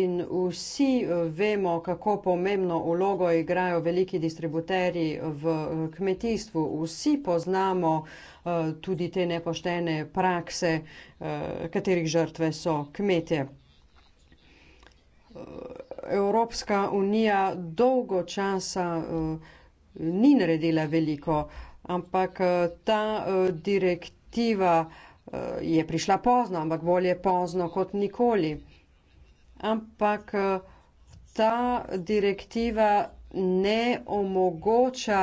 S4: in vsi eh, vemo, kako pomembno vlogo igrajo veliki distributerji v kmetijstvu. Vsi poznamo tudi te nepoštene prakse, katerih žrtve so kmetje. Evropska unija dolgo časa eh, ni naredila veliko, ampak eh, ta eh, direktiva je prišla pozno, ampak bolje pozno kot nikoli. Ampak ta direktiva ne omogoča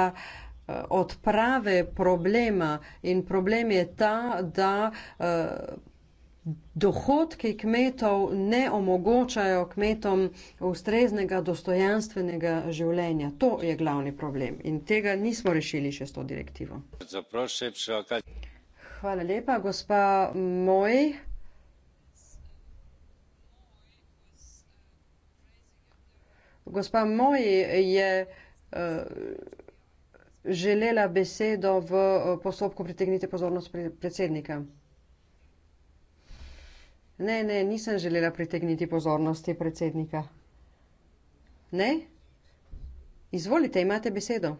S4: odprave problema in problem je ta, da dohodki kmetov ne omogočajo kmetom ustreznega, dostojanstvenega življenja. To je glavni problem in tega nismo rešili še s to direktivo. Hvala lepa, gospa Moj. Gospa Moj je uh, želela besedo v eh, postopku pritegnite pozornost predsednika. Ne, ne, nisem želela pritegniti pozornosti predsednika. Ne? Izvolite, imate besedo.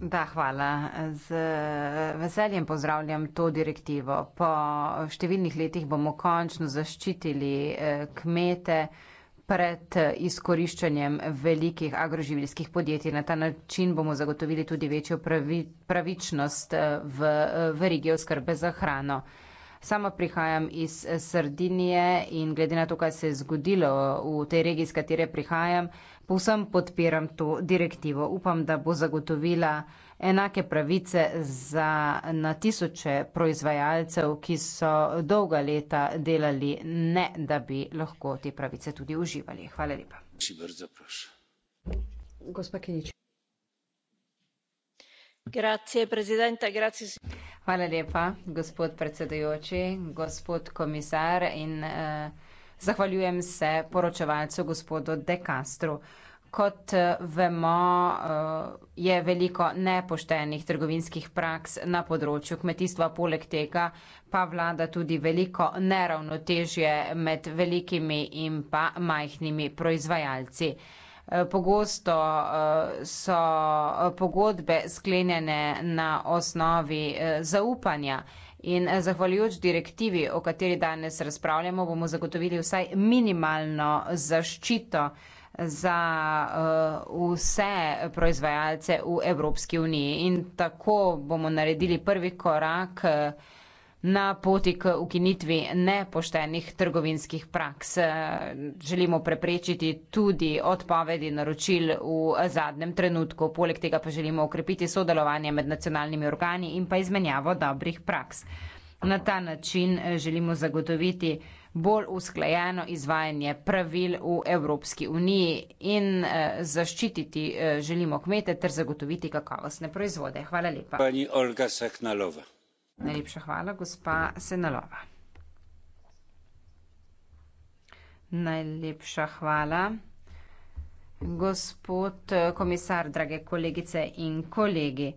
S4: Da, hvala. Z
S11: veseljem pozdravljam to direktivo. Po številnih letih bomo končno zaščitili eh, kmete pred izkoriščanjem velikih agroživilskih podjetij. Na ta način bomo zagotovili tudi večjo pravičnost eh, v eh, verigi oskrbe za hrano. Sama prihajam iz Sardinije in glede na to, kaj se je zgodilo v tej regiji, iz katere prihajam, povsem podpiram to direktivo. Upam, da bo zagotovila enake pravice za na tisoče proizvajalcev, ki so dolga leta delali ne, da bi lahko te pravice tudi uživali. Hvala lepa. Hvala lepa, gospod predsedujoči, gospod komisar in eh, zahvaljujem se poročevalcu gospodu De Castru. Kot eh, vemo, eh, je veliko nepoštenih trgovinskih praks na področju kmetijstva, poleg tega pa vlada tudi veliko neravnotežje med velikimi in pa majhnimi proizvajalci. Eh, pogosto so pogodbe sklenjene na osnovi zaupanja in zahvaljujoč direktivi, o kateri danes razpravljamo, bomo zagotovili vsaj minimalno zaščito za uh, vse proizvajalce v Evropski uniji. In tako bomo naredili prvi korak uh, na poti k ukinitvi nepoštenih trgovinskih praks. Uh, želimo preprečiti tudi odpovedi naročil v zadnjem trenutku. Poleg tega pa želimo ukrepiti sodelovanje med nacionalnimi organi in pa izmenjavo dobrih praks. Na ta način uh, želimo zagotoviti, bolj usklajeno izvajanje pravil v Evropski uniji in eh, zaščititi eh, želimo kmete ter zagotoviti kakovostne proizvode. Hvala lepa.
S5: Pani Olga Sehnalova.
S11: Najlepša hvala, gospa Senalova. Najlepša hvala. Gospod eh, komisar, drage kolegice in kolegi,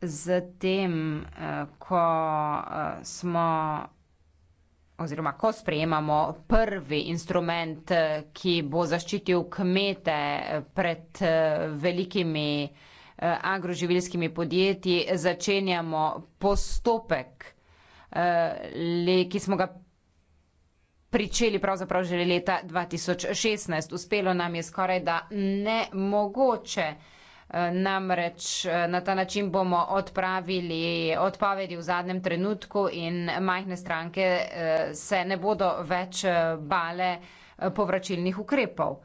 S11: z tem, eh, ko eh, smo oziroma ko sprejemamo prvi instrument, eh, ki bo zaščitil kmete eh, pred eh, velikimi agroživilskimi podjetji, začenjamo postopek, ki smo ga pričeli pravzaprav že leta 2016. Uspelo nam je skoraj da nemogoče namreč eh, na ta način bomo odpravili odpovedi v zadnjem trenutku in majhne stranke eh, se ne bodo več eh, bale povračilnih ukrepov.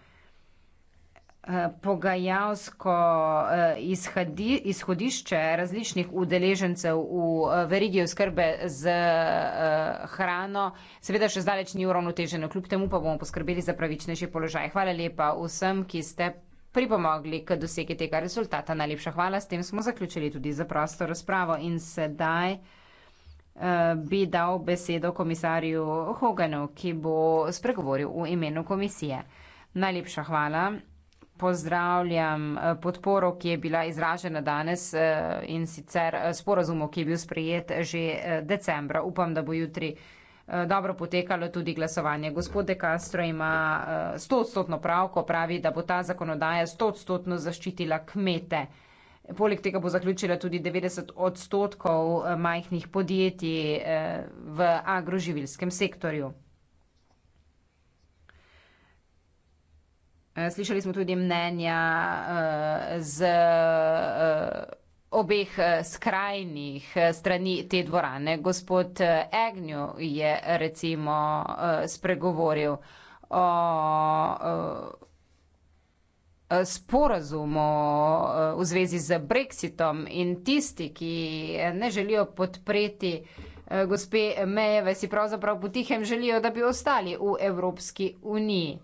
S11: Pogajalsko izhodišče različnih udeležencev v verigi oskrbe z hrano seveda še zdaleč ni uravnoteženo, kljub temu pa bomo poskrbeli za pravičnejši položaj. Hvala lepa vsem, ki ste pripomogli k dosegi tega rezultata. Najlepša hvala, s tem smo zaključili tudi za prosto razpravo in sedaj eh, bi dal besedo komisarju Hoganu, ki bo spregovoril v imenu komisije. Najlepša hvala, pozdravljam eh, podporo, ki je bila izražena danes eh, in sicer sporozumu, ki je bil sprejet že decembra. Upam, da bo jutri. Eh, dobro potekalo tudi glasovanje. Gospode Castro ima eh, stotstotno prav, ko pravi, da bo ta zakonodaja stotstotno zaščitila kmete. Poleg tega bo zaključila tudi 90 odstotkov eh, majhnih podjetij v agroživilskem sektorju. Slišali smo tudi mnenja z obeh eh, skrajnih eh, strani te dvorane. Gospod eh, Agnew je recimo spregovoril o sporazumu v zvezi z Brexitom in tisti, ki ne želijo podpreti gospe Mejeve, si pravzaprav potihem želijo, da bi ostali v Evropski uniji.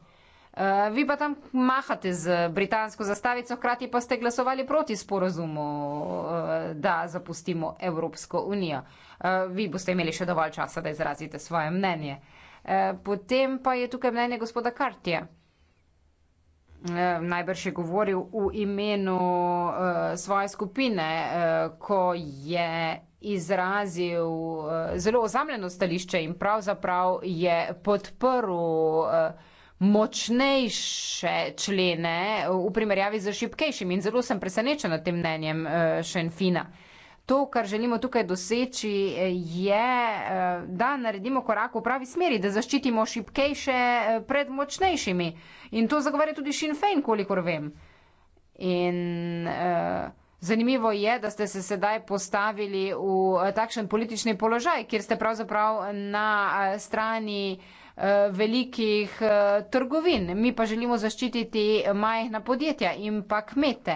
S11: Eh, vi pa tam mahate z britansko zastavico, hkrati pa ste glasovali proti sporozumu, uh, eh, da zapustimo Evropsko unijo. Uh, vi boste imeli še dovolj časa, da izrazite svoje mnenje. Uh, potem pa je tukaj mnenje gospoda Kartija. Najbrž je govoril v imenu uh, svoje skupine, uh, ko je izrazil uh, zelo ozamljeno stališče in pravzaprav je podprl uh, močnejše člene v primerjavi z šipkejšimi in zelo sem presenečen nad tem mnenjem eh, Šenfina. To, kar želimo tukaj doseči, je, eh, da naredimo korak v pravi smeri, da zaščitimo šipkejše eh, pred močnejšimi. In to zagovarja tudi Šinfein, kolikor vem. In uh, zanimivo je, da ste se sedaj postavili v takšen politični položaj, kjer ste pravzaprav na strani uh, Eh, velikih eh, trgovin. Mi pa želimo zaščititi majhna podjetja in pa kmete.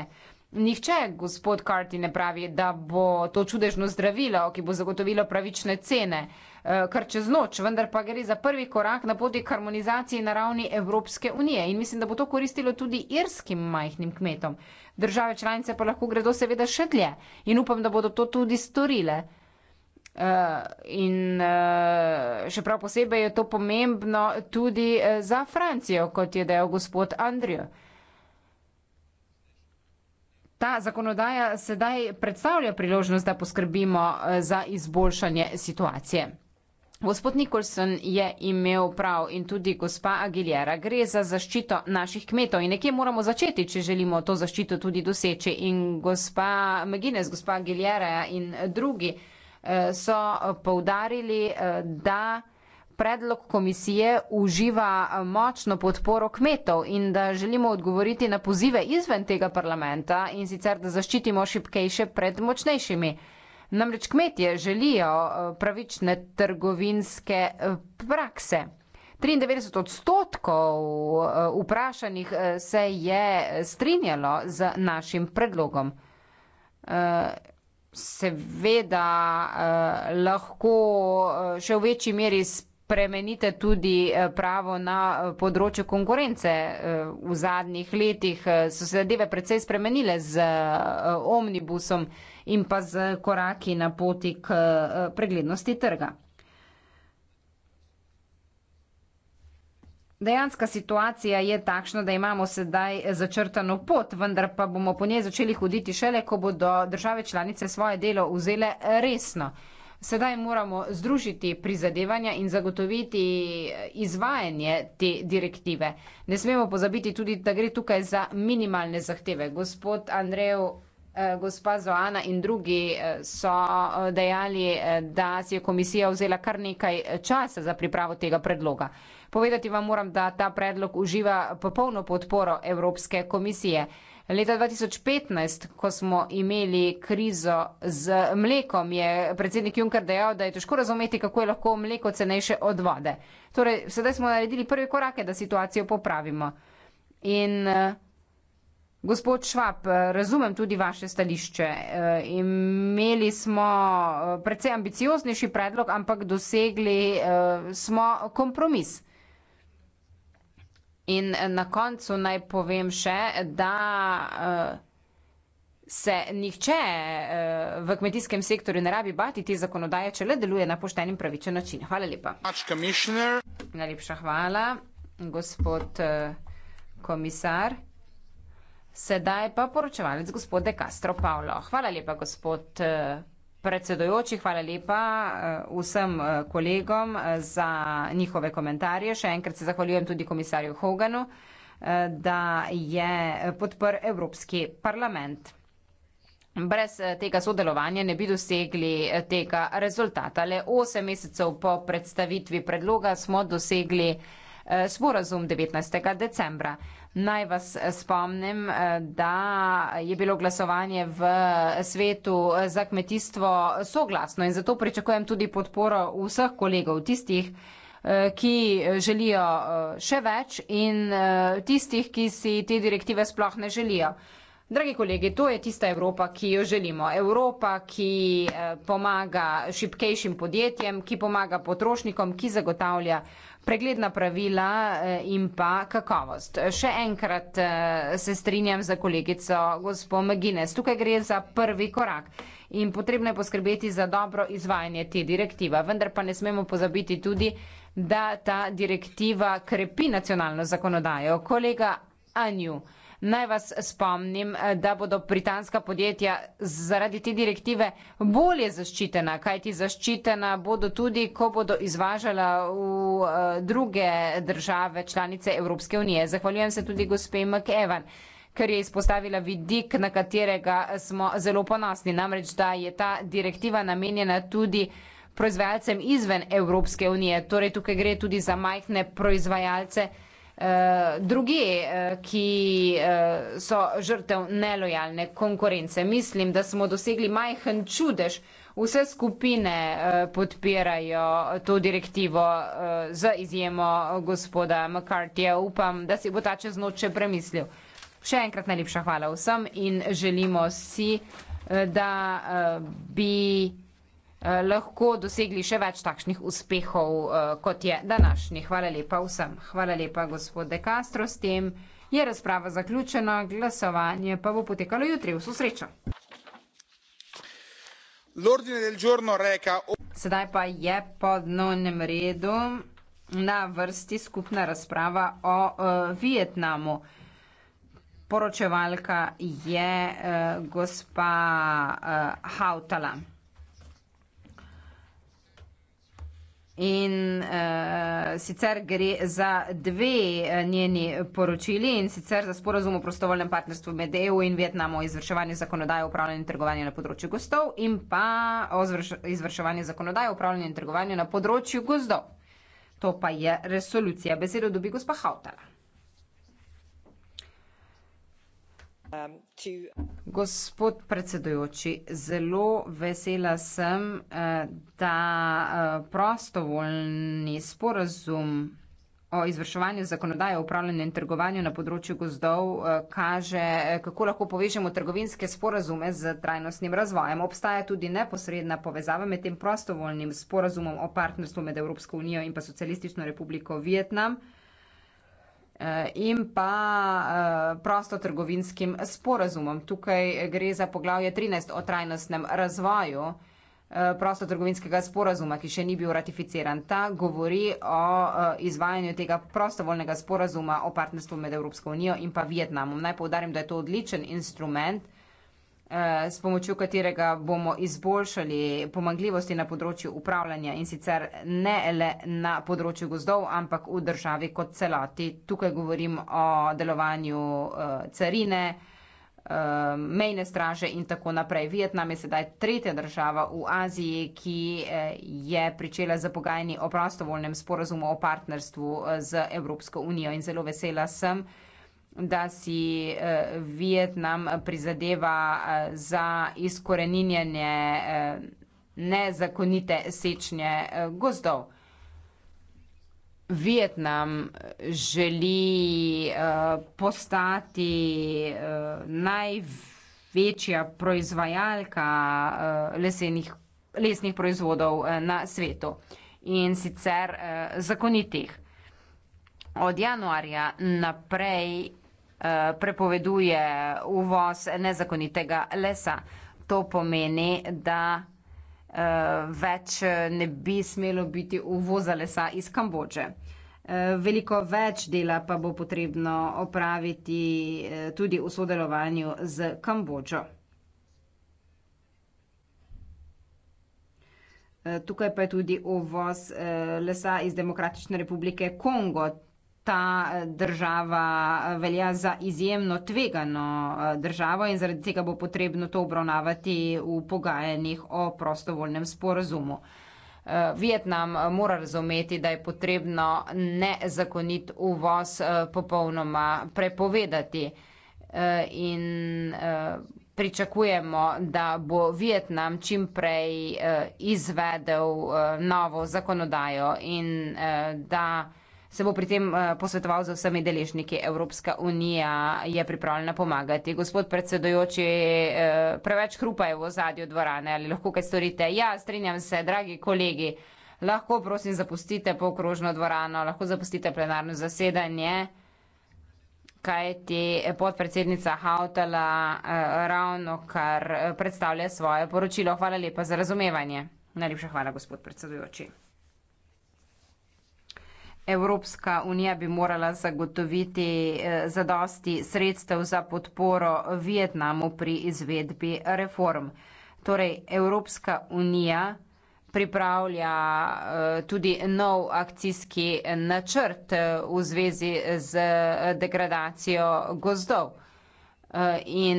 S11: Nihče, gospod Karti, ne pravi, da bo to čudežno zdravilo, ki bo zagotovilo pravične cene eh, kar čez noč, vendar pa gre za prvi korak na poti k harmonizaciji na ravni Evropske unije. In mislim, da bo to koristilo tudi irskim majhnim kmetom. Države članice pa lahko gredo seveda še dlje in upam, da bodo to tudi storile. Eh, in eh, še prav posebej je to pomembno tudi eh, za Francijo, kot je dejal gospod Andrijo. Ta zakonodaja sedaj predstavlja priložnost, da poskrbimo za izboljšanje situacije. Gospod Nikolson je imel prav in tudi gospa Aguilera. Gre za zaščito naših kmetov in nekje moramo začeti, če želimo to zaščito tudi doseči. In gospa McGuinness, gospa Aguilera in drugi so poudarili, eh, da predlog komisije uživa močno podporo kmetov in da želimo odgovoriti na pozive izven tega parlamenta in sicer, da zaščitimo šipkejše pred močnejšimi. Namreč kmetje želijo eh, pravične trgovinske eh, prakse. 93 odstotkov vprašanih se je strinjalo z našim predlogom seveda eh, lahko eh, še v večji meri spremenite tudi eh, pravo na eh, področju konkurence. V zadnjih letih so se zadeve predvsej spremenile z omnibusom in pa z koraki na poti k preglednosti trga. Dejanska situacija je takšna, da imamo sedaj začrtano pot, vendar pa bomo po njej začeli hoditi šele, ko bodo države članice svoje delo vzele resno. Sedaj moramo združiti prizadevanja in zagotoviti eh, izvajanje te direktive. Ne smemo pozabiti tudi, da gre tukaj za minimalne zahteve. Gospod Andrej, eh, gospa Zoana in drugi eh, so dejali, da si je komisija vzela kar nekaj časa za pripravo tega predloga. Povedati vam moram, da ta predlog uživa popolno podporo Evropske komisije. Leta 2015, ko smo imeli krizo z mlekom, je predsednik Juncker dejal, da je težko razumeti, kako je lahko mleko cenejše od vode. Torej, sedaj smo naredili prve korake, da situacijo popravimo. In eh, gospod Švab, razumem tudi vaše stališče. Eh, imeli smo eh, precej ambicioznejši predlog, ampak dosegli smo kompromis. In eh, na koncu naj povem še, da eh, se nihče eh, v kmetijskem sektorju ne rabi bati te zakonodaje, če le deluje na pošten in pravičen način. Hvala lepa. Najlepša hvala, gospod komisar. Sedaj pa poročevalec gospod De Castro Paolo. Hvala lepa, gospod. Predsedujoči, hvala lepa eh, vsem eh, kolegom eh, za njihove komentarje. Še enkrat se zahvaljujem tudi komisarju Hoganu, da je podprl Evropski parlament. Brez tega sodelovanja ne bi dosegli tega rezultata. Le 8 mesecev po predstavitvi predloga smo dosegli sporazum 19. decembra. Naj vas eh, spomnim, eh, da je bilo glasovanje v eh, svetu za kmetijstvo soglasno in zato pričakujem tudi podporo vseh kolegov, tistih, ki želijo še več in tistih, ki si te direktive sploh ne želijo. Dragi kolegi, to je tista Evropa, ki jo želimo. Evropa, ki pomaga šipkejšim podjetjem, ki pomaga potrošnikom, ki zagotavlja pregledna pravila eh, in pa kakovost. Še enkrat eh, se strinjam za kolegico gospod Megines. Tukaj gre za prvi korak in potrebno je poskrbeti za dobro izvajanje te direktive. Vendar pa ne smemo pozabiti tudi, da ta direktiva krepi nacionalno zakonodajo. Kolega Anju. Naj vas spomnim, eh, da bodo britanska podjetja zaradi te direktive bolje zaščitena, kajti zaščitena bodo tudi, ko bodo izvažala v eh, druge države članice Evropske unije. Zahvaljujem se tudi gospe McEwan ker je izpostavila vidik, na katerega smo zelo ponosni, namreč da je ta direktiva namenjena tudi proizvajalcem izven Evropske unije, torej tukaj gre tudi za majhne proizvajalce. Eh, druge, eh, ki eh, so žrtev nelojalne konkurence. Mislim, da smo dosegli majhen čudež. Vse skupine podpirajo to direktivo z izjemo gospoda McCarthyja. Upam, da si bo ta čez noč še premislil. Še enkrat najlepša hvala vsem in želimo si, da bi. Eh, lahko dosegli še več takšnih uspehov, eh, kot je današnji. Hvala lepa vsem. Hvala lepa, gospod De Castro. S tem je razprava zaključena, glasovanje pa bo potekalo jutri. Vso srečo. Sedaj pa je po dnevnem redu na vrsti skupna razprava o uh, Vietnamu. Poročevalka je uh, gospa uh, Hautala. In uh, sicer gre za dve eh, njeni poročili in sicer za sporazum o prostovoljnem partnerstvu med EU in Vietnamom o izvrševanju zakonodaje o upravljanju in trgovanju na področju gostov in pa o zvrš izvrševanju zakonodaje o upravljanju in trgovanju na področju gozdov. To pa je resolucija. Besedo dobi gospa Hautala. Gospod predsedujoči, zelo vesela sem, eh, da eh, prostovoljni sporazum o izvrševanju zakonodaje o upravljanju in trgovanju na področju gozdov eh, kaže, kako lahko povežemo trgovinske sporazume z trajnostnim razvojem. Obstaja tudi neposredna povezava med tem prostovoljnim sporazumom o partnerstvu med Evropsko unijo in pa Socialistično republiko Vietnam. Eh, in pa eh, prostotrgovinskim sporazumom. Tukaj gre za poglavje 13 o trajnostnem razvoju eh, prostotrgovinskega sporazuma, ki še ni bil ratificiran. Ta govori o izvajanju tega prostovoljnega sporazuma o partnerstvu med Evropsko unijo in pa Vietnamom. Naj povdarim, da je to odličen instrument Eh, s pomočjo katerega bomo izboljšali pomagljivosti na področju upravljanja in sicer ne le na področju gozdov, ampak v državi kot celoti. Tukaj govorim o delovanju eh, carine, eh, mejne straže in tako naprej. Vietnam je sedaj tretja država v Aziji, ki je pričela za pogajanje o prostovoljnem sporazumu o partnerstvu z Evropsko unijo in zelo vesela sem, da si eh, Vietnam prizadeva eh, za izkoreninjanje eh, nezakonite sečnje gozdov. Vietnam želi postati največja proizvajalka lesenih, lesnih proizvodov na svetu in sicer zakonitih. Od januarja naprej prepoveduje uvoz nezakonitega lesa. To pomeni, da eh, več ne bi smelo biti uvoza lesa iz Kambodže. Eh, veliko več dela pa bo potrebno opraviti eh, tudi v sodelovanju z Kambodžo. Tukaj pa je tudi uvoz lesa iz Demokratične republike Kongo ta eh, država eh, velja za izjemno tvegano eh, državo in zaradi tega bo potrebno to obravnavati v pogajanjih o prostovoljnem sporazumu. Vietnam mora razumeti, da je potrebno nezakonit uvoz popolnoma prepovedati in pričakujemo, da bo Vietnam čim prej izvedel novo zakonodajo in da se bo pri tem eh, posvetoval z vsemi deležniki. Evropska unija je pripravljena pomagati. Gospod predsedojoči, eh, preveč hrupa je v zadju dvorane, ali lahko kaj storite? Ja, strinjam se, dragi kolegi, lahko prosim zapustite pokrožno dvorano, lahko zapustite plenarno zasedanje. Kaj ti podpredsednica Hautala eh, ravno kar predstavlja svoje poročilo? Hvala lepa za razumevanje. Najlepša hvala, gospod predsedujoči. Evropska unija bi morala zagotoviti eh, zadosti sredstev za podporo Vietnamu pri izvedbi reform. Torej, Evropska unija pripravlja eh, tudi nov akcijski načrt eh, v zvezi z degradacijo gozdov. In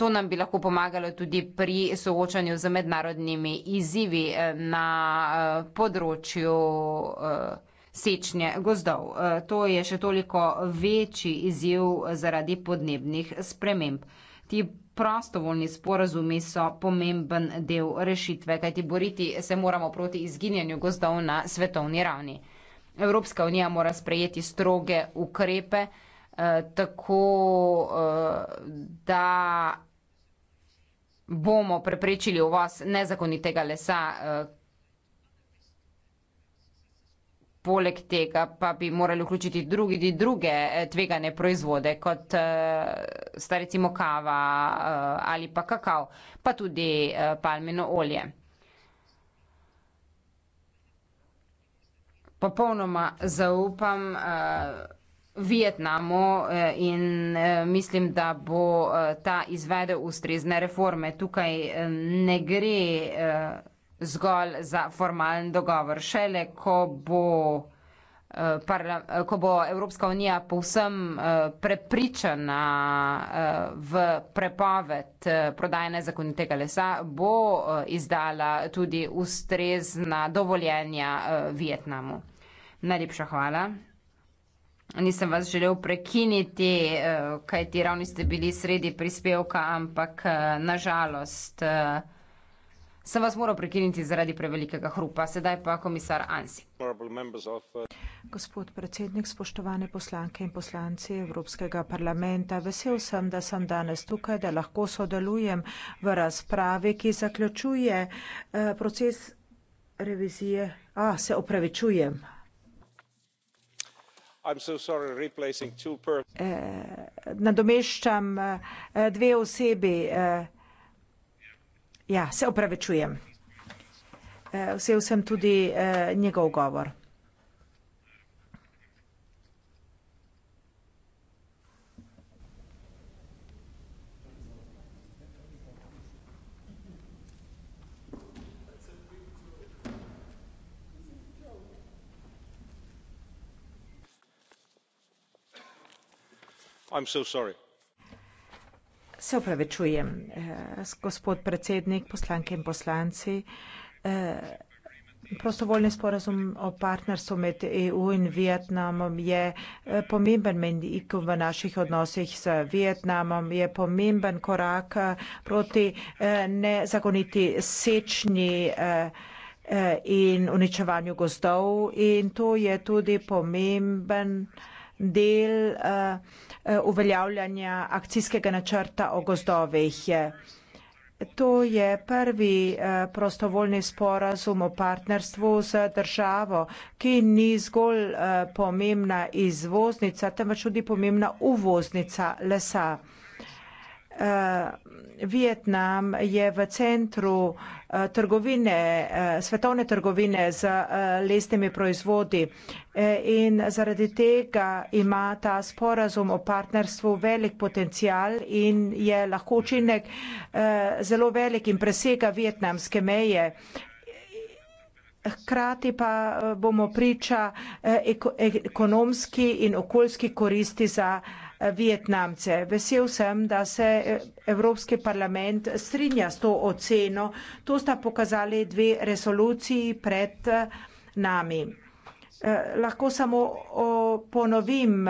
S11: to nam bi lahko pomagalo tudi pri soočanju z mednarodnimi izzivi eh, na eh, področju eh, sečnje gozdov. To je še toliko večji izziv zaradi podnebnih sprememb. Ti prostovoljni sporazumi so pomemben del rešitve, kajti boriti se moramo proti izginjanju gozdov na svetovni ravni. Evropska unija mora sprejeti stroge ukrepe, tako da bomo preprečili uvoz nezakonitega lesa. Eh, poleg tega pa bi morali vključiti drugi, druge eh, tvegane proizvode, kot eh, sta recimo kava ali pa kakav, pa tudi palmino olje. Popolnoma zaupam. Uh, Vietnamu eh, in eh, mislim, da bo eh, ta izvedel ustrezne reforme. Tukaj ne gre zgolj za formalen dogovor. Šele, ko bo, ko bo Evropska unija povsem prepričana v prepoved prodajne zakonitega lesa, bo izdala tudi ustrezna dovoljenja Vietnamu. Najlepša hvala nisem vas želel prekiniti, eh, kaj ti ravni ste bili sredi prispevka, ampak eh, nažalost eh, sem vas moral prekiniti zaradi prevelikega hrupa. Sedaj pa komisar Ansi.
S10: Gospod predsednik, spoštovane poslanke in poslanci Evropskega parlamenta, vesel sem, da sem danes tukaj, da lahko sodelujem v razpravi, ki zaključuje proces revizije. A, se opravičujem.
S5: Eh,
S10: nadomeščam eh, dve osebi. Eh, ja, se opravičujem. Vesel sem tudi njegov govor. I'm so sorry. Se upravičujem, eh, gospod predsednik, poslanke in poslanci. Eh, prostovoljni sporazum o partnerstvu med EU in Vietnamom je eh, pomemben menik v naših odnosih z Vietnamom, je pomemben korak proti nezakoniti sečni in uničevanju gozdov in to je tudi pomemben korak del eh, eh, uveljavljanja akcijskega načrta o gozdovih. To je prvi eh, prostovoljni sporazum o partnerstvu z državo, ki ni zgolj pomembna izvoznica, temveč tudi pomembna uvoznica lesa. Eh, Vietnam je v centru eh, trgovine, eh, svetovne trgovine z lesnimi proizvodi in zaradi tega ima ta sporazum o partnerstvu velik potencial in je lahko učinek zelo velik in presega vietnamske meje. Hkrati pa bomo priča ekonomski in okoljski koristi za Vietnamce. Vesel sem, da se eh, Evropski parlament strinja s to oceno. To sta pokazali dve resoluciji pred eh, nami. Eh, lahko samo ponovim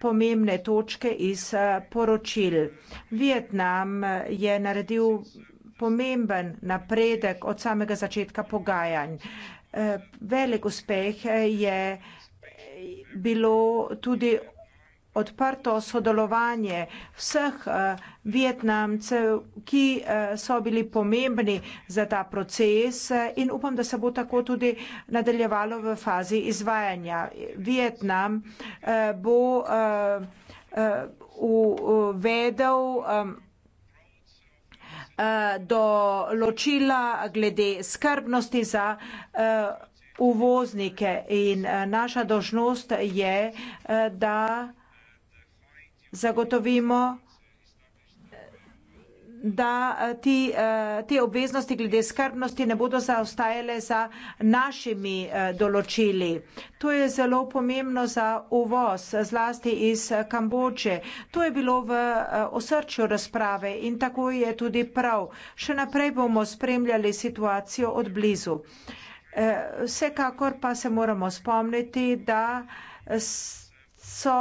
S10: pomembne točke iz poročil. Vietnam je naredil pomemben napredek od samega začetka pogajanj. Velik uspeh je bilo tudi odprto sodelovanje vseh eh, Vietnamcev, ki eh, so bili pomembni za ta proces eh, in upam, da se bo tako tudi nadaljevalo v fazi izvajanja. Vietnam bo uvedel do ločila glede skrbnosti za uvoznike in naša dožnost je, da vsega zagotovimo, da eh, ti, eh, te obveznosti glede skrbnosti ne bodo zaostajale za našimi eh, določili. To je zelo pomembno za uvoz, zlasti iz Kamboče. To je bilo v osrčju razprave in tako je tudi prav. Še naprej bomo spremljali situacijo od blizu. Vsekakor pa se moramo spomniti, da so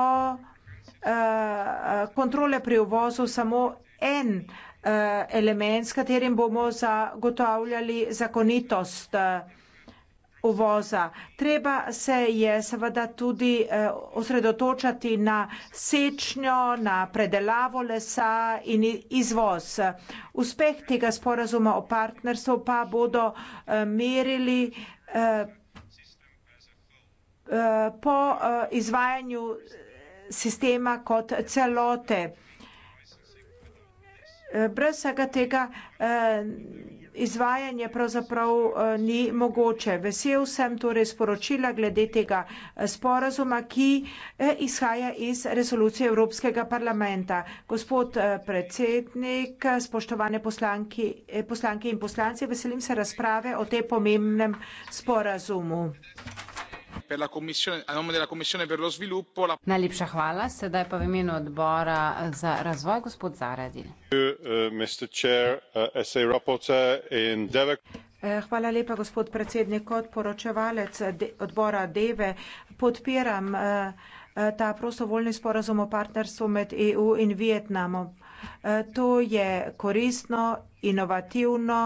S10: Eh, eh, kontrole pri uvozu samo en eh, element, s katerim bomo zagotavljali zakonitost uvoza. Treba se je seveda tudi osredotočati na sečnjo, na predelavo lesa in izvoz. Uspeh tega sporazuma o partnerstvu pa bodo merili po izvajanju sistema kot celote. Brez vsega tega eh, izvajanje pravzaprav eh, ni mogoče. Vesel sem torej sporočila glede tega eh, sporazuma, ki izhaja iz resolucije Evropskega parlamenta. Gospod predsednik, spoštovane poslanki, poslanke in poslanci, veselim se razprave o tem pomembnem sporazumu.
S11: Najlepša hvala. Sedaj pa v imenu odbora za razvoj gospod Zaradil.
S5: Uh, uh,
S10: eh, hvala lepa, gospod predsednik. Kot poročevalec odbora Deve podpiram eh, eh, ta prostovoljni sporazum o partnerstvu med EU in Vietnamom. To je koristno, inovativno,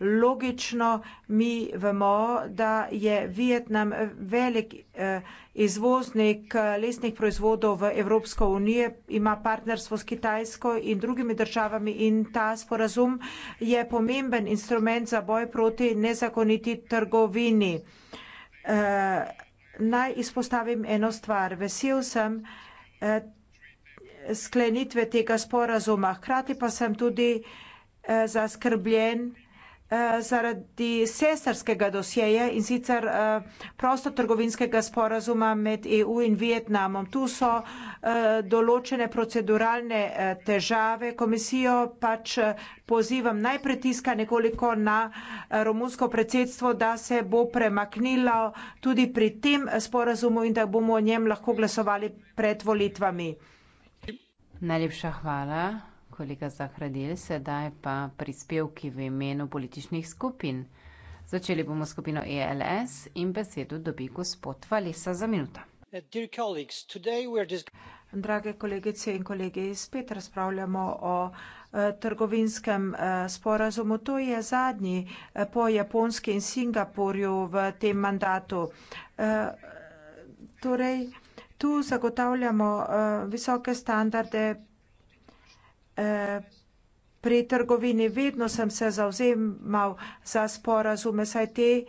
S10: logično, mi vemo, da je Vietnam velik eh, izvoznik eh, lesnih proizvodov v Evropsko unijo, ima partnerstvo s Kitajsko in drugimi državami in ta sporazum je pomemben instrument za boj proti nezakoniti trgovini. Eh, naj izpostavim eno stvar. Vesel sem sklenitve tega sporazuma. Hkrati pa sem tudi zaskrbljen, Eh, zaradi sestrskega dosjeja in sicer eh, prostotrgovinskega sporazuma med EU in Vietnamom. Tu so eh, določene proceduralne težave. Komisijo pač pozivam najprej tiska nekoliko na romunsko predsedstvo, da se bo premaknilo tudi pri tem sporazumu in da bomo o njem lahko
S11: glasovali pred volitvami. Najlepša hvala kolega Zahradil, sedaj pa prispevki v imenu političnih skupin. Začeli bomo s skupino ELS in besedo dobi gospod Valisa za minuto.
S10: Drage kolegice in kolege, spet razpravljamo o eh, trgovinskem eh, sporazumu. To je zadnji eh, po Japonski in Singapurju v tem mandatu. Torej, tu zagotavljamo visoke standarde pri trgovini vedno sem se zauzemal za sporazume, saj te eh,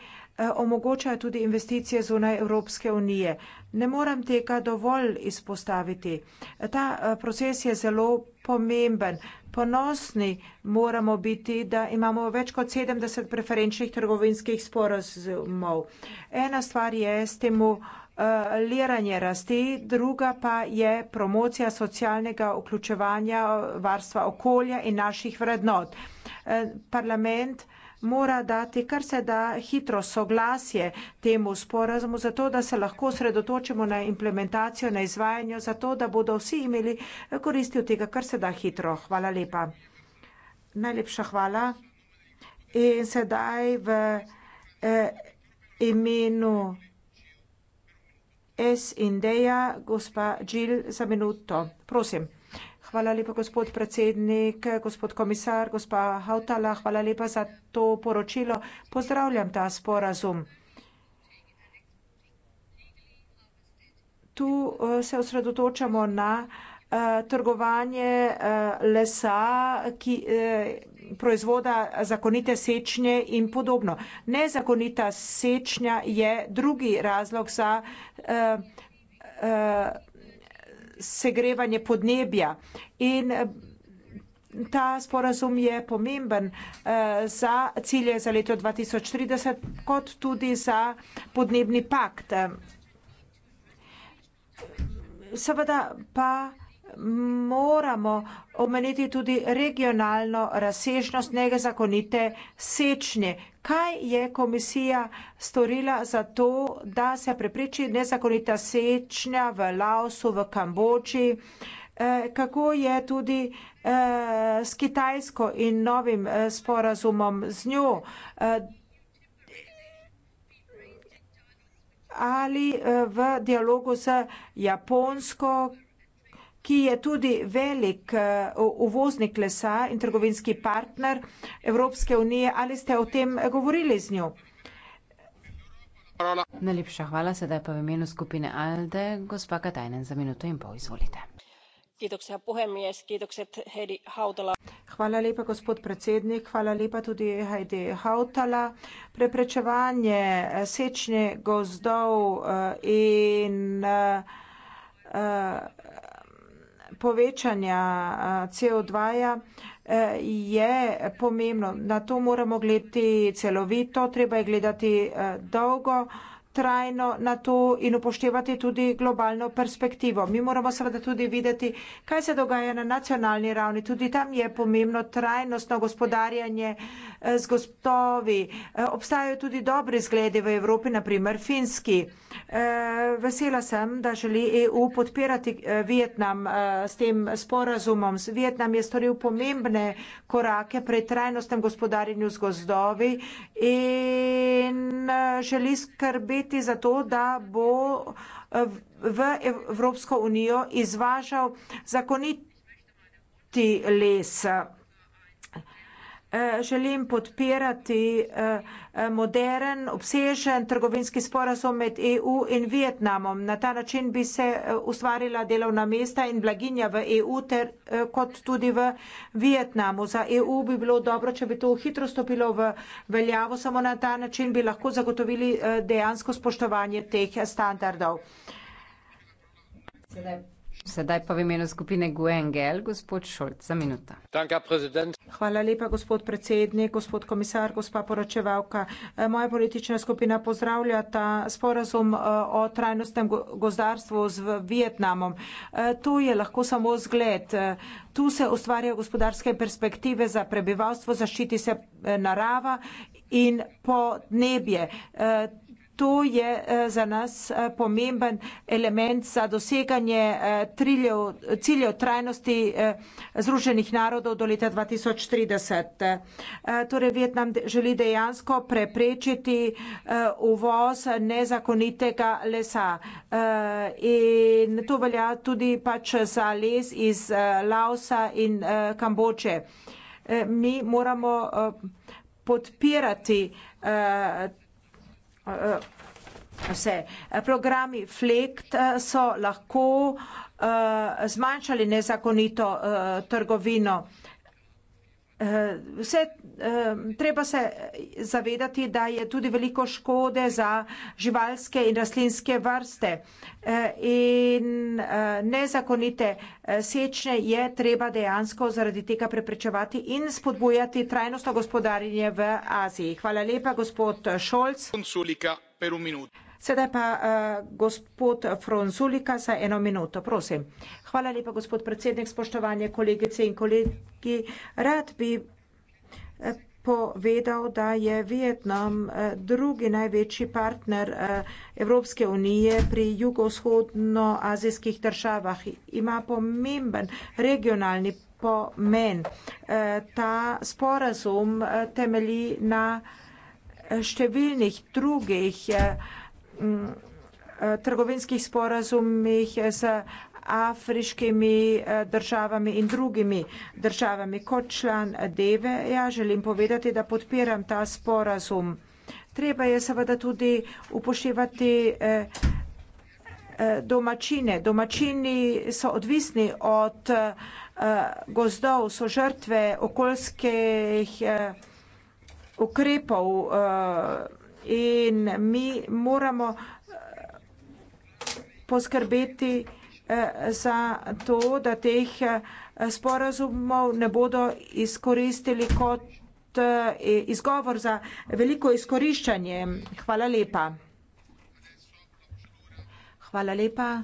S10: omogočajo tudi investicije zunaj Evropske unije. Ne moram tega dovolj izpostaviti. Ta eh, proces je zelo pomemben. Ponosni moramo biti, da imamo več kot 70 preferenčnih trgovinskih sporazumov. Ena stvar je s temu liranje rasti, druga pa je promocija socialnega vključevanja, varstva okolja in naših vrednot. Parlament mora dati kar se da hitro soglasje temu sporazumu, zato da se lahko sredotočimo na implementacijo, na izvajanje, zato da bodo vsi imeli koristi od tega, kar se da hitro. Hvala lepa. Najlepša hvala. In sedaj v eh, imenu. S in Deja, gospa Džil, za minuto. Prosim. Hvala lepa, gospod predsednik, gospod komisar, gospa Hautala, hvala lepa za to poročilo. Pozdravljam ta sporazum. Tu eh, se osredotočamo na Eh, trgovanje eh, lesa, ki eh, proizvoda zakonite sečnje in podobno. Nezakonita sečnja je drugi razlog za segrevanje podnebja. In ta sporazum je pomemben za cilje za leto 2030, kot tudi za podnebni pakt. Seveda pa moramo omeniti tudi regionalno razsežnost nezakonite sečnje. Kaj je komisija storila za to, da se prepriči nezakonita sečnja v Laosu, v Kambočji? Eh, kako je tudi eh, s Kitajsko in novim eh, sporazumom z njo? Ali v dialogu z Japonsko, ki je tudi velik eh, uvoznik lesa in trgovinski partner Evropske unije. Ali ste o tem
S11: govorili z njo? Najlepša hvala, sedaj pa v imenu skupine ALDE, gospa Katajnen, za minuto in pol izvolite.
S10: Hvala lepa, gospod predsednik, hvala lepa tudi Heidi Hautala. Preprečevanje eh, sečne gozdov eh, in povečanja CO2 -ja je pomembno. Na to moramo gledati celovito, treba je gledati dolgo trajno na to in upoštevati tudi globalno perspektivo. Mi moramo seveda tudi videti, kaj se dogaja na nacionalni ravni. Tudi tam je pomembno trajnostno gospodarjanje eh, z gostovi. E, obstajajo tudi dobre zglede v Evropi, naprimer finski. E, vesela sem, da želi EU podpirati e, Vietnam s tem sporazumom. Vietnam je storil pomembne korake pri trajnostnem gospodarjenju z gozdovi in želi skrbeti za to, da bo v Evropsko unijo izvažal zakonit les. Eh, želim podpirati eh, eh, modern, obsežen trgovinski sporazum med EU in Vietnamom. Na ta način bi se ustvarila delovna mesta in blaginja v EU, ter, kot tudi v Vietnamu. Za EU bi bilo dobro, če bi to hitro stopilo v veljavo, samo na ta način bi lahko zagotovili dejansko spoštovanje teh standardov.
S11: Sedaj Sedaj pa v imenu skupine GUE-NGL, gospod Šolc, za minuto. Hvala lepa, gospod predsednik, gospod komisar, gospa
S10: poročevalka. E, moja politična skupina pozdravlja ta sporazum e, o trajnostnem gozdarstvu z Vietnamom. E, to je lahko samo zgled. Tu se ustvarjajo gospodarske perspektive za prebivalstvo, zaščiti se narava in podnebje to je eh, za nas eh, pomemben element za doseganje eh, triljev, ciljev trajnosti Združenih narodov do leta 2030. Torej, Vietnam želi dejansko preprečiti uvoz nezakonitega lesa. In to velja tudi pač za les iz Laosa in Kamboče. Mi moramo podpirati Eh, vse. Programi FLEKT eh, so lahko eh, zmanjšali nezakonito trgovino. Eh, vse, eh, treba se zavedati, da je tudi veliko škode za živalske in rastlinske vrste eh, in nezakonite sečne je treba dejansko zaradi tega preprečevati in spodbujati trajnostno gospodarjenje v Aziji. Hvala lepa, gospod Šolc. Sedaj pa uh, gospod Fronzulika za eno minuto, prosim. Hvala lepa, gospod predsednik, spoštovanje kolegice in kolegi. Rad bi uh, povedal, da je Vietnam uh, drugi največji partner uh, Evropske unije pri jugovzhodnoazijskih državah. Ima pomemben regionalni pomen. Uh, ta sporazum uh, temelji na številnih drugih. Uh, Eh, trgovinskih sporazumih z afriškimi eh, državami in drugimi državami. Kot član DEVE ja želim povedati, da podpiram ta sporazum. Treba je seveda tudi upoštevati eh, domačine. Domačini so odvisni od gozdov, so žrtve okoljskih ukrepov in mi moramo eh, poskrbeti eh, za to, da teh eh, sporazumov ne bodo izkoristili kot izgovor za veliko izkoriščanje. Hvala lepa. Hvala lepa.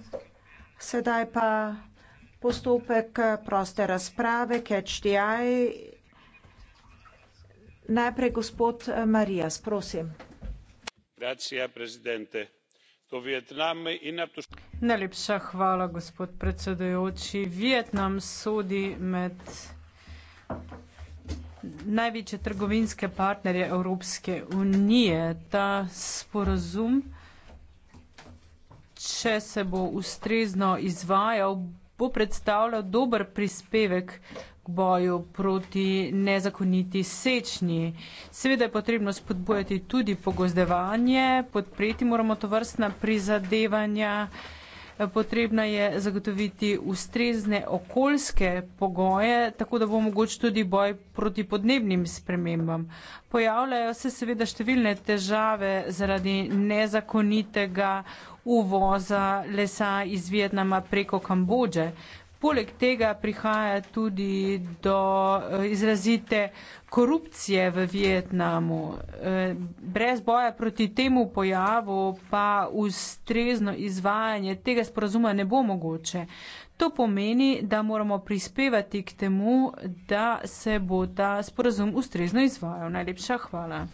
S10: Sedaj pa postopek proste razprave, catch the eye. Najprej gospod Marijas, prosim.
S6: Najlepša hvala, gospod predsedujoči. Vietnam sodi med največje trgovinske partnerje Evropske unije. Ta sporazum, če se bo ustrezno izvajal, lahko predstavlja dober prispevek k boju proti nezakoniti sečni. Seveda je potrebno spodbojati tudi pogozdevanje, podpreti moramo to vrstna prizadevanja, potrebno je zagotoviti ustrezne okoljske pogoje, tako da bo mogoč tudi boj proti podnebnim spremembam. Pojavljajo se seveda številne težave zaradi nezakonitega uvoza lesa iz Vietnama preko Kambodže. Poleg tega prihaja tudi do eh, izrazite korupcije v Vietnamu. Eh, brez boja proti temu pojavu pa ustrezno izvajanje tega sporazuma ne bo mogoče. To pomeni, da moramo prispevati k temu, da se bo ta sporazum ustrezno izvajal. Najlepša hvala.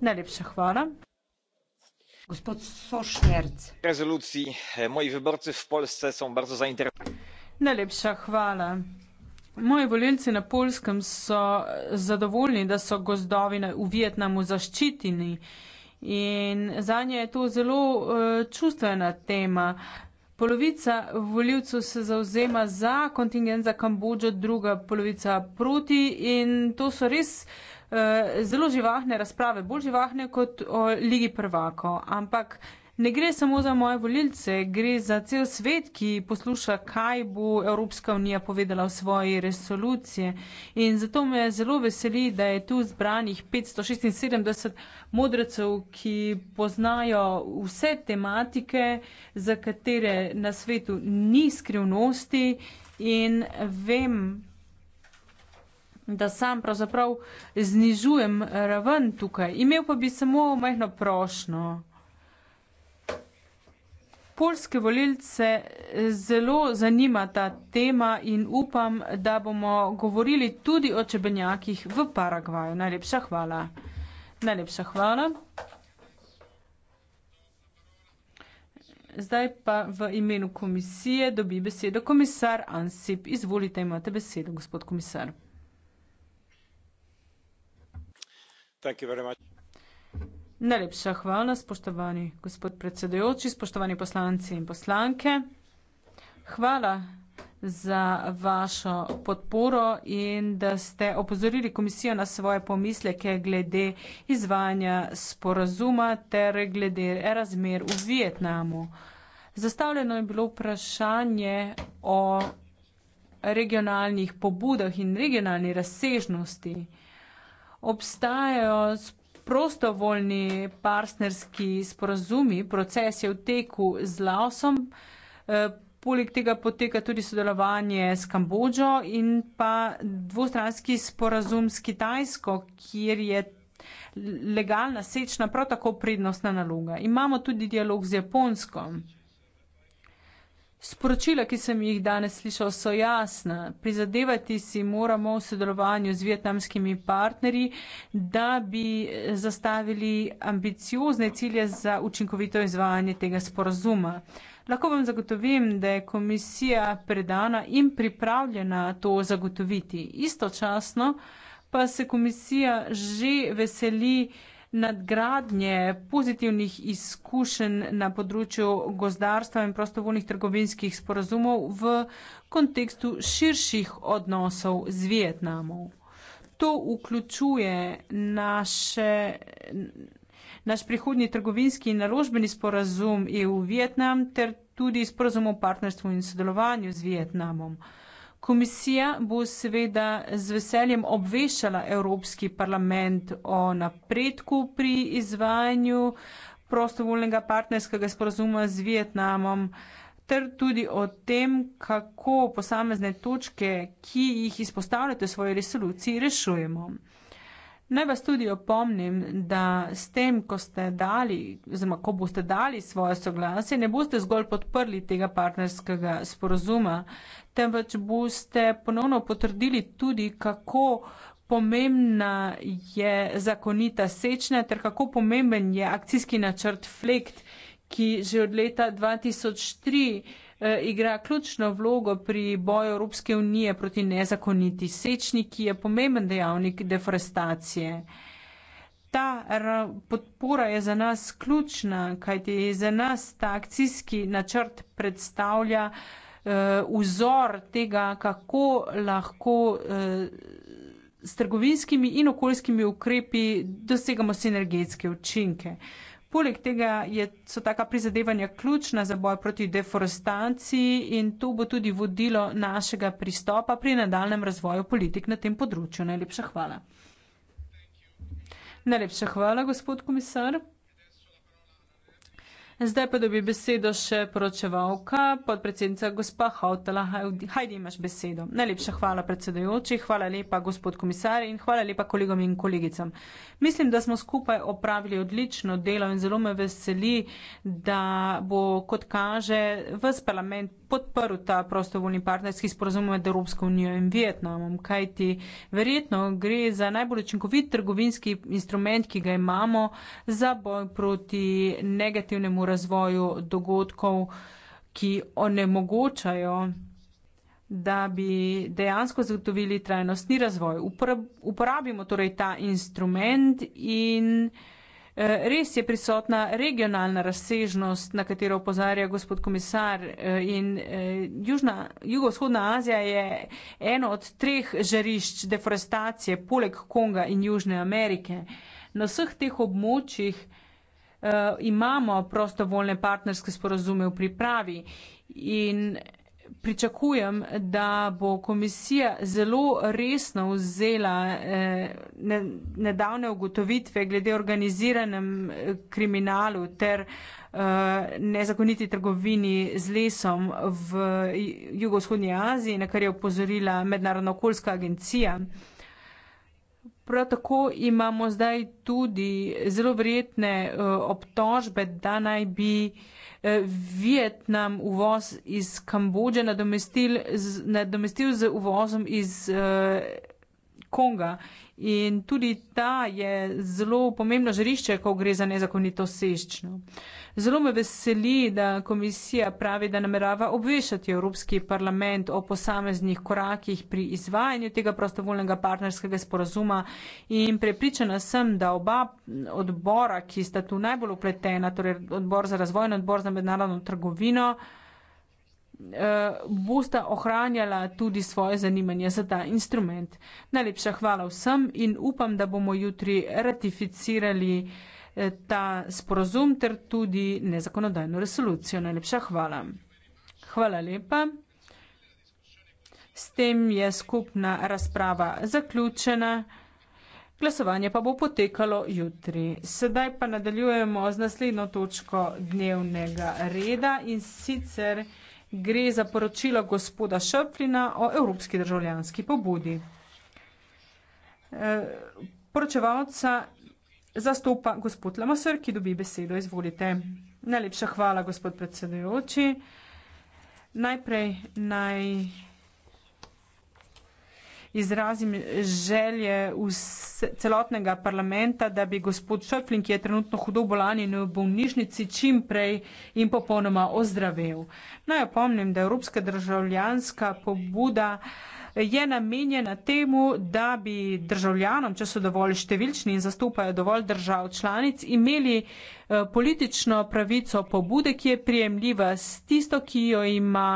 S6: Najlepša hvala
S3: rezolucji eh, moi wyborcy w polsce są bardzo
S6: Najlepša hvala. Moji volilci na Polskem so eh, zadovoljni, da so gozdovi v Vietnamu zaščiteni in za nje je to zelo uh, čustvena tema. Polovica voljivcev se zauzema za kontingent za Kambodžo, druga polovica proti in to so res uh, Eh, zelo živahne razprave, bolj živahne kot o Ligi prvako. Ampak ne gre samo za moje volilce, gre za cel svet, ki posluša, kaj bo Evropska unija povedala v svoji resoluciji. In zato me zelo veseli, da je tu zbranih 576 modrecev, ki poznajo vse tematike, za katere na svetu ni skrivnosti in vem, da sam pravzaprav znižujem raven tukaj. Imel pa bi samo majhno prošno. Polske volilce zelo zanima ta tema in upam, da bomo govorili tudi o čebenjakih v Paragvaju. Najlepša hvala. Najlepša hvala. Zdaj pa v imenu komisije dobi besedo komisar Ansip. Izvolite, imate besedo, gospod komisar. Najlepša hvala, spoštovani gospod predsedujoči, spoštovani poslanci in poslanke. Hvala za vašo podporo in da ste opozorili komisijo na svoje pomisleke glede izvajanja sporazuma ter glede razmer v Vietnamu. Zastavljeno je bilo vprašanje o regionalnih pobudah in regionalni razsežnosti obstajajo prostovoljni partnerski sporazumi, proces je v teku z Laosom, eh, poleg tega poteka tudi sodelovanje s Kambodžo in pa dvostranski sporazum s Kitajsko, kjer je legalna sečna prav tako prednostna naloga. Imamo tudi dialog z Japonsko. Sporočila, ki sem jih danes slišal, so jasna. Prizadevati si moramo v sodelovanju z vietnamskimi partnerji, da bi zastavili ambiciozne cilje za učinkovito izvajanje tega sporazuma. Lahko vam zagotovim, da je komisija predana in pripravljena to zagotoviti. Istočasno pa se komisija že veseli, nadgradnje pozitivnih izkušenj na področju gozdarstva in prostovoljnih trgovinskih sporazumov v kontekstu širših odnosov z Vietnamom. To vključuje naše, naš prihodnji trgovinski in naložbeni sporazum EU-Vietnam ter tudi sporazum o partnerstvu in sodelovanju z Vietnamom. Komisija bo seveda z veseljem obveščala Evropski parlament o napredku pri izvajanju prostovoljnega partnerskega sporazuma z Vietnamom ter tudi o tem, kako posamezne točke, ki jih izpostavljate v svoji resoluciji, rešujemo. Naj vas tudi opomnim, da s tem, ko ste dali, oziroma ko boste dali svoje soglasje, ne boste zgolj podprli tega partnerskega sporozuma, temveč boste ponovno potrdili tudi, kako pomembna je zakonita sečna ter kako pomemben je akcijski načrt FLEKT, ki že od leta 2003 Eh, igra ključno vlogo pri boju Evropske unije proti nezakoniti sečni, ki je pomemben dejavnik deforestacije. Ta podpora je za nas ključna, kajti za nas ta akcijski načrt predstavlja eh, vzor tega, kako lahko eh, s trgovinskimi in okoljskimi ukrepi dosegamo sinergetske učinke. Eh, Poleg tega je, so taka prizadevanja ključna za boj proti deforestaciji in to bo tudi vodilo našega pristopa pri nadaljem razvoju politik na tem področju. Najlepša hvala. Najlepša hvala, gospod komisar. Zdaj pa dobi besedo še poročevalka, podpredsednica gospa Hautala. Hajdi, imaš besedo. Najlepša hvala predsedojoči, hvala lepa gospod komisar in hvala lepa kolegom in kolegicam. Mislim, da smo skupaj opravili odlično delo in zelo me veseli, da bo kot kaže v parlament podprl ta prostovoljni partnerski sporozum med Evropsko unijo in Vietnamom, kajti verjetno gre za najbolj učinkovit trgovinski instrument, ki ga imamo za boj proti negativnemu razvoju dogodkov, ki onemogočajo da bi dejansko zagotovili trajnostni razvoj. Uporabimo torej ta instrument in Eh, res je prisotna regionalna razsežnost, na katero opozarja gospod komisar eh, in eh, južna, jugovzhodna Azija je eno od treh žarišč deforestacije poleg Konga in Južne Amerike. Na vseh teh območjih imamo prostovoljne partnerske sporozume v pripravi in pričakujem, da bo komisija zelo resno vzela eh, nedavne ugotovitve glede organiziranem eh, kriminalu ter eh, nezakoniti trgovini z lesom v jugovzhodnji Aziji, na kar je upozorila Mednarodna okoljska agencija. Prav tako imamo zdaj tudi zelo verjetne obtožbe, da naj bi uh, Eh, Vietnam uvoz iz Kambodže nadomestil z, nadomestil z uvozom iz eh, Konga. In tudi ta je zelo pomembno žarišče, ko gre za nezakonito seščno. Zelo me veseli, da komisija pravi, da namerava obvešati Evropski parlament o posameznih korakih pri izvajanju tega prostovoljnega partnerskega sporazuma in prepričana sem, da oba odbora, ki sta tu najbolj upletena, torej odbor za razvoj in odbor za mednarodno trgovino, Eh, bosta ohranjala tudi svoje zanimanje za ta instrument. Najlepša hvala vsem in upam, da bomo jutri ratificirali eh, ta sporozum ter tudi nezakonodajno resolucijo. Najlepša hvala. Hvala lepa. S tem je skupna razprava zaključena. Glasovanje pa bo potekalo jutri. Sedaj pa nadaljujemo z naslednjo točko dnevnega reda in sicer Gre za poročilo gospoda Šeplina o evropski državljanski pobudi. Poročevalca zastopa gospod Lamasr, ki dobi besedo. Izvolite. Najlepša hvala, gospod predsedujoči. Najprej naj izrazim želje vse, celotnega parlamenta, da bi gospod Šrflin, ki je trenutno hudo bolan in v bolnišnici, čim prej in popolnoma ozdravel. Naj opomnim, da Evropska državljanska pobuda je namenjena temu, da bi državljanom, če so dovolj številčni in zastopajo dovolj držav članic, imeli eh, politično pravico pobude, ki je prijemljiva s tisto, ki jo ima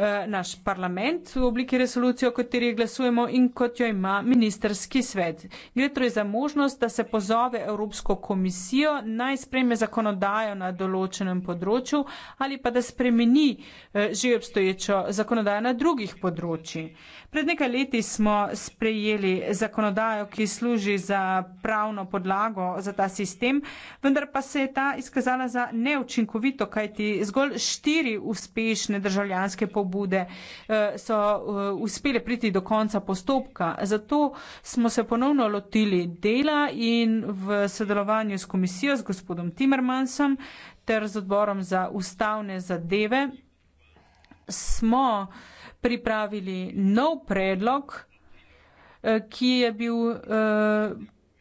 S6: Eh, naš parlament v obliki resolucije, o kateri glasujemo in kot jo ima ministerski svet. Gre torej za možnost, da se pozove Evropsko komisijo naj spreme zakonodajo na določenem področju ali pa da spremeni eh, že obstoječo zakonodajo na drugih področjih. Pred nekaj leti smo sprejeli zakonodajo, ki služi za pravno podlago za ta sistem, vendar pa se je ta izkazala za neučinkovito, kajti zgolj štiri uspešne državljanske pobude eh, so eh, uspele priti do konca postopka. Zato smo se ponovno lotili dela in v sodelovanju s komisijo, s gospodom Timmermansom ter z odborom za ustavne zadeve smo pripravili nov predlog, eh, ki je bil eh,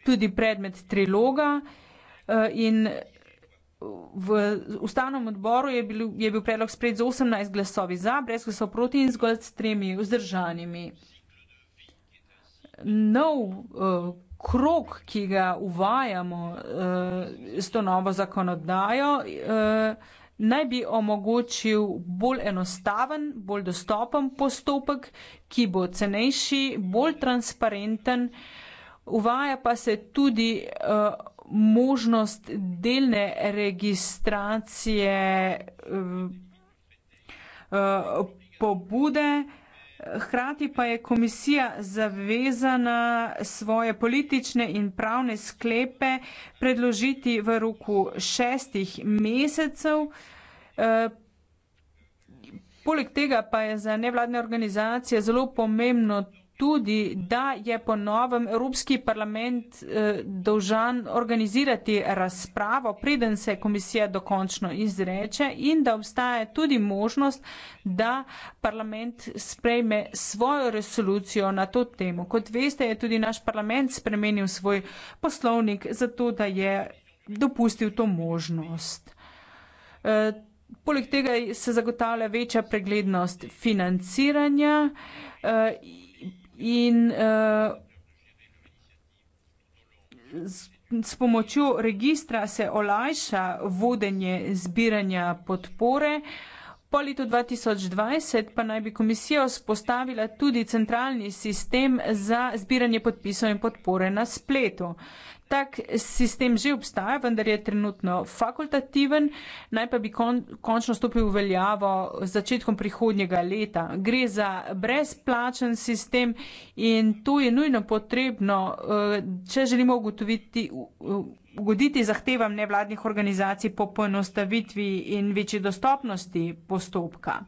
S6: tudi predmet triloga eh, in v ustavnem odboru je bil, je bil predlog spred z 18 glasovi za, brez glasov proti in zgolj s tremi vzdržanimi. Nov krok, ki ga uvajamo s to novo zakonodajo, je, naj bi omogočil bolj enostaven, bolj dostopen postopek, ki bo cenejši, bolj transparenten. Uvaja pa se tudi uh, možnost delne registracije uh, uh, pobude, uh, Hkrati pa je komisija zavezana svoje politične in pravne sklepe predložiti v roku šestih mesecev. Eh, poleg tega pa je za nevladne organizacije zelo pomembno tudi, da je po novem Evropski parlament eh, dolžan organizirati razpravo, preden se komisija dokončno izreče in da obstaja tudi možnost, da parlament sprejme svojo resolucijo na to temo. Kot veste, je tudi naš parlament spremenil svoj poslovnik, zato da je dopustil to možnost. Eh, poleg tega se zagotavlja večja preglednost financiranja eh, in eh, s, s pomočjo registra se olajša vodenje zbiranja podpore. Po letu 2020 pa naj bi komisija spostavila tudi centralni sistem za zbiranje podpisov in podpore na spletu. Tak sistem že obstaja, vendar je trenutno fakultativen, naj pa bi kon, končno stopil v veljavo z začetkom prihodnjega leta. Gre za brezplačen sistem in to je nujno potrebno, eh, če želimo ugotoviti, ugoditi zahtevam nevladnih organizacij po poenostavitvi in večji dostopnosti postopka.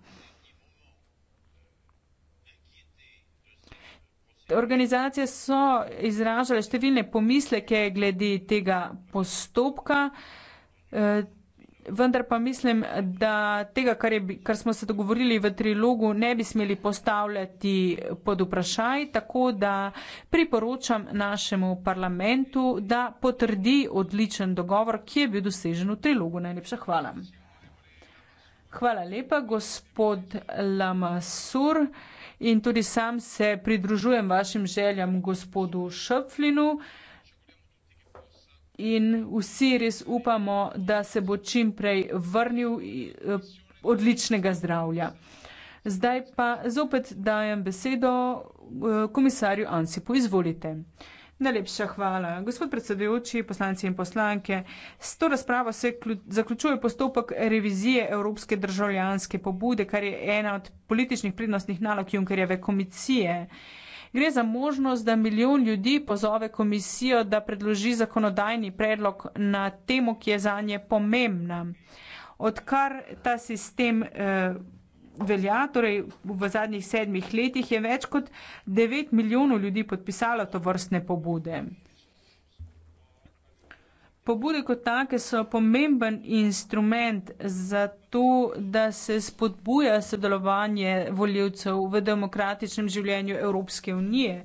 S6: organizacije so izražale številne pomisleke glede tega postopka, eh, vendar pa mislim, da tega, kar, je, kar smo se dogovorili v trilogu, ne bi smeli postavljati pod vprašaj, tako da priporočam našemu parlamentu, da potrdi odličen dogovor, ki je bil dosežen v trilogu. Najlepša hvala. Hvala lepa, gospod Lamasur in tudi sam se pridružujem vašim željam gospodu Šöpflinu in vsi res upamo, da se bo čim prej vrnil eh, odličnega zdravlja. Zdaj pa zopet dajem besedo eh, komisarju Ansipu, izvolite. Najlepša hvala. Gospod predsedujoči, poslanci in poslanke, s to razpravo se zaključuje postopek revizije Evropske državljanske pobude, kar je ena od političnih prednostnih nalog Junkerjeve komisije. Gre za možnost, da milijon ljudi pozove komisijo, da predloži zakonodajni predlog na temo, ki je za nje pomembna. Odkar ta sistem. Eh, velja, torej v zadnjih sedmih letih je več kot 9 milijonov ljudi podpisalo to vrstne pobude. Pobude kot take so pomemben instrument za to, da se spodbuja sodelovanje voljivcev v demokratičnem življenju Evropske unije.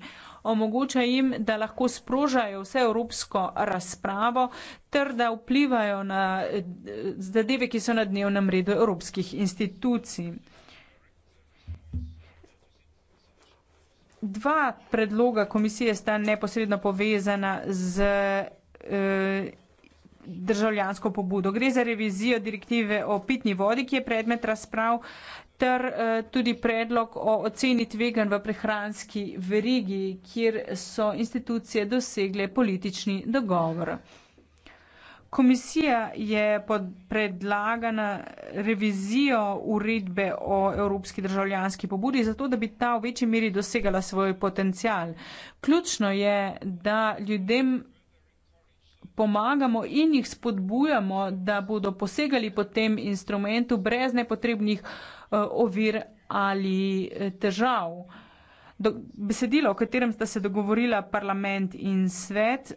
S6: Omogoča jim, da lahko sprožajo vse evropsko razpravo ter da vplivajo na zadeve, ki so na dnevnem redu evropskih institucij. dva predloga komisije sta neposredno povezana z eh, državljansko pobudo. Gre za revizijo direktive o pitni vodi, ki je predmet razprav, ter eh, tudi predlog o oceni tvegan v prehranski verigi, kjer so institucije dosegle politični dogovor. Komisija je pod predlagana revizijo uredbe o evropski državljanski pobudi, zato da bi ta v večji meri dosegala svoj potencial. Ključno je, da ljudem pomagamo in jih spodbujamo, da bodo posegali po tem instrumentu brez nepotrebnih eh, ovir ali eh, težav. Besedilo, o katerem sta se dogovorila parlament in svet,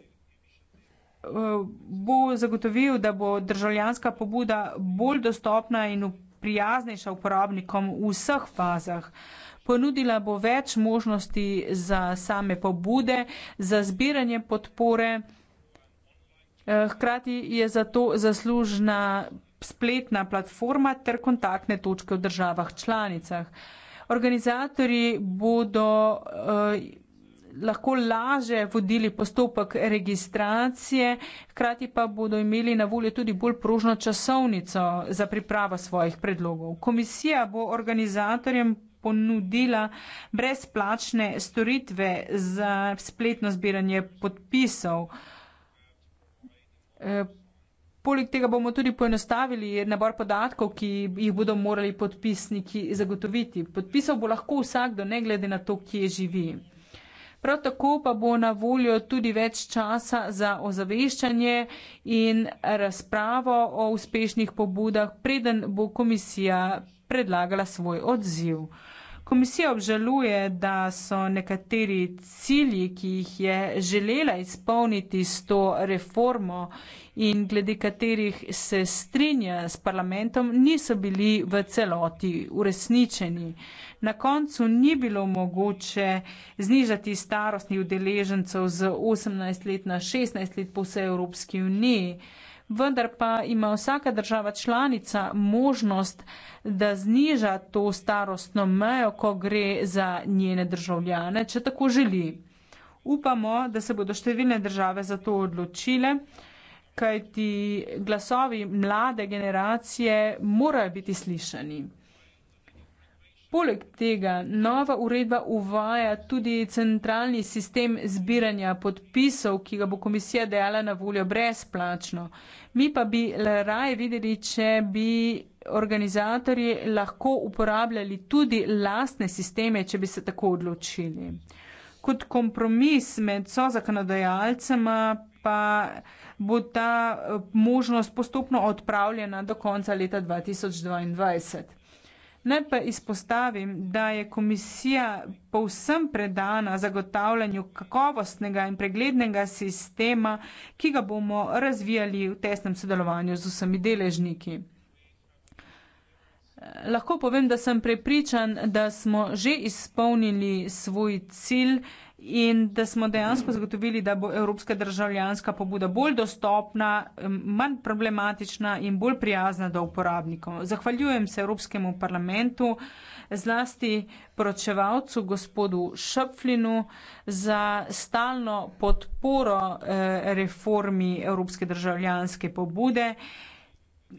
S6: bo zagotovil, da bo državljanska pobuda bolj dostopna in prijaznejša uporabnikom v vseh fazah. Ponudila bo več možnosti za same pobude, za zbiranje podpore, eh, hkrati je zato zaslužna spletna platforma ter kontaktne točke v državah članicah. Organizatori bodo uh, lahko laže vodili postopek registracije, hkrati pa bodo imeli na voljo tudi bolj prožno časovnico za pripravo svojih predlogov. Komisija bo organizatorjem ponudila brezplačne storitve za spletno zbiranje podpisov. E, poleg tega bomo tudi poenostavili nabor podatkov, ki jih bodo morali podpisniki zagotoviti. Podpisal bo lahko vsakdo, ne glede na to, kje živi. Prav tako pa bo na voljo tudi več časa za ozaveščanje in razpravo o uspešnih pobudah, preden bo komisija predlagala svoj odziv. Komisija obžaluje, da so nekateri cilji, ki jih je želela izpolniti s to reformo in glede katerih se strinja s parlamentom, niso bili v celoti uresničeni. Na koncu ni bilo mogoče znižati starostnih udeležencev z 18 let na 16 let po vsej Evropski uniji, vendar pa ima vsaka država članica možnost, da zniža to starostno mejo, ko gre za njene državljane, če tako želi. Upamo, da se bodo številne države za to odločile kajti glasovi mlade generacije morajo biti slišani. Poleg tega nova uredba uvaja tudi centralni sistem zbiranja podpisov, ki ga bo komisija dejala na voljo brezplačno. Mi pa bi raje videli, če bi organizatorji lahko uporabljali tudi lastne sisteme, če bi se tako odločili. Kot kompromis med sozakonodajalcema pa bo ta eh, možnost postopno odpravljena do konca leta 2022. Naj pa izpostavim, da je komisija povsem predana zagotavljanju kakovostnega in preglednega sistema, ki ga bomo razvijali v tesnem sodelovanju z vsemi deležniki. Lahko povem, da sem prepričan, da smo že izpolnili svoj cilj, in da smo dejansko zagotovili, da bo evropska državljanska pobuda bolj dostopna, manj problematična in bolj prijazna do uporabnikov. Zahvaljujem se Evropskemu parlamentu, zlasti poročevalcu gospodu Šöpflinu za stalno podporo eh, reformi evropske državljanske pobude.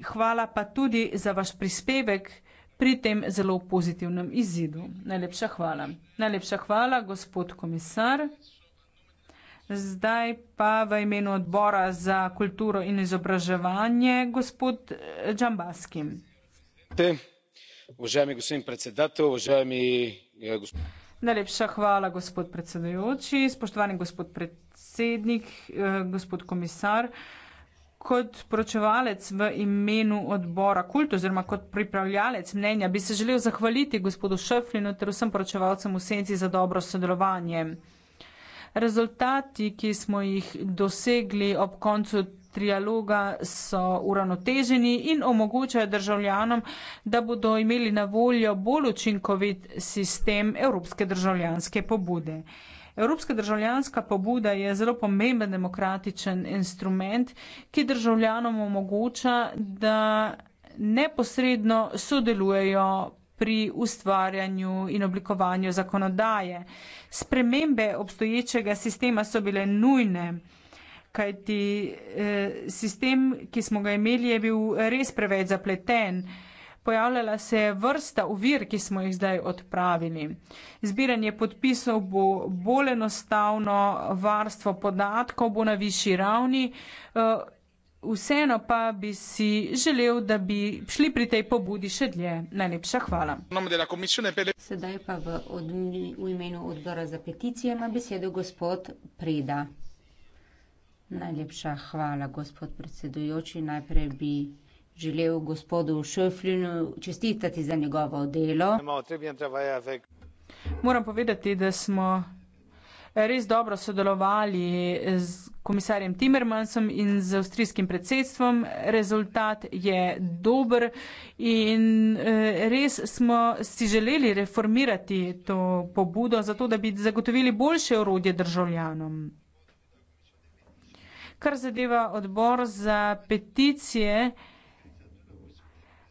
S6: Hvala pa tudi za vaš prispevek pri tem zelo pozitivnem izidu. Najlepša hvala. Najlepša hvala, gospod komisar. Zdaj pa v imenu odbora za kulturo in izobraževanje, gospod Džambaski. Eh, Najlepša hvala, gospod predsedujoči, spoštovani gospod predsednik, eh, gospod komisar kot pročevalec v imenu odbora kult oziroma kot pripravljalec mnenja bi se želel zahvaliti gospodu Šeflinu ter vsem pročevalcem v senci za dobro sodelovanje. Rezultati, ki smo jih dosegli ob koncu trialoga, so uravnoteženi in omogočajo državljanom, da bodo imeli na voljo bolj učinkovit sistem evropske državljanske pobude. Evropska državljanska pobuda je zelo pomemben demokratičen instrument, ki državljanom omogoča, da neposredno sodelujejo pri ustvarjanju in oblikovanju zakonodaje. Spremembe obstoječega sistema so bile nujne, kajti eh, sistem, ki smo ga imeli, je bil res preveč zapleten pojavljala se je vrsta uvir, ki smo jih zdaj odpravili. Zbiranje podpisov bo bolj enostavno, varstvo podatkov bo na višji ravni, eh, vseeno pa bi si želel, da bi šli pri tej pobudi še dlje. Najlepša hvala.
S12: Sedaj pa v, od, v imenu odbora za peticije ima besedo gospod Preda. Najlepša hvala, gospod predsedujoči. Najprej bi želel gospodu Šeflinu čestitati za njegovo delo.
S6: Moram povedati, da smo res dobro sodelovali z komisarjem Timmermansom in z avstrijskim predsedstvom. Rezultat je dober in eh, res smo si želeli reformirati to pobudo, zato da bi zagotovili boljše orodje državljanom. Kar zadeva odbor za peticije,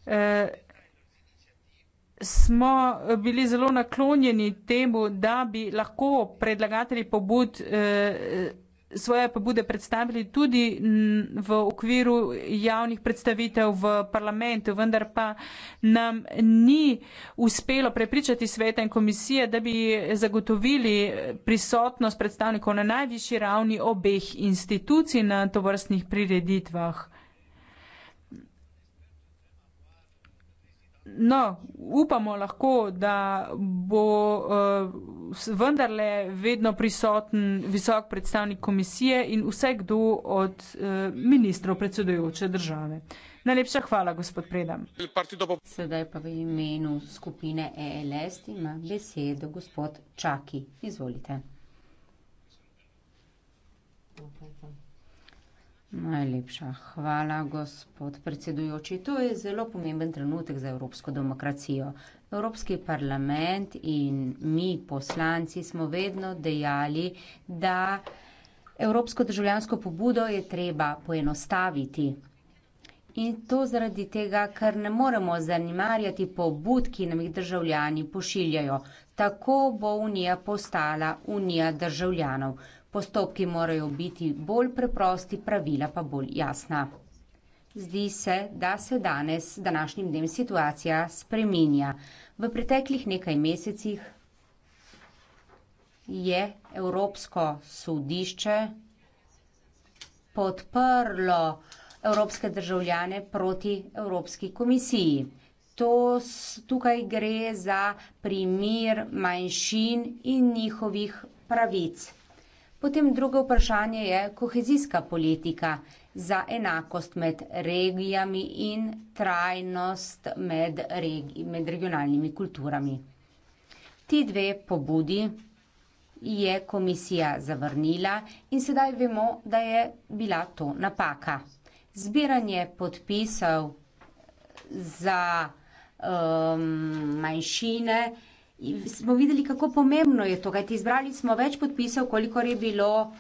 S6: Eh, smo bili zelo naklonjeni temu, da bi lahko predlagatelji pobud eh, svoje pobude predstavili tudi v okviru javnih predstavitev v parlamentu, vendar pa nam ni uspelo prepričati sveta in komisije, da bi zagotovili prisotnost predstavnikov na najvišji ravni obeh institucij na tovrstnih prireditvah. No, upamo lahko, da bo uh, vendarle vedno prisoten visok predstavnik komisije in vse kdo od uh, ministrov predsedujoče države. Najlepša hvala, gospod Predam. Sedaj pa v
S12: imenu skupine ELS ima besedo gospod Čaki. Izvolite. Najlepša hvala, gospod predsedujoči. To je zelo pomemben trenutek za evropsko demokracijo. Evropski parlament in mi, poslanci, smo vedno dejali, da evropsko državljansko pobudo je treba poenostaviti. In to zaradi tega, ker ne moremo zanimarjati pobud, ki nam jih državljani pošiljajo. Tako bo Unija postala Unija državljanov. Postopki morajo biti bolj preprosti, pravila pa bolj jasna. Zdi se, da se danes, današnjim dnem, situacija spreminja. V preteklih nekaj mesecih je Evropsko sodišče podprlo evropske državljane proti Evropski komisiji. To, tukaj gre za primir manjšin in njihovih pravic. Potem drugo vprašanje je kohezijska politika za enakost med regijami in trajnost med, regi, med regionalnimi kulturami. Ti dve pobudi je komisija zavrnila in sedaj vemo, da je bila to napaka. Zbiranje podpisov za um, manjšine smo videli, kako pomembno je to, kajti izbrali smo več podpisov, koliko je bilo,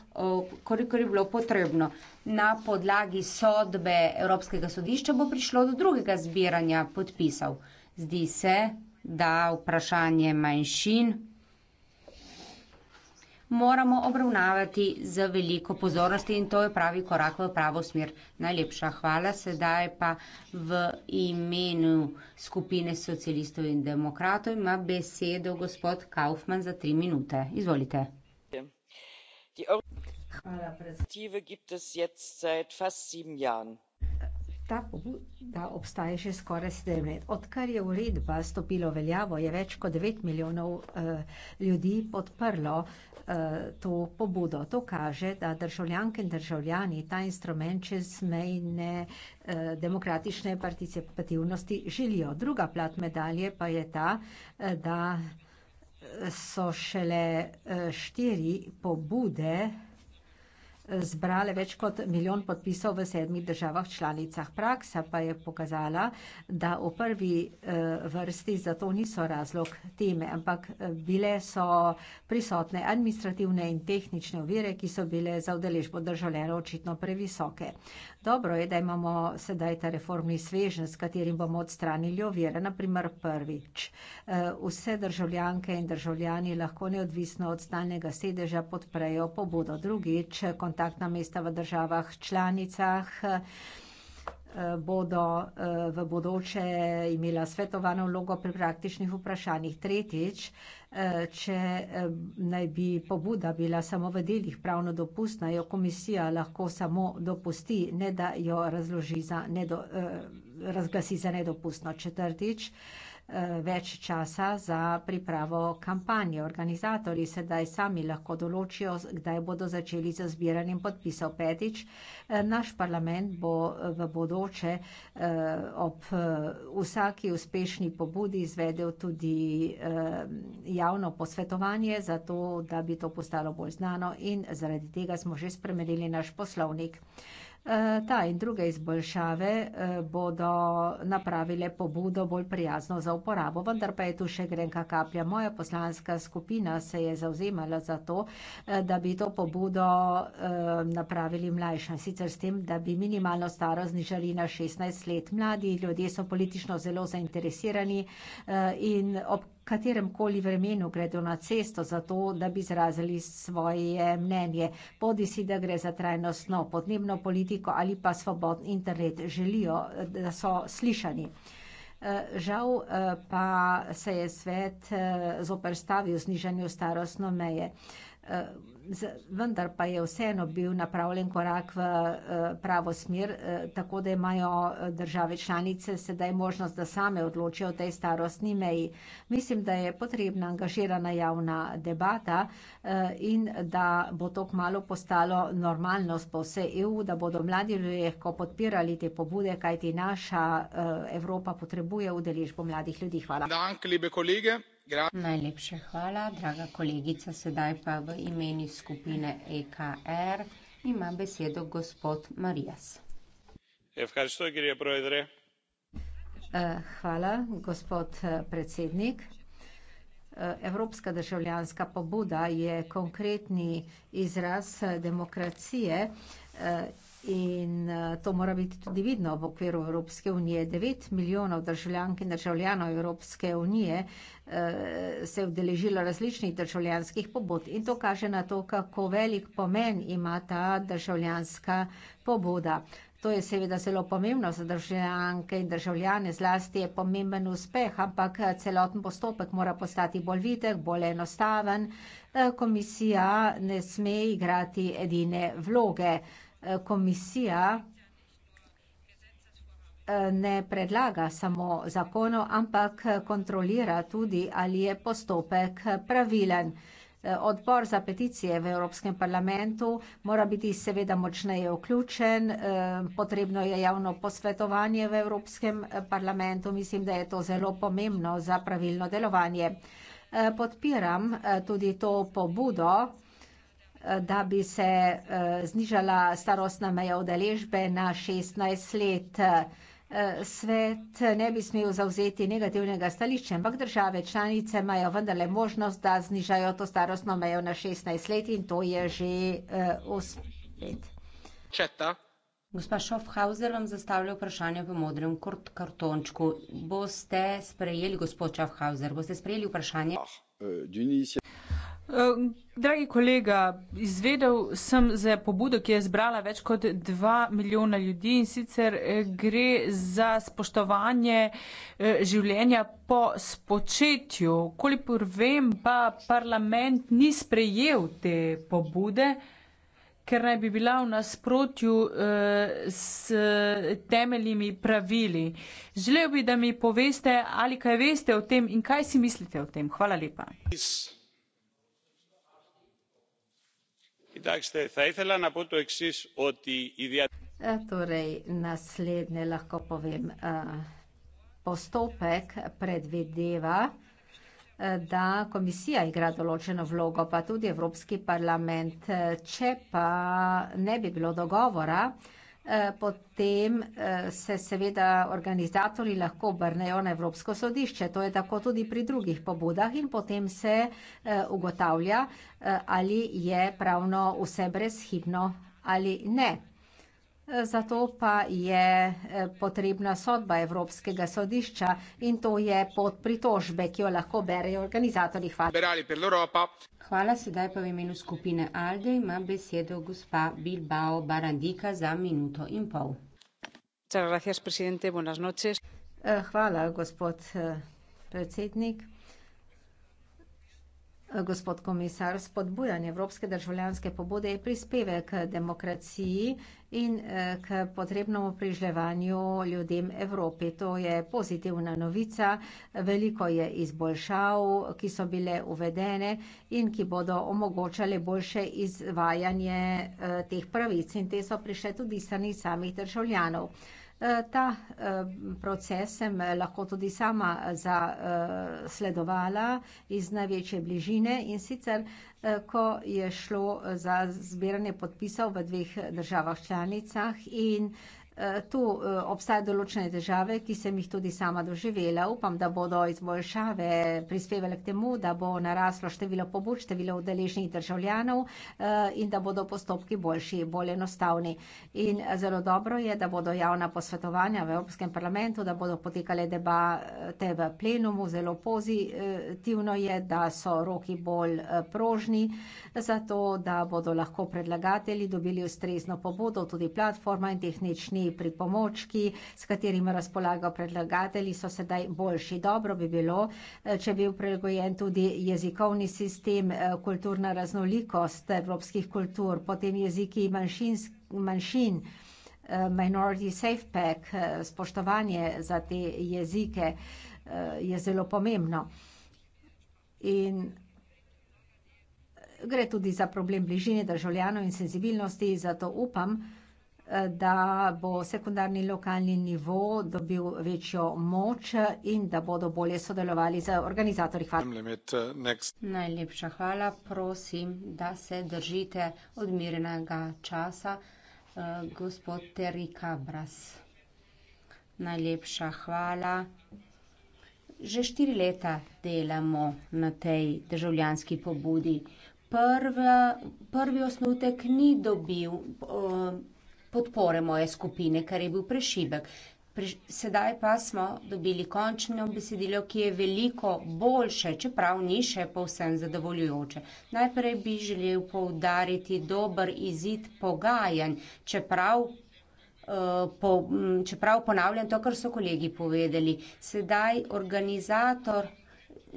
S12: koliko je bilo potrebno. Na podlagi sodbe Evropskega sodišča bo prišlo do drugega zbiranja podpisov. Zdi se, da vprašanje manjšin moramo obravnavati z veliko pozornosti in to je pravi korak v pravo smer. Najlepša hvala, sedaj pa v imenu skupine socialistov in demokratov ima besedo gospod Kaufmann za tri minute. Izvolite.
S4: Hvala, predsednik.
S9: Ta pobuda obstaja že skoraj sedem let. Odkar je uredba stopila v veljavo, je več kot devet milijonov eh, ljudi podprlo eh, to pobudo. To kaže, da državljanke in državljani ta instrument čezmejne eh, demokratične participativnosti želijo. Druga plat medalje pa je ta, eh, da so šele eh, štiri pobude. Eh, zbrale več kot milijon podpisov v sedmih državah članicah. Praksa pa je pokazala, da v prvi eh, vrsti za to niso razlog teme, ampak eh, bile so prisotne administrativne in tehnične ovire, ki so bile za udeležbo državljanov očitno previsoke. Dobro je, da imamo sedaj ta reformni svežen, s katerim bomo odstranili ovire. Naprimer, prvič, eh, vse državljanke in državljani lahko neodvisno od stalnega sedeža podprejo pobudo. Drugič, kontaktna mesta v državah članicah. Eh, Eh, bodo eh, v bodoče imela svetovano vlogo pri praktičnih vprašanjih. Tretjič, eh, če naj bi pobuda bila samo v delih pravno dopustna, jo komisija lahko samo dopusti, ne da jo razloži za nedo, razglasi za nedopustno. Četrtič, več časa za pripravo kampanje. Organizatori sedaj sami lahko določijo, kdaj bodo začeli z zbiranjem podpisov. Petič, eh, naš parlament bo eh, v bodoče eh, ob vsaki uspešni pobudi izvedel tudi javno posvetovanje za to, da bi to postalo bolj znano in zaradi tega smo že spremenili naš poslovnik. Eh, ta in druge izboljšave eh, bodo napravile pobudo bolj prijazno za uporabo, vendar pa je tu še grenka kaplja. Moja poslanska skupina se je zauzemala za to, eh, da bi to pobudo napravili mlajša. Sicer s tem, da bi minimalno staro znižali na 16 let. Mladi ljudje so politično zelo zainteresirani in ob katerem koli vremenu gredo na cesto za to, da bi izrazili svoje mnenje. Bodi si, da gre za trajnostno podnebno politiko ali pa svobodni internet, želijo, da so slišani. Eh, žal eh, pa se je svet eh, zoprstavil znižanju starostno meje vendar pa je vseeno bil napravljen korak v eh, pravo smer, eh, tako da imajo eh, države članice sedaj možnost, da same odločijo o tej starostni meji. Mislim, da je potrebna angažirana javna debata in da bo to kmalo postalo normalnost po vse EU, da bodo mladi lahko podpirali te pobude, kajti naša Evropa potrebuje udeležbo mladih
S3: ljudi. Hvala. Dank, lebe kolege.
S9: Najlepša hvala, draga kolegica. Sedaj pa
S12: v imenu skupine EKR ima besedo gospod Marijas.
S8: Eh,
S9: hvala, gospod eh, predsednik. Eh, evropska državljanska pobuda je konkretni izraz demokracije, In eh, to mora biti tudi vidno v okviru Evropske unije. 9 milijonov državljank in državljanov Evropske unije eh, se je vdeležilo različnih državljanskih pobud in to kaže na to, kako velik pomen ima ta državljanska pobuda. To je seveda zelo pomembno za državljanke in državljane, zlasti je pomemben uspeh, ampak eh, celoten postopek mora postati bolj videk, bolj enostaven. Komisija ne sme igrati edine vloge. Eh, komisija eh, ne predlaga samo zakonov, ampak eh, kontrolira tudi, ali je postopek pravilen. Odbor za peticije v Evropskem parlamentu mora biti seveda močneje vključen, potrebno je javno posvetovanje v Evropskem parlamentu, mislim, da je to zelo pomembno za pravilno delovanje. Podpiram tudi to pobudo, da bi se eh, znižala starostna meja udeležbe na šestnajst let. Eh, svet ne bi smel zavzeti negativnega stališča, ampak države članice imajo vendarle možnost, da znižajo to starostno mejo na šestnajst let in to je že eh, uspet. Gospa
S12: Schaffhauser vam zastavlja vprašanje v modrem kort kartončku. Boste sprejeli,
S6: gospod Schaffhauser, boste sprejeli vprašanje?
S1: Uh,
S6: Dragi kolega, izvedel sem za pobudo, ki je zbrala več kot dva milijona ljudi in sicer eh, gre za spoštovanje eh, življenja po spočetju. Kolikor vem, pa parlament ni sprejel te pobude, ker naj bi bila v nasprotju eh, s temeljimi pravili. Želel bi, da mi poveste, ali kaj veste o tem in kaj si mislite o tem. Hvala lepa. Peace.
S3: Kitajske.
S9: Torej, naslednje lahko povem. Postopek predvideva, da komisija igra določeno vlogo, pa tudi Evropski parlament. E, če pa ne bi bilo dogovora, Eh, potem eh, se seveda organizatorji lahko obrnejo na Evropsko sodišče, to je tako tudi pri drugih pobudah in potem se eh, ugotavlja, ali je pravno vse brezhibno ali ne zato pa je eh, potrebna sodba Evropskega sodišča in to je pod pritožbe, ki jo lahko berejo organizatorji.
S3: Hvala.
S9: Hvala, sedaj pa v imenu
S12: skupine Alde ima besedo gospa Bilbao Barandika za minuto in pol.
S9: Eh, hvala, gospod eh, predsednik. Eh, gospod komisar, spodbujanje evropske državljanske pobude je prispevek k demokraciji in eh, k potrebnemu priživljanju ljudem Evropi. To je pozitivna novica. Veliko je izboljšav, ki so bile uvedene in ki bodo omogočale boljše izvajanje eh, teh pravic. In te so prišle tudi strani samih državljanov. Eh, ta eh, proces sem eh, lahko tudi sama zasledovala iz največje bližine in sicer, ko je šlo za zbiranje podpisov v dveh državah članicah in Eh, tu eh, obstajajo določene težave, ki sem jih tudi sama doživela. Upam, da bodo izboljšave prispevale k temu, da bo naraslo število pobud, število udeležnih državljanov eh, in da bodo postopki boljši, bolj enostavni. In zelo dobro je, da bodo javna posvetovanja v Evropskem parlamentu, da bodo potekale debate v plenumu, zelo pozitivno je, da so roki bolj prožni, zato da bodo lahko predlagatelji dobili ustrezno pobudo, tudi platforma in tehnični pripomočki, s katerimi razpolagajo predlagatelji, so sedaj boljši. Dobro bi bilo, eh, če bi upregojen tudi jezikovni sistem, eh, kulturna raznolikost evropskih kultur, potem jeziki manjšin, eh, Minority Safe Pack, spoštovanje za te jezike je zelo pomembno. In gre tudi za problem bližine državljanov in senzibilnosti, zato upam, da da bo sekundarni lokalni nivo dobil večjo moč in da bodo bolje sodelovali z organizatorji. Uh, Najlepša hvala. Prosim,
S12: da se držite odmirenega časa. Uh, gospod Terry Cabras. Najlepša hvala. Že štiri leta delamo na tej državljanski pobudi. Prva, prvi osnutek ni dobil. Uh, podpore moje skupine, kar je bil prešibek. Sedaj pa smo dobili končno besedilo, ki je veliko boljše, čeprav ni še povsem zadovoljujoče. Najprej bi želel poudariti dober izid pogajanj, čeprav, uh, po, čeprav ponavljam to, kar so kolegi povedali. Sedaj organizator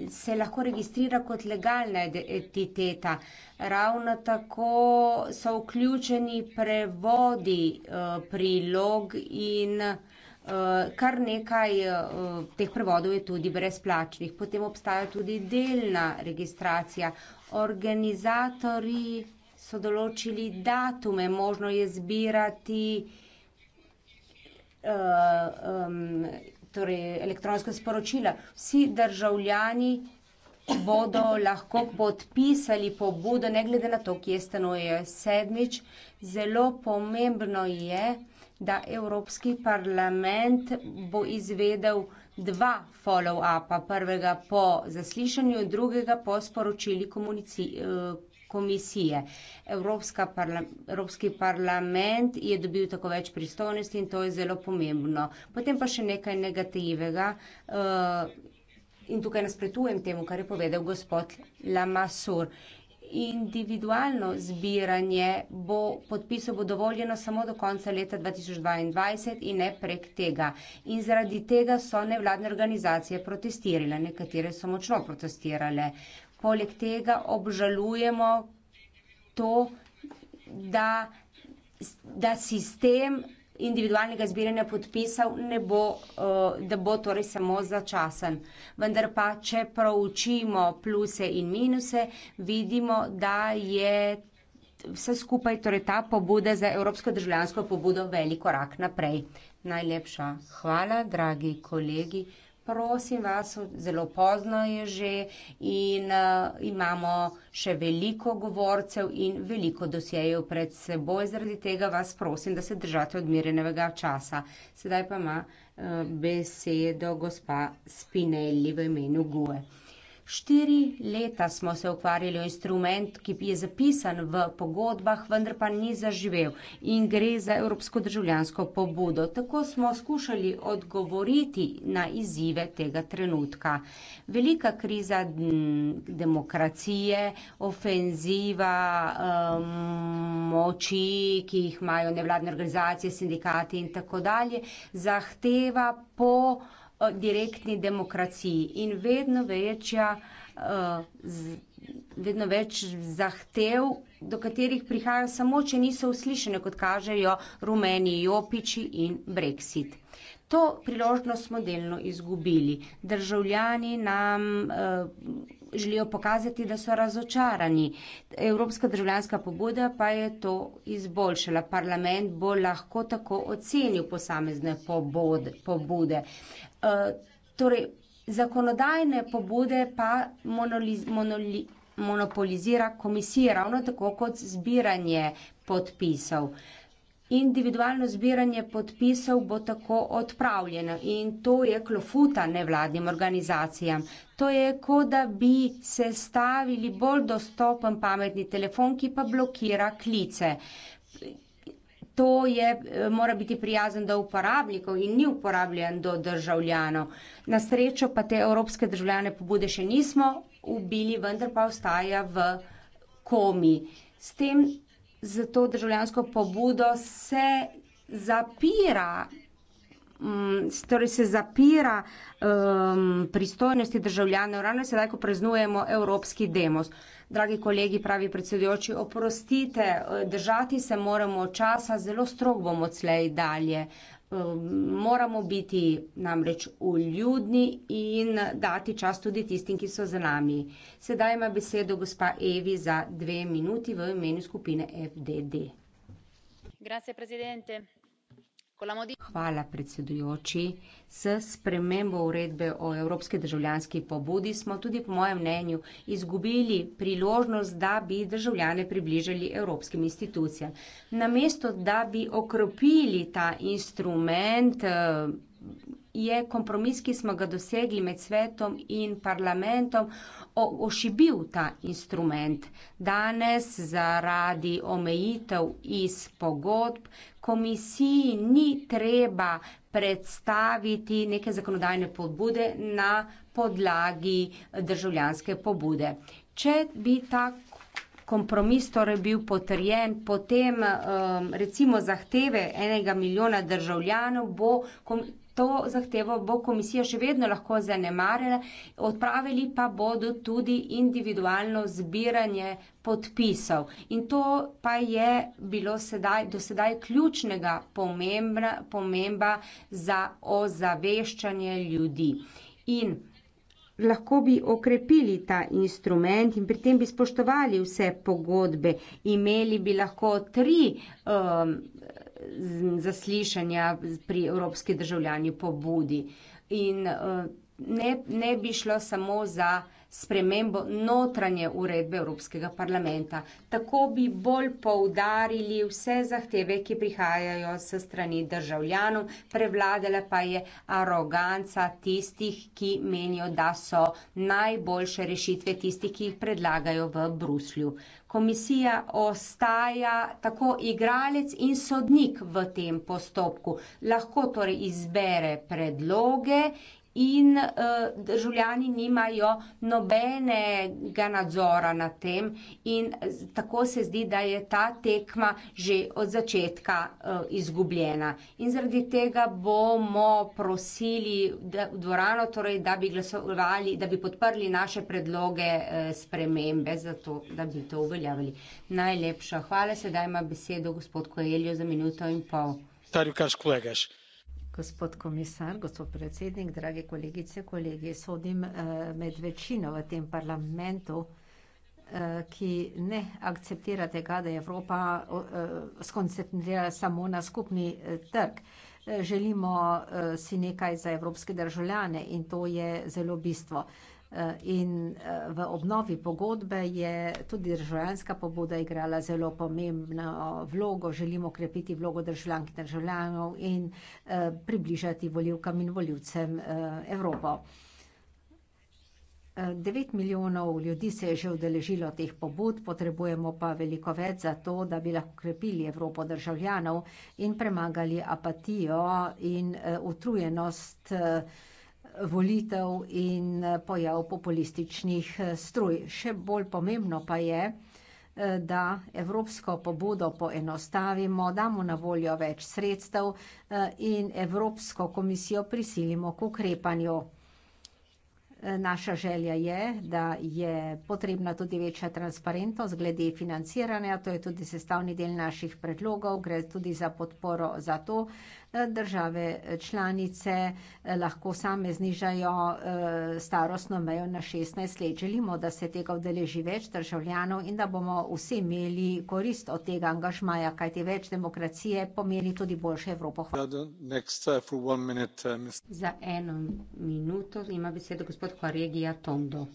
S12: se lahko registrira kot legalna entiteta. Ravno tako so vključeni prevodi eh, prilog in eh, kar nekaj eh, teh prevodov je tudi brezplačnih. Potem obstaja tudi delna registracija. Organizatori so določili datume, možno je zbirati. Uh, um, torej elektronska sporočila. Vsi državljani bodo lahko podpisali pobudo, ne glede na to, kje stanujejo. No, sedmič, zelo pomembno je, da Evropski parlament bo izvedel dva follow-upa. Prvega po zaslišanju, drugega po sporočili komunici. Eh, komisije. Evropska parla, Evropski parlament je dobil tako več pristojnosti in to je zelo pomembno. Potem pa še nekaj negativnega uh, eh, in tukaj nasprotujem temu, kar je povedal gospod Lamasur. Individualno zbiranje bo podpisov bo dovoljeno samo do konca leta 2022 in ne prek tega. In zaradi tega so nevladne organizacije protestirale, nekatere so močno protestirale. Uh, Poleg tega obžalujemo to, da, da sistem individualnega zbiranja podpisal ne bo, eh, da bo torej samo začasen. Vendar pa, če proučimo pluse in minuse, vidimo, da je vse skupaj, torej ta pobuda za evropsko državljansko pobudo velik korak naprej. Najlepša hvala, dragi kolegi prosim vas, zelo pozno je že in uh, imamo še veliko govorcev in veliko dosjejev pred seboj, zaradi tega vas prosim, da se držate odmirenega časa. Sedaj pa ima uh, besedo gospa Spinelli v imenu GUE. Štiri leta smo se ukvarjali o instrument, ki je zapisan v pogodbah, vendar pa ni zaživel in gre za evropsko državljansko pobudo. Tako smo skušali odgovoriti na izzive tega trenutka. Velika kriza demokracije, ofenziva um, moči, ki jih imajo nevladne organizacije, sindikati in tako dalje, zahteva po direktni demokraciji in vedno večja, eh, vedno več zahtev, do katerih prihajajo samo, če niso uslišene, kot kažejo rumeni jopiči in brexit. To priložnost smo delno izgubili. Državljani nam eh, želijo pokazati, da so razočarani. Evropska državljanska pobuda pa je to izboljšala. Parlament bo lahko tako ocenil posamezne pobode. Eh, torej, zakonodajne pobude pa monoliz, monoli, monopolizira komisija, ravno tako kot zbiranje podpisov. Individualno zbiranje podpisov bo tako odpravljeno in to je klofuta nevladnim organizacijam. To je kot da bi se stavili bolj dostopen pametni telefon, ki pa blokira klice. Uh, to je, eh, mora biti prijazen do uporabnikov in ni uporabljen do državljanov. Na srečo pa te evropske državljane pobude še nismo ubili, vendar pa ostaja v komi. S tem za to državljansko pobudo se zapira mm, torej se zapira um, pristojnosti državljanov, ravno sedaj, ko preznujemo evropski demos. Uh, Dragi kolegi, pravi predsedujoči, oprostite, držati se moramo časa, zelo strog bomo odslej dalje. Um, moramo biti namreč uljudni in dati čas tudi tistim, ki so za nami. Sedaj ima besedo gospa Evi za dve minuti v imenu skupine FDD.
S11: Grazie, presidente.
S12: Hvala, predsedujoči. S spremembo uredbe o evropski državljanski pobudi smo tudi, po mojem mnenju, izgubili priložnost, da bi državljane približali evropskim institucijam. Namesto, da bi okropili ta instrument, eh, je kompromis, ki smo ga dosegli med svetom in parlamentom, ošibil ta instrument. Danes zaradi omejitev iz pogodb komisiji ni treba predstaviti neke zakonodajne pobude na podlagi državljanske pobude. Če bi ta kompromis torej bil potrjen, potem eh, recimo zahteve enega milijona državljanov bo to zahtevo bo komisija še vedno lahko zanemarila, odpravili pa bodo tudi individualno zbiranje podpisov. In to pa je bilo sedaj, do sedaj ključnega pomembna, pomemba za ozaveščanje ljudi. In lahko bi okrepili ta instrument in pri tem bi spoštovali vse pogodbe, imeli bi lahko tri um, zaslišanja pri evropski državljani pobudi. In eh, ne, ne bi šlo samo za spremembo notranje uredbe Evropskega parlamenta. Tako bi bolj poudarili vse zahteve, ki prihajajo se strani državljanov, prevladala pa je aroganca tistih, ki menijo, da so najboljše rešitve tistih, ki jih predlagajo v Bruslju. Komisija ostaja tako igralec in sodnik v tem postopku. Lahko torej izbere predloge in uh, državljani nimajo nobenega nadzora nad tem in tako se zdi, da je ta tekma že od začetka uh, izgubljena. In zaradi tega bomo prosili da, v dvorano, torej, da bi glasovali, da bi podprli naše predloge uh, spremembe, zato da bi to uveljavili.
S9: Najlepša hvala, sedaj ima besedo gospod Koeljo za minuto in pol.
S7: Starju, kaš kolegaš.
S9: Gospod komisar, gospod predsednik, drage kolegice, kolegi, sodim eh, med večino v tem parlamentu, eh, ki ne akceptira tega, da je Evropa eh, skoncentrirala samo na skupni eh, trg. Eh, želimo eh, si nekaj za evropske državljane in to je zelo bistvo. Eh, Eh, in eh, v obnovi pogodbe je tudi državljanska pobuda igrala zelo pomembno vlogo. Želimo krepiti vlogo državljank in državljanov in eh, približati voljivkam in voljivcem Evropo. 9 milijonov ljudi se je že udeležilo teh pobud, potrebujemo pa veliko več za to, da bi lahko krepili Evropo državljanov in premagali apatijo in utrujenost državljanov volitev in eh, pojav populističnih eh, struj. Še bolj pomembno pa je, eh, da evropsko pobudo poenostavimo, damo na voljo več sredstev in Evropsko komisijo prisilimo k ukrepanju. Naša želja je, da je potrebna tudi večja transparentnost glede financiranja, to je tudi sestavni del naših predlogov, gre tudi za podporo za to, države eh, članice eh, lahko same znižajo eh, starostno mejo na 16 let. Želimo, da se tega vdeleži več državljanov in da bomo vsi imeli korist od tega angažmaja, kajti več demokracije pomeni tudi boljše Evropo.
S8: Ja, uh, uh,
S9: Za eno minuto ima besedo gospod Kvaregija Tondo.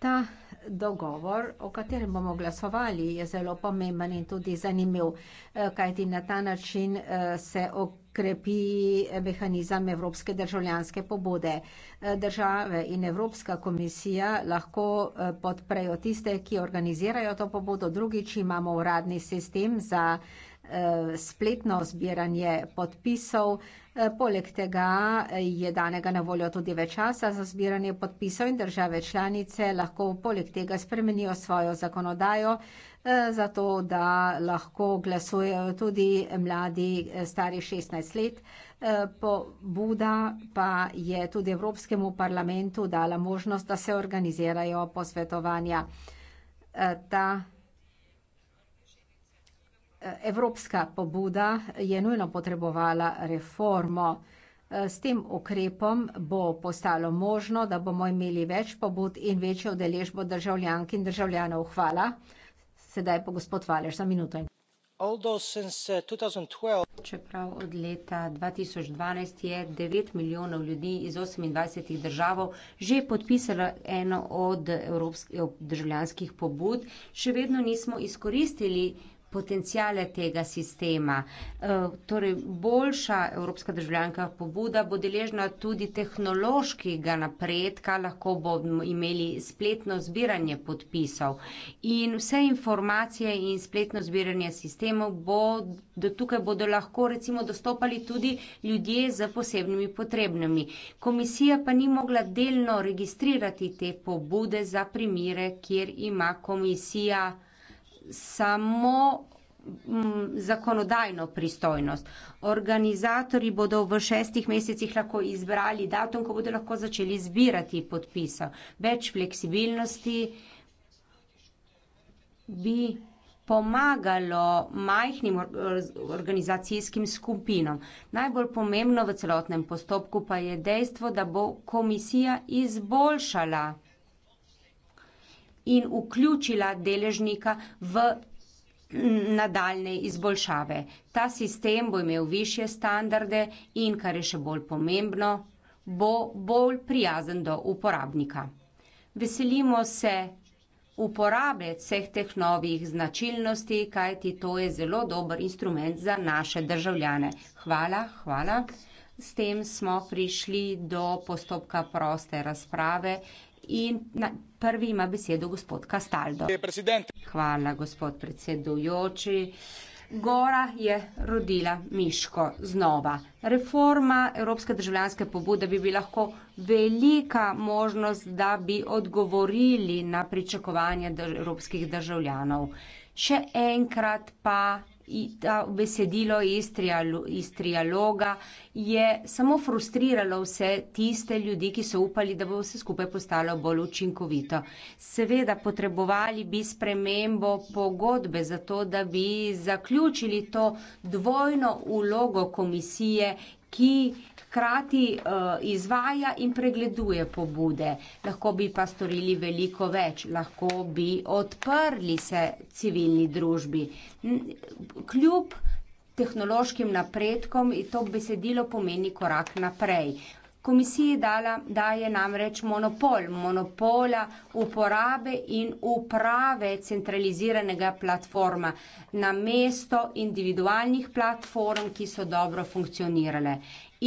S9: Ta dogovor, o katerem bomo glasovali, je zelo pomemben in tudi zanimiv, eh, kajti na ta način eh, se okrepi mehanizem evropske državljanske pobude. Eh, države in Evropska komisija lahko podprejo tiste, ki organizirajo to pobudo, drugič imamo uradni sistem za Eh, spletno zbiranje podpisov. Eh, poleg tega je danega na voljo tudi več časa za zbiranje podpisov in države članice lahko poleg tega spremenijo svojo zakonodajo, eh, zato da lahko glasujejo tudi mladi stari 16 let. Pobuda pa je tudi Evropskemu parlamentu dala možnost, da se organizirajo posvetovanja. Ta evropska pobuda je nujno potrebovala reformo. S tem ukrepom bo postalo možno, da bomo imeli več pobud in večjo deležbo državljank in državljanov. Hvala. Sedaj pa gospod Valeš za minuto.
S10: Uh,
S12: Čeprav od leta 2012 je 9 milijonov ljudi iz 28 držav že podpisalo eno od evropskih državljanskih pobud, še vedno nismo izkoristili potencijale tega sistema. Eh, torej, boljša evropska državljanka pobuda bo deležna tudi tehnološkega napredka, lahko bomo imeli spletno zbiranje podpisov in vse informacije in spletno zbiranje sistemov bo, do tukaj bodo lahko recimo dostopali tudi ljudje z posebnimi potrebnimi. Komisija pa ni mogla delno registrirati te pobude za primire, kjer ima komisija samo mm, zakonodajno pristojnost. Organizatori bodo v šestih mesecih lahko izbrali datum, ko bodo lahko začeli zbirati podpisa. Več fleksibilnosti bi pomagalo majhnim organizacijskim skupinam. Najbolj pomembno v celotnem postopku pa je dejstvo, da bo komisija izboljšala in vključila deležnika v nadaljne izboljšave. Ta sistem bo imel više standarde in, kar je še bolj pomembno, bo bolj prijazen do uporabnika. Veselimo se uporabe vseh teh novih značilnosti, kajti to je zelo dober instrument za naše državljane. Hvala, hvala. S tem smo prišli do postopka proste razprave. In na prvi ima besedo gospod Kastaldo. Hvala, gospod predsedujoči. Gora je rodila Miško znova. Reforma Evropske državljanske pobude bi bila lahko velika možnost, da bi odgovorili na pričakovanje evropskih državljanov. Še enkrat pa ta besedilo iz trialoga je samo frustriralo vse tiste ljudi, ki so upali, da bo vse skupaj postalo bolj učinkovito. Seveda potrebovali bi spremembo pogodbe za to, da bi zaključili to dvojno ulogo komisije, ki hkrati uh, izvaja in pregleduje pobude. Lahko bi pa storili veliko več, lahko bi odprli se civilni družbi. Kljub tehnološkim napredkom to besedilo pomeni korak naprej. Komisiji dala, daje namreč monopol, monopola uporabe in uprave centraliziranega platforma na mesto individualnih platform, ki so dobro funkcionirale.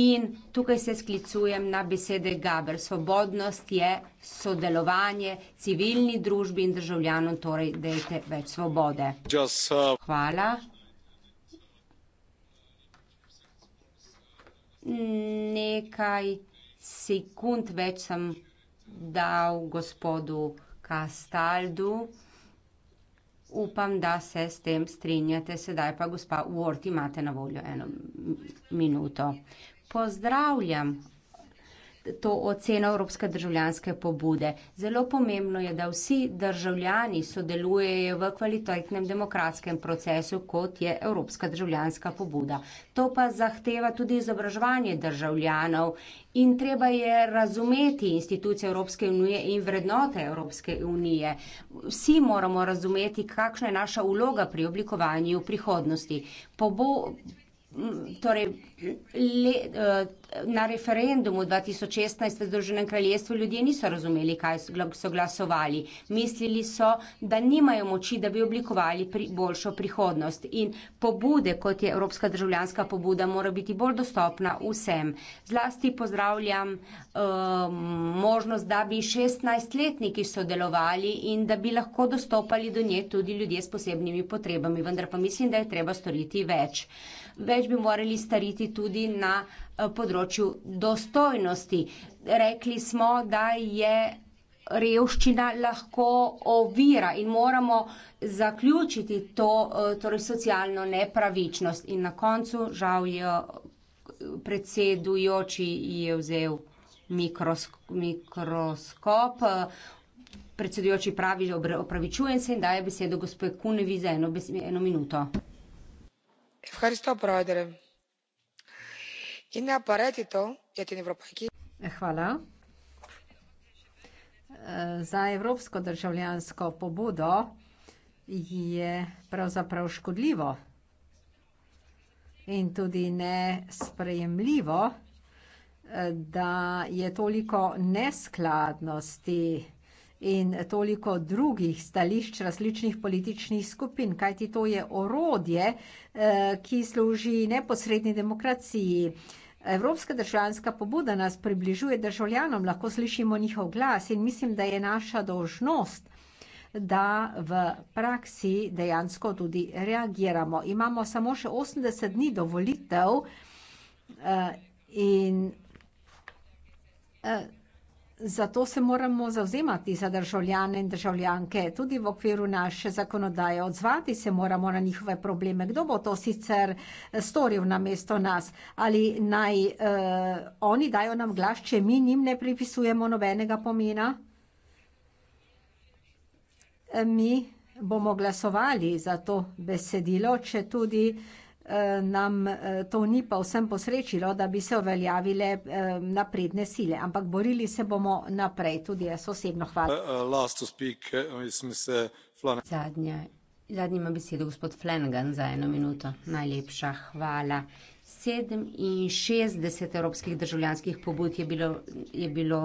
S12: In tukaj se sklicujem na besede Gaber. Svobodnost je sodelovanje civilni družbi in državljanom, torej dejte več svobode.
S8: Uh,
S11: Hvala.
S12: Nekaj sekund več sem dal gospodu Kastaldu. Upam, da se s tem strinjate. Sedaj pa gospa Ward, imate na voljo eno minuto pozdravljam to oceno Evropske državljanske pobude. Zelo pomembno je, da vsi državljani sodelujejo v kvalitetnem demokratskem procesu, kot je Evropska državljanska pobuda. To pa zahteva tudi izobraževanje državljanov in treba je razumeti institucije Evropske unije in vrednote Evropske unije. Vsi moramo razumeti, kakšna je naša uloga pri oblikovanju prihodnosti. Pobo Mm, torej, le, eh, na referendumu 2016 v Združenem kraljestvu ljudje niso razumeli, kaj so glasovali. Mislili so, da nimajo moči, da bi oblikovali pri boljšo prihodnost. In pobude, kot je Evropska državljanska pobuda, mora biti bolj dostopna vsem. Zlasti pozdravljam um, možnost, da bi 16-letniki sodelovali in da bi lahko dostopali do nje tudi ljudje s posebnimi potrebami. Vendar pa mislim, da je treba storiti več več bi morali stariti tudi na eh, področju dostojnosti. Rekli smo, da je revščina lahko ovira in moramo zaključiti to eh, torej socialno nepravičnost. In na koncu, žal je eh, predsedujoči je vzel mikroskop. Predsedujoči pravi, že opravičujem se in daje besedo gospe Kunevi za eno, eno minuto.
S9: Hvala. Za evropsko državljansko pobudo je pravzaprav škodljivo in tudi nesprejemljivo, eh, da je toliko neskladnosti in toliko drugih stališč različnih političnih skupin, kajti to je orodje, eh, ki služi neposredni demokraciji. Evropska državljanska pobuda nas približuje državljanom, lahko slišimo njihov glas in mislim, da je naša dožnost, da v praksi dejansko tudi reagiramo. Imamo samo še 80 dni do volitev eh, in eh, Zato se moramo zavzemati za državljane in državljanke, tudi v okviru naše zakonodaje. Odzvati se moramo na njihove probleme. Kdo bo to sicer storil na mesto nas? Ali naj eh, oni dajo nam glas, če mi njim ne pripisujemo nobenega pomena? Mi bomo glasovali za to besedilo, če tudi eh, Eh, nam eh, to ni pa vsem posrečilo, da bi se uveljavile eh, napredne sile, ampak borili se bomo naprej, tudi jaz osebno hvala.
S8: Uh, uh, uh, Zadnja,
S9: zadnji ima besedo gospod Flanagan za eno minuto. Najlepša
S12: hvala. 67 evropskih državljanskih pobud je bilo, je bilo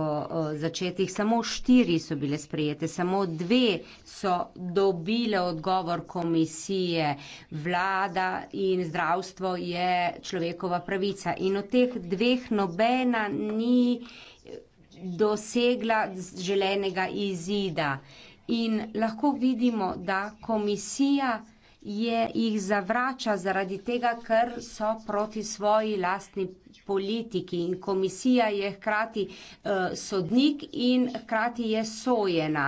S12: začetih, samo štiri so bile sprejete, samo dve so dobile odgovor komisije. Vlada in zdravstvo je človekova pravica in od teh dveh nobena ni dosegla želenega izida. In lahko vidimo, da komisija je jih zavrača zaradi tega, ker so proti svoji lastni politiki in komisija je hkrati uh, sodnik in hkrati je sojena.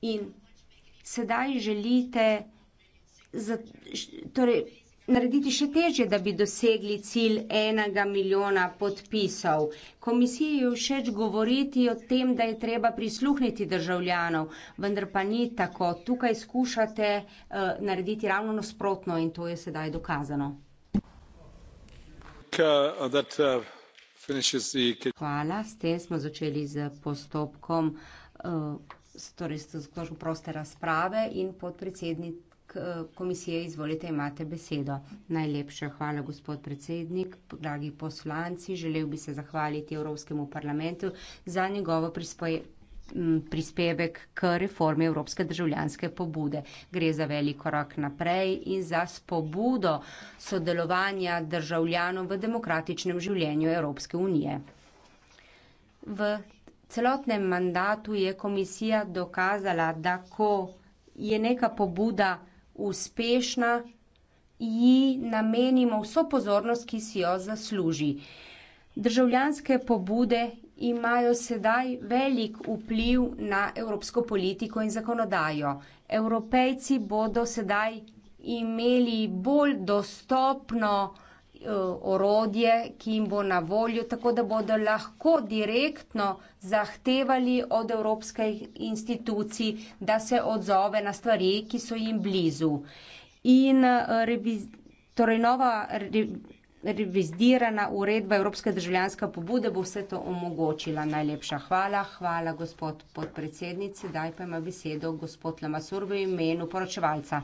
S12: In sedaj želite, za, š, torej narediti še težje, da bi dosegli cilj enega milijona podpisov. Komisiji je všeč govoriti o tem, da je treba prisluhniti državljanov, vendar pa ni tako. Tukaj skušate uh, narediti ravno nasprotno in to je sedaj dokazano.
S8: Uh, Hvala, s
S12: tem smo začeli z postopkom. Uh, Torej, z zaključkom proste razprave in podpredsednik Eh, komisije, izvolite, imate besedo. Najlepša hvala, gospod predsednik, dragi poslanci. Želel bi se zahvaliti Evropskemu parlamentu za njegovo prispoje prispevek k reformi Evropske državljanske pobude. Gre za velik korak naprej in za spobudo sodelovanja državljanov v demokratičnem življenju Evropske unije. V celotnem mandatu je komisija dokazala, da ko je neka pobuda uspešna, ji namenimo vso pozornost, ki si jo zasluži. Državljanske pobude imajo sedaj velik vpliv na evropsko politiko in zakonodajo. Evropejci bodo sedaj imeli bolj dostopno Eh, orodje, ki jim bo na voljo, tako da bodo lahko direktno zahtevali od evropskih institucij, da se odzove na stvari, ki so jim blizu. In eh, revi, torej nova revizija revizirana uredba Evropske državljanske pobude bo vse to omogočila. Najlepša hvala. Hvala, gospod podpredsednici. Daj pa ima besedo gospod Lamasur v
S6: imenu poročevalca.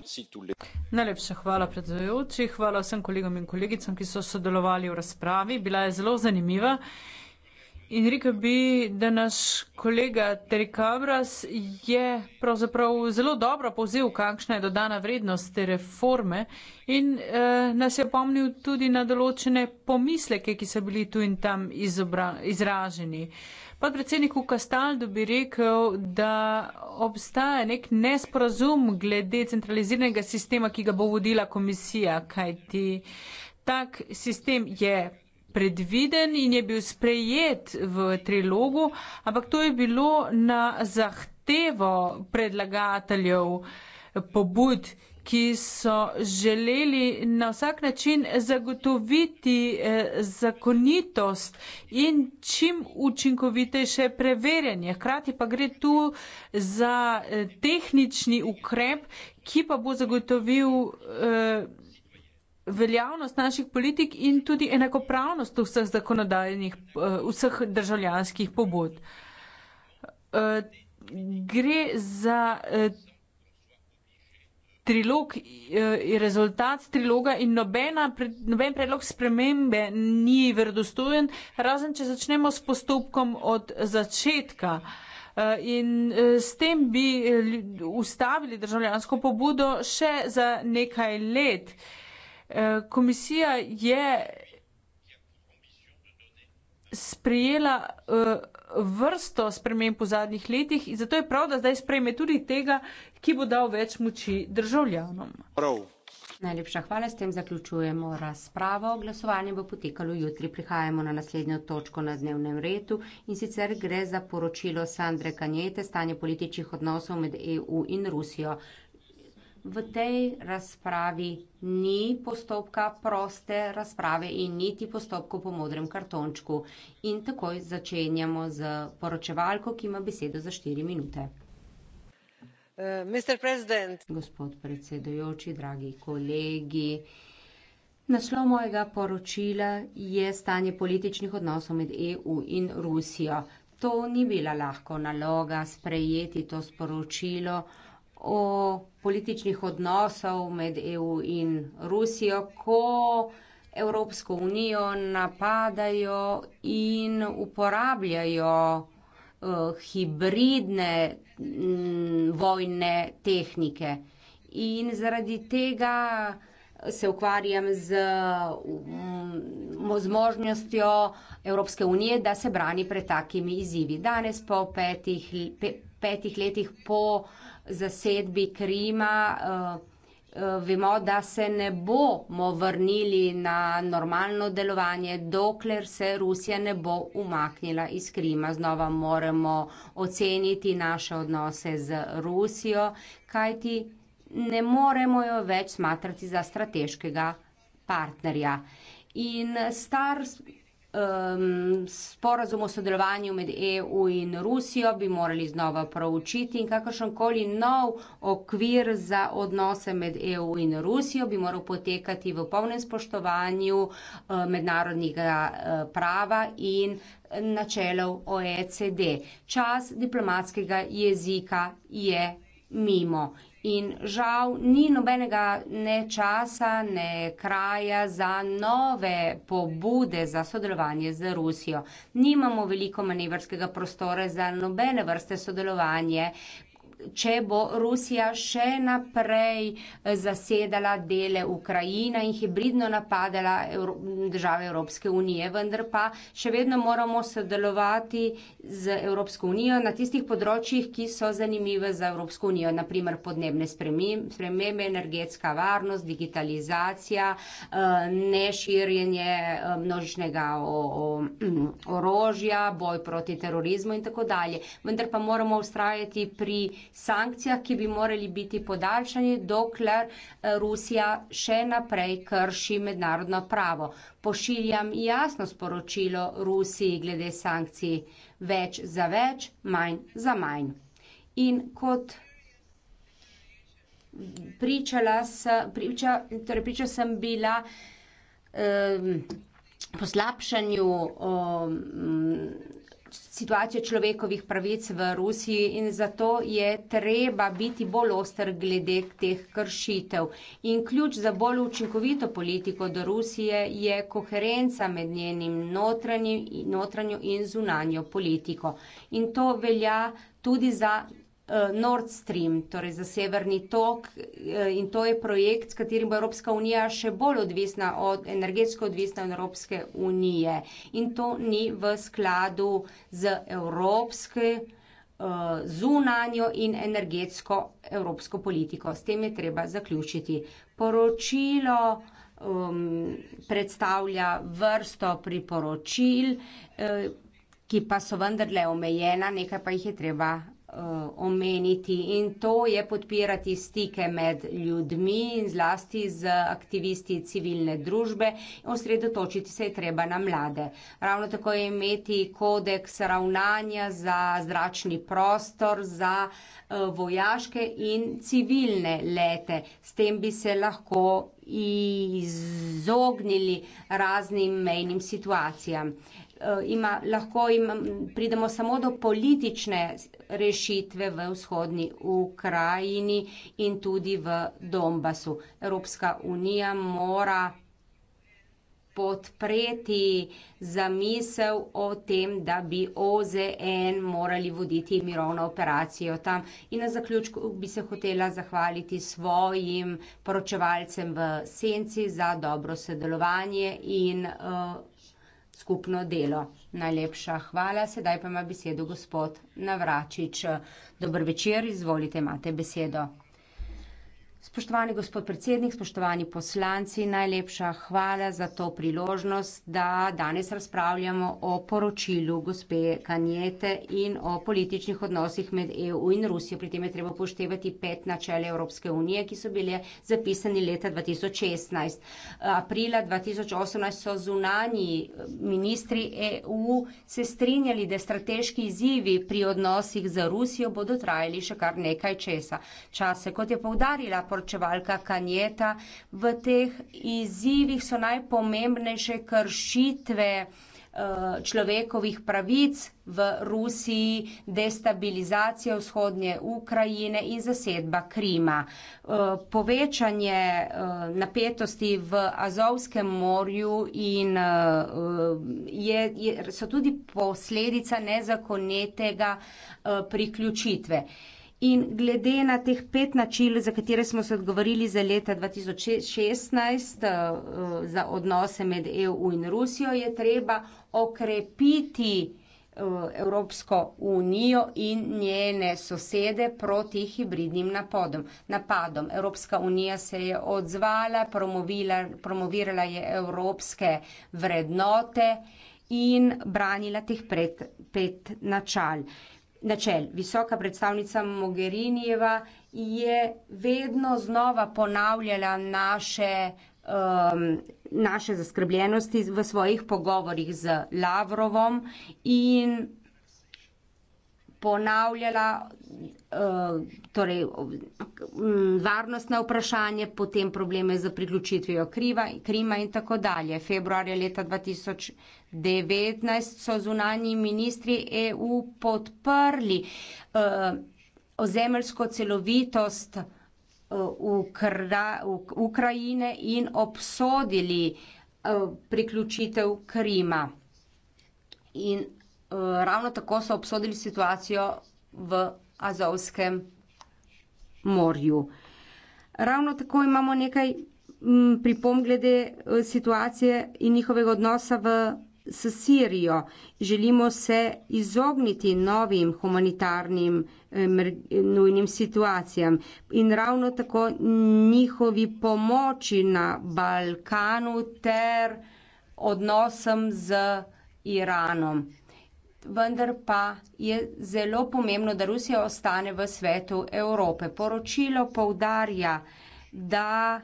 S6: Najlepša hvala, predsedujoči. Hvala vsem kolegom in kolegicam, ki so sodelovali v razpravi. Bila je zelo zanimiva. Enrika bi, da naš kolega Terikabras je pravzaprav zelo dobro povzel, kakšna je dodana vrednost te reforme in eh, nas je pomnil tudi na določene pomisleke, ki so bili tu in tam izraženi. Podpredsednik Kastaldo bi rekel, da obstaja nek nesporazum glede centraliziranega sistema, ki ga bo vodila komisija, kajti tak sistem je predviden in je bil sprejet v trilogu, ampak to je bilo na zahtevo predlagateljev pobud, ki so želeli na vsak način zagotoviti eh, zakonitost in čim učinkovitejše preverjanje. Hkrati pa gre tu za eh, tehnični ukrep, ki pa bo zagotovil eh, veljavnost naših politik in tudi enakopravnost vseh zakonodajnih, eh, vseh državljanskih pobud. Eh, gre za eh, trilog, rezultat triloga in nobena, noben predlog spremembe ni verodostojen, razen če začnemo s postopkom od začetka. In s tem bi ustavili državljansko pobudo še za nekaj let komisija je sprejela uh, vrsto sprememb v zadnjih letih in zato je prav, da zdaj sprejme tudi tega, ki bo dal več moči državljanom. Prav. Najlepša hvala, s tem zaključujemo razpravo.
S12: Glasovanje bo potekalo jutri. Prihajamo na naslednjo točko na dnevnem redu in sicer gre za poročilo Sandre Kanjete, stanje političnih odnosov med EU in Rusijo v tej razpravi ni postopka proste razprave in niti postopku po modrem kartončku. In takoj začenjamo z poročevalko, ki ima besedo za štiri minute.
S4: Uh,
S12: Gospod predsedojoči, dragi kolegi, naslov mojega poročila je stanje političnih odnosov med EU in Rusijo. To ni bila lahko naloga sprejeti to sporočilo o političnih odnosov med EU in Rusijo, ko Evropsko unijo napadajo in uporabljajo uh, hibridne m, mm, vojne tehnike. In zaradi tega se ukvarjam z, m, mm, z možnostjo Evropske unije, da se brani pred takimi izzivi. Danes po petih, pe, petih letih po zasedbi Krima. Eh, eh, vemo, da se ne bomo vrnili na normalno delovanje, dokler se Rusija ne bo umaknila iz Krima. Znova moramo oceniti naše odnose z Rusijo, kajti ne moremo jo več smatrati za strateškega partnerja. In star um, sporazum o sodelovanju med EU in Rusijo bi morali znova proučiti in kakršenkoli nov okvir za odnose med EU in Rusijo bi moral potekati v polnem spoštovanju uh, mednarodnega uh, prava in načelov OECD. Čas diplomatskega jezika je mimo In žal ni nobenega ne časa, ne kraja za nove pobude za sodelovanje z Rusijo. Nimamo veliko manevrskega prostora za nobene vrste sodelovanje, če bo Rusija še naprej eh, zasedala dele Ukrajine in hibridno napadala Evro države Evropske unije. Vendar pa še vedno moramo sodelovati z Evropsko unijo na tistih področjih, ki so zanimive za Evropsko unijo, naprimer podnebne spremembe, energetska varnost, digitalizacija, eh, neširjenje eh, množnega orožja, boj proti terorizmu in tako dalje. Vendar pa moramo ustrajati pri sankcijah, ki bi morali biti podaljšani, dokler eh, Rusija še naprej krši mednarodno pravo. Pošiljam jasno sporočilo Rusiji glede sankcij več za več, manj za manj. In kot pričala sem, priča, torej priča sem bila um, eh, poslabšanju um, situacijo človekovih pravic v Rusiji in zato je treba biti bolj oster glede teh kršitev. In ključ za bolj učinkovito politiko do Rusije je koherenca med njenim notranjim, notranjo in zunanjo politiko. In to velja tudi za Eh, Nord Stream, torej za severni tok eh, in to je projekt, s katerim bo Evropska unija še bolj odvisna od, energetsko odvisna od Evropske unije. In to ni v skladu z evropske eh, zunanjo in energetsko evropsko politiko. S tem je treba zaključiti. Poročilo um, predstavlja vrsto priporočil, eh, ki pa so vendarle omejena, nekaj pa jih je treba Eh, omeniti in to je podpirati stike med ljudmi in zlasti z aktivisti civilne družbe. Osredotočiti se je treba na mlade. Ravno tako je imeti kodeks ravnanja za zračni prostor, za eh, vojaške in civilne lete. S tem bi se lahko izognili raznim mejnim situacijam. Eh, ima, lahko imam, pridemo samo do politične rešitve v vzhodni Ukrajini in tudi v Donbasu. Evropska unija mora podpreti zamisel o tem, da bi OZN morali voditi mirovno operacijo tam. In na zaključku bi se hotela zahvaliti svojim poročevalcem v senci za dobro sodelovanje in uh, skupno delo. Najlepša hvala, sedaj pa ima besedo gospod Navračič. Dober večer, izvolite, imate besedo. Spoštovani gospod predsednik, spoštovani poslanci, najlepša hvala za to priložnost, da danes razpravljamo o poročilu gospe Kanjete in o političnih odnosih med EU in Rusijo. Pri tem je treba upoštevati pet načel Evropske unije, ki so bile zapisani leta 2016. Aprila 2018 so zunani eh, ministri EU se strinjali, da strateški izzivi pri odnosih z Rusijo bodo trajali še kar nekaj časa. Čase, kot je poudarila poročevalka Kanjeta. V teh izzivih so najpomembnejše kršitve eh, človekovih pravic v Rusiji, destabilizacija vzhodnje Ukrajine in zasedba Krima. Eh, povečanje eh, napetosti v Azovskem morju in je, so tudi posledica nezakonitega priključitve. In glede na teh pet načil, za katere smo se odgovorili za leta 2016, eh, za odnose med EU in Rusijo, je treba okrepiti eh, Evropsko unijo in njene sosede proti hibridnim napodom, napadom. Evropska unija se je odzvala, promovirala je evropske vrednote in branila teh pet, pet načal načel. Visoka predstavnica Mogherinijeva je vedno znova ponavljala naše, um, naše zaskrbljenosti v svojih pogovorih z Lavrovom in ponavljala uh, torej, um, varnostne vprašanje, potem probleme z priključitvijo kriva, Krima in tako dalje. Februarja leta 2000. 19 so zunani ministri EU podprli uh, ozemeljsko celovitost uh, Ukrajine in obsodili uh, priključitev Krima. In uh, ravno tako so obsodili situacijo v Azovskem morju. Ravno tako imamo nekaj mm, pripom glede situacije in njihovega odnosa v s Sirijo. Želimo se izogniti novim humanitarnim eh, nujnim situacijam in ravno tako njihovi pomoči na Balkanu ter odnosom z Iranom. Vendar pa je zelo pomembno, da Rusija ostane v svetu Evrope. Poročilo povdarja, da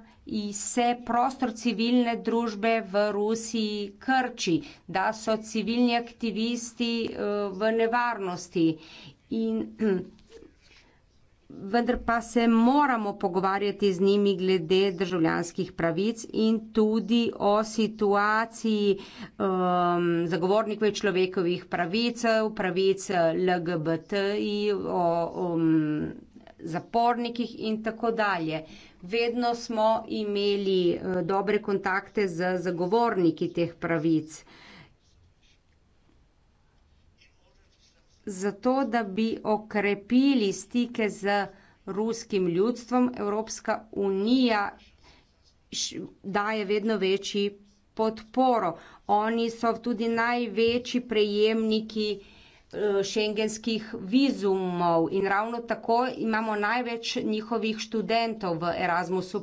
S12: se prostor civilne družbe v Rusiji krči, da so civilni aktivisti eh, v nevarnosti. In, vendar pa se moramo pogovarjati z njimi glede državljanskih pravic in tudi o situaciji um, zagovornikov človekovih pravic, pravic LGBT in o. Um, zapornikih in tako dalje. Vedno smo imeli eh, dobre kontakte z zagovorniki teh pravic. Zato, da bi okrepili stike z ruskim ljudstvom, Evropska unija daje vedno večji podporo. Oni so tudi največji prejemniki Eh, šengenskih vizumov in ravno tako imamo največ njihovih študentov v Erasmusu.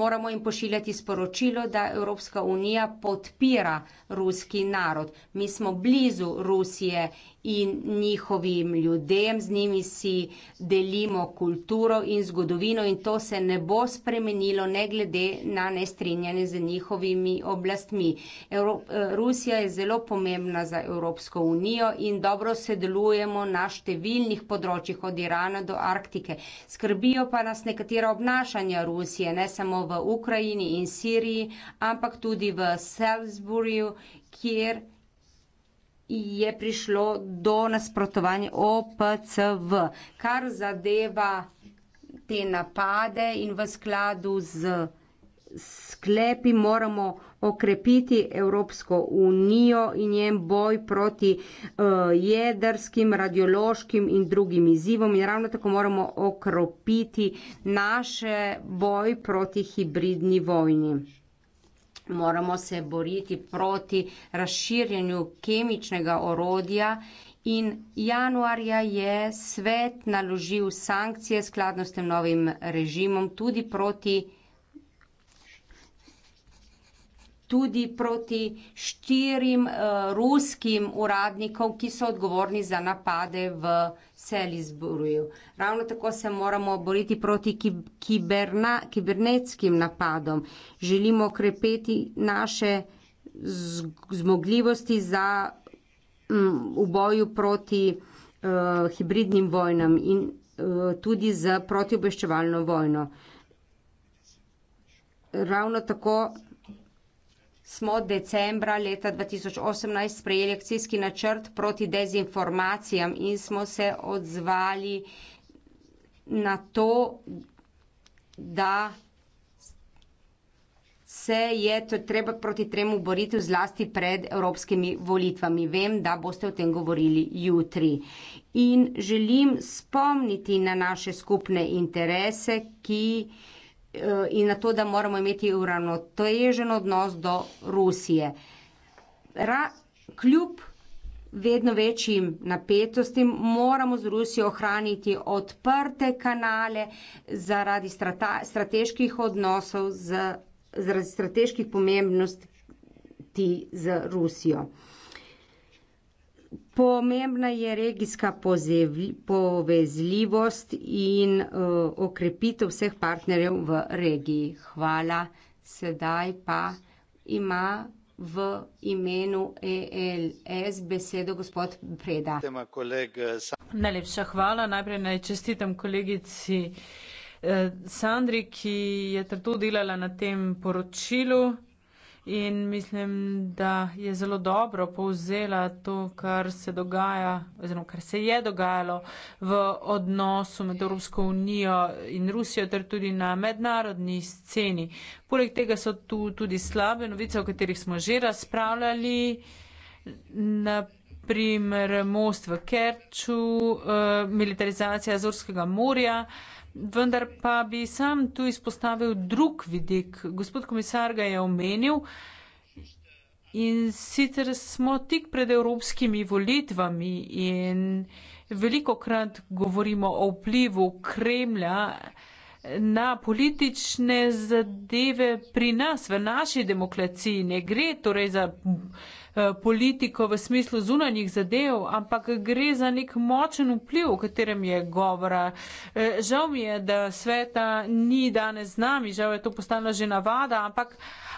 S12: Moramo jim pošiljati sporočilo, da Evropska unija podpira ruski narod. Mi smo blizu Rusije in njihovim ljudem, z njimi si delimo kulturo in zgodovino in to se ne bo spremenilo, ne glede na nestrinjanje z njihovimi oblastmi. Evro eh, Rusija je zelo pomembna za Evropsko unijo in dobro sedelujemo na številnih področjih od Irana do Arktike. Skrbijo pa nas nekatera obnašanja Rusije, ne samo v Ukrajini in Siriji, ampak tudi v Salisburyju, kjer je prišlo do nasprotovanja OPCV, kar zadeva te napade in v skladu z sklepi moramo okrepiti Evropsko unijo in njen boj proti uh, jedrskim, radiološkim in drugim izzivom in ravno tako moramo okropiti naše boj proti hibridni vojni moramo se boriti proti razširjenju kemičnega orodja. In januarja je svet naložil sankcije skladno s tem novim režimom tudi proti tudi proti štirim eh, ruskim uradnikom, ki so odgovorni za napade v Salisburyju. Ravno tako se moramo boriti proti kiberna, kibernetskim napadom. Želimo okrepiti naše zmogljivosti za m, mm, v boju proti uh, hibridnim vojnam in uh, tudi za protiobeščevalno vojno. Ravno tako smo decembra leta 2018 sprejeli akcijski načrt proti dezinformacijam in smo se odzvali na to, da se je to treba proti tremu boriti zlasti pred evropskimi volitvami. Vem, da boste o tem govorili jutri. In želim spomniti na naše skupne interese, ki Eh, in na to, da moramo imeti uravnotežen odnos do Rusije. Ra, kljub vedno večjim napetostim moramo z Rusijo ohraniti odprte kanale zaradi strata, strateških odnosov, z, zaradi strateških pomembnosti z Rusijo. Pomembna je regijska povezljivost in uh, okrepitev vseh partnerjev v regiji. Hvala. Sedaj pa ima v imenu ELS besedo gospod Preda.
S6: Najlepša hvala. Najprej naj čestitam kolegici eh, Sandri, ki je trdo delala na tem poročilu. In mislim, da je zelo dobro povzela to, kar se dogaja, oziroma kar se je dogajalo v odnosu med Evropsko unijo in Rusijo, ter tudi na mednarodni sceni. Poleg tega so tu tudi slabe novice, o katerih smo že razpravljali. Na primer, most v Kerču, eh, militarizacija Azorskega morja vendar pa bi sam tu izpostavil drug vidik. Gospod komisar ga je omenil in sicer smo tik pred evropskimi volitvami in veliko krat govorimo o vplivu Kremlja na politične zadeve pri nas, v naši demokraciji. Ne gre torej za Eh, politiko v smislu zunanjih zadev, ampak gre za nek močen vpliv, o katerem je govora. Eh, žal mi je, da sveta ni danes z nami, žal je to postalo že navada, ampak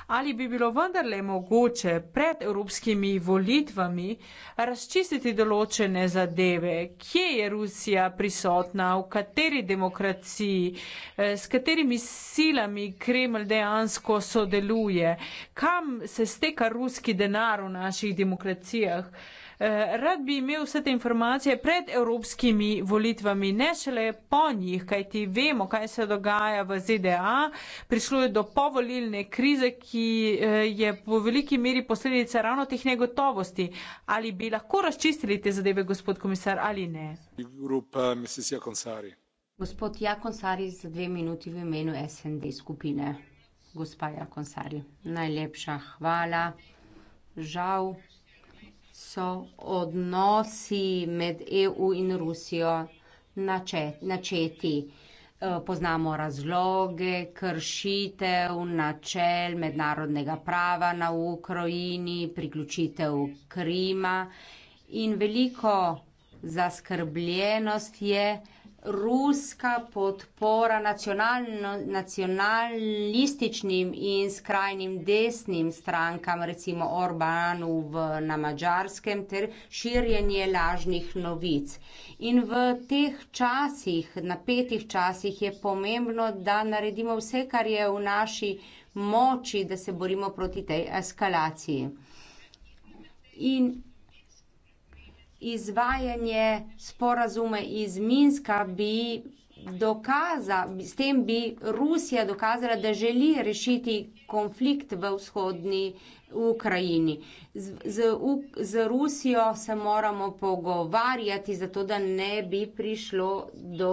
S6: ali bi bilo vendarle mogoče pred evropskimi volitvami razčistiti določene zadeve, kje je Rusija prisotna, v kateri demokraciji, eh, s katerimi silami Kreml dejansko sodeluje, kam se steka ruski denar v naših demokracijah. Eh, rad bi imel vse te informacije pred evropskimi volitvami, ne šele po njih, kajti vemo, kaj se dogaja v ZDA. Prišlo je do povolilne krize, ki eh, je po veliki meri posledica ravno teh negotovosti. Ali bi lahko razčistili te zadeve, gospod komisar, ali ne?
S8: Evropa, misis Jakonsari.
S6: Gospod Jakonsari, za dve minuti v imenu
S12: SND skupine. Gospa Jakonsari, najlepša hvala. Žal, so odnosi med EU in Rusijo načet, načeti. E, poznamo razloge, kršitev, načel mednarodnega prava na Ukrajini, priključitev Krima in veliko zaskrbljenost je, ruska podpora nacionalno, nacionalističnim in skrajnim desnim strankam, recimo Orbanu v, na mačarskem, ter širjenje lažnih novic. In v teh časih, napetih časih, je pomembno, da naredimo vse, kar je v naši moči, da se borimo proti tej eskalaciji. In izvajanje sporazume iz Minska bi dokaza, s tem bi Rusija dokazala, da želi rešiti konflikt v vzhodni Ukrajini. Z, z, z Rusijo se moramo pogovarjati, zato da ne bi prišlo do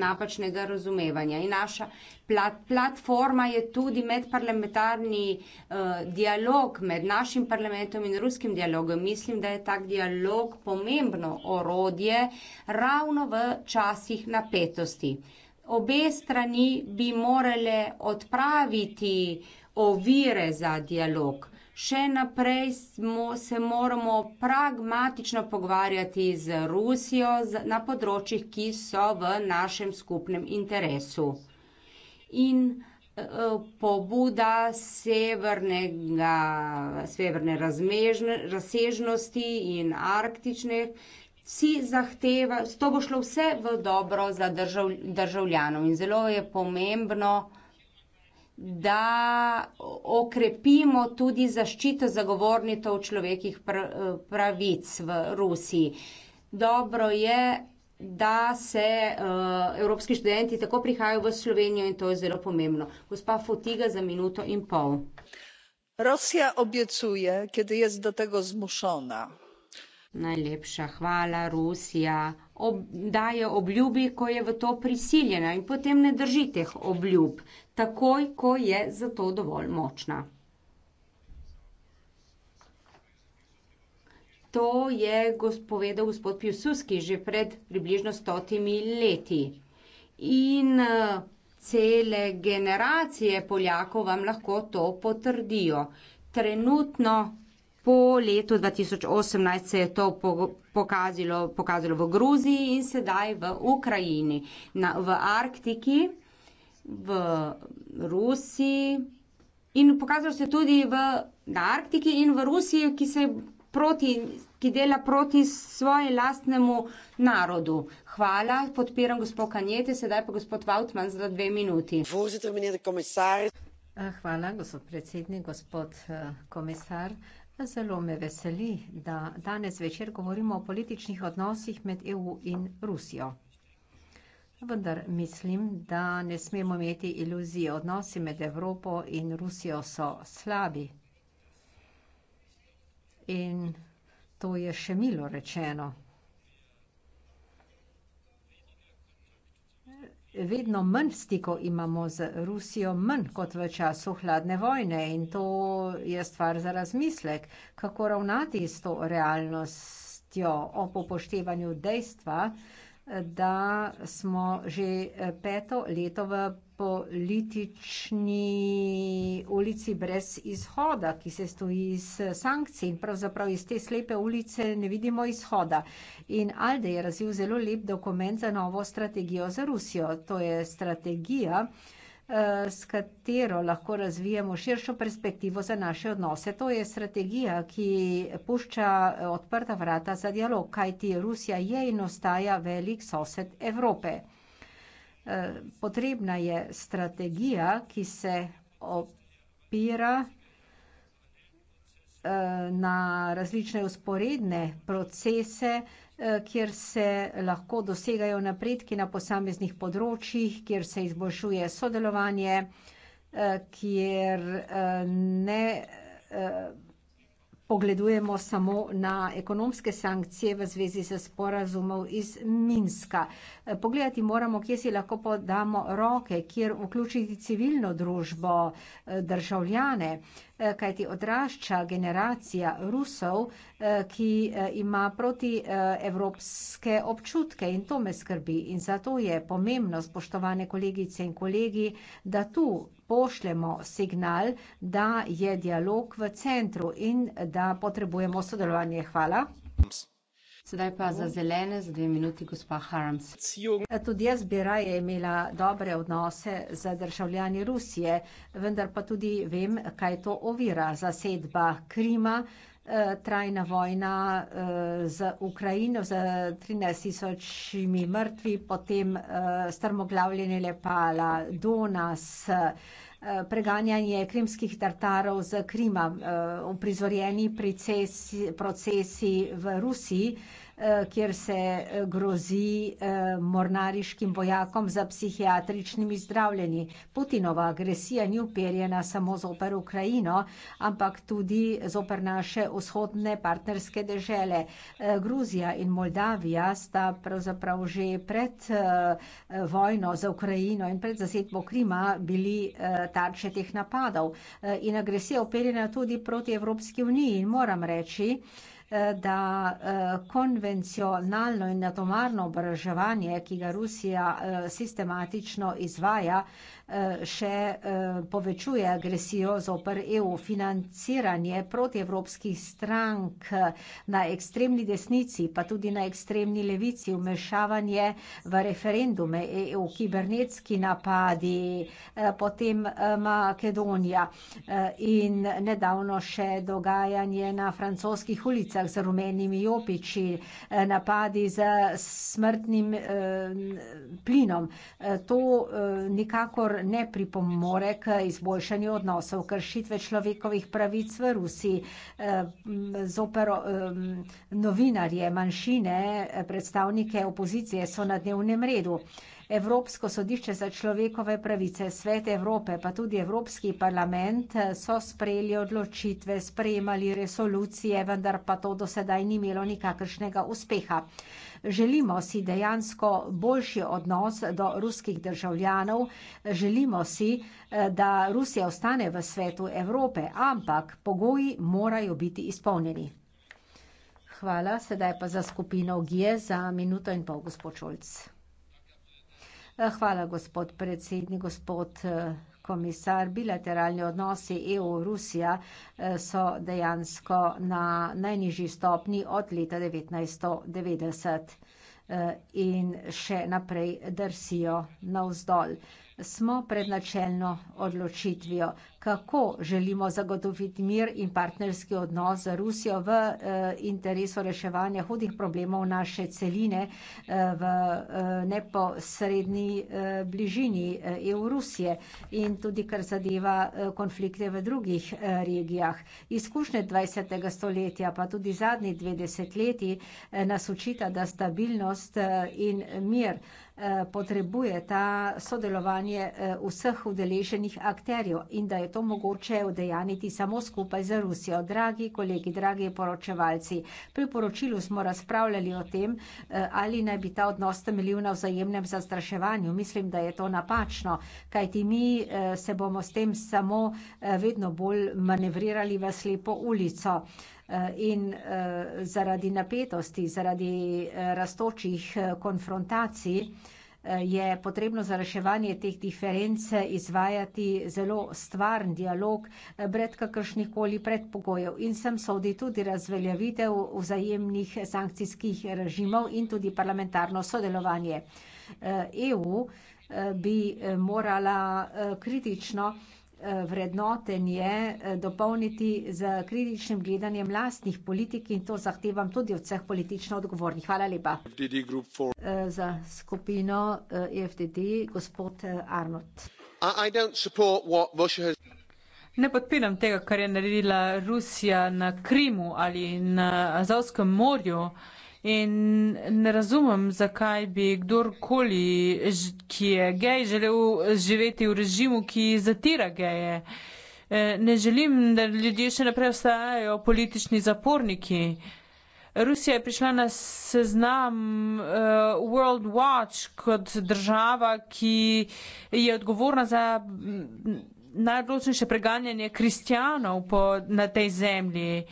S12: napačnega razumevanja. In naša plat, platforma je tudi medparlamentarni uh, dialog med našim parlamentom in ruskim dialogom. Mislim, da je tak dialog pomembno orodje ravno v časih napetosti. Obe strani bi morale odpraviti ovire za dialog še naprej smo, se moramo pragmatično pogovarjati z Rusijo na področjih, ki so v našem skupnem interesu. In e, e, pobuda severnega, severne razmežne, razsežnosti in arktične, si zahteva, to bo šlo vse v dobro za držav, državljanov in zelo je pomembno, da okrepimo tudi zaščito zagovornitev človekih pravic v Rusiji. Dobro je, da se uh, evropski študenti tako prihajajo v Slovenijo in to je zelo pomembno. Gospa Fotiga za minuto in pol. Rusija obiecuje, kiedy jest do tego zmuszona. Najlepša hvala, Rusija ob, daje obljubi, ko je v to prisiljena in potem ne drži teh obljub takoj, ko je za to dovolj močna. To je povedal gospod Piususki že pred približno stotimi leti. In cele generacije Poljakov vam lahko to potrdijo. Trenutno po letu 2018 se je to pokazalo, pokazalo v Gruziji in sedaj v Ukrajini, na, v Arktiki v Rusiji in pokazalo se tudi v, na Arktiki in v Rusiji, ki se proti, ki dela proti svoje lastnemu narodu. Hvala, podpiram gospod Kanjete, sedaj pa gospod Vautman za dve minuti.
S9: Eh, hvala, gospod predsednik, gospod eh, komisar. Zelo me veseli, da danes večer govorimo o političnih odnosih med EU in Rusijo. Vendar mislim, da ne smemo imeti iluzije. Odnosi med Evropo in Rusijo so slabi. In to je še milo rečeno. Vedno manj stiko imamo z Rusijo, manj kot v času hladne vojne. In to je stvar za razmislek, kako ravnati s to realnostjo ob upoštevanju dejstva, da smo že eh, peto leto v politični ulici brez izhoda, ki se stoji s eh, sankcij in pravzaprav iz te slepe ulice ne vidimo izhoda. In Alde je razvil zelo lep dokument za novo strategijo za Rusijo. To je strategija, ki Eh, s katero lahko razvijemo širšo perspektivo za naše odnose. To je strategija, ki pušča eh, odprta vrata za dialog, kajti Rusija je in ostaja velik sosed Evrope. Eh, potrebna je strategija, ki se opira na različne usporedne procese, Eh, kjer se lahko dosegajo napredki na posameznih področjih, kjer se izboljšuje sodelovanje, eh, kjer eh, ne pogledujemo samo na ekonomske sankcije v zvezi se sporazumov iz Minska. Pogledati moramo, kje si lahko podamo roke, kjer vključiti civilno družbo, državljane, Eh, kajti odrašča generacija Rusov, eh, ki eh, ima proti evropske občutke in to me skrbi. In zato je pomembno, spoštovane kolegice in kolegi, da tu pošljemo signal, da je dialog v centru in da potrebujemo sodelovanje. Hvala. Hvala. Sedaj pa za zelene, za dve minuti, gospa Harams. E, tudi jaz bi raje imela dobre odnose z državljani Rusije, vendar pa tudi vem, kaj to ovira. Zasedba Krima, e, trajna vojna e, z Ukrajino z 13 tisočimi mrtvi, potem strmoglavljenje Lepala, Donas, preganjanje krimskih tartarov z Krima, eh, uprizorjeni procesi v Rusiji, Eh, kjer se eh, grozi eh, mornariškim vojakom za psihiatričnimi zdravljeni. Putinova agresija ni uperjena samo zoper Ukrajino, ampak tudi zoper naše vzhodne partnerske dežele. Gruzija in Moldavija sta pravzaprav že pred vojno za Ukrajino in pred zasedbo Krima bili tarče teh napadov. In agresija uperjena tudi proti Evropski uniji in moram reči, da eh, konvencionalno in atomarno oboroževanje, ki ga Rusija eh, sistematično izvaja, Eh, še eh, povečuje agresijo zoper EU. Financiranje protievropskih strank eh, na ekstremni desnici, pa tudi na ekstremni levici, vmešavanje v referendume EU, kibernetski napadi, potem Makedonija in nedavno še dogajanje na francoskih ulicah z rumenimi jopiči, napadi z smrtnim plinom. To nikakor ne pripomore k izboljšanju odnosov. Kršitve človekovih pravic v Rusiji eh, zoper eh, novinarje, manjšine, eh, predstavnike opozicije so na dnevnem redu. Evropsko sodišče za človekove pravice, Svet Evrope pa tudi Evropski parlament so sprejeli odločitve, sprejemali resolucije, vendar pa to do sedaj ni imelo nikakršnega uspeha. Želimo si dejansko boljši odnos do ruskih državljanov, želimo si, eh, da Rusija ostane v svetu Evrope, ampak pogoji morajo biti izpolnjeni. Hvala, sedaj pa za skupino GIE za minuto in pol, gospod Šolc. Eh, hvala, gospod predsednik, gospod eh, komisar, bilateralni odnosi EU-Rusija eh, so dejansko na najnižji stopni od leta 1990 eh, in še naprej drsijo navzdol. Smo pred načelno odločitvijo, kako želimo zagotoviti mir in partnerski odnos z Rusijo v eh, interesu reševanja hudih problemov naše celine eh, v eh, neposredni bližini EU-Rusije in tudi kar zadeva konflikte v drugih regijah. Izkušnje 20. stoletja pa tudi zadnji dve desetletji nas učita, da stabilnost in mir Eh, potrebuje ta sodelovanje eh, vseh udeleženih akterjev in da je to mogoče udejaniti samo skupaj z Rusijo. Dragi kolegi, dragi poročevalci, pri poročilu smo razpravljali o tem, eh, ali naj bi ta odnos temeljil na vzajemnem zastraševanju. Mislim, da je to napačno, kajti mi se bomo s tem samo vedno bolj manevrirali v slepo ulico. Eh, in eh, zaradi napetosti, zaradi eh, raztočih konfrontacij je potrebno za reševanje teh diferenc izvajati zelo stvarn dialog brez kakršnih koli predpogojev. In sem sodi tudi razveljavitev vzajemnih sankcijskih režimov in tudi parlamentarno sodelovanje. EU e bi morala kritično Eh, vrednotenje eh, dopolniti z kritičnim gledanjem lastnih politik in to zahtevam tudi od vseh politično odgovornih. Hvala lepa. Eh, za skupino FDD gospod Arnold.
S8: I don't
S7: support what Russia has...
S6: Ne podpiram tega, kar je naredila Rusija na Krimu ali na Azovskem morju. In ne razumem, zakaj bi kdorkoli, ki je gej, želel živeti v režimu, ki zatira geje. E, ne želim, da ljudje še naprej ostajajo politični zaporniki. Rusija je prišla na seznam uh, World Watch kot država, ki je odgovorna za najodločnejše preganjanje kristjanov po, na tej zemlji.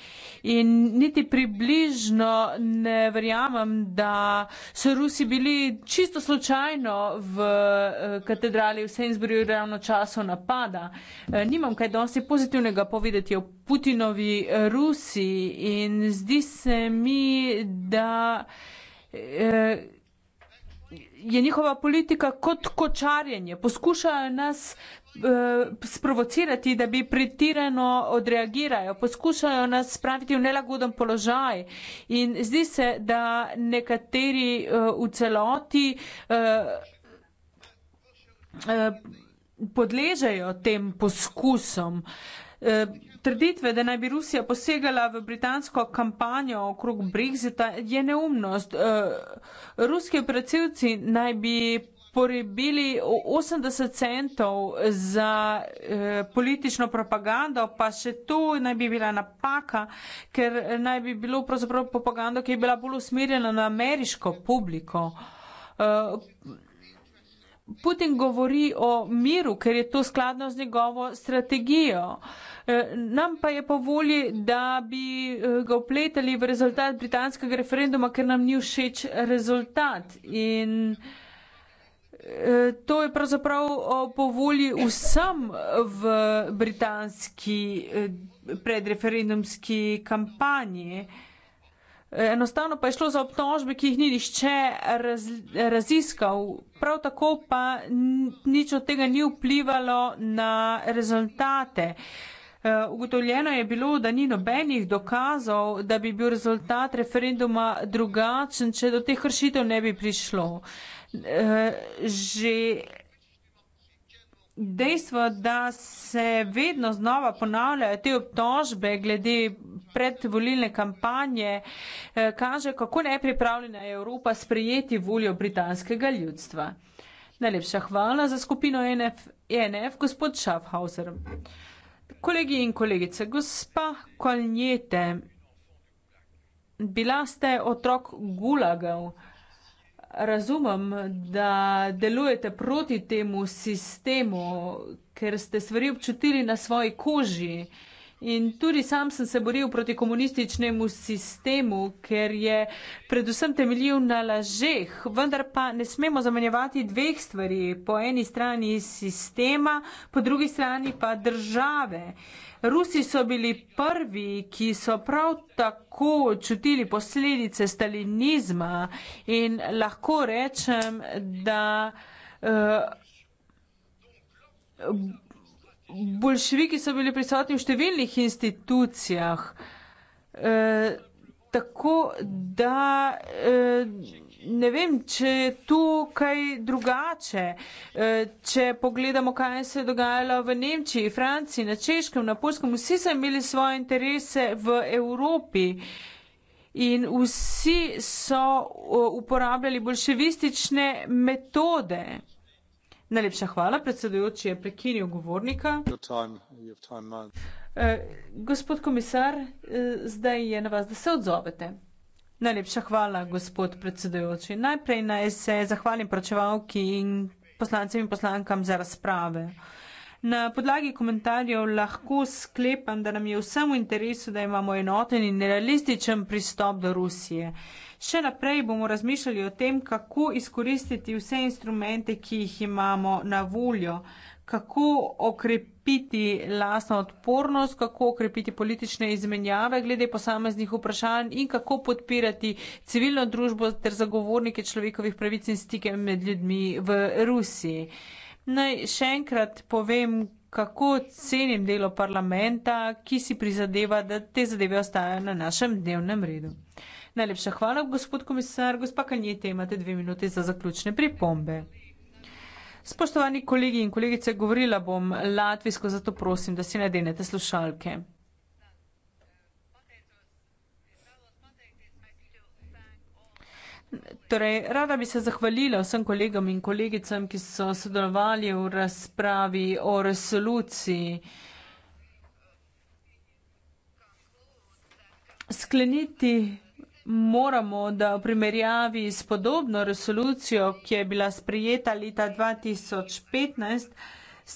S6: In niti približno ne verjamem, da so Rusi bili čisto slučajno v eh, katedrali v Sainsburyju ravno času napada. Eh, nimam kaj dosti pozitivnega povedati o Putinovi eh, Rusi in zdi se mi, da. Je njihova politika kot kočarjenje. Poskušajo nas Eh, sprovocirati, da bi pretirano odreagirajo, poskušajo nas spraviti v nelagoden položaj in zdi se, da nekateri eh, v celoti eh, podležajo tem poskusom. Trditve, da naj bi Rusija posegala v britansko kampanjo okrog Brexita, je neumnost. Ruski operacijci naj bi porebili 80 centov za eh, politično propagando, pa še tu naj bi bila napaka, ker naj bi bilo pravzaprav propagando, ki je bila bolj usmerjena na ameriško publiko. Eh, Putin govori o miru, ker je to skladno z njegovo strategijo. Eh, nam pa je po volji, da bi eh, ga upletali v rezultat britanskega referenduma, ker nam ni všeč rezultat. In uh, To je pravzaprav po volji vsem v britanski eh, predreferendumski kampanji. Enostavno pa je šlo za obtožbe, ki jih ni nišče raz, raziskal. Prav tako pa nič od tega ni vplivalo na rezultate. Eh, ugotovljeno je bilo, da ni nobenih dokazov, da bi bil rezultat referenduma drugačen, če do teh rešitev ne bi prišlo že dejstvo, da se vedno znova ponavljajo te obtožbe glede predvolilne kampanje, eh, kaže, kako nepripravljena je Evropa sprejeti voljo britanskega ljudstva. Najlepša hvala za skupino NF, ENF, gospod Schaffhauser. Kolegi in kolegice, gospa Kolnjete, bila ste otrok gulagov razumem, da delujete proti temu sistemu, ker ste stvari občutili na svoji koži. Uh, In tudi sam sem se boril proti komunističnemu sistemu, ker je predvsem temeljil na lažeh. Vendar pa ne smemo zamenjevati dveh stvari. Po eni strani sistema, po drugi strani pa države. Rusi so bili prvi, ki so prav tako čutili posledice stalinizma in lahko rečem, da. Uh, Bolševiki so bili prisotni v številnih institucijah, eh, tako da eh, ne vem, če je tu kaj drugače. Eh, če pogledamo, kaj se je dogajalo v Nemčiji, Franciji, na Češkem, na Polskem, vsi so imeli svoje interese v Evropi. In vsi so uporabljali bolševistične metode. Najlepša hvala. Predsedujoči je prekinil govornika. Eh, gospod komisar, eh, zdaj je na vas, da se odzovete. Najlepša hvala, gospod predsedujoči. Najprej naj se zahvalim poročevalki in poslancem in poslankam za razprave. Na podlagi komentarjev lahko sklepam, da nam je vsem v interesu, da imamo enoten in realističen pristop do Rusije. Še naprej bomo razmišljali o tem, kako izkoristiti vse instrumente, ki jih imamo na voljo, kako okrepiti lasno odpornost, kako okrepiti politične izmenjave glede posameznih vprašanj in kako podpirati civilno družbo ter zagovornike človekovih pravic in stike med ljudmi v Rusiji. Naj še enkrat povem, kako cenim delo parlamenta, ki si prizadeva, da te zadeve ostajajo na našem dnevnem redu. Najlepša hvala, gospod komisar. Gospa Kanjete, imate dve minute za zaključne pripombe. Spoštovani kolegi in kolegice, govorila bom latvijsko, zato prosim, da si nadenete slušalke. Torej, rada bi se zahvalila vsem kolegom in kolegicam, ki so sodelovali v razpravi o resoluciji. Skleniti moramo, da v primerjavi s podobno resolucijo, ki je bila sprejeta leta 2015,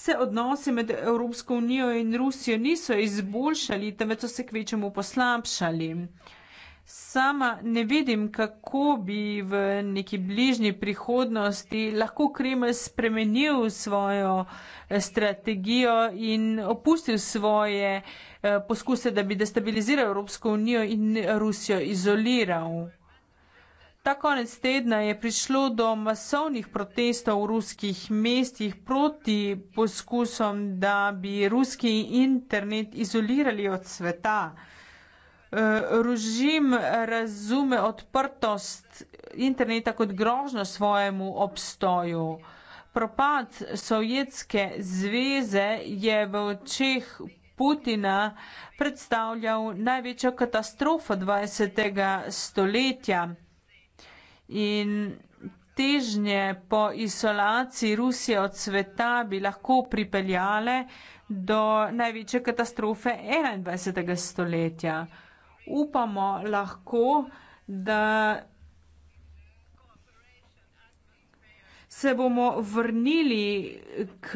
S6: se odnosi med Evropsko unijo in Rusijo niso izboljšali, temveč so se kvečemu poslabšali sama ne vidim, kako bi v neki bližnji prihodnosti lahko Kremelj spremenil svojo eh, strategijo in opustil svoje eh, poskuse, da bi destabiliziral Evropsko unijo in Rusijo izoliral. Ta konec tedna je prišlo do masovnih protestov v ruskih mestih proti poskusom, da bi ruski internet izolirali od sveta. Eh, režim razume odprtost interneta kot grožno svojemu obstoju. Propad Sovjetske zveze je v očeh Putina predstavljal največjo katastrofo 20. stoletja in težnje po izolaciji Rusije od sveta bi lahko pripeljale do največje katastrofe 21. stoletja upamo lahko, da se bomo vrnili k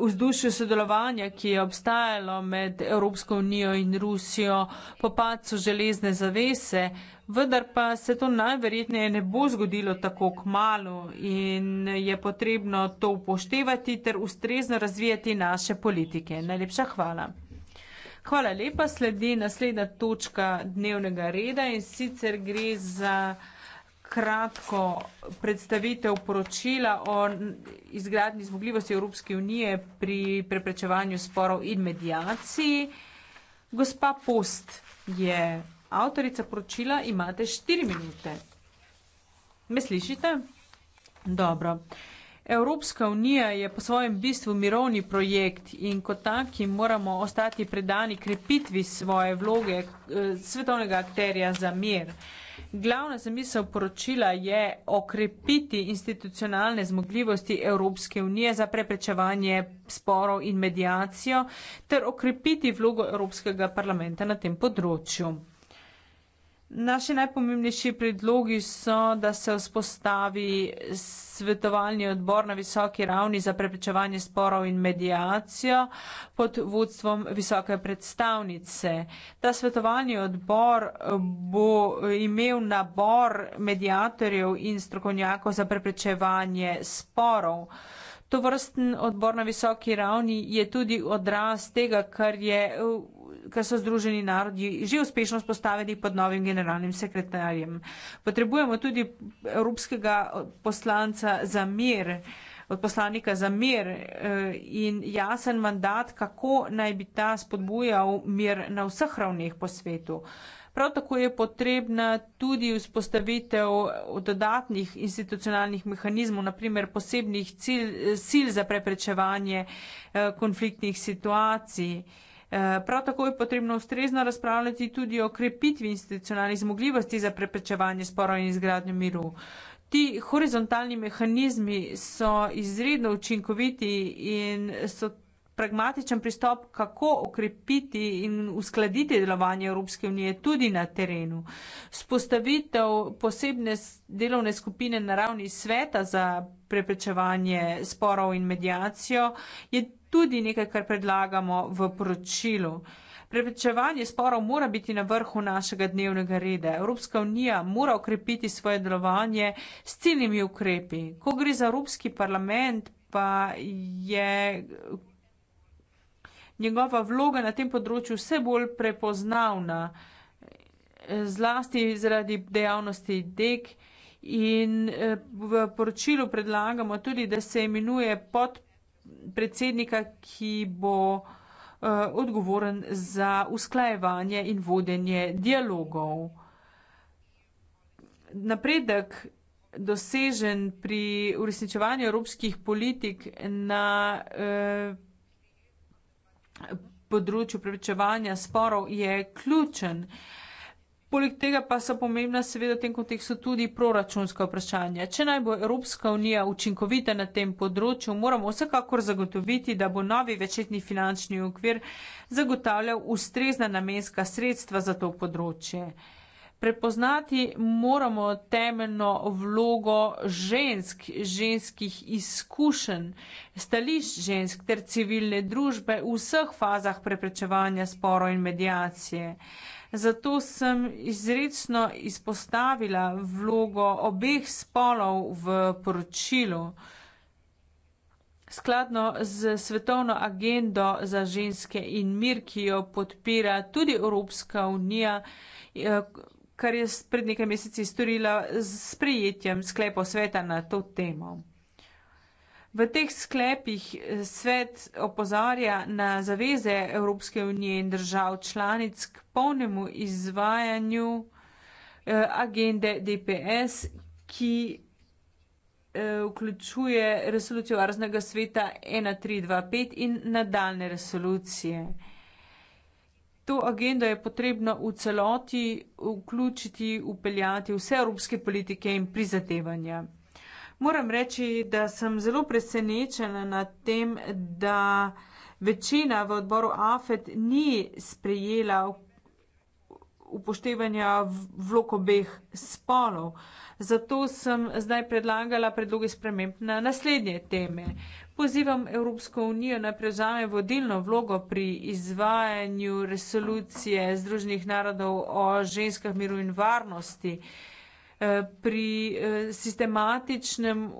S6: vzdušju sodelovanja, ki je obstajalo med Evropsko unijo in Rusijo po pacu železne zavese, vendar pa se to najverjetneje ne bo zgodilo tako k malu in je potrebno to upoštevati ter ustrezno razvijati naše politike. Najlepša hvala. Hvala lepa. Sledi naslednja točka dnevnega reda in sicer gre za kratko predstavitev poročila o izgradni zmogljivosti Evropske unije pri preprečevanju sporov in medijaciji. Gospa Post je avtorica poročila, imate štiri minute. Me slišite? Dobro. Uh, Evropska unija je po svojem bistvu mirovni projekt in kot taki moramo ostati predani krepitvi svoje vloge eh, svetovnega akterja za mir. Glavna zamisel poročila je okrepiti institucionalne zmogljivosti Evropske unije za preprečevanje sporov in medijacijo ter okrepiti vlogo Evropskega parlamenta na tem področju. Naši najpomembnejši predlogi so, da se vzpostavi svetovalni odbor na visoki ravni za preprečevanje sporov in medijacijo pod vodstvom visoke predstavnice. Ta svetovalni odbor bo imel nabor medijatorjev in strokovnjakov za preprečevanje sporov to vrsten odbor na visoki ravni je tudi odraz tega, kar, je, kar so Združeni narodi že uspešno spostavili pod novim generalnim sekretarjem. Potrebujemo tudi evropskega poslanca za mir od poslanika za mir eh, in jasen mandat, kako naj bi ta spodbujal mir na vseh ravneh po svetu. Prav tako je potrebna tudi vzpostavitev dodatnih institucionalnih mehanizmov, naprimer posebnih cil, sil za preprečevanje eh, konfliktnih situacij. Eh, prav tako je potrebno ustrezno razpravljati tudi o krepitvi institucionalnih zmogljivosti za preprečevanje sporov in izgradnjo miru. Ti horizontalni mehanizmi so izredno učinkoviti in so pragmatičen pristop, kako okrepiti in uskladiti delovanje Evropske unije tudi na terenu. Spostavitev posebne delovne skupine na ravni sveta za preprečevanje sporov in medijacijo je tudi nekaj, kar predlagamo v poročilu. Preprečevanje sporov mora biti na vrhu našega dnevnega reda. Evropska unija mora okrepiti svoje delovanje s ciljnimi ukrepi. Ko gre za Evropski parlament, pa je njegova vloga na tem področju vse bolj prepoznavna, zlasti zaradi dejavnosti DEK. In eh, v poročilu predlagamo tudi, da se imenuje pod predsednika, ki bo eh, odgovoren za usklajevanje in vodenje dialogov. Napredek dosežen pri uresničevanju evropskih politik na eh, področju prevečevanja sporov je ključen. Poleg tega pa so pomembna seveda v tem kontekstu tudi proračunska vprašanja. Če naj bo Evropska unija učinkovita na tem področju, moramo vsekakor zagotoviti, da bo novi večetni finančni okvir zagotavljal ustrezna namenska sredstva za to področje prepoznati moramo temeljno vlogo žensk, ženskih izkušenj, stališč žensk ter civilne družbe v vseh fazah preprečevanja sporov in medijacije. Zato sem izredno izpostavila vlogo obeh spolov v poročilu. Skladno z svetovno agendo za ženske in mir, ki jo podpira tudi Evropska unija, eh, kar je pred nekaj meseci storila z sprijetjem sklepov sveta na to temo. V teh sklepih eh, svet opozarja na zaveze Evropske unije in držav članic k polnemu izvajanju eh, agende DPS, ki eh, vključuje resolucijo Varnostnega sveta 1325 in nadaljne resolucije to agendo je potrebno v celoti vključiti, upeljati vse evropske politike in prizadevanja. Moram reči, da sem zelo presenečena nad tem, da večina v odboru AFED ni sprejela upoštevanja vlog obeh spolov. Zato sem zdaj predlagala predloge sprememb na naslednje teme. Uh, pozivam Evropsko unijo naj prevzame vodilno vlogo pri izvajanju resolucije Združenih narodov o ženskah miru in varnosti. Eh, pri eh, sistematičnem eh,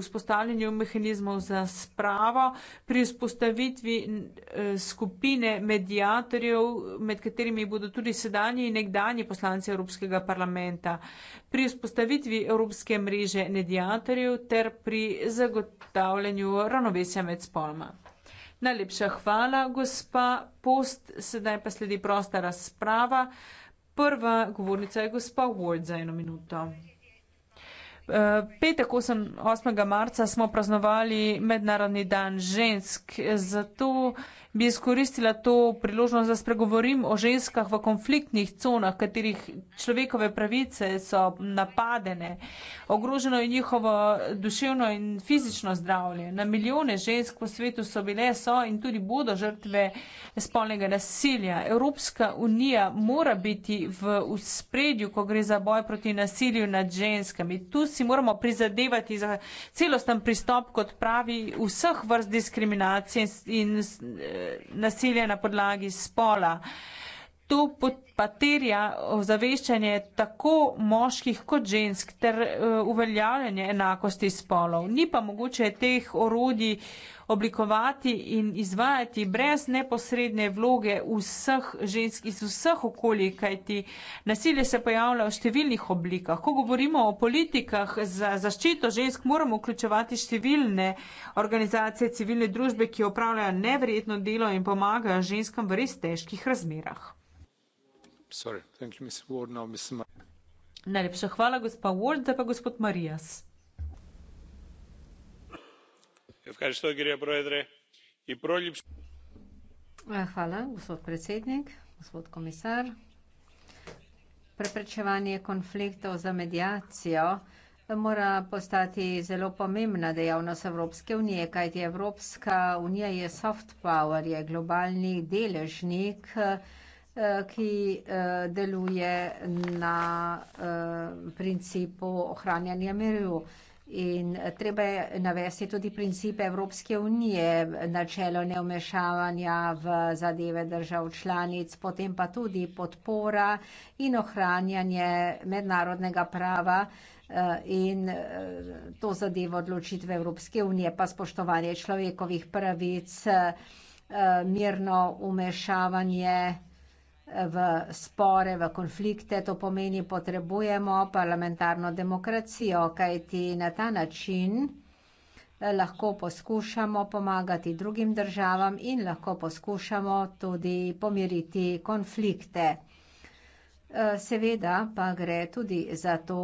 S6: vzpostavljanju mehanizmov za spravo, pri vzpostavitvi skupine medijatorjev, med katerimi bodo tudi sedanji in nekdanji poslanci Evropskega parlamenta, pri vzpostavitvi Evropske mreže medijatorjev ter pri zagotavljanju ravnovesja med spoloma. Najlepša hvala, gospa Post. Sedaj pa sledi prosta razprava. Prva govornica je gospod Ward za eno minuto. Eh, petek 8, 8. marca smo praznovali mednarodni dan žensk, zato bi izkoristila to priložnost, da spregovorim o ženskah v konfliktnih conah, katerih človekove pravice so napadene, ogroženo je njihovo duševno in fizično zdravje. Na milijone žensk po svetu so bile, so in tudi bodo žrtve spolnega nasilja. Evropska unija mora biti v spredju, ko gre za boj proti nasilju nad ženskami. Tu si moramo prizadevati za celosten pristop, kot pravi, vseh vrst diskriminacije in, in nasilje na podlagi spola. To pa terja ozaveščanje tako moških kot žensk ter eh, uveljavljanje enakosti spolov. Ni pa mogoče teh orodij oblikovati in izvajati brez neposredne vloge vseh žensk iz vseh okolij, kajti nasilje se pojavlja v številnih oblikah. Ko govorimo o politikah za zaščito žensk, moramo vključevati številne organizacije civilne družbe, ki opravljajo nevredno delo in pomagajo ženskam v res težkih razmerah. Najlepša hvala, gospa Ward. Zdaj pa gospod Marias.
S9: hvala, gospod predsednik, gospod komisar. Preprečevanje konfliktov za mediacijo mora postati zelo pomembna dejavnost Evropske unije, kajti Evropska unija je soft power, je globalni deležnik, ki eh, deluje na eh, principu ohranjanja miru. In eh, treba je navesti tudi principe Evropske unije, načelo neomešavanja v zadeve držav članic, potem pa tudi podpora in ohranjanje mednarodnega prava in to zadevo odločitve Evropske unije, pa spoštovanje človekovih pravic, mirno umešavanje v spore, v konflikte, to pomeni potrebujemo parlamentarno demokracijo, kajti na ta način eh, lahko poskušamo pomagati drugim državam in lahko poskušamo tudi pomiriti konflikte. Eh, seveda pa gre tudi za to,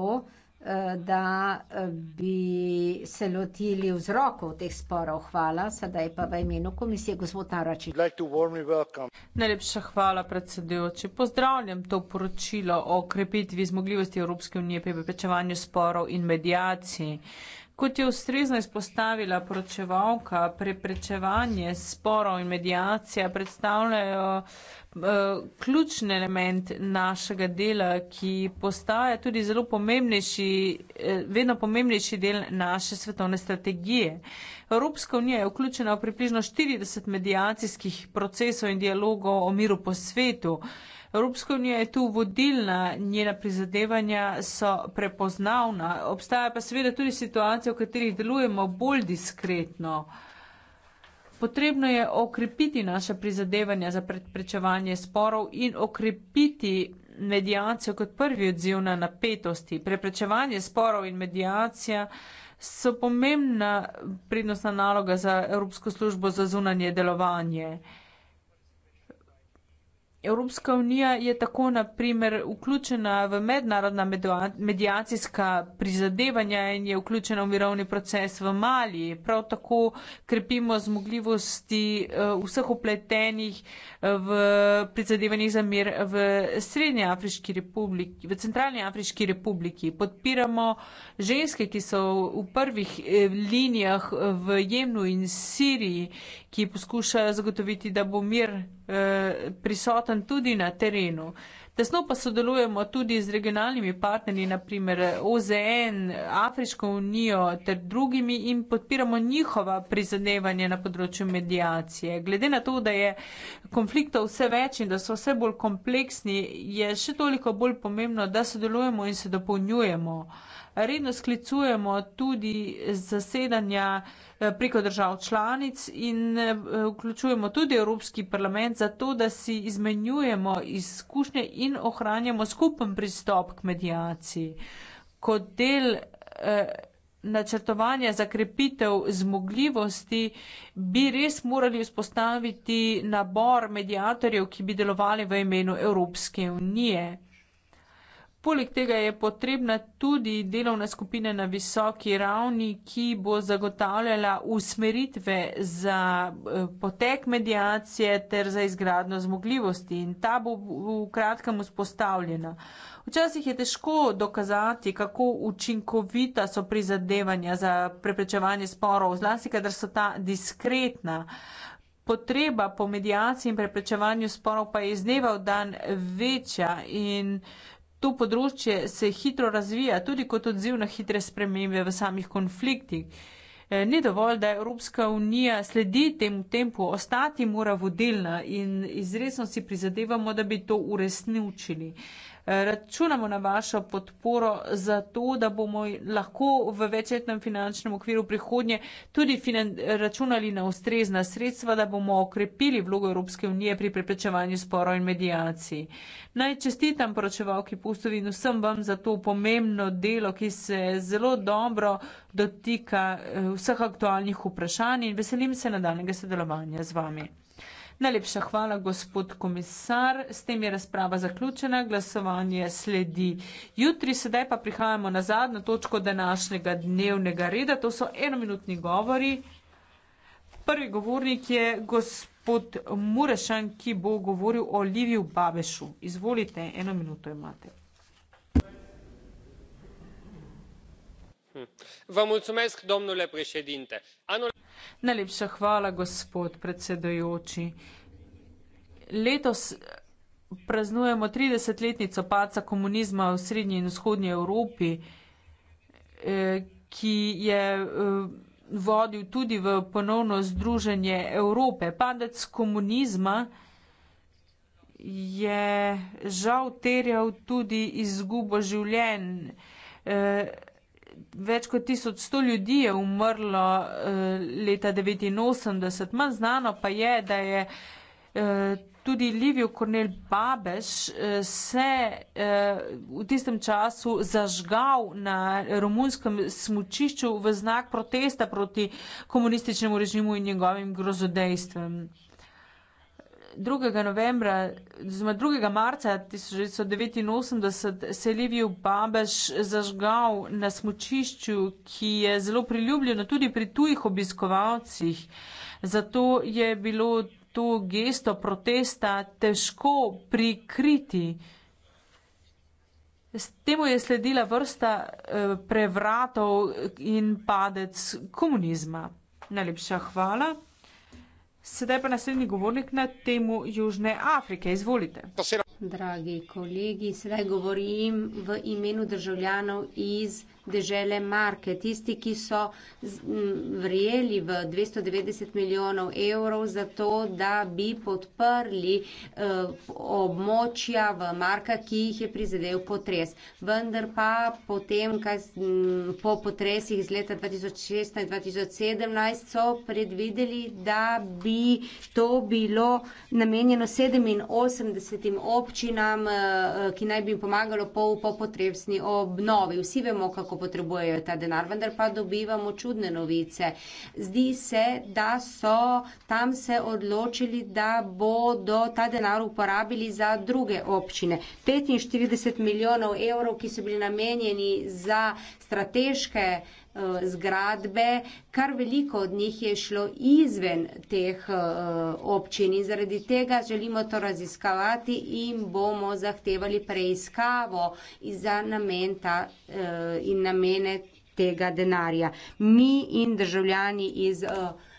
S9: Eh, da eh, bi se lotili vzrokov teh sporov. Hvala. Sedaj pa v imenu komisije gospod Tarači.
S6: Najlepša hvala, predsedujoči. Pozdravljam to poročilo o krepitvi zmogljivosti Evropske unije pri preprečevanju sporov in medijaciji. Kot je ustrezno izpostavila poročevalka, preprečevanje sporov in medijacija predstavljajo Eh, ključen element našega dela, ki postaja tudi zelo pomembnejši, eh, vedno pomembnejši del naše svetovne strategije. Evropska unija je vključena v približno 40 medijacijskih procesov in dialogov o miru po svetu. Evropska unija je tu vodilna, njena prizadevanja so prepoznavna. Obstaja pa seveda tudi situacija, v katerih delujemo bolj diskretno. Potrebno je okrepiti naše prizadevanja za preprečevanje sporov in okrepiti medijacijo kot prvi odziv na napetosti. Preprečevanje sporov in medijacija so pomembna prednostna naloga za Evropsko službo za zunanje delovanje. Evropska unija je tako na primer vključena v mednarodna medijacijska prizadevanja in je vključena v mirovni proces v Mali. Prav tako krepimo zmogljivosti eh, vseh upletenih eh, v prizadevanjih za mir v, Afriški republiki, v Centralni Afriški republiki. Podpiramo ženske, ki so v prvih eh, linijah v Jemnu in Siriji ki poskušajo zagotoviti, da bo mir eh, prisoten tudi na terenu. Tesno pa sodelujemo tudi z regionalnimi partnerji, naprimer OZN, Afriško unijo ter drugimi in podpiramo njihova prizadevanja na področju medijacije. Glede na to, da je konfliktov vse več in da so vse bolj kompleksni, je še toliko bolj pomembno, da sodelujemo in se dopolnjujemo. Uh, redno sklicujemo tudi zasedanja eh, preko držav članic in eh, vključujemo tudi Evropski parlament za to, da si izmenjujemo izkušnje in ohranjamo skupen pristop k medijaciji. Kot del eh, načrtovanja za krepitev zmogljivosti bi res morali vzpostaviti nabor medijatorjev, ki bi delovali v imenu Evropske unije. Poleg tega je potrebna tudi delovna skupina na visoki ravni, ki bo zagotavljala usmeritve za eh, potek medijacije ter za izgradno zmogljivosti in ta bo v kratkem vzpostavljena. Včasih je težko dokazati, kako učinkovita so prizadevanja za preprečevanje sporov, zlasti, kadar so ta diskretna. Potreba po medijaciji in preprečevanju sporov pa je iz dneva v dan večja in To področje se hitro razvija tudi kot odziv na hitre spremembe v samih konfliktih. Eh, ni dovolj, da Evropska unija sledi temu tempu, ostati mora vodilna in izresno si prizadevamo, da bi to uresničili. Računamo na vašo podporo za to, da bomo lahko v večletnem finančnem okviru prihodnje tudi računali na ustrezna sredstva, da bomo okrepili vlogo Evropske unije pri preprečevanju sporo in medijaciji. Naj čestitam poročevalki Pustovi in vsem vam za to pomembno delo, ki se zelo dobro dotika eh, vseh aktualnih vprašanj in veselim se nadaljnega sodelovanja z vami. Najlepša hvala, gospod komisar. S tem je razprava zaključena, glasovanje sledi jutri. Sedaj pa prihajamo na zadnjo točko današnjega dnevnega reda, to so enominutni govori. Prvi govornik je gospod Murešan, ki bo govoril o Liviju Babešu. Izvolite, eno minuto imate. Hm. Najlepša hvala, gospod predsedujoči. Letos eh, praznujemo tridesetletnico padca komunizma v srednji in vzhodni Evropi, eh, ki je, eh, vodil tudi v ponovno združenje Evrope. Padec komunizma je žal terjal tudi izgubo življenj več kot 1100 ljudi je umrlo eh, leta 1989. Manj znano pa je, da je eh, tudi Livijo Kornel Babeš eh, se v tistem času zažgal na romunskem smučišču v znak protesta proti komunističnemu režimu in njegovim grozodejstvem. 2. novembra, zma 2. marca 1989 se je Liviju Babeš zažgal na smočišču, ki je zelo priljubljeno tudi pri tujih obiskovalcih. Zato je bilo to gesto protesta težko prikriti. S temu je sledila vrsta eh, prevratov in padec komunizma. Najlepša hvala. Sedaj pa naslednji govornik na temu Južne Afrike. Izvolite. Dragi kolegi, sedaj
S12: govorim v imenu državljanov iz dežele Marke, tisti, ki so vrijeli v 290 milijonov evrov za to, da bi podprli eh, območja v Marka, ki jih je prizadel potres. Vendar pa potem, kaj, po potresih iz leta 2016-2017 so predvideli, da bi to bilo namenjeno 87 občinam, eh, ki naj bi jim pomagalo po, po potresni obnovi. Vsi vemo, kako potrebujejo ta denar, vendar pa dobivamo čudne novice. Zdi se, da so tam se odločili, da bodo ta denar uporabili za druge občine. 45 milijonov evrov, ki so bili namenjeni za strateške občine, Eh, zgradbe, kar veliko od njih je šlo izven teh eh, občin in zaradi tega želimo to raziskavati in bomo zahtevali preiskavo za namen ta eh, in namene tega denarja. Mi in državljani iz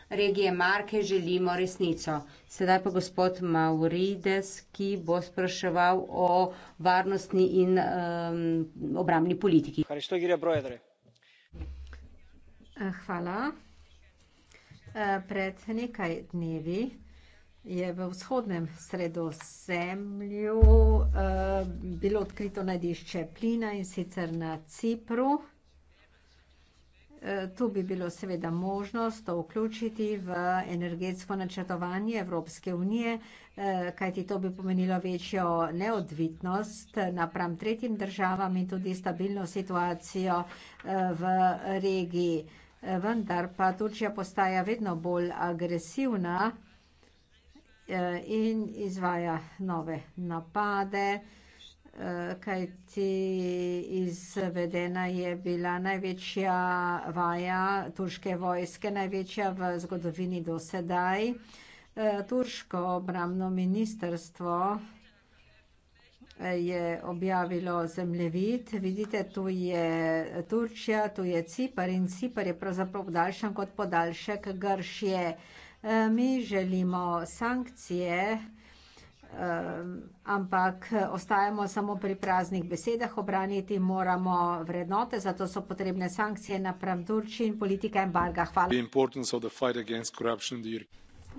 S12: regije Marke želimo resnico. Sedaj pa gospod Maurides, ki bo spraševal o varnostni in um, ehm, obramni politiki. Kaj je to, gre,
S10: brojedre?
S9: Hvala. E, pred nekaj dnevi je v vzhodnem sredozemlju e, bilo odkrito najdišče plina, in sicer na Cipru. E, to bi bilo seveda možnost to vključiti v energetsko načrtovanje Evropske unije, kajti to bi pomenilo večjo neodvitnost napram tretjim državam in tudi stabilno situacijo v regiji. Eh, vendar pa Turčija postaja vedno bolj agresivna eh, in izvaja nove napade, eh, kajti izvedena je bila največja vaja turške vojske, največja v zgodovini do sedaj. Turško obramno ministrstvo je objavilo zemljevid. Vidite, tu je Turčija, tu je Cipar in Cipar je pravzaprav daljšan kot podaljšek Gršje. E, mi želimo sankcije, e, ampak ostajamo samo pri praznih besedah, obraniti moramo vrednote, zato so potrebne sankcije naprav Turčiji in politika
S6: embarga. Hvala.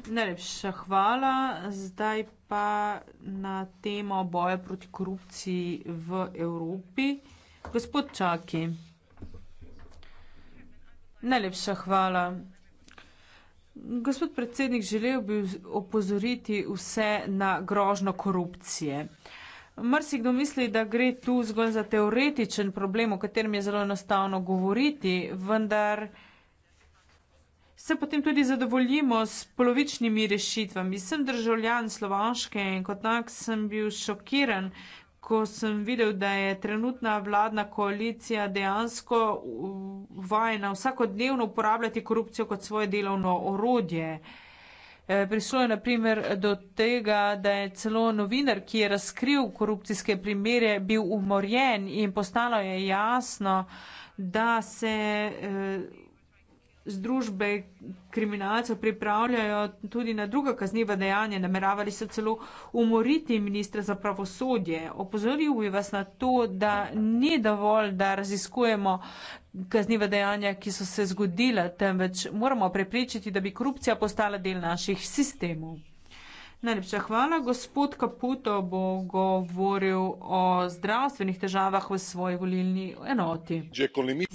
S6: Najlepša hvala. Zdaj pa na temo boja proti korupciji v Evropi. Gospod Čaki. Najlepša hvala. Gospod predsednik, želel bi opozoriti vse na grožno korupcije. Mrsikdo misli, da gre tu zgolj za teoretičen problem, o katerem je zelo enostavno govoriti, vendar se potem tudi zadovoljimo s polovičnimi rešitvami. Sem državljan Slovaške in kot tak sem bil šokiran, ko sem videl, da je trenutna vladna koalicija dejansko vajena vsakodnevno uporabljati korupcijo kot svoje delovno orodje. E, prišlo je naprimer do tega, da je celo novinar, ki je razkril korupcijske primere, bil umorjen in postalo je jasno, da se e, združbe kriminalcev pripravljajo tudi na druga kazniva dejanja, nameravali so celo umoriti ministra za pravosodje. Opozoril bi vas na to, da ni dovolj, da raziskujemo kazniva dejanja, ki so se zgodila, temveč moramo prepričati, da bi korupcija postala del naših sistemov. Najlepša hvala. Gospod Kaputo bo govoril o zdravstvenih težavah v svoji volilni enoti.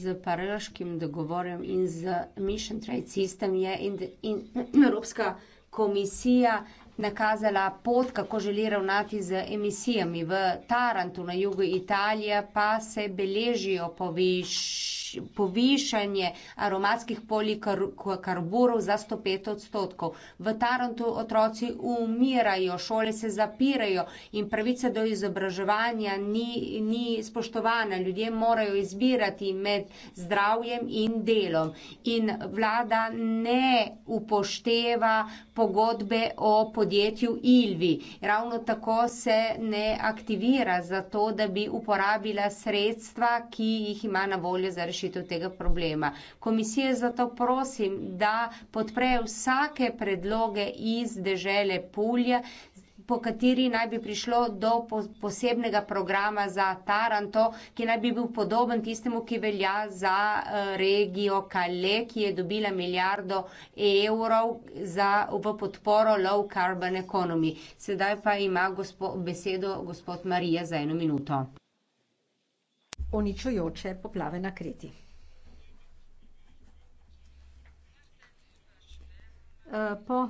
S6: Z paraloškim dogovorom in
S12: z Mission Trade System je in, in, in Evropska komisija nakazala pot, kako želi ravnati z emisijami. V Tarantu na jugu Italije pa se beležijo poviš, povišanje aromatskih polikarburov za 105 odstotkov. V Tarantu otroci umirajo, šole se zapirajo in pravica do izobraževanja ni, ni spoštovana. Ljudje morajo izbirati med zdravjem in delom. In vlada ne upošteva pogodbe o podjetju podjetju Ilvi. Ravno tako se ne aktivira za to, da bi uporabila sredstva, ki jih ima na voljo za rešitev tega problema. Komisije zato prosim, da podprejo vsake predloge iz dežele Pulja po kateri naj bi prišlo do posebnega programa za Taranto, ki naj bi bil podoben tistemu, ki velja za eh, regijo Kale, ki je dobila milijardo evrov za, v podporo low carbon economy. Sedaj pa ima gospo, besedo gospod Marija za eno minuto.
S9: Uničujoče poplave na Kreti. Uh, po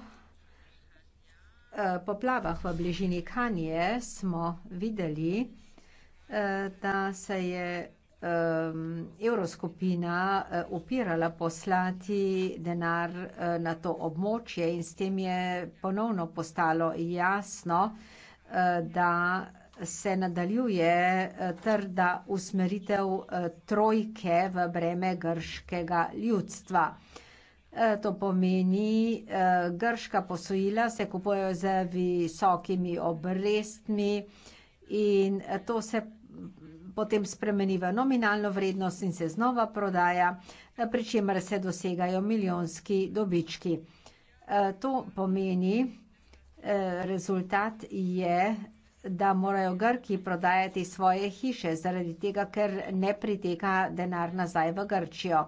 S9: Eh, poplavah v bližini Kanje smo videli, eh, da se je ehm, evroskupina eh, upirala poslati denar na to območje in s tem je ponovno postalo jasno, da se nadaljuje trda usmeritev trojke v breme grškega ljudstva. E, to pomeni, e, grška posojila se kupujejo z visokimi obrestmi in to se potem spremeni v nominalno vrednost in se znova prodaja, e, pri čemer se dosegajo milijonski dobički. To pomeni, rezultat je, da morajo Grki prodajati svoje hiše zaradi tega, ker ne priteka denar nazaj v Grčijo.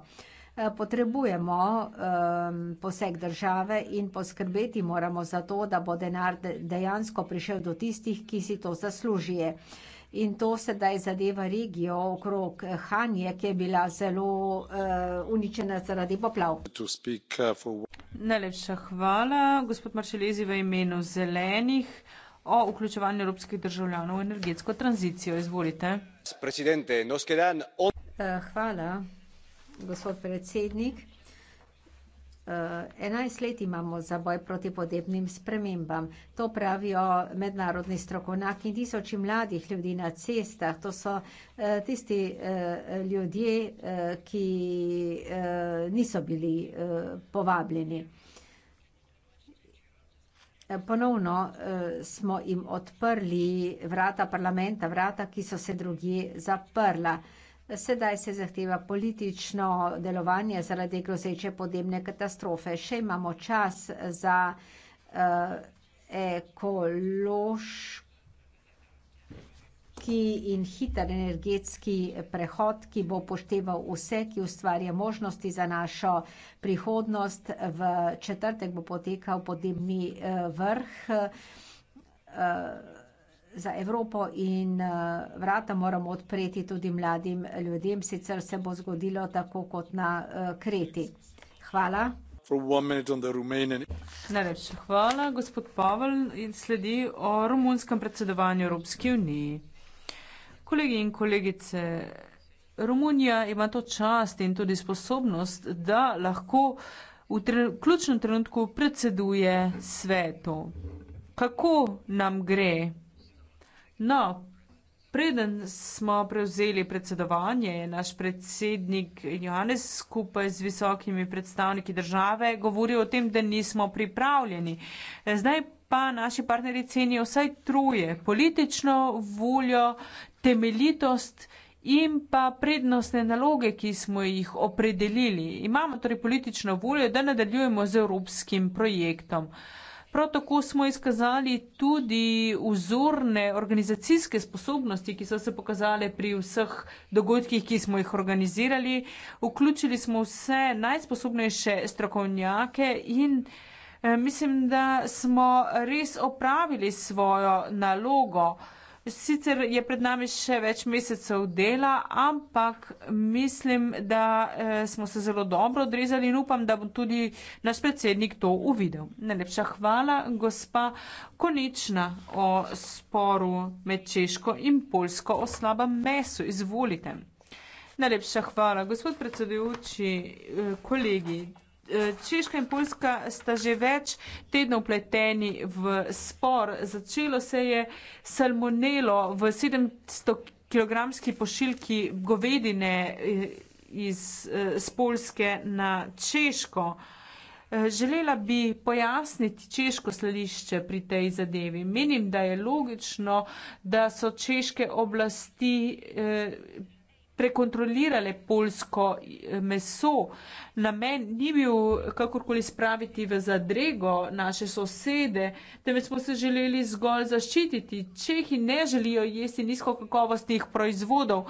S9: Eh, potrebujemo ehm, poseg države in poskrbeti moramo za to, da bo denar dejansko prišel do tistih, ki si to zaslužijo. In to sedaj zadeva regijo okrog eh, Hanje, ki je bila zelo eh, uničena zaradi
S8: poplav.
S6: Najlepša hvala, gospod Maršelezi, v imenu zelenih o vključevanju evropskih državljanov v energetsko tranzicijo. Izvolite. Hvala gospod predsednik.
S9: Eh, enajst let imamo za boj proti podnebnim spremembam. To pravijo mednarodni strokovnjaki in tisoči mladih ljudi na cestah. To so eh, tisti eh, ljudje, ki niso bili povabljeni. Ponovno smo jim odprli vrata parlamenta, vrata, ki so se drugi zaprla. Sedaj se zahteva politično delovanje zaradi grozeče podnebne katastrofe. Še imamo čas za uh, ekološki in hiter energetski prehod, ki bo pošteval vse, ki ustvarja možnosti za našo prihodnost. V četrtek bo potekal podnebni uh, vrh. Uh, za Evropo in eh, vrata moramo odpreti tudi mladim ljudem, sicer se bo zgodilo tako kot na eh, Kreti.
S6: Hvala. Najlepša hvala, gospod Pavel, in sledi o romunskem predsedovanju Evropski uniji. Kolegi in kolegice, Romunija ima to čast in tudi sposobnost, da lahko v tre ključnem trenutku predseduje svetu. Kako nam gre? No, preden smo prevzeli predsedovanje, je naš predsednik Johannes skupaj z visokimi predstavniki države govoril o tem, da nismo pripravljeni. Zdaj pa naši partneri cenijo vsaj troje - politično voljo, temeljitost in pa prednostne naloge, ki smo jih opredelili. Imamo torej politično voljo, da nadaljujemo z evropskim projektom. Prav tako smo izkazali tudi vzorne organizacijske sposobnosti, ki so se pokazale pri vseh dogodkih, ki smo jih organizirali. Vključili smo vse najsposobnejše strokovnjake in eh, mislim, da smo res opravili svojo nalogo. Sicer je pred nami še več mesecev dela, ampak mislim, da eh, smo se zelo dobro odrezali in upam, da bo tudi naš predsednik to uvidel. Najlepša hvala, gospa Konična, o sporu med Češko in Polsko o slabem mesu. Izvolite. Najlepša hvala, gospod predsedujoči, eh, kolegi. Češka in Poljska sta že več tednov pleteni v spor. Začelo se je salmonelo v 700 kg pošiljki govedine eh, iz, iz eh, Poljske na Češko. Eh, želela bi pojasniti češko slališče pri tej zadevi. Menim, da je logično, da so češke oblasti eh, prekontrolirale polsko eh, meso. Namen ni bil kakorkoli spraviti v zadrego naše sosede, temveč smo se želeli zgolj zaščititi. Čehi ne želijo jesti nizko kakovostnih proizvodov.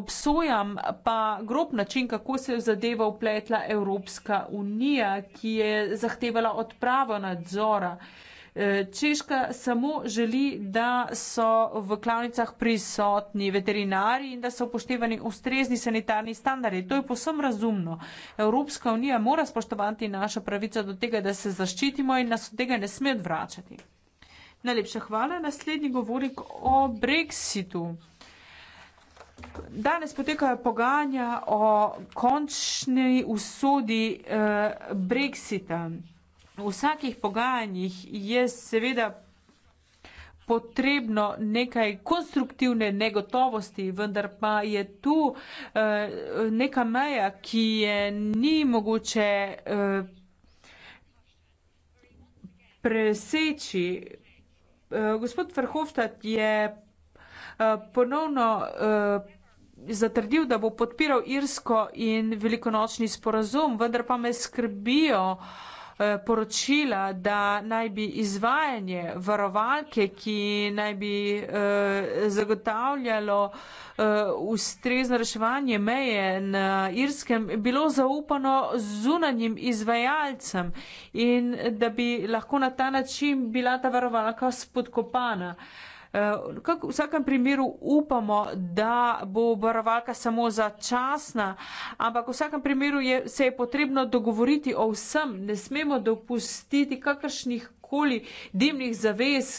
S6: Obsojam pa grob način, kako se je zadeva upletla Evropska unija, ki je zahtevala odpravo nadzora. Eh, Češka samo želi, da so v klavnicah prisotni veterinari in da so upoštevani ustrezni sanitarni standardi. To je posem razumno. Evropska unija mora spoštovati našo pravico do tega, da se zaščitimo in nas od tega ne sme odvračati. Najlepša hvala. Naslednji govornik o Brexitu. Danes potekajo pogajanja o končni usodi eh, Brexita. V vsakih pogajanjih je seveda potrebno nekaj konstruktivne negotovosti, vendar pa je tu uh, neka meja, ki je ni mogoče uh, preseči. Uh, gospod Verhofstadt je uh, ponovno. Uh, zatrdil, da bo podpiral Irsko in velikonočni sporazum, vendar pa me skrbijo uh, Eh, poročila, da naj bi izvajanje varovalke, ki naj bi eh, zagotavljalo eh, ustrezno reševanje meje na Irskem, bilo zaupano zunanjim izvajalcem in da bi lahko na ta način bila ta varovalka spodkopana. Eh, Kak, v vsakem primeru upamo, da bo varovalka samo začasna, ampak v vsakem primeru je, se je potrebno dogovoriti o vsem. Ne smemo dopustiti kakršnih koli dimnih zavez,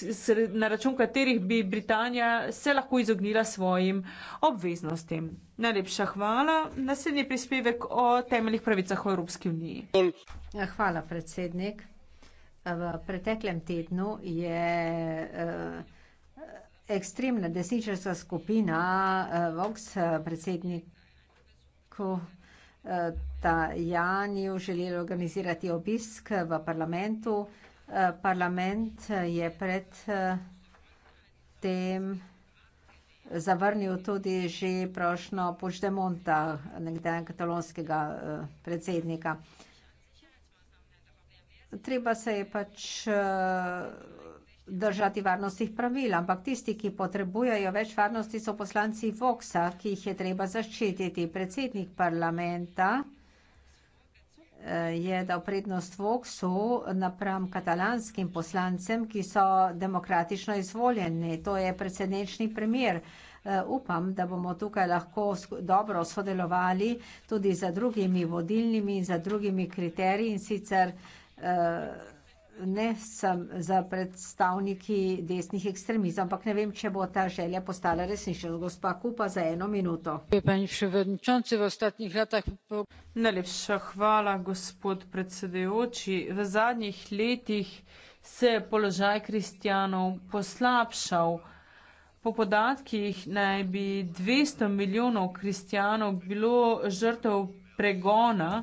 S6: na račun katerih bi Britanija se lahko izognila svojim obveznostim. Najlepša hvala. Naslednji prispevek o temeljih pravicah v Evropski uniji.
S9: Ja, hvala, predsednik. V preteklem tednu je. Uh, ekstremna desničarska skupina uh, Vox, uh, predsedniku eh, Tajaniju uh, želeli organizirati obisk v parlamentu. Uh, parlament je pred uh, tem zavrnil tudi že prošno Puigdemonta, nekdaj katalonskega uh, predsednika. Treba se je pač uh, držati varnostnih pravil, ampak tisti, ki potrebujejo več varnosti, so poslanci Voxa, ki jih je treba zaščititi. Predsednik parlamenta eh, je dal prednost Voxu napram katalanskim poslancem, ki so demokratično izvoljeni. To je predsednični primer. Eh, upam, da bomo tukaj lahko dobro sodelovali tudi za drugimi vodilnimi in za drugimi kriteriji in sicer vsega eh, ne sem za predstavniki desnih ekstremizem, ampak ne vem, če bo ta želja postala resnična. Gospa Kupa, za eno
S6: minuto. Najlepša hvala, gospod predsedujoči. V zadnjih letih se je položaj kristjanov poslabšal. Po podatkih naj bi 200 milijonov kristjanov bilo žrtev pregona.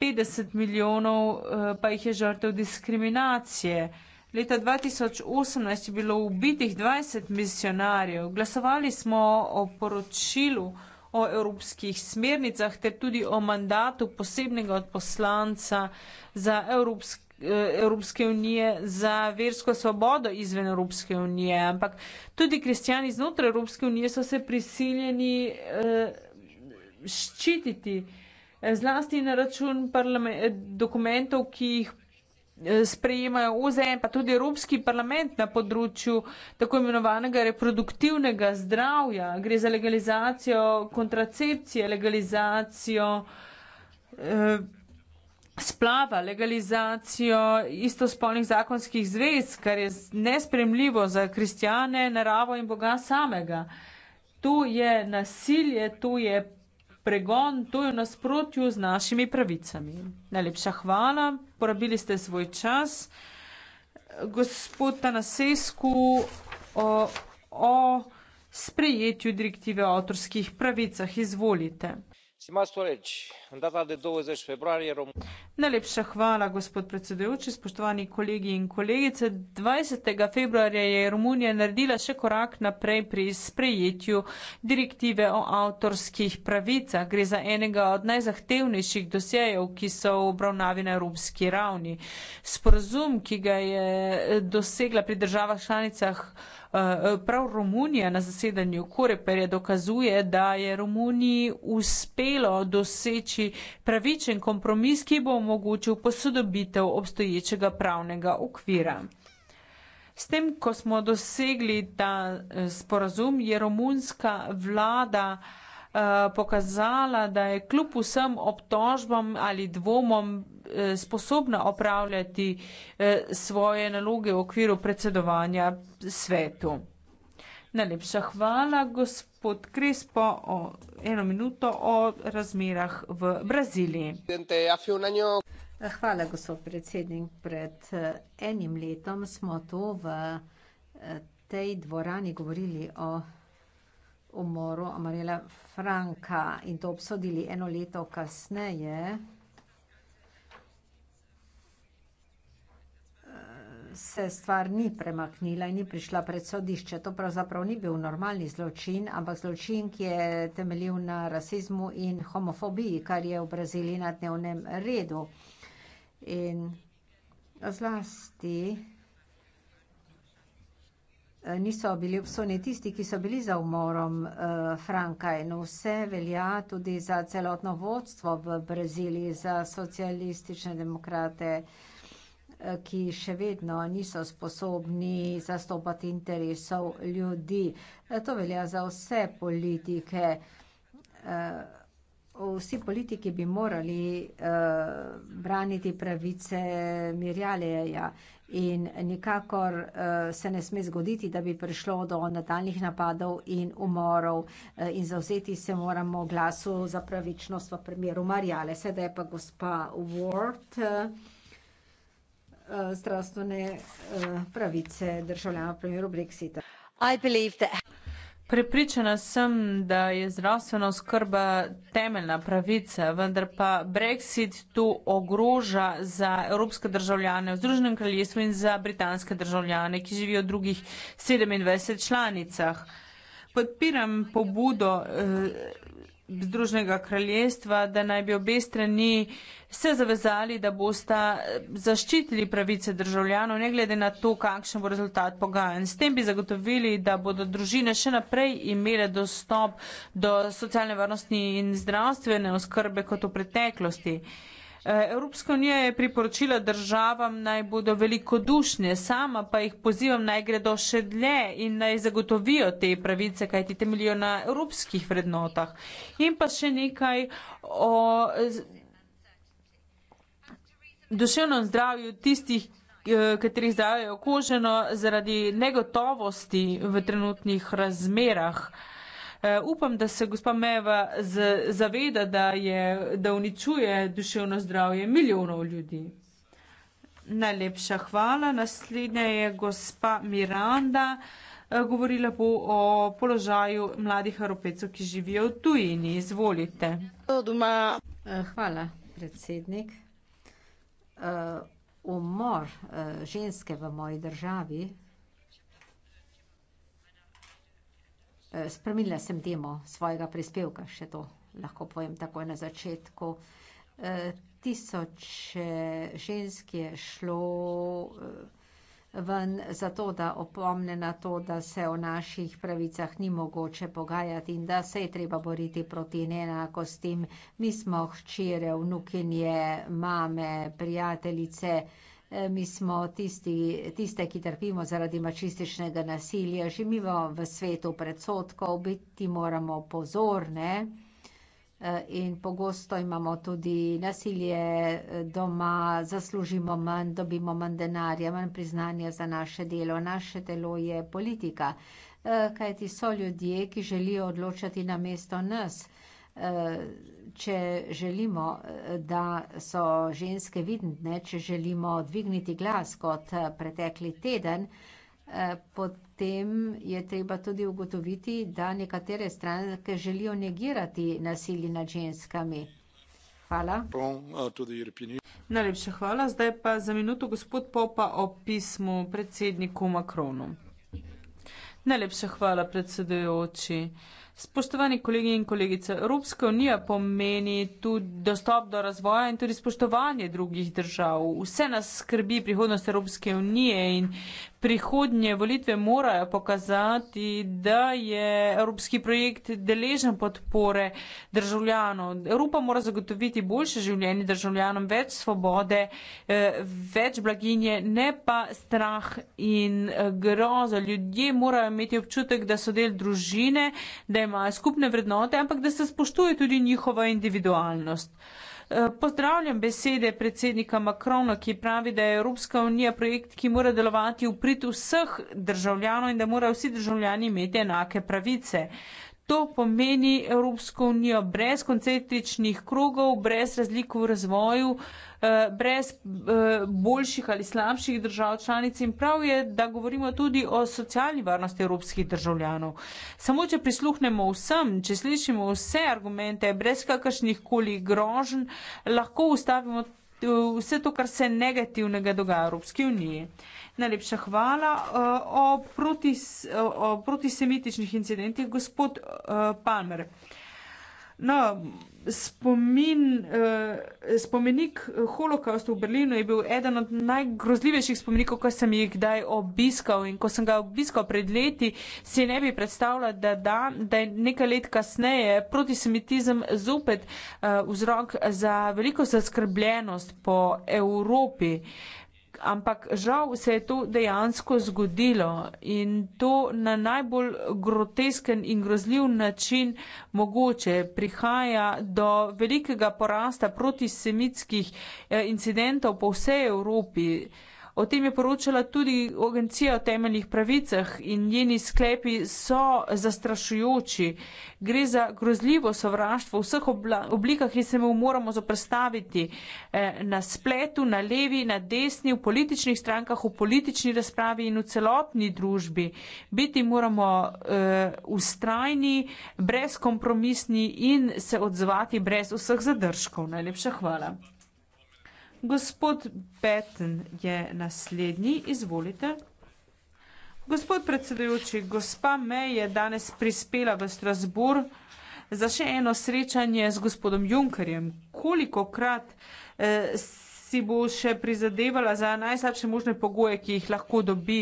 S6: 50 milijonov eh, pa jih je žrtev diskriminacije. Leta 2018 je bilo ubitih 20 misionarjev. Glasovali smo o poročilu o evropskih smernicah ter tudi o mandatu posebnega odposlanca za evropske. Eh, evropske unije za versko svobodo izven Evropske unije, ampak tudi kristijani znotraj Evropske unije so se prisiljeni eh, ščititi eh, zlasti na račun dokumentov, ki jih eh, sprejemajo OZN, pa tudi Evropski parlament na področju tako imenovanega reproduktivnega zdravja. Gre za legalizacijo kontracepcije, legalizacijo eh, splava, legalizacijo istospolnih zakonskih zvez, kar je nespremljivo za kristjane, naravo in Boga samega. To je nasilje, to je pregon, to je v nasprotju z našimi pravicami. Najlepša hvala, porabili ste svoj čas. Gospod Tanasesku o, o sprejetju direktive o avtorskih pravicah, izvolite. Najlepša hvala, gospod predsedujoči. Spoštovani kolegi in kolegice. 20. februarja je Romunija naredila še korak naprej pri sprejetju direktive o avtorskih pravicah. Gre za enega od najzahtevnejših dosjejev, ki so v obravnavi na evropski ravni. Sporazum, ki ga je dosegla pri državah članicah Eh, prav Romunija na zasedanju Koreperja dokazuje, da je Romuniji uspelo doseči pravičen kompromis, ki bo omogočil posodobitev obstoječega pravnega okvira. S tem, ko smo dosegli ta eh, sporazum, je romunska vlada uh, Eh, pokazala, da je kljub vsem obtožbam ali dvomom eh, sposobna opravljati eh, svoje naloge v okviru predsedovanja svetu. Najlepša hvala, gospod Krespo, o, eno minuto o razmerah v Braziliji.
S9: Hvala, gospod predsednik. Pred enim letom smo tu v tej dvorani govorili o umoru Amarela Franka in to obsodili eno leto kasneje. se stvar ni premaknila in ni prišla pred sodišče. To pravzaprav ni bil normalni zločin, ampak zločin, ki je temeljil na rasizmu in homofobiji, kar je v Braziliji na dnevnem redu. In zlasti niso bili obsojeni tisti, ki so bili za umorom eh, Franka in vse velja tudi za celotno vodstvo v Braziliji, za socialistične demokrate, eh, ki še vedno niso sposobni zastopati interesov ljudi. Eh, to velja za vse politike. Vsi politiki bi morali braniti pravice Mirjaleja in nikakor eh, se ne sme zgoditi, da bi prišlo do nadaljnjih napadov in umorov eh, in zavzeti se moramo glasu za pravičnost v primeru Marijale. Sedaj pa gospa Ward, eh, zdravstvene pravice
S6: državljana v primeru Brexita. I believe that... Prepričana sem, da je zdravstvena oskrba temeljna pravica, vendar pa Brexit to ogroža za evropske državljane v Združenem kraljestvu in za britanske državljane, ki živijo v drugih 27 članicah. Podpiram pobudo. Eh, Združenega kraljestva, da naj bi obe strani se zavezali, da bosta eh, zaščitili pravice državljanov, ne glede na to, kakšen bo rezultat pogajanj. S tem bi zagotovili, da bodo družine še naprej imele dostop do socialne varnosti in zdravstvene oskrbe kot v preteklosti. Eh, Evropska unija je priporočila državam naj bodo velikodušne, sama pa jih pozivam naj gredo še dlje in naj zagotovijo te pravice, kajti temeljijo na evropskih vrednotah. In pa še nekaj o duševnem zdravju tistih, eh, katerih zdravje je okoženo zaradi negotovosti v trenutnih razmerah. Eh, upam, da se gospa Meva z, zaveda, da, je, da uničuje duševno zdravje milijonov ljudi. Najlepša hvala. Naslednja je gospa Miranda. Eh, govorila bo o položaju mladih evropejcev, ki živijo v tujini. Izvolite.
S9: Eh, hvala, predsednik. Umor ženske v moji državi Eh, spremenila sem temo svojega prispevka, še to lahko povem takoj na začetku. Eh, tisoče žensk je šlo eh, ven zato, da opomne na to, da se o naših pravicah ni mogoče pogajati in da se je treba boriti proti neenakostim. Mi smo hčere, vnukinje, mame, prijateljice. Eh, mi smo tisti, tiste, ki trpimo zaradi mačističnega nasilja, živimo v svetu predsotkov, biti moramo pozorne eh, in pogosto imamo tudi nasilje eh, doma, zaslužimo manj, dobimo manj denarja, manj priznanja za naše delo. Naše delo je politika, kajti so ljudje, ki želijo odločati na mesto nas če želimo, eh, da so ženske vidne, če želimo dvigniti glas kot eh, pretekli teden, eh, potem je treba tudi ugotoviti, da nekatere stranke želijo negirati nasilje nad ženskami. Hvala.
S6: Najlepša hvala. Zdaj pa za minuto gospod Popa o pismu predsedniku Makronu. Najlepša hvala, predsedujoči. Uh, Spoštovani kolegi in kolegice, Evropska unija pomeni tudi dostop do razvoja in tudi spoštovanje drugih držav. Vse nas skrbi prihodnost Evropske unije in prihodnje volitve morajo pokazati, da je evropski projekt deležen podpore državljanov. Evropa mora zagotoviti boljše življenje državljanom, več svobode, eh, več blaginje, ne pa strah in eh, groza. Ljudje morajo imeti občutek, da so del družine, da imajo skupne vrednote, ampak da se spoštuje tudi njihova individualnost. Eh, pozdravljam besede predsednika Makrona, ki pravi, da je Evropska unija projekt, ki mora delovati v prid vseh državljanov in da morajo vsi državljani imeti enake pravice. To pomeni Evropsko unijo brez koncentričnih krogov, brez razlik v razvoju, eh, brez eh, boljših ali slabših držav članic in prav je, da govorimo tudi o socialni varnosti evropskih državljanov. Samo, če prisluhnemo vsem, če slišimo vse argumente, brez kakršnih koli grožen, lahko ustavimo eh, vse to, kar se negativnega dogaja v Evropski uniji. Najlepša hvala. O, protis, o protisemitičnih incidentih, gospod Palmer. No, spomin, e, spomenik holokaustu v Berlinu je bil eden od najgrozljivejših spomenikov, ko sem jih kdaj obiskal in ko sem ga obiskal pred leti, si ne bi predstavljal, da, da, da je nekaj let kasneje protisemitizem zopet e, vzrok za veliko zaskrbljenost po Evropi ampak žal se je to dejansko zgodilo in to na najbolj grotesken in grozljiv način mogoče prihaja do velikega porasta protisemitskih eh, incidentov po vsej Evropi. O tem je poročala tudi Agencija o temeljnih pravicah in njeni sklepi so zastrašujoči. Gre za grozljivo sovraštvo v vseh oblikah in se mu moramo zoprstaviti eh, na spletu, na levi, na desni, v političnih strankah, v politični razpravi in v celotni družbi. Biti moramo ustrajni, eh, brezkompromisni in se odzvati brez vseh zadržkov. Najlepša hvala. Gospod Betten je naslednji, izvolite. Gospod predsedujoči, gospa May je danes prispela v Strasbourg za še eno srečanje z gospodom Junkerjem. Kolikokrat eh, si bo še prizadevala za najslabše možne pogoje, ki jih lahko dobi.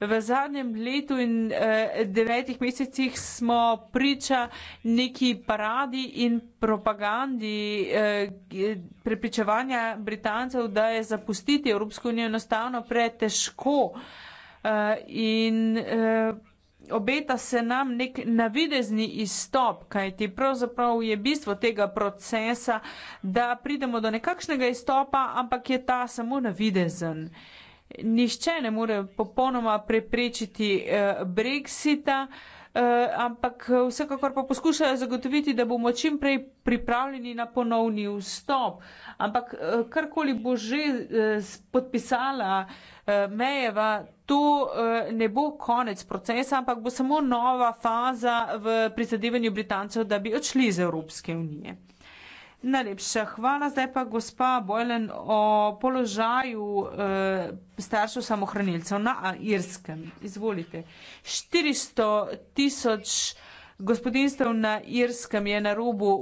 S6: V zadnjem letu in eh, devetih mesecih smo priča neki paradi in propagandi eh, prepričevanja Britancev, da je zapustiti Evropsko unijo enostavno pretežko. Eh, in, eh, obeta se nam nek navidezni izstop, kajti pravzaprav je bistvo tega procesa, da pridemo do nekakšnega izstopa, ampak je ta samo navidezen. Nihče ne more popolnoma preprečiti eh, brexita. Eh, Eh, ampak eh, vsekakor pa poskušajo zagotoviti, da bomo čim prej pripravljeni na ponovni vstop. Ampak eh, karkoli bo že podpisala Mejeva, to ne bo konec procesa, ampak bo samo nova faza v prizadevanju Britancev, da bi odšli iz Evropske unije. Najlepša hvala. Zdaj pa gospa Bojlen o položaju e, staršev samohranilcev na Irskem. Izvolite. 400 tisoč gospodinstv na Irskem je na robu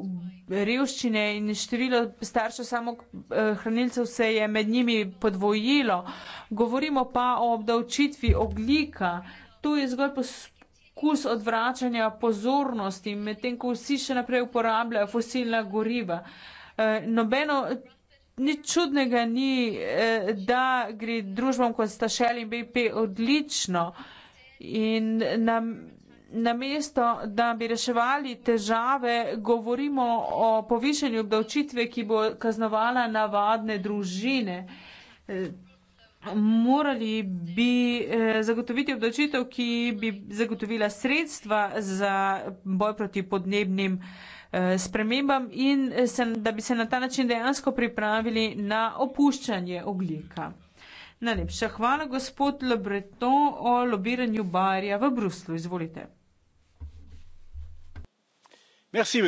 S6: revščine in število staršev samohranilcev se je med njimi podvojilo. Govorimo pa o obdavčitvi oglika. Tu je zgolj posp poskus odvračanja pozornosti, medtem ko vsi še naprej uporabljajo fosilna goriva. Eh, nobeno, nič čudnega ni, eh, da gre družbam kot Stašel in BP odlično in nam. Na mesto, da bi reševali težave, govorimo o povišenju obdavčitve, ki bo kaznovala navadne družine. Eh, Morali bi eh, zagotoviti obdočitev, ki bi zagotovila sredstva za boj proti podnebnim eh, spremembam in eh, se, da bi se na ta način dejansko pripravili na opuščanje oglika. Najlepša hvala, gospod Le Breton, o lobiranju Barja v Bruslu. Izvolite. Merci,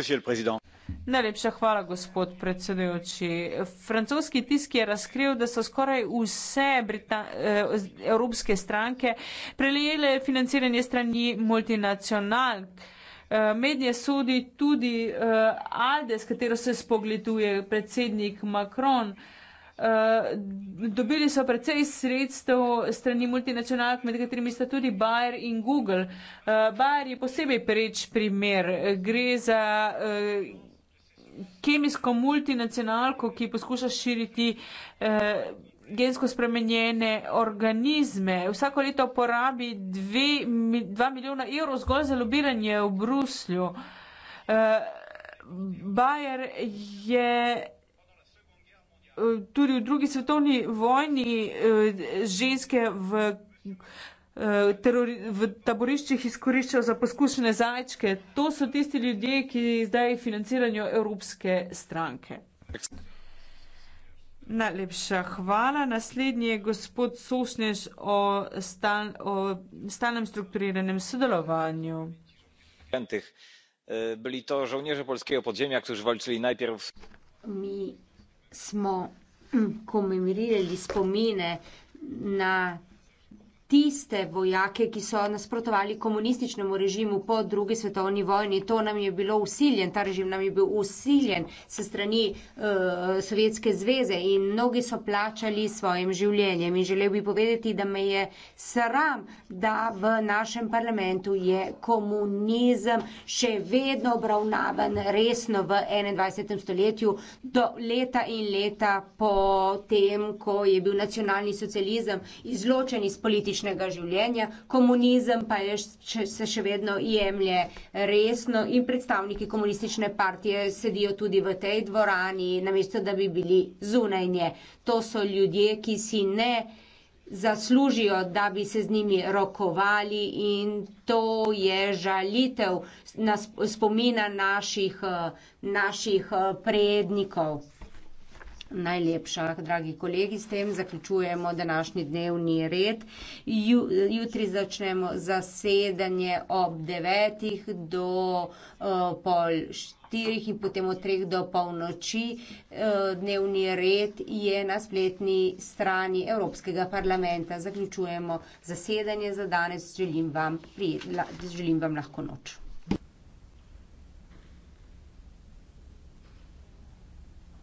S6: Najlepša hvala, gospod predsedujoči. Francoski tisk je razkril, da so skoraj vse Brita eh, evropske stranke prelijele financiranje strani multinacionalk. Eh, Mednje sodi tudi eh, Alde, s katero se spogleduje predsednik Macron. Dobili so precej sredstev strani multinacionalk, med katerimi sta tudi Bayer in Google. Bayer je posebej preč primer. Gre za kemijsko multinacionalko, ki poskuša širiti eh, gensko spremenjene organizme. Vsako leto porabi 2 milijona evrov zgolj za lobiranje v Bruslju. Eh, Bayer je eh, tudi v drugi svetovni vojni eh, ženske v. Eh, terori, v taboriščih izkoriščajo za poskušene zajčke. To so tisti ljudje, ki zdaj financirajo evropske stranke. Najlepša hvala. Naslednji je gospod Sošnež o, stal, o stalnem strukturiranem sodelovanju.
S3: E, Bili to žovnježe polskega podzemlja, ki so žvalčili najprej.
S6: Mi smo
S12: komemorirali spomine na tiste vojake, ki so nasprotovali komunističnemu režimu po drugi svetovni vojni. To nam je bilo usiljen, ta režim nam je bil usiljen se strani uh, Sovjetske zveze in mnogi so plačali svojim življenjem. In želel bi povedati, da me je sram, da v našem parlamentu je komunizem še vedno obravnavan resno v 21. stoletju do leta in leta po tem, ko je bil nacionalni socializem izločen iz politične političnega življenja, komunizem pa je, če se še vedno jemlje resno in predstavniki komunistične partije sedijo tudi v tej dvorani, namesto da bi bili zunaj nje. To so ljudje, ki si ne zaslužijo, da bi se z njimi rokovali in to je žalitev spomina naših, eh, naših eh, prednikov. Najlepša. Dragi kolegi, s tem zaključujemo današnji dnevni red. Ju, jutri začnemo zasedanje ob devetih do uh, pol štirih in potem od treh do polnoči. Uh, dnevni red je na spletni strani Evropskega parlamenta. Zaključujemo zasedanje za danes. Želim vam, pri, la, želim vam lahko noč.